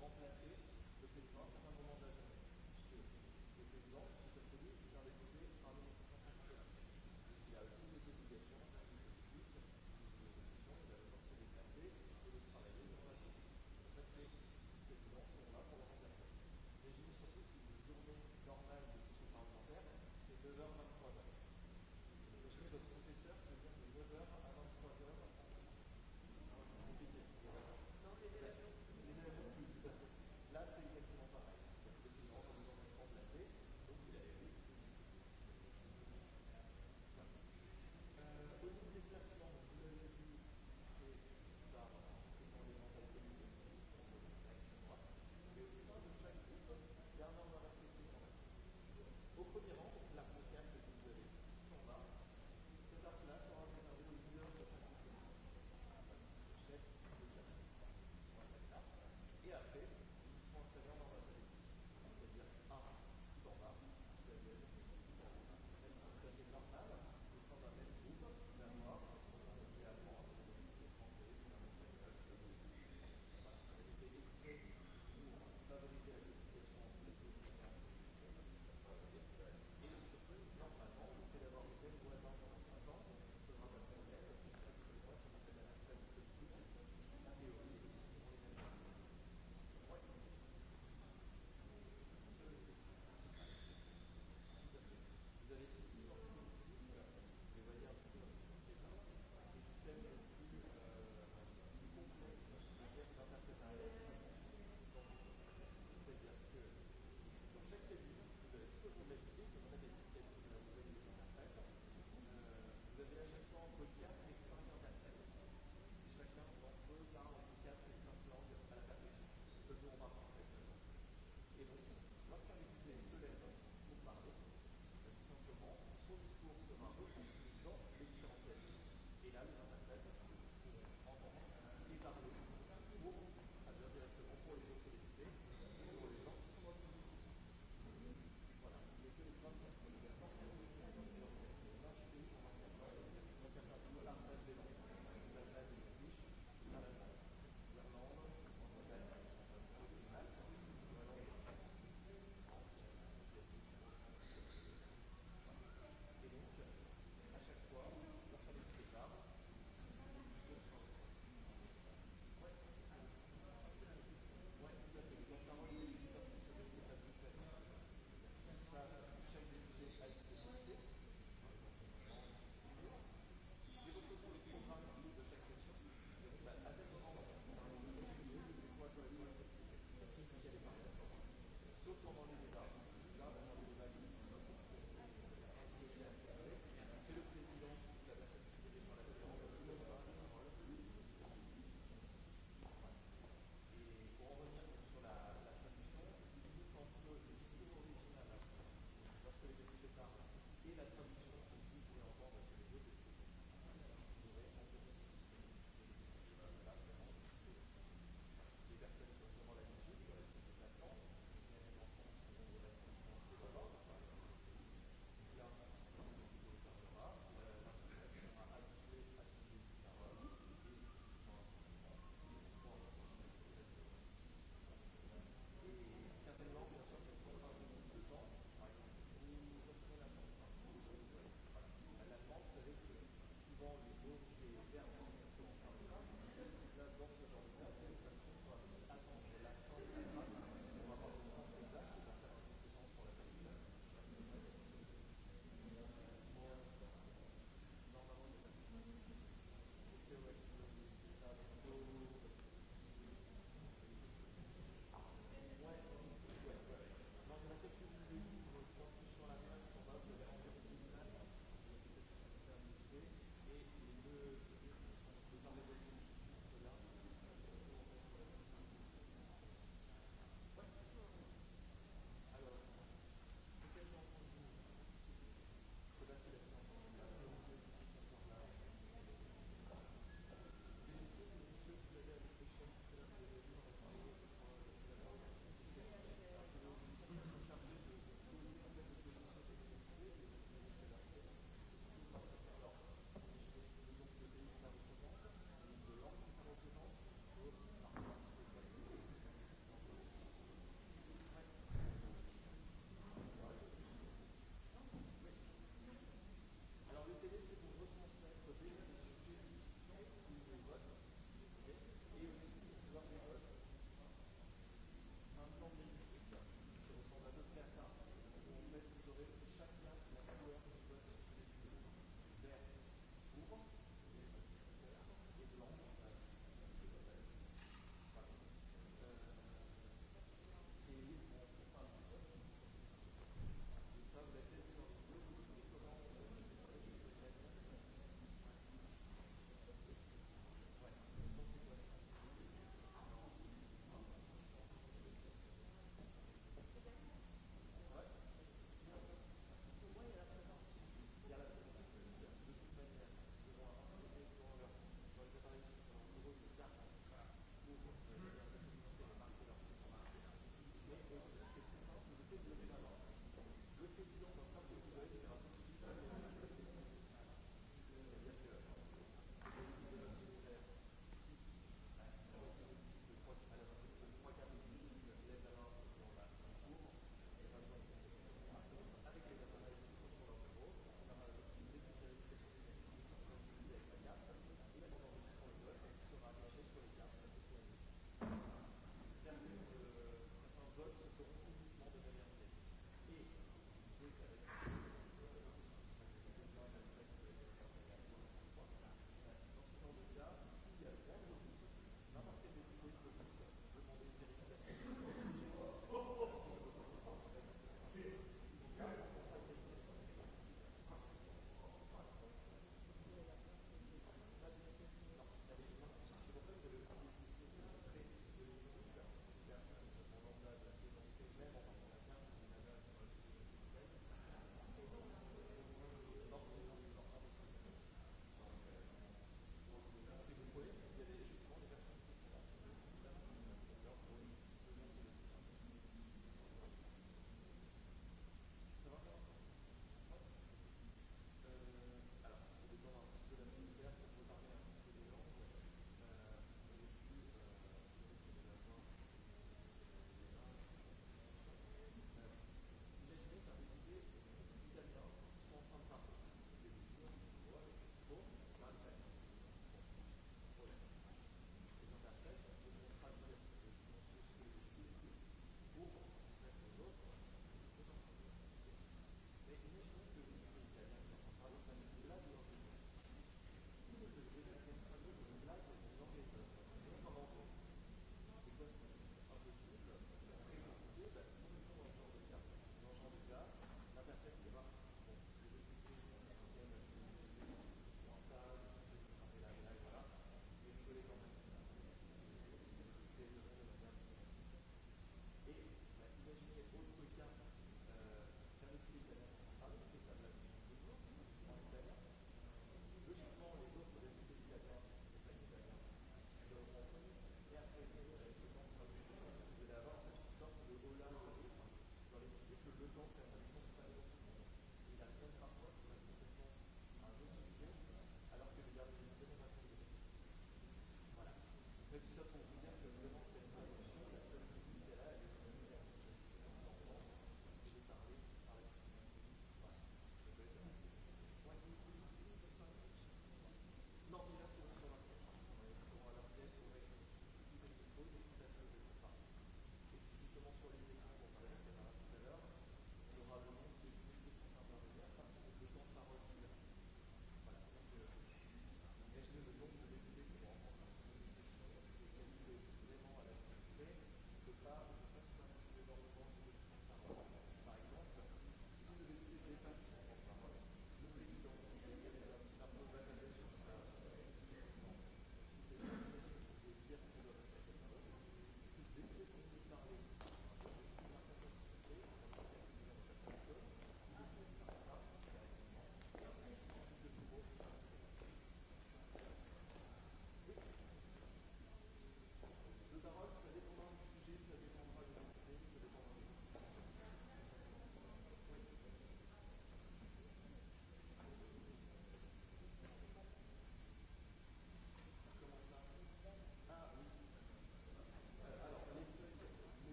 remplacer le président, c'est un moment de la journée. Le président, qui c'est celui qui est député par le Il a aussi des obligations, il politique, il a de déplacer travailler dans la journée. Donc le journée normale de c'est tas il-ġimgħa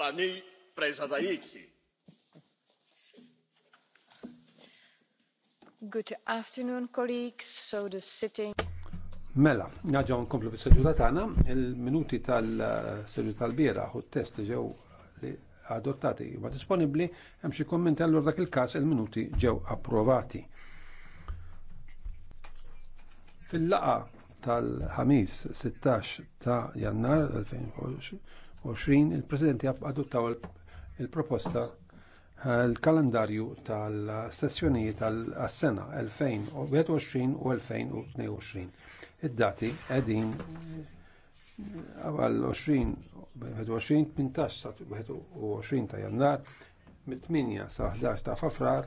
pani Good afternoon, colleagues. So the sitting. Mela, naġa nkomplu fis-seduta tagħna, il-minuti tal-seduta tal-biera u t-test ġew li adottati ma disponibbli hemm xi kommenti allura dak il-każ il-minuti ġew approvati. Fil-laqa tal-ħamis 16 ta' Jannar 2020 il-Presidenti adottaw il-proposta l-kalendarju tal-sessjonijiet tal-sena 2021 u 2022. Id-dati qegħdin għal-20, 18 sa 21 ta' jannar, mit-8 sa 11 ta' fafrar,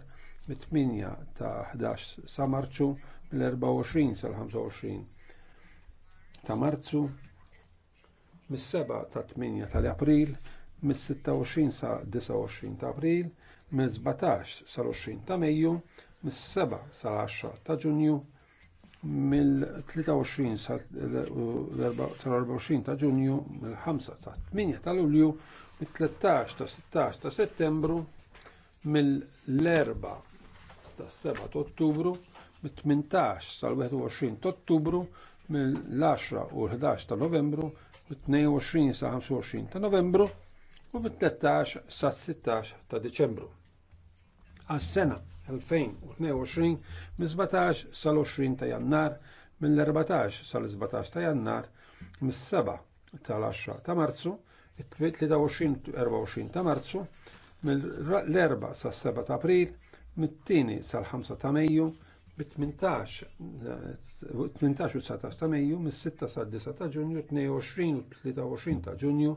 mit-8 ta' 11 sa marzu, mill-24 sa 25 ta' marzu, mis-7 ta' 8 tal-April, mis-26 sa' 29 ta' April, mis 17 sa' 20 ta' Mejju, mis-7 sa' 10 ta' Ġunju, mill-23 sa' 24 ta' Ġunju, mill-5 sa' 8 ta' Lulju, mill-13 ta' 16 ta' Settembru, mill-4 ta' 7 ta' Ottubru, mill-18 sa' 21 ta' Ottubru, mill-10 u 11 ta' Novembru, 22 sa 25 ta' novembru u mit-13 sa 16 ta' Deċembru. Għas-sena 2022 mis-17 sal-20 ta' jannar, mill-14 sal-17 ta' jannar, mis-7 tal-10 ta' marzu, il-23-24 ta' marzu, mill-4 sal-7 ta' april, mit-2 sal-5 ta' meju, bit-18 u 19 ta' Mejju, mis-6 sa' 9 ta' Ġunju, 22 u 23 ta' Ġunju,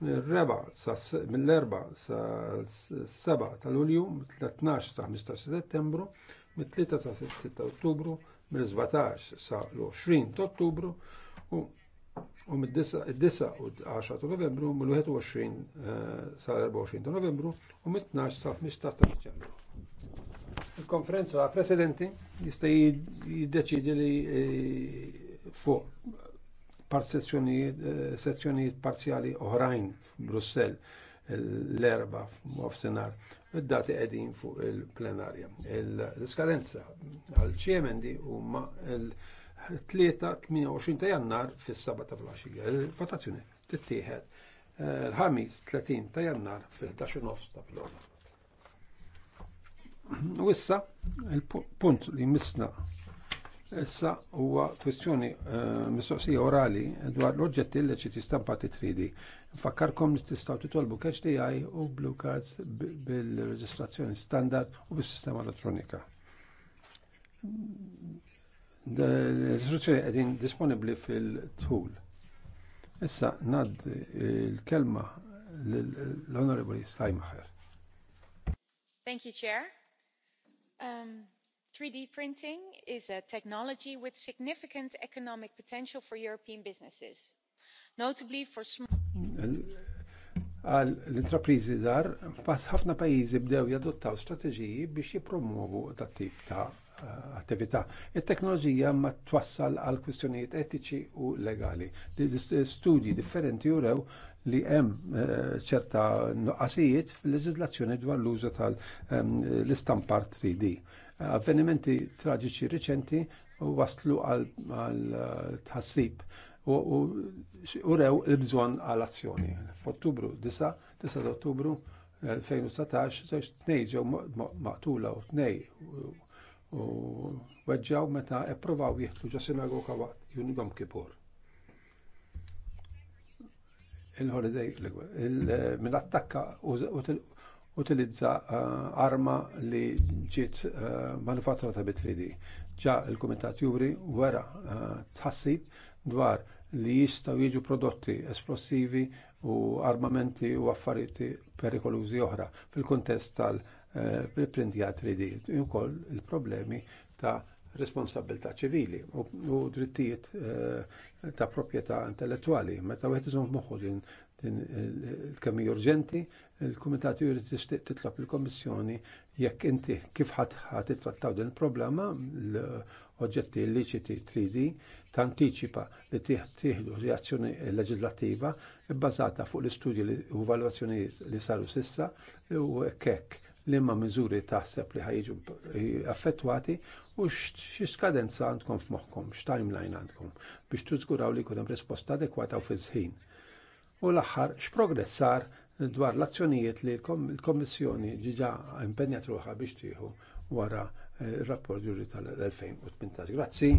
mill-4 sa' 7 ta' Lulju, mill-12 ta' 15 Settembru, mill-3 sa' 6 ta' Ottubru, mill-17 sa' 20 ta' Ottubru u u mid-9 u 10 ta' Novembru, mill-21 eh, sa' 24 ta' Novembru u mill-12 sa' 15 ta' Ġunju. Il-konferenza presidenti jista' jiddeċidi li eh, fuq eh, sezzjonijiet parzjali oħrajn f'Brussell eh, l-erba f'Mofsenar. Id-dati qegħdin fuq il-plenarja. L-iskadenza għal-ċemendi huma l-3-28 ta' jannar fis saba ta' flaxija. Il-votazzjoni tittieħed l-ħamis 30 ta' jannar fil-11 ta' fl U issa, il-punt li misna issa huwa kwestjoni eh, mistoqsija orali dwar l-oġġetti li ċi tistampati 3D. Fakkarkom li tistaw titolbu catch u blue cards bil-reġistrazzjoni standard u bis-sistema elettronika. L-istruzzjoni qegħdin disponibbli fil-tool. Issa nad il-kelma l-Honorable Sajmacher. Thank you, Chair. Um, three 3D printing is a technology with significant economic potential for European businesses, notably for small għal l-intrapriżi żgħar pass ħafna pajjiżi bdew jadottaw strateġiji biex jippromuovu dak tip ta' eh, attività. It-teknoloġija ma twassal għal kwistjonijiet etiċi u legali. Studji differenti jurew li hemm eh, ċerta nuqqasijiet fil leġislazzjoni dwar l-użu tal-istampar ehm, 3D. Avvenimenti traġiċi riċenti waslu għal tħassib u rew il-bżon għal azzjoni. F'Ottubru 9, 9 Ottubru 2019, t tnej ġew maqtula u tnej u weġġaw meta ipprovaw jieħdu ġa sinagoga waqt Jum Kipur il-holiday minn attakka utilizza eh, arma li ġiet eh, manufatturata bi 3D. Ġa il-Kumitat Juri wara eh, tħassib dwar li jistaw jiġu prodotti esplosivi u armamenti u affariti perikolużi oħra fil-kontest tal printja 3D. Ukoll il-problemi ta' responsabilità ċivili u drittijiet eh, ta' proprjetà intellettuali. Meta wieħed iżomm moħħu din eh, il-kemmi urġenti, il-Kumitat juri tixtieq titlob il-Kommissjoni jekk inti kif ħadd titrattaw din il-problema l-oġġetti illiċiti 3D tanticipa li tieħdu reazzjoni leġislattiva bbażata fuq l-istudji u valwazzjonijiet li saru sissa u kek li ma miżuri taħseb li ħajġu affettwati u xi skadenza għandkom f'moħħkom, x'timeline għandkom biex tużguraw li jkun hemm risposta adekwata u fiż-ħin. U l-aħħar x'progress sar dwar l-azzjonijiet li l-Kommissjoni ġiġa impenjat ruħha biex tieħu wara r-rapport eh, juri tal-2018. Grazzi.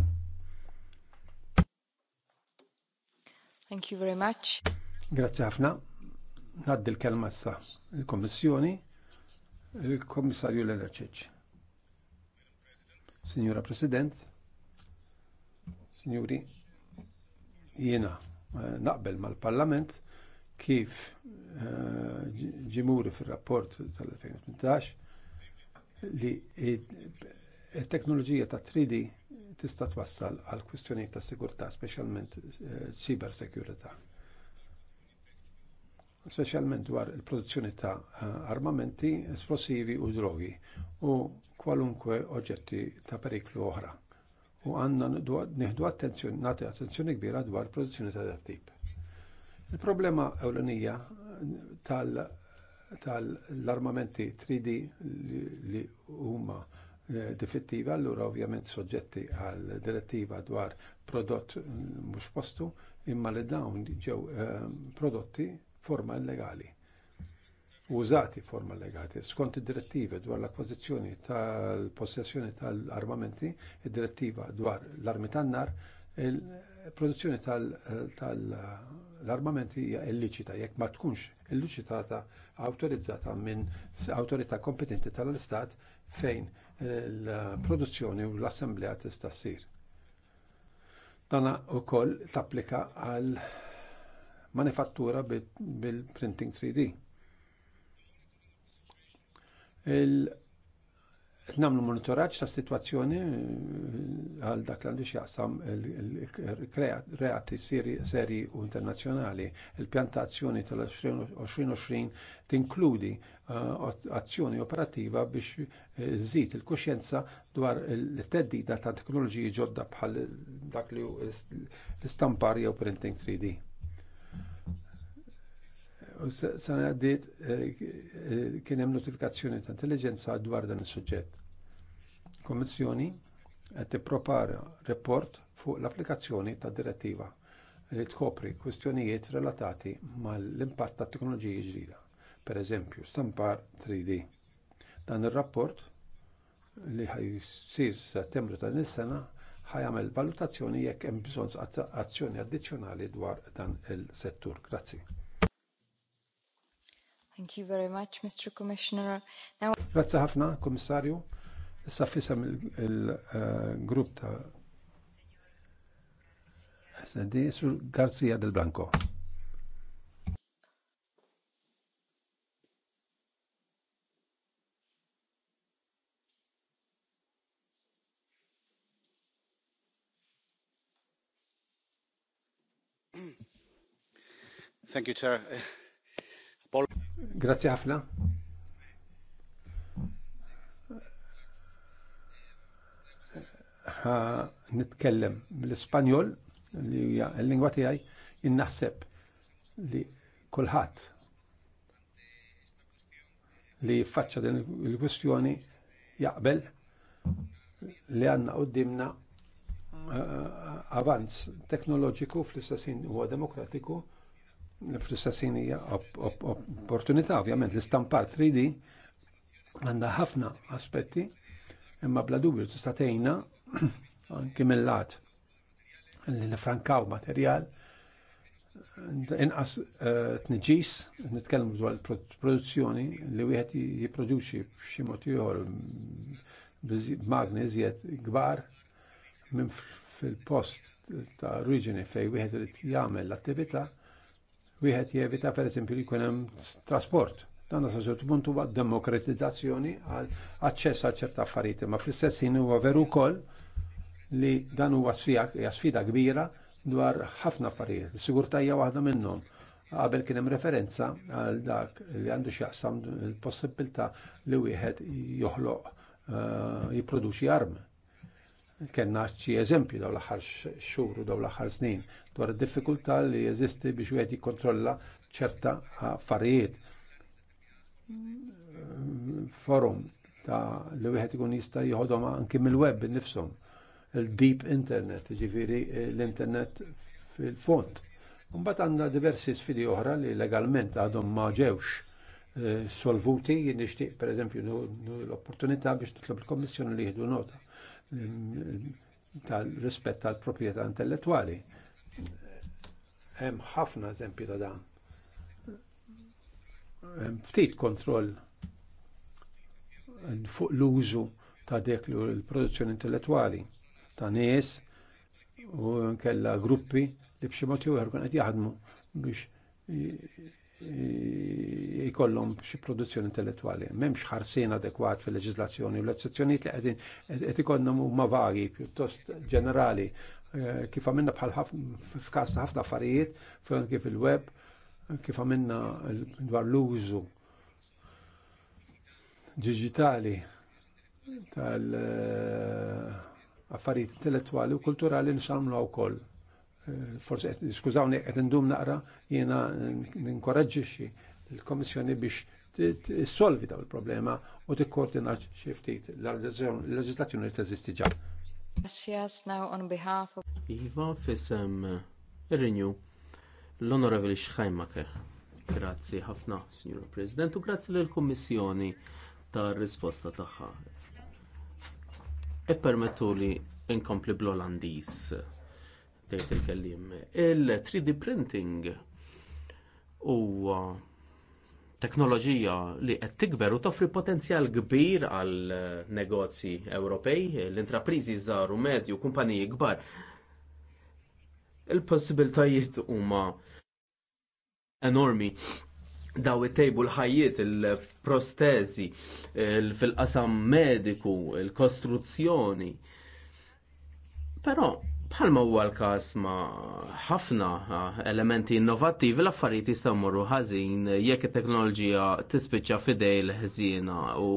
Thank you very much. Grazzi ħafna. Naddi l-kelma issa l-Kommissjoni. Il-Komissarju Lenacic. Signora President, Signori, jiena eh, naqbel mal-Parlament kif eh, ġimuri fil-rapport tal-2018 li il-teknoloġija ta' 3D tista' twassal għal kwistjonijiet ta' sigurtà, speċjalment eh, cyber security specialment dwar il-produzzjoni ta' armamenti, esplosivi u drogi u kwalunkwe oġġetti ta' periklu oħra. U għanna nieħdu attenzjoni, nagħti attenzjoni kbira dwar produzzjoni ta' dat tip. Il-problema ewlenija tal-armamenti 3D li huma eh, defettiva, allura ovvjament soġġetti għal direttiva dwar prodott mm, mhux postu, imma li dawn ġew eh, prodotti forma illegali. Użati forma legati. Skont id-direttive dwar l akkwiżizzjoni tal-possessjoni tal-armamenti, id-direttiva dwar l-armi tan-nar, il-produzzjoni tal-armamenti hija illiċita jekk ma tkunx illiċitata autorizzata minn autorità kompetenti tal-istat fejn l-produzzjoni u l-assemblea tista' ssir. Dana koll tapplika għal manifattura bil-printing 3D. Il Namlu monitoraċ ta' situazzjoni eh, għal dak l jaqsam il-reati seri u internazjonali. Il-pjantazzjoni tal-2020 tinkludi eh, azzjoni operativa biex eh, żid il-kuxjenza dwar il-teddida ta' teknoloġiji ġodda bħal dak li l-istampar jew printing 3D. U sana għaddit eh, eh, kien hemm notifikazzjoni ta' intelligenza dwar dan is-suġġett. Kummissjoni qed tippropara report fuq l-applikazzjoni ta' direttiva li tkopri kwistjonijiet relatati mal-impatt ta' teknoloġiji ġdida, per eżempju stampar 3D. Dan ir-rapport li ħajsir settembru ta' nis-sena ħajamel valutazzjoni jekk hemm bżonn azzjoni addizzjonali dwar dan il-settur. Grazzi. Thank you very much, Mr. Commissioner. Now... Grazie ħafna, Komissarju. Issa fisem il-grupp eh, ta' SD sul Garcia del Blanco. Thank you, Chair. Grazzi ħafna. Ha, nitkellem bl-Ispanjol li hija l-lingwa tiegħi innaħseb li kulħadd li jiffaċċa din il-kwistjoni jaqbel li għandna qudiemna eh, eh, avanz teknoloġiku fl-istessin huwa demokratiku fl-istessin hija opportunità, ovvjament l-istampar 3D għandha ħafna aspetti, imma bla dubju tista' tgħinna anki mill-lat l-frankaw materjal inqas eh, tniġis, nitkellmu dwar produzzjoni li wieħed jipproduċi f'xi mod ieħor magni iżjed kbar minn fil-post ta' oriġini fejn wieħed jagħmel l-attività wieħed jevita pereżempju li jkun hemm trasport. Dan sa ċertu punt huwa demokratizzazzjoni għal aċċess għal ċerta affarijiet, ma fl-istess ħin huwa veru wkoll li dan huwa sfida kbira dwar ħafna affarijiet. Sigurtà hija waħda minnhom qabel kien hemm referenza għal dak li għandu x'jaqsam il-possibilità li wieħed joħloq eh, jipproduċi armi kena xi eżempju daw l-aħħar xhur u daw l-aħħar snin dwar id-diffikultà li jeżisti biex wieħed jikkontrolla ċerta affarijiet. Forum ta' li wieħed ikun jista' jieħodhom anki mill-web nifshom. Il-deep internet, jiġifieri l-internet fil-font. Mbagħad għandna diversi sfidi oħra li legalment għadhom ma ġewx eh, solvuti, nixtieq pereżempju l-opportunità biex titlob il-Kommissjoni li jieħdu nota tal-rispett tal-proprjetà intellettwali. Hemm ħafna eżempji ta' dan. Hemm ftit kontroll fuq l-użu ta' dek li l-produzzjoni intellettwali ta' nies u nkella gruppi li b'xi mod jew qed jaħdmu biex jkollhom xi produzzjoni intellettwali. M'hemmx ħarsien adekwat fil-leġiżlazzjoni u l-eċċezzjonijiet li qegħdin qed ikollhom huma vagi, pjuttost ġenerali, eh, kif għamilna bħal f'każ ta' ħafna affarijiet, kif il-web, kif għamilna dwar l-użu digitali tal eh, affarijiet intellettwali u kulturali nsamlu wkoll forse skużawni qed indum naqra jiena ninkoraġġixxi l-Komissjoni biex tissolvi daw il-problema u tikkoordina xi ftit l-leġislazzjoni li teżisti ġa. Gracias now on behalf of Iva fisem ir-Renew l-Onorevoli Schheimaker, Grazzi ħafna, Signor President, u grazzi lill-Kummissjoni tar-risposta tagħha. E permettu li inkompli bl-Olandiż tgħid il-kellim. Il-3D printing u teknoloġija li qed tikber u toffri potenzjal kbir għal negozji Ewropej, l-intrapriżi żgħar u medju, kumpaniji kbar. Il-possibiltajiet huma enormi daw it-tejbu l-ħajiet, il-prostezi, fil-qasam mediku, il-kostruzzjoni. Però Bħalma huwa l-każ ma' ħafna elementi innovattivi l-affarijiet jistgħu mmorru ħażin jekk it-teknoloġija tispiċċa fidej l-ħżiena u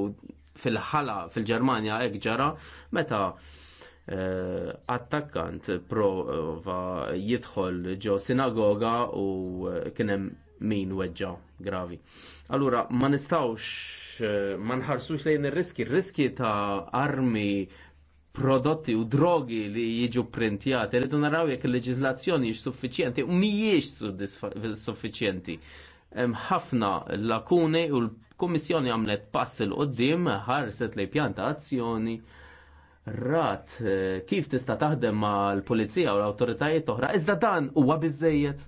fil-ħala fil-Ġermanja hekk ġara meta eh, attakkant prova jidħol ġo sinagoga u eh, kien hemm min weġġa gravi. Allura ma nistawx eh, ma nħarsux lejn ir-riski, ir-riski ta' armi prodotti u drogi li jiġu printjati, rridu naraw jekk il-leġizlazzjoni jiex suffiċjenti u mhijiex suffiċjenti. ħafna lakuni u l-Kummissjoni għamlet pass il qoddim ħarset li pjanta azzjoni rat eh, kif tista' taħdem ma' l-pulizija u l-awtoritajiet oħra, iżda dan huwa biżejjed.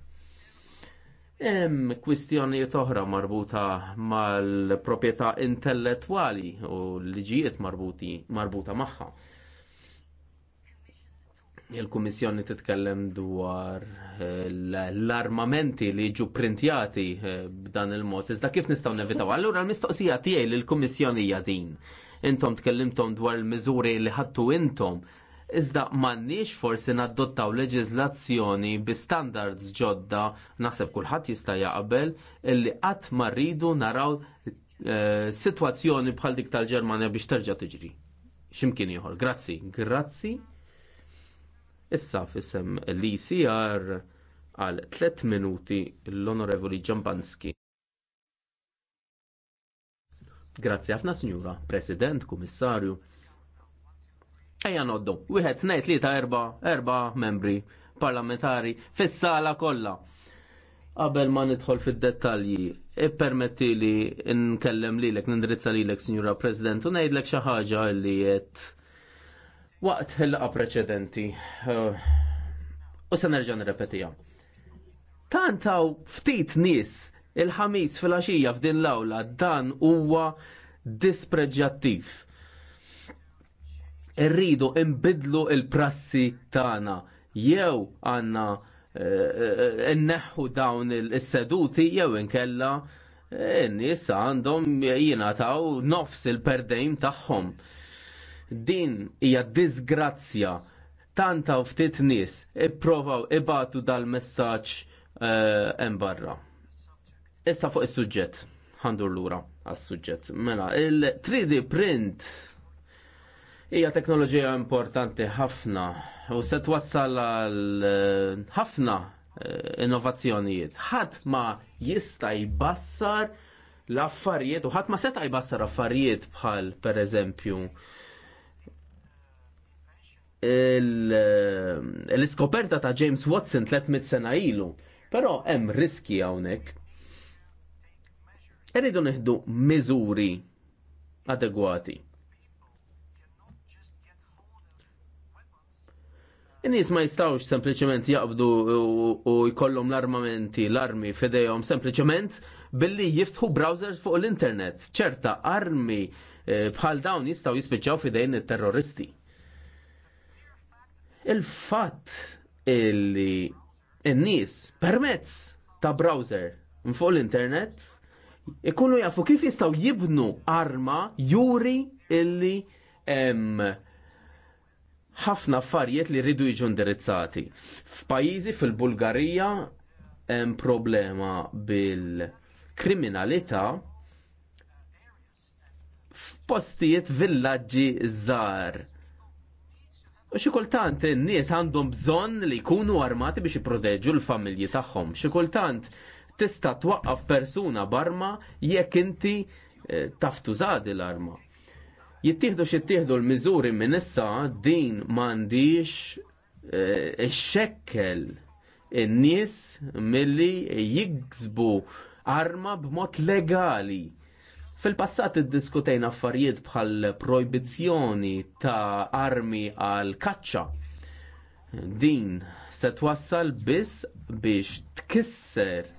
Hemm kwistjonijiet oħra marbuta mal-proprjetà intellettwali u l liġijiet marbuti marbuta magħha il-Kummissjoni titkellem dwar eh, l-armamenti li jiġu printjati eh, b'dan il-mod. Iżda kif nistgħu nevitaw? Allura l-mistoqsija tiegħi lill kummissjoni hija din. Intom tkellimtom dwar il-miżuri li ħadtu intom. Iżda m'għandniex forsi nadottaw leġiżlazzjoni bi standards ġodda naħseb kulħadd jista' jaqbel illi qatt ma rridu naraw eh, sitwazzjoni bħal dik tal-Ġermanja biex terġa' tiġri. X'imkien ieħor. Grazzi, grazzi. Issa fissem l-ICR għal 3 minuti l-Onorevoli Ġambanski. Grazzi ħafna Sinjura, President, Kummissarju. Ejja noddu, wieħed tnejn tlieta erba' erba' membri parlamentari fis-sala kollha. Qabel ma nidħol fid-dettalji, ippermetti li nkellem lilek, nindirizza lilek, Sinjura President, u ngħidlek xi ħaġa li qed waqt il-laqa preċedenti. Uh, u se nerġa' nirrepetija. Tantaw ftit nies il-ħamis fil-għaxija f'din l-awla dan huwa dispreġġattiv. Irridu imbidlu il-prassi tagħna jew għanna eh, eh, inneħħu dawn is seduti jew inkella eh, n-nies għandhom jingħataw nofs il-perdejn tagħhom. Din hija disgrazzja tanta u ftit nies ipprovaw ibatu dal-messaġġ eh, hemm barra. Issa fuq is-suġġett ħandur lura għas-suġġett. Mela, il-3D print hija teknoloġija importanti ħafna u se twassal għal eh, ħafna eh, innovazzjonijiet. Ħadd ma jista' jbassar l-affarijiet u ħadd ma seta' jbassar affarijiet bħal pereżempju l-iskoperta ta' James Watson 300 sena ilu. Però hemm riski hawnhekk. Eridu neħdu miżuri adegwati. In-nies ma jistawx sempliċement jaqbdu u jkollhom l-armamenti, l-armi f'idejhom sempliċement billi jiftħu browsers fuq l-internet. ċerta armi eh, bħal dawn jistgħu jispiċċaw f'idejn it-terroristi. Il-fatt illi n-nies permezz ta' browser fuq l-internet ikunu jafu kif jistaw jibnu arma juri illi ħafna affarijiet li rridu jiġu indirizzati. F'pajjiżi fil-Bulgarija hemm problema bil-kriminalità f'postijiet villaġġi żgħar Xi kultant in-nies għandhom bżonn li jkunu armati biex jipproteġu l-familji tagħhom. Xi kultant tista' twaqqaf persuna barma jekk inti eh, taftu żgħadi l-arma. Jittieħdu xittieħdu l-miżuri minn issa din m'għandix eh, xekkel in-nies milli jiksbu arma b'mod legali Fil-passat iddiskutejna affarijiet bħal projbizzjoni ta' armi għal kaċċa. Din se twassal biss biex tkisser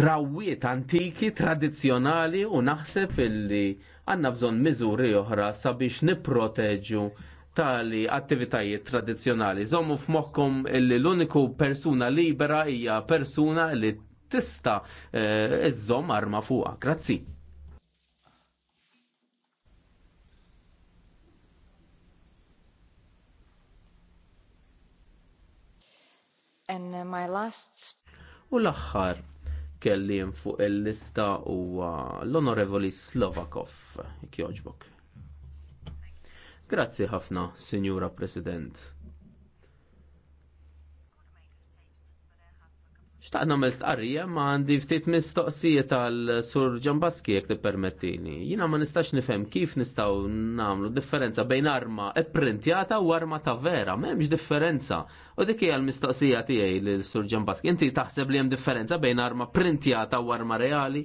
drawiet antiki, tradizjonali u naħseb illi għanna bżon miżuri oħra sabiex niproteġu tali attivitajiet tradizjonali. Zommu f'moħkom illi l-uniku persuna libera hija persuna li tista eh, iżżom arma fuqha. Grazzi. And uh, my last U l-aħħar kellim fuq il-lista huwa l-Onorevoli Slovakov, kjoġbok. Grazzi ħafna, Signora President. Xtaq namel stqarrija ma għandi ftit mistoqsija tal-sur ġambaski jek tippermettini. Jina ma nistax nifhem kif nistaw namlu differenza bejn arma printjata u arma ta' vera, m'hemmx differenza. U dik hija l-mistoqsija tiegħi lil sur ġambaski. Inti taħseb li hemm differenza bejn arma printjata u arma reali?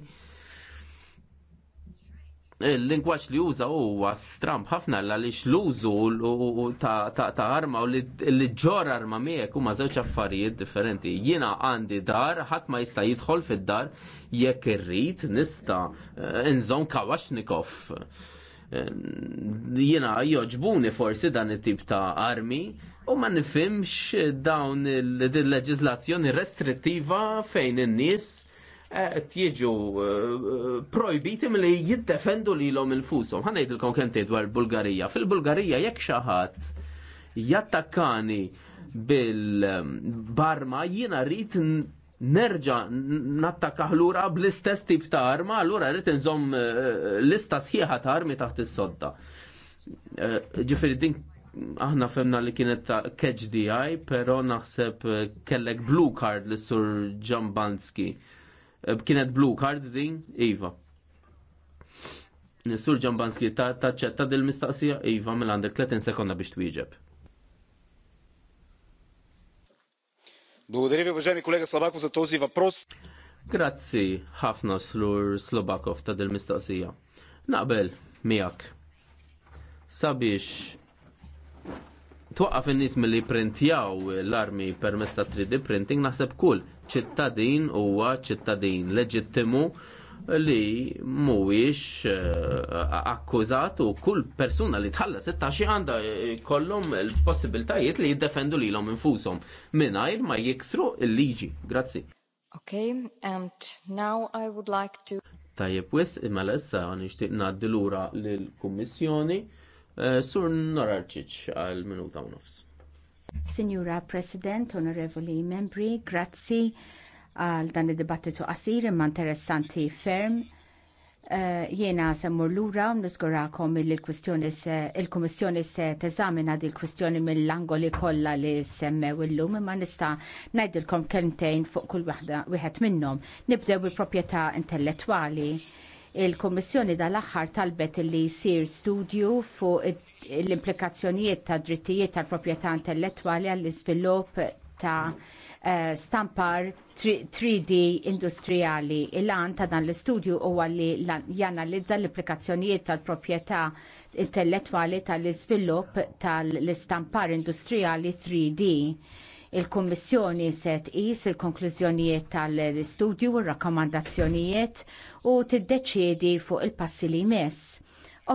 il-lingwaġġ li uża huwa stramp ħafna għaliex l-użu ta' arma u li ġor arma miegħek huma żewġ affarijiet differenti. Jiena għandi dar, ħadd ma jista' jidħol fid-dar jekk irrid nista' inżon kawaxnikov. Eh, jiena joġbuni forsi dan it-tip ta' armi, U ma nifimx dawn il-leġizlazzjoni restrittiva fejn in-nies jiġu eh, projbiti mill-li jiddefendu li l-om il-fusom. Għanajdilkom kentej dwar Bulgarija. Fil-Bulgarija jekk xaħat jattakani bil-barma jina rrit nerġa nattakaħ lura bl-istess tip ta' arma, allura rrit nżom eh, lista sħiħa ta' armi taħt is-sodda. Eh, ġifiri din aħna femna li kienet ta' catch pero naħseb kellek blue card l sur Ġambanski. Eh, kienet blue card din, Iva. Sur Ġambanski taċċetta dil-mistaqsija, Iva, mill mela għandek 30 sekonda biex twieġeb. Благодаря ви, уважаеми колега Слабаков, за този въпрос. Grazzi ħafna slur Slobakov ta' dil-mistaqsija. Naqbel miegħek. Sabiex twaqqaf in-nies milli printjaw l-armi permezz ta' 3D printing naħseb kull ċittadin huwa ċittadin leġittimu li mhuwiex eh, akkużat u kull persuna li tħallas it-taxxi għandha eh, kollhom il-possibiltajiet li jiddefendu lilhom infushom mingħajr ma jiksru l-liġi. Grazzi. Okay, and now I would like to Tajjeb wis imma l-issa nixtieq ngħaddi lura lill-Kummissjoni Eh, Sur Norarċiċ għal minuta u nofs. Signora President, onorevoli membri, grazzi għal dan id-dibattitu qasir imma interessanti ferm. Jena eh, Jiena semmur l-ura nizgurakom il-Komissjoni se teżamina di l-kwistjoni mill-angoli kollha li semmew illum imma nista' ngħidilkom kelmtejn fuq kull wieħed minnhom. Nibdew il proprjetà intellettwali Il-Kommissjoni dal-aħħar talbet li jsir studju fuq l-implikazzjonijiet ta' drittijiet tal-proprjetà intellettwali għall-iżvilupp ta' eh, stampar 3D industrijali. Il-għan ta' dan l-istudju u għalli janalizza l-implikazzjonijiet tal proprjetà intellettwali tal iżvilupp tal-istampar industrijali 3D. Il-Kummissjoni se tqis il-konklużjonijiet tal-istudju u r-rakkomandazzjonijiet u tiddeċiedi fuq il-passi li jmiss.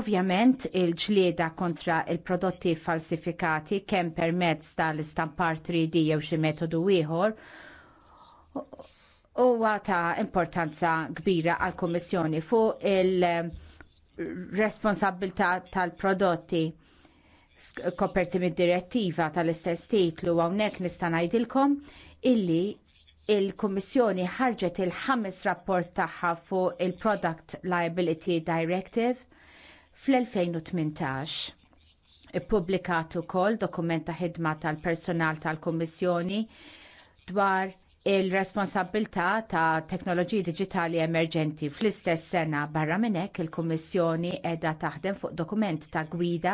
Ovvjament il-ġlieda kontra il-prodotti falsifikati kemm permezz tal-istampar 3D jew xi metodu ieħor huwa ta' importanza kbira għall kummissjoni fuq il- responsabilità tal-prodotti koperti mid-direttiva tal-istess titlu hawnhekk nista' ngħidilkom illi il-Kummissjoni ħarġet il-ħames rapport tagħha fuq il-Product Liability Directive fl-2018. Ippubblikat ukoll dokument ta' ħidma tal-personal tal-Kummissjoni dwar il-responsabilità ta' teknoloġiji diġitali emerġenti fl-istess sena barra minn hekk il-Kummissjoni edha taħdem fuq dokument ta' gwida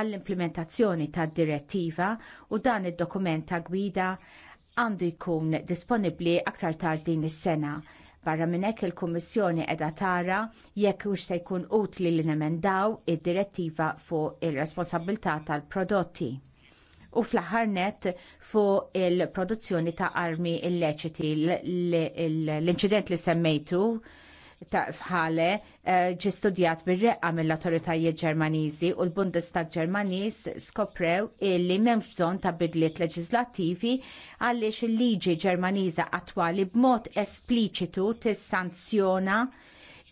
għall-implementazzjoni tad direttiva u dan id-dokument ta' gwida għandu jkun disponibbli aktar tard din is-sena. Barra minn hekk il-Kummissjoni qiegħda tara jekk hux se jkun utli li nemendaw id-direttiva fuq ir-responsabilità tal-prodotti u fl-aħħar net fuq il-produzzjoni ta' armi illeċiti l-inċident li semmejtu ta' fħale eh, ġi studjat bir-reqqa mill-autoritajiet Ġermaniżi u l-Bundestag Ġermaniż skoprew illi m'hemm bżonn ta' bidliet leġislattivi għaliex il-liġi Ġermaniża attwali b'mod espliċitu tissanzjona sanzjona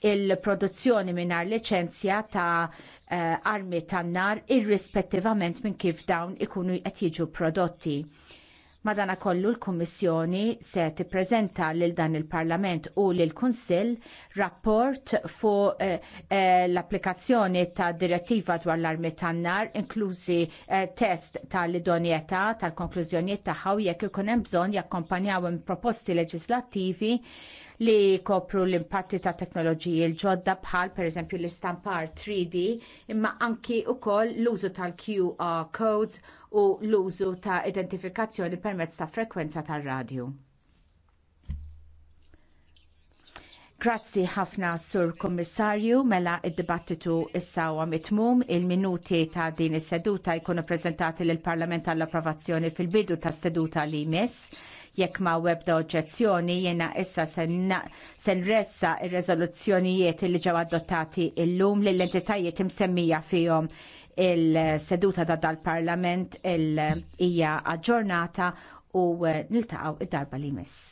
il-produzzjoni mingħajr liċenzja ta' eh, armi tan-nar irrispettivament minn kif dawn ikunu qed jiġu prodotti. Madanakollu l-Kummissjoni se tippreżenta lil dan il-Parlament u lil kunsill rapport fuq uh, eh, uh, eh, l-applikazzjoni ta' direttiva dwar l-armi tan-nar, inklużi uh, test tal-idonjetà tal-konklużjonijiet tagħha u jekk ikun hemm bżonn jakkompanjaw proposti leġislattivi li kopru l-impatti ta' teknoloġiji l-ġodda bħal per eżempju l-istampar 3D imma anki u koll l-użu tal-QR codes u l-użu ta' identifikazzjoni permezz ta' frekwenza tal-radju. Grazzi ħafna sur kommissarju mela id-dibattitu issa mitmum il-minuti ta' din is-seduta jkunu prezentati lill-Parlament għall-approvazzjoni fil-bidu tas-seduta li jmiss. Jekk ma webda oġġezzjoni jiena issa se nressa ir-reżoluzzjonijiet li ġew adottati illum lill entitajiet imsemmija fihom il-seduta ta' dal-Parlament il-ija aġġornata u eh, niltaqgħu id-darba li miss.